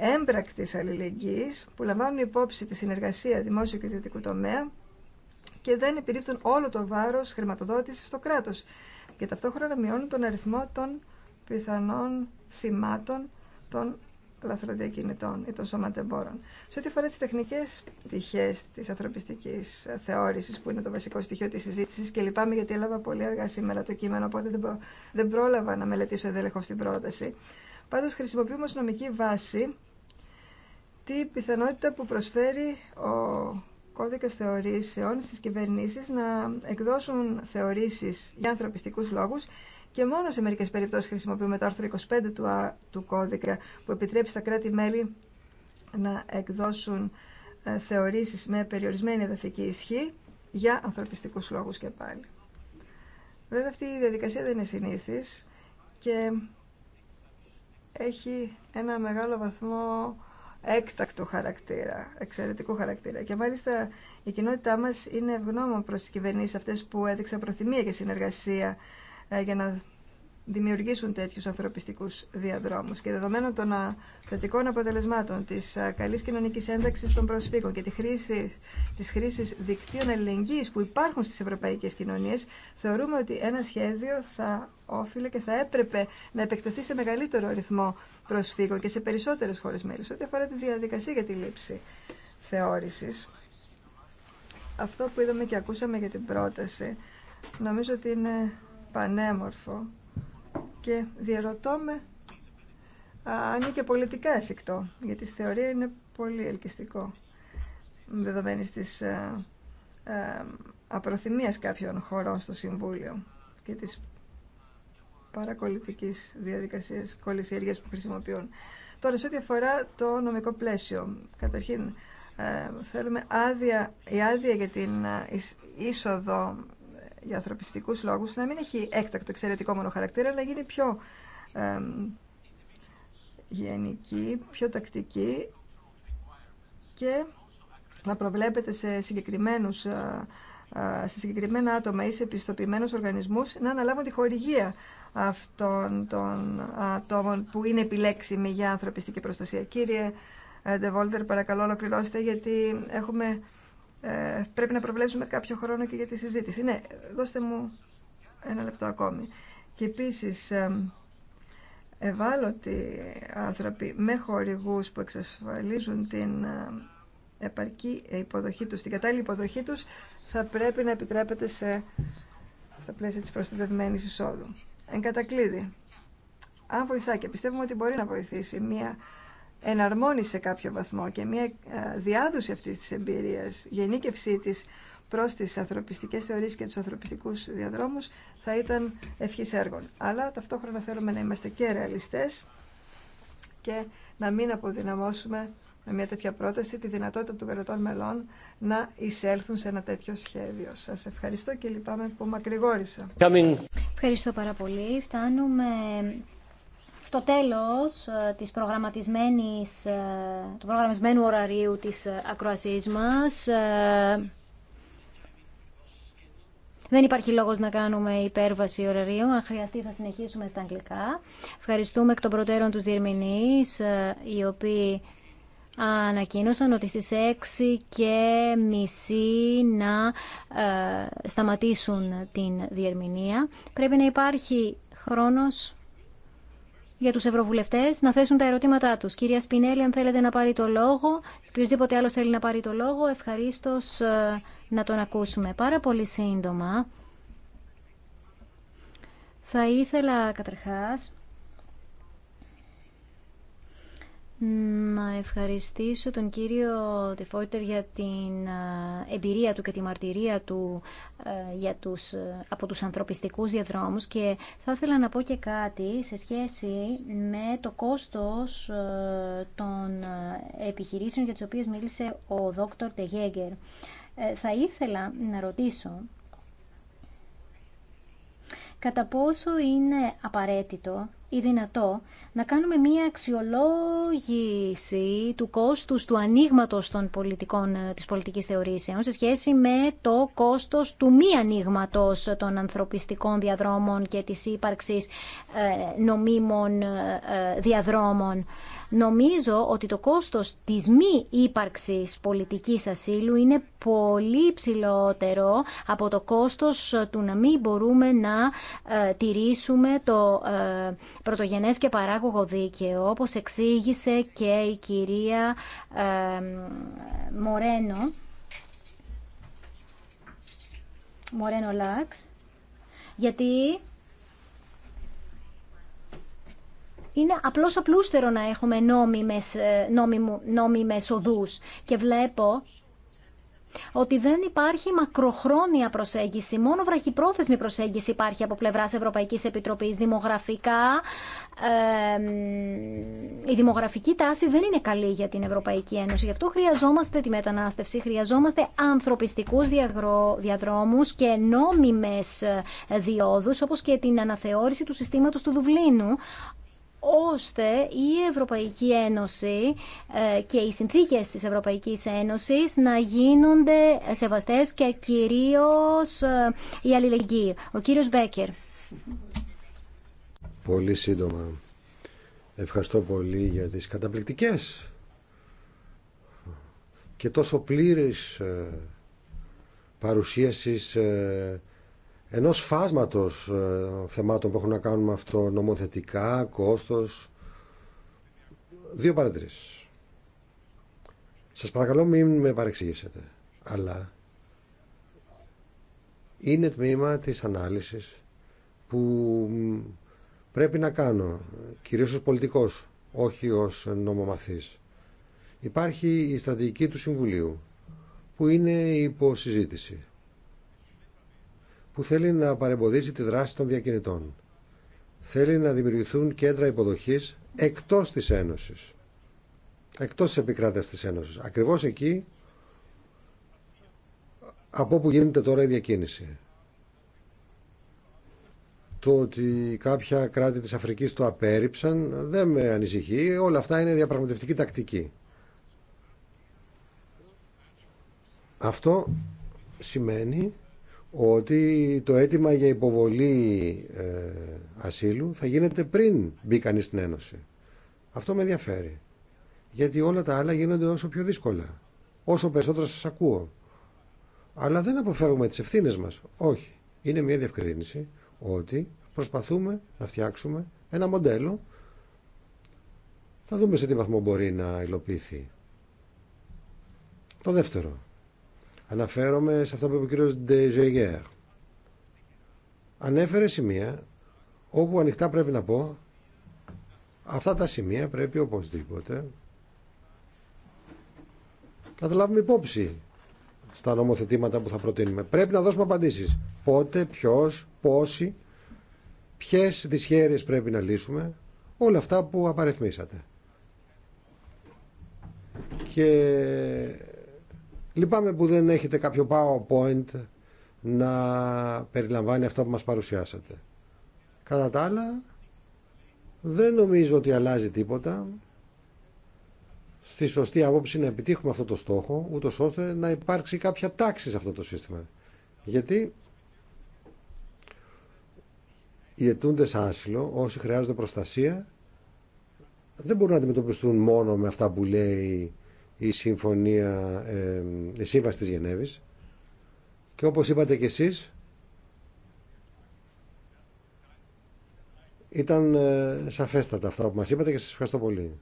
έμπρακτη αλληλεγγύη που λαμβάνουν υπόψη τη συνεργασία δημόσιο και ιδιωτικού τομέα και δεν επιρρύπτουν όλο το βάρο χρηματοδότηση στο κράτο και ταυτόχρονα μειώνουν τον αριθμό των πιθανών θυμάτων των λαθροδιακινητών ή των σωματεμπόρων. Σε ό,τι αφορά τι τεχνικέ πτυχέ τη ανθρωπιστική θεώρηση, που είναι το βασικό στοιχείο τη συζήτηση, και λυπάμαι γιατί έλαβα πολύ αργά σήμερα το κείμενο, οπότε δεν, δεν πρόλαβα να μελετήσω εδελεχώ στην πρόταση. Πάντω, χρησιμοποιούμε ω νομική βάση αυτή η πιθανότητα που προσφέρει ο κώδικας θεωρήσεων στις κυβερνήσεις να εκδώσουν θεωρήσεις για ανθρωπιστικούς λόγους και μόνο σε μερικές περιπτώσεις χρησιμοποιούμε το άρθρο 25 του, Α, του κώδικα που επιτρέπει στα κράτη-μέλη να εκδώσουν ε, θεωρήσεις με περιορισμένη εδαφική ισχύ για ανθρωπιστικούς λόγους και πάλι. Βέβαια αυτή η διαδικασία δεν είναι συνήθις και έχει ένα μεγάλο βαθμό έκτακτο χαρακτήρα, εξαιρετικού χαρακτήρα. Και μάλιστα η κοινότητά μας είναι ευγνώμων προς τις κυβερνήσεις αυτές που έδειξαν προθυμία και συνεργασία ε, για να δημιουργήσουν τέτοιους ανθρωπιστικούς διαδρόμους και δεδομένων των θετικών αποτελεσμάτων της καλής κοινωνικής ένταξης των προσφύγων και τη χρήση, της χρήσης δικτύων αλληλεγγύης που υπάρχουν στις ευρωπαϊκές κοινωνίες θεωρούμε ότι ένα σχέδιο θα όφιλε και θα έπρεπε να επεκτεθεί σε μεγαλύτερο ρυθμό προσφύγων και σε περισσότερες χώρες μέλη ό,τι αφορά τη διαδικασία για τη λήψη θεώρησης. Αυτό που είδαμε και ακούσαμε για την πρόταση νομίζω ότι είναι πανέμορφο και διαρωτώ με αν είναι και πολιτικά εφικτό, γιατί στη θεωρία είναι πολύ ελκυστικό δεδομένη της ε, ε, απροθυμίας κάποιων χωρών στο Συμβούλιο και της παρακολουτική διαδικασίας κολλησιεργίας που χρησιμοποιούν. Τώρα, σε ό,τι αφορά το νομικό πλαίσιο, καταρχήν ε, θέλουμε η άδεια για την ε, είσοδο για ανθρωπιστικού λόγου, να μην έχει έκτακτο εξαιρετικό μόνο χαρακτήρα, αλλά να γίνει πιο γενική, πιο τακτική και να προβλέπεται σε συγκεκριμένους ε, ε, σε συγκεκριμένα άτομα ή σε επιστοποιημένους οργανισμούς να αναλάβουν τη χορηγία αυτών των ατόμων που είναι επιλέξιμοι για ανθρωπιστική προστασία. Κύριε Ντεβόλτερ, παρακαλώ ολοκληρώστε γιατί έχουμε ε, πρέπει να προβλέψουμε κάποιο χρόνο και για τη συζήτηση. Ναι, δώστε μου ένα λεπτό ακόμη. Και επίσης, ευάλωτοι άνθρωποι με χορηγούς που εξασφαλίζουν την επαρκή υποδοχή τους, την κατάλληλη υποδοχή τους, θα πρέπει να επιτρέπεται σε, στα πλαίσια της προστατευμένης εισόδου. Εν κατακλείδη, αν βοηθά και πιστεύουμε ότι μπορεί να βοηθήσει μία εναρμόνιση σε κάποιο βαθμό και μια ε, διάδοση αυτής της εμπειρίας, γενίκευσή της προς τις ανθρωπιστικές θεωρίες και τους ανθρωπιστικούς διαδρόμους θα ήταν ευχής έργων. Αλλά ταυτόχρονα θέλουμε να είμαστε και ρεαλιστές και να μην αποδυναμώσουμε με μια τέτοια πρόταση τη δυνατότητα των κρατών μελών να εισέλθουν σε ένα τέτοιο σχέδιο. Σας ευχαριστώ και λυπάμαι που μακρηγόρησα. Ευχαριστώ πάρα πολύ. Φτάνουμε στο τέλος ε, της προγραμματισμένης, ε, του προγραμματισμένου ωραρίου της ε, ακροασής μας. Δεν υπάρχει λόγος να κάνουμε υπέρβαση ωραρίου. Αν χρειαστεί θα συνεχίσουμε στα αγγλικά. Ευχαριστούμε εκ των προτέρων τους διερμηνείς, οι οποίοι ανακοίνωσαν ότι στις 6 και μισή να σταματήσουν την διερμηνία. Πρέπει να υπάρχει χρόνος για τους ευρωβουλευτές να θέσουν τα ερωτήματά τους. Κυρία Σπινέλη, αν θέλετε να πάρει το λόγο, οποιοδήποτε άλλος θέλει να πάρει το λόγο, ευχαρίστως ε, να τον ακούσουμε. Πάρα πολύ σύντομα. Θα ήθελα καταρχάς να ευχαριστήσω τον κύριο Τεφόιτερ για την ε, εμπειρία του και τη μαρτυρία του ε, για τους, ε, από τους ανθρωπιστικούς διαδρόμους και θα ήθελα να πω και κάτι σε σχέση με το κόστος των επιχειρήσεων για τις οποίες μίλησε ο δόκτωρ Τεγέγκερ. Θα ήθελα να ρωτήσω κατά πόσο είναι απαραίτητο ή δυνατό να κάνουμε μία αξιολόγηση του κόστους του ανοίγματο των πολιτικών, ε, της πολιτικής θεωρήσεων σε σχέση με το κόστος του μη ανοίγματο των ανθρωπιστικών διαδρόμων και της ύπαρξης ε, νομίμων ε, διαδρόμων. Νομίζω ότι το κόστος της μη ύπαρξης πολιτικής ασύλου είναι πολύ ψηλότερο από το κόστος του να μην μπορούμε να ε, τηρήσουμε το ε, πρωτογενές και παράγωγο δίκαιο, όπως εξήγησε και η κυρία ε, Μορένο. Μορένο Λάξ, γιατί είναι απλώς απλούστερο να έχουμε νόμιμες, ε, νόμιμου, νόμιμες οδούς. Και βλέπω ότι δεν υπάρχει μακροχρόνια προσέγγιση, μόνο βραχυπρόθεσμη προσέγγιση υπάρχει από πλευράς Ευρωπαϊκής Επιτροπής. Δημογραφικά, η δημογραφική τάση δεν είναι καλή για την Ευρωπαϊκή Ένωση. Γι' αυτό χρειαζόμαστε τη μετανάστευση, χρειαζόμαστε ανθρωπιστικούς διαδρόμους και νόμιμες ε, διόδους, όπως και την αναθεώρηση του συστήματος του Δουβλίνου, ώστε η Ευρωπαϊκή Ένωση ε, και οι συνθήκες της Ευρωπαϊκής Ένωσης να γίνονται σεβαστές και κυρίως ε, η αλληλεγγύη. Ο κύριος Μπέκερ. Πολύ σύντομα. Ευχαριστώ πολύ για τις καταπληκτικές και τόσο πλήρης ε, παρουσίασης ενός φάσματος ε, θεμάτων που έχουν να κάνουν με αυτό νομοθετικά, κόστος δύο παρατηρήσεις σας παρακαλώ μην με παρεξηγήσετε αλλά είναι τμήμα της ανάλυσης που πρέπει να κάνω κυρίως ως πολιτικός όχι ως νομομαθής υπάρχει η στρατηγική του Συμβουλίου που είναι υπό συζήτηση που θέλει να παρεμποδίσει τη δράση των διακινητών. Θέλει να δημιουργηθούν κέντρα υποδοχής εκτός της Ένωσης. Εκτός της επικράτειας της Ένωσης. Ακριβώς εκεί από όπου γίνεται τώρα η διακίνηση. Το ότι κάποια κράτη της Αφρικής το απέρριψαν δεν με ανησυχεί. Όλα αυτά είναι διαπραγματευτική τακτική. Αυτό σημαίνει ότι το αίτημα για υποβολή ε, ασύλου θα γίνεται πριν μπει κανείς στην Ένωση. Αυτό με ενδιαφέρει. Γιατί όλα τα άλλα γίνονται όσο πιο δύσκολα. Όσο περισσότερο σας ακούω. Αλλά δεν αποφεύγουμε τις ευθύνες μας. Όχι. Είναι μια διευκρίνηση ότι προσπαθούμε να φτιάξουμε ένα μοντέλο. Θα δούμε σε τι βαθμό μπορεί να υλοποιηθεί. Το δεύτερο. Αναφέρομαι σε αυτά που είπε ο κύριος Ντεζεγέρ. Ανέφερε σημεία όπου ανοιχτά πρέπει να πω αυτά τα σημεία πρέπει οπωσδήποτε να τα λάβουμε υπόψη στα νομοθετήματα που θα προτείνουμε. Πρέπει να δώσουμε απαντήσεις. Πότε, ποιος, πόσοι, ποιες δυσχέρειες πρέπει να λύσουμε, όλα αυτά που απαριθμίσατε. Και Λυπάμαι που δεν έχετε κάποιο PowerPoint να περιλαμβάνει αυτά που μας παρουσιάσατε. Κατά τα άλλα, δεν νομίζω ότι αλλάζει τίποτα. Στη σωστή άποψη να επιτύχουμε αυτό το στόχο, ούτως ώστε να υπάρξει κάποια τάξη σε αυτό το σύστημα. Γιατί οι ετούντες άσυλο, όσοι χρειάζονται προστασία, δεν μπορούν να αντιμετωπιστούν μόνο με αυτά που λέει η συμφωνία, ε, η σύμβαση της Γενέβης και όπως είπατε και εσείς ήταν ε, σαφέστατα αυτά που μας είπατε και σας ευχαριστώ πολύ.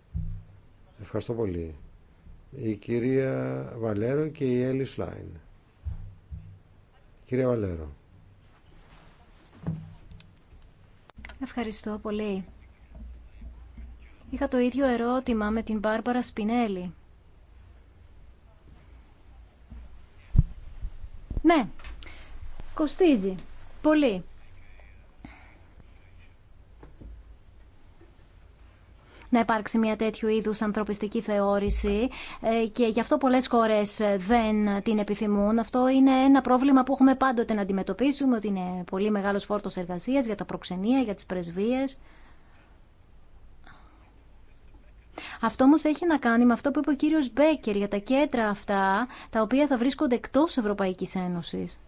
Ευχαριστώ πολύ. Η κυρία Βαλέρο και η Έλλη Σλάιν. Κυρία Βαλέρο. Ευχαριστώ πολύ. Είχα το ίδιο ερώτημα με την Μπάρμπαρα Σπινέλη. Ναι, κοστίζει πολύ. να υπάρξει μια τέτοιου είδου ανθρωπιστική θεώρηση ε, και γι' αυτό πολλέ χώρε ε, δεν την επιθυμούν. Αυτό είναι ένα πρόβλημα που έχουμε πάντοτε να αντιμετωπίσουμε, ότι είναι πολύ μεγάλο φόρτος εργασία για τα προξενία, για τι πρεσβείε. Αυτό όμω έχει να κάνει με αυτό που είπε ο κύριο Μπέκερ για τα κέντρα αυτά, τα οποία θα βρίσκονται εκτός Ευρωπαϊκής Ένωσης.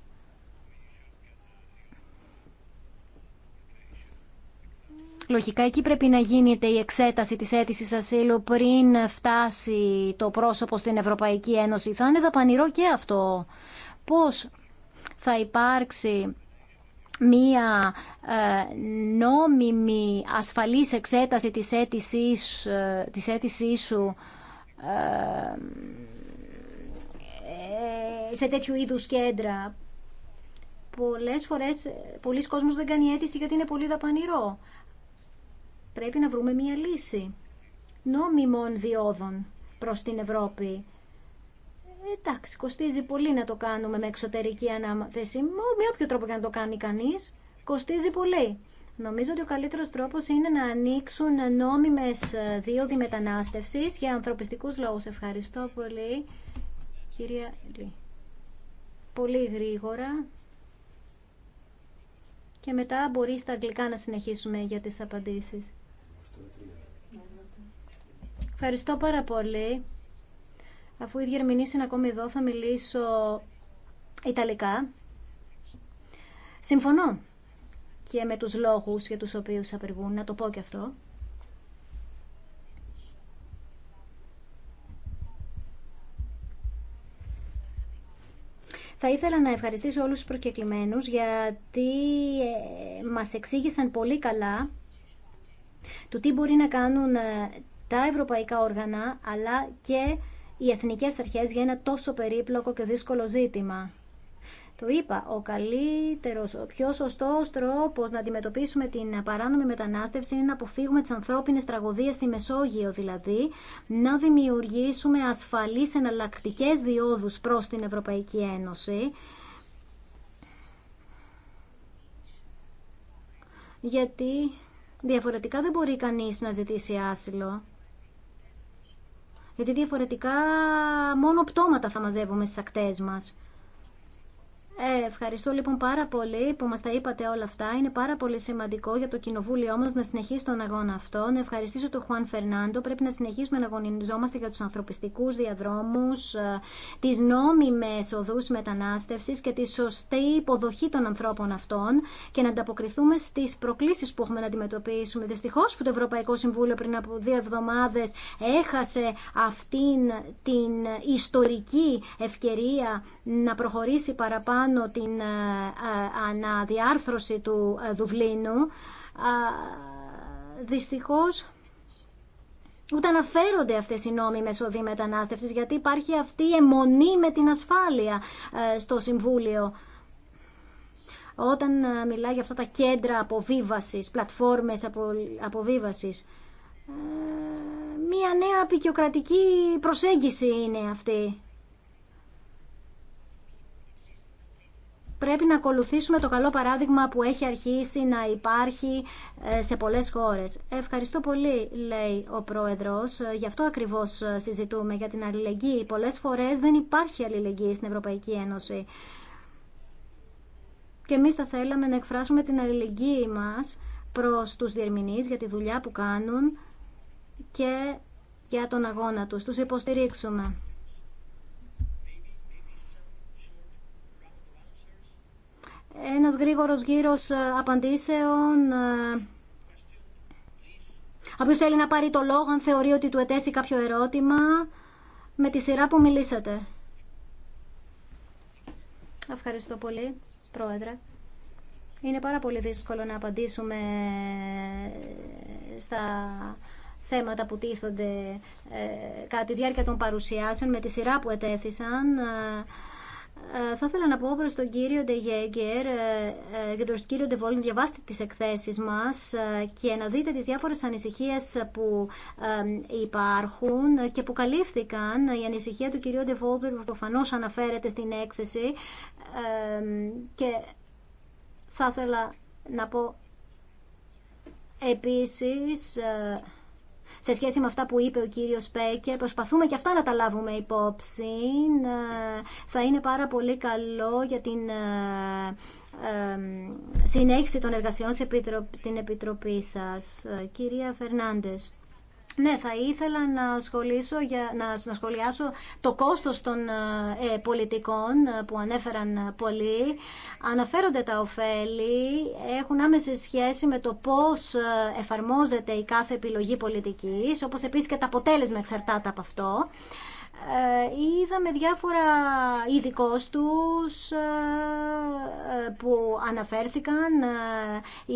Λογικά εκεί πρέπει να γίνεται η εξέταση της αίτηση ασύλου πριν φτάσει το πρόσωπο στην Ευρωπαϊκή Ένωση. Θα είναι δαπανηρό και αυτό. Πώς θα υπάρξει μία ε, νόμιμη ασφαλής εξέταση της αίτησής, ε, της αίτησής σου ε, σε τέτοιου είδους κέντρα. Πολλές φορές, πολλοί κόσμος δεν κάνει αίτηση γιατί είναι πολύ δαπανηρό. Πρέπει να βρούμε μία λύση νόμιμων διόδων προς την Ευρώπη εντάξει, κοστίζει πολύ να το κάνουμε με εξωτερική ανάμαθεση. Με όποιο τρόπο για να το κάνει κανείς, κοστίζει πολύ. Νομίζω ότι ο καλύτερος τρόπος είναι να ανοίξουν νόμιμες ε, δύο μετανάστευσης για ανθρωπιστικούς λόγους. Ευχαριστώ πολύ, κυρία Πολύ γρήγορα. Και μετά μπορεί στα αγγλικά να συνεχίσουμε για τις απαντήσεις. Ευχαριστώ πάρα πολύ. Αφού οι διερμηνείς είναι ακόμη εδώ, θα μιλήσω Ιταλικά. Συμφωνώ και με τους λόγους για τους οποίους απεργούν, να το πω και αυτό. Θα ήθελα να ευχαριστήσω όλους τους προκεκλημένους γιατί ε, μας εξήγησαν πολύ καλά το τι μπορεί να κάνουν ε, τα ευρωπαϊκά όργανα αλλά και οι εθνικές αρχές για ένα τόσο περίπλοκο και δύσκολο ζήτημα. Το είπα, ο καλύτερος, ο πιο σωστός τρόπος να αντιμετωπίσουμε την παράνομη μετανάστευση είναι να αποφύγουμε τι ανθρώπινες τραγωδίες στη Μεσόγειο, δηλαδή να δημιουργήσουμε ασφαλείς εναλλακτικέ διόδου προς την Ευρωπαϊκή Ένωση, γιατί διαφορετικά δεν μπορεί κανείς να ζητήσει άσυλο γιατί διαφορετικά μόνο πτώματα θα μαζεύουμε στι ακτέ μα. Ε, ευχαριστώ λοιπόν πάρα πολύ που μας τα είπατε όλα αυτά. Είναι πάρα πολύ σημαντικό για το κοινοβούλιο μας να συνεχίσει τον αγώνα αυτό. Να ευχαριστήσω τον Χουάν Φερνάντο. Πρέπει να συνεχίσουμε να αγωνιζόμαστε για τους ανθρωπιστικούς διαδρόμους, ε, τις νόμιμες οδούς μετανάστευσης και τη σωστή υποδοχή των ανθρώπων αυτών και να ανταποκριθούμε στις προκλήσεις που έχουμε να αντιμετωπίσουμε. Δυστυχώ που το Ευρωπαϊκό Συμβούλιο πριν από δύο εβδομάδες έχασε αυτήν την ιστορική ευκαιρία να προχωρήσει παραπάνω την ε, ε, αναδιάρθρωση του ε, Δουβλίνου, δυστυχώς ούτε αναφέρονται αυτές οι νόμοι μεσοδοί μετανάστευση, γιατί υπάρχει αυτή η αιμονή με την ασφάλεια στο Συμβούλιο. Όταν μιλάει για αυτά τα κέντρα αποβίβασης, πλατφόρμες αποβίβασης, μία νέα απεικιοκρατική προσέγγιση είναι αυτή. πρέπει να ακολουθήσουμε το καλό παράδειγμα που έχει αρχίσει να υπάρχει ε, σε πολλές χώρες. Ευχαριστώ πολύ, λέει ο Πρόεδρος. Ε, γι' αυτό ακριβώς ε, συζητούμε για την αλληλεγγύη. Πολλές φορές δεν υπάρχει αλληλεγγύη στην Ευρωπαϊκή Ένωση. Και εμείς θα θέλαμε να εκφράσουμε την αλληλεγγύη μας προς τους διερμηνείς για τη δουλειά που κάνουν και για τον αγώνα τους. Τους υποστηρίξουμε. ένας γρήγορος γύρος ε, απαντήσεων. Ε, ποιος θέλει να πάρει το λόγο αν θεωρεί ότι του ετέθη κάποιο ερώτημα με τη σειρά που μιλήσατε. Ευχαριστώ πολύ, Πρόεδρε. Είναι πάρα πολύ δύσκολο να απαντήσουμε ε, στα θέματα που τίθονται κατά τη διάρκεια των παρουσιάσεων με τη σειρά που ετέθησαν. Ε, θα ήθελα να πω προς τον κύριο Ντεγέγκερ και τον κύριο Ντεβόλιν, διαβάστε τις εκθέσεις μας ε, και να δείτε τις διάφορες ανησυχίες που ε, υπάρχουν και που καλύφθηκαν. Η ανησυχία του κυρίου Ντεβόλιν που προφανώς αναφέρεται στην έκθεση και θα ήθελα να πω επίσης σε σχέση με αυτά που είπε ο κύριος Πέκε. Προσπαθούμε και αυτά να τα λάβουμε υπόψη. Ε, θα είναι πάρα πολύ καλό για την ε, ε, συνέχιση των εργασιών στην Επιτροπή σας. Κυρία Φερνάντες. Ναι, θα ήθελα να, σχολήσω για, να, να σχολιάσω το κόστος των ε, πολιτικών ε, που ανέφεραν πολλοί. Αναφέρονται τα ωφέλη, έχουν άμεση σχέση με το πώς ε, εφαρμόζεται η κάθε επιλογή πολιτικής, όπως επίσης και τα αποτέλεσμα εξαρτάται από αυτό. Ε, είδαμε διάφορα τους του ε, ε, που αναφέρθηκαν οι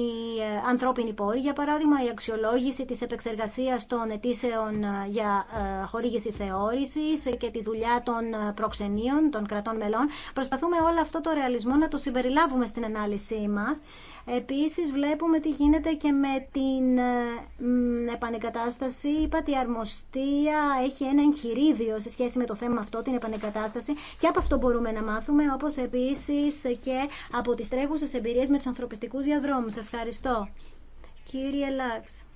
ανθρώπινη πόροι για παράδειγμα η αξιολόγηση της επεξεργασίας των αιτήσεων για χορήγηση θεώρησης και τη δουλειά των προξενείων των κρατών μελών προσπαθούμε όλο αυτό το ρεαλισμό να το συμπεριλάβουμε στην ανάλυση μας Επίσης βλέπουμε τι γίνεται και με την ε, επανεκατάσταση. η αρμοστία έχει ένα εγχειρίδιο σε σχέση με το θέμα αυτό, την επανεκατάσταση και από αυτό μπορούμε να μάθουμε, όπως επίσης και από τις τρέχουσες εμπειρίες με τους ανθρωπιστικούς διαδρόμους. Ευχαριστώ. Κύριε Λάξ.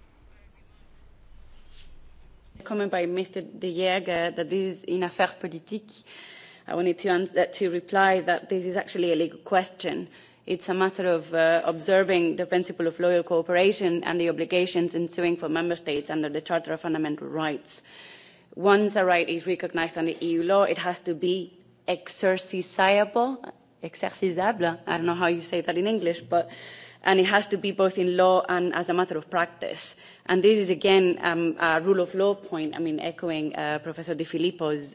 I wanted to, to reply that this is actually a legal question. It's a matter of observing the principle of loyal cooperation and the obligations ensuing for member states under the Charter of Fundamental Rights. Once a right is recognized under EU law, it has to be exercisable, exercisable. I don't know how you say that in English, but and it has to be both in law and as a matter of practice. And this is again a rule of law point. I mean, echoing Professor De Filippo's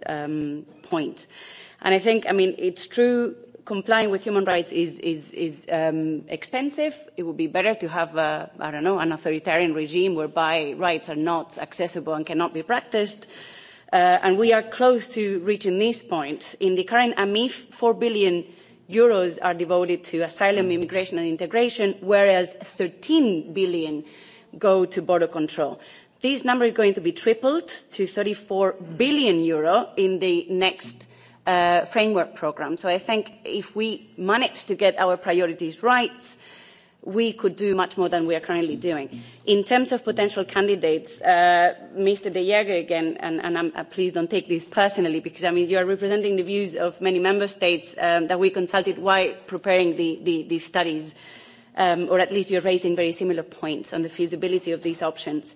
point. And I think, I mean, it's true complying with human rights is is is um expensive it would be better to have i don't know an authoritarian regime whereby rights are not accessible and cannot be practiced and we are close to reaching this point in the current amif 4 billion euros are devoted to asylum immigration and integration whereas 13 billion go to border control this number is going to be tripled to 34 billion euro in the next framework programme. So I think if we manage to get our priorities right, we could do much more than we are currently doing. In terms of potential candidates, Mr. De Jager again, and and I'm please don't take this personally because I mean you are representing the views of many member states that we consulted while preparing the the these studies, or at least you're raising very similar points on the feasibility of these options.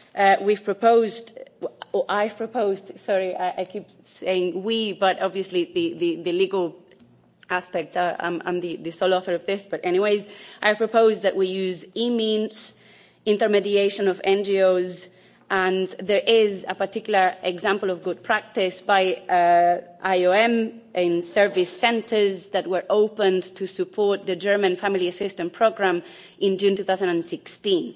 We've proposed, I've proposed, sorry, I keep saying we, but obviously the legal aspects are, I'm the sole author of this, but anyways, I propose that we use e-means, intermediation of NGOs, and there is a particular example of good practice by IOM in service centres that were opened to support the German family assistance programme in June 2016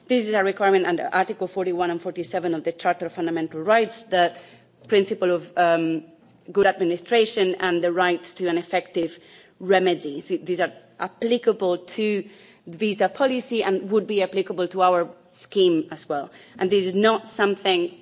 This is a requirement under Article 41 and 47 of the Charter of Fundamental Rights, the principle of good administration and the right to an effective remedy. These are applicable to visa policy and would be applicable to our scheme as well. And this is not something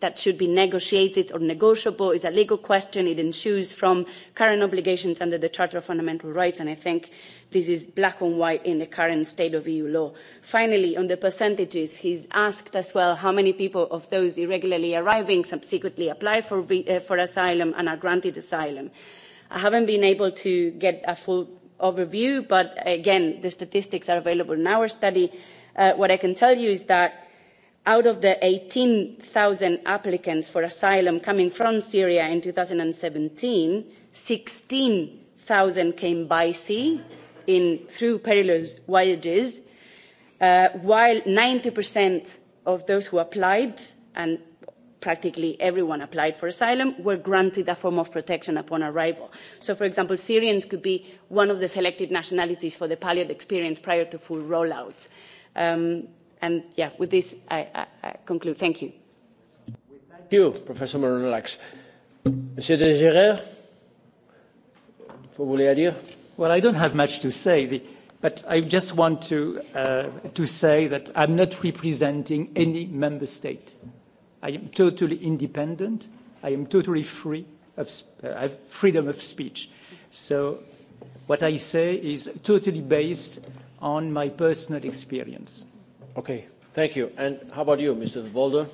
that should be negotiated or negotiable. It's a legal question. It ensues from current obligations under the Charter of Fundamental Rights, and I think this is black and white in the current state of EU law. Finally, on the percentages, he's asked as well how many people of those irregularly arriving subsequently apply for asylum and are granted asylum. I haven't been able to get a full overview, but again, the statistics are available in our study what i can tell you is that out of the 18,000 applicants for asylum coming from syria in 2017 16,000 came by sea in through perilous voyages while 90% of those who applied and practically everyone applied for asylum were granted a form of protection upon arrival. So, for example, Syrians could be one of the selected nationalities for the palliative experience prior to full rollouts. And yeah, with this I conclude. Thank you. Thank you, Professor Moronelax. Monsieur de vous voulez dire? Well, I don't have much to say, but I just want to to say that I'm not representing any member state. I am totally independent. I am totally free of I have freedom of speech. So what I say is totally based on my personal experience. Okay, thank you. And how about you, Mr. Bolder?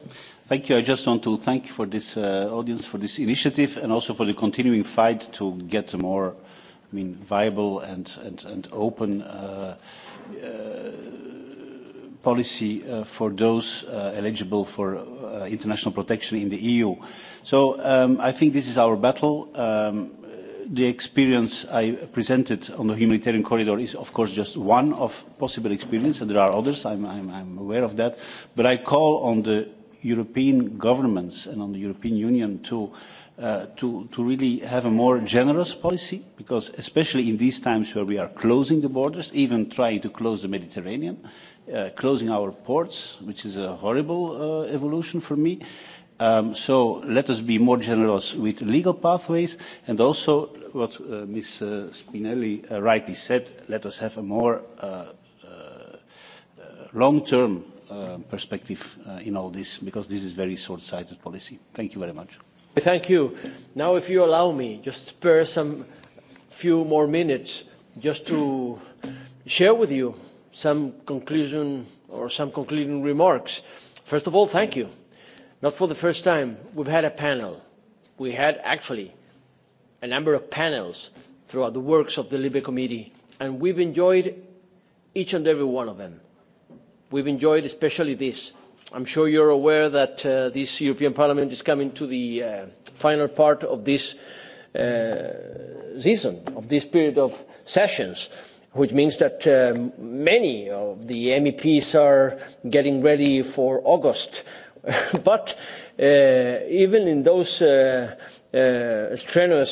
Thank you. I just want to thank for this audience for this initiative and also for the continuing fight to get a more, I mean, viable and and and open policy for those eligible for international protection in the EU. So I think this is our battle the experience I presented on the humanitarian corridor is, of course, just one of possible experiences, and there are others. I'm, I'm, I'm aware of that. But I call on the European governments and on the European Union to to really have a more generous policy, because especially in these times where we are closing the borders, even trying to close the Mediterranean, closing our ports, which is a horrible evolution for me So let us be more generous with legal pathways and also what Ms. Spinelli rightly said, let us have a more long-term perspective in all this because this is very short-sighted policy. Thank you very much. Thank you. Now if you allow me, just spare some few more minutes just to share with you some conclusion or some concluding remarks. First of all, thank you Not for the first time, we've had a panel. We had actually a number of panels throughout the works of the Libe Committee, and we've enjoyed each and every one of them. We've enjoyed especially this. I'm sure you're aware that this European Parliament is coming to the final part of this season, of this period of sessions, which means that many of the MEPs are getting ready for August But even in those strenuous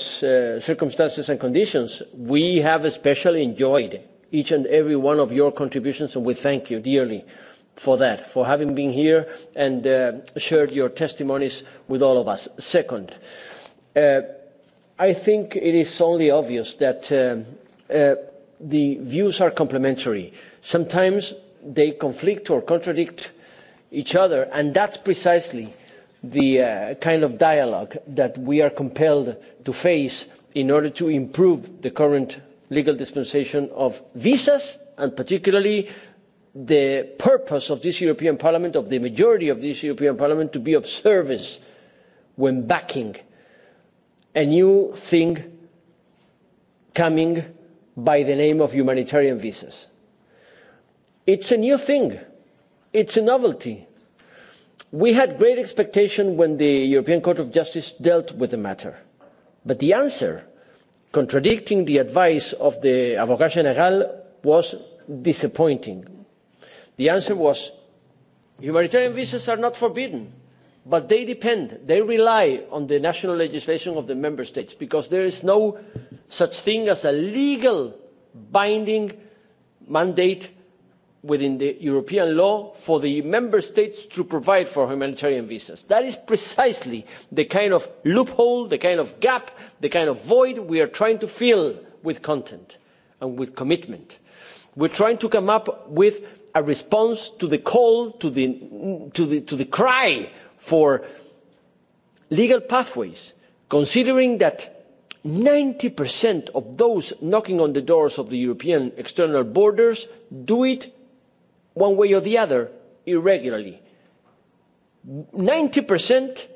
circumstances and conditions, we have especially enjoyed each and every one of your contributions, and we thank you dearly for that, for having been here and shared your testimonies with all of us. Second, I think it is only obvious that the views are complementary. Sometimes they conflict or contradict each other and that's precisely the kind of dialogue that we are compelled to face in order to improve the current legal dispensation of visas and particularly the purpose of this European Parliament, of the majority of this European Parliament, to be of service when backing a new thing coming by the name of humanitarian visas. It's a new thing it's a novelty. We had great expectation when the European Court of Justice dealt with the matter. But the answer, contradicting the advice of the Avocat General, was disappointing. The answer was, humanitarian visas are not forbidden, but they depend, they rely on the national legislation of the member states, because there is no such thing as a legal binding mandate within the European law for the member states to provide for humanitarian visas. That is precisely the kind of loophole, the kind of gap, the kind of void we are trying to fill with content and with commitment. We are trying to come up with a response to the call, to the cry for legal pathways, considering that 90% of those knocking on the doors of the European external borders do it one way or the other irregularly 90%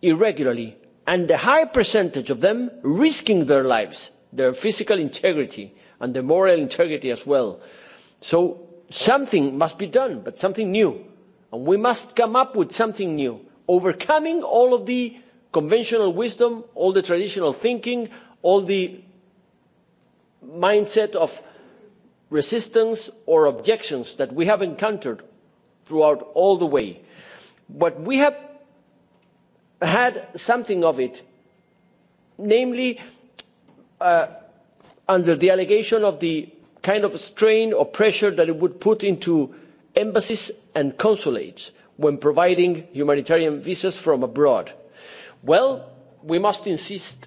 irregularly and a high percentage of them risking their lives their physical integrity and their moral integrity as well so something must be done but something new and we must come up with something new overcoming all of the conventional wisdom all the traditional thinking all the mindset of resistance or objections that we have encountered throughout all the way. But we have had something of it, namely under the allegation of the kind of strain or pressure that it would put into embassies and consulates when providing humanitarian visas from abroad. Well, we must insist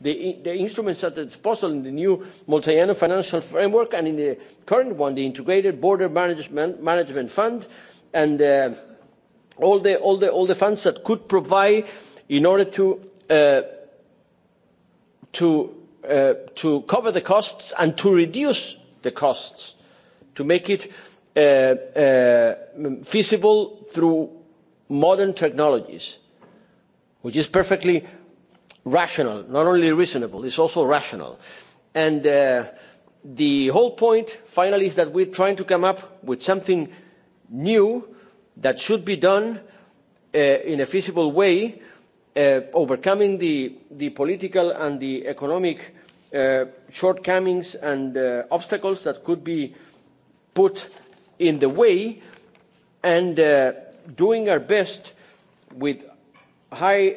the instruments at disposal in the new multiannual financial framework and in the current one, the integrated border management fund and all the all the all the funds that could provide in order to to to cover the costs and to reduce the costs to make it feasible through modern technologies which is perfectly rational, not only reasonable, it's also rational. And the whole point, finally, is that we're trying to come up with something new that should be done in a feasible way, overcoming the political and the economic shortcomings and obstacles that could be put in the way, and doing our best with high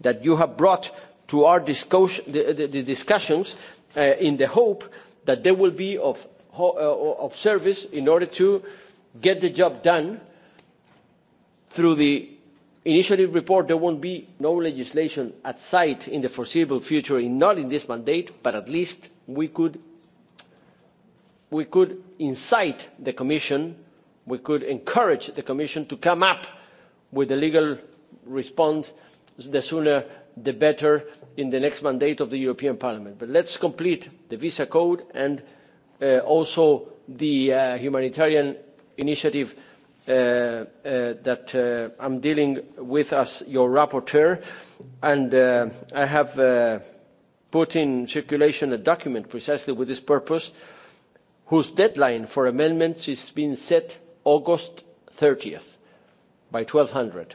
that you have brought to our discussions in the hope that they will be of service in order to get the job done. Through the initiative report, there won't be no legislation at sight in the foreseeable future, not in this mandate, but at least we could we could incite the Commission, we could encourage the Commission to come up with a legal response the sooner the better in the next mandate of the European Parliament. But let's complete the visa code and also the humanitarian initiative that I'm dealing with as your rapporteur. And I have put in circulation a document precisely with this purpose, whose deadline for amendments is being set August 30th by 1200.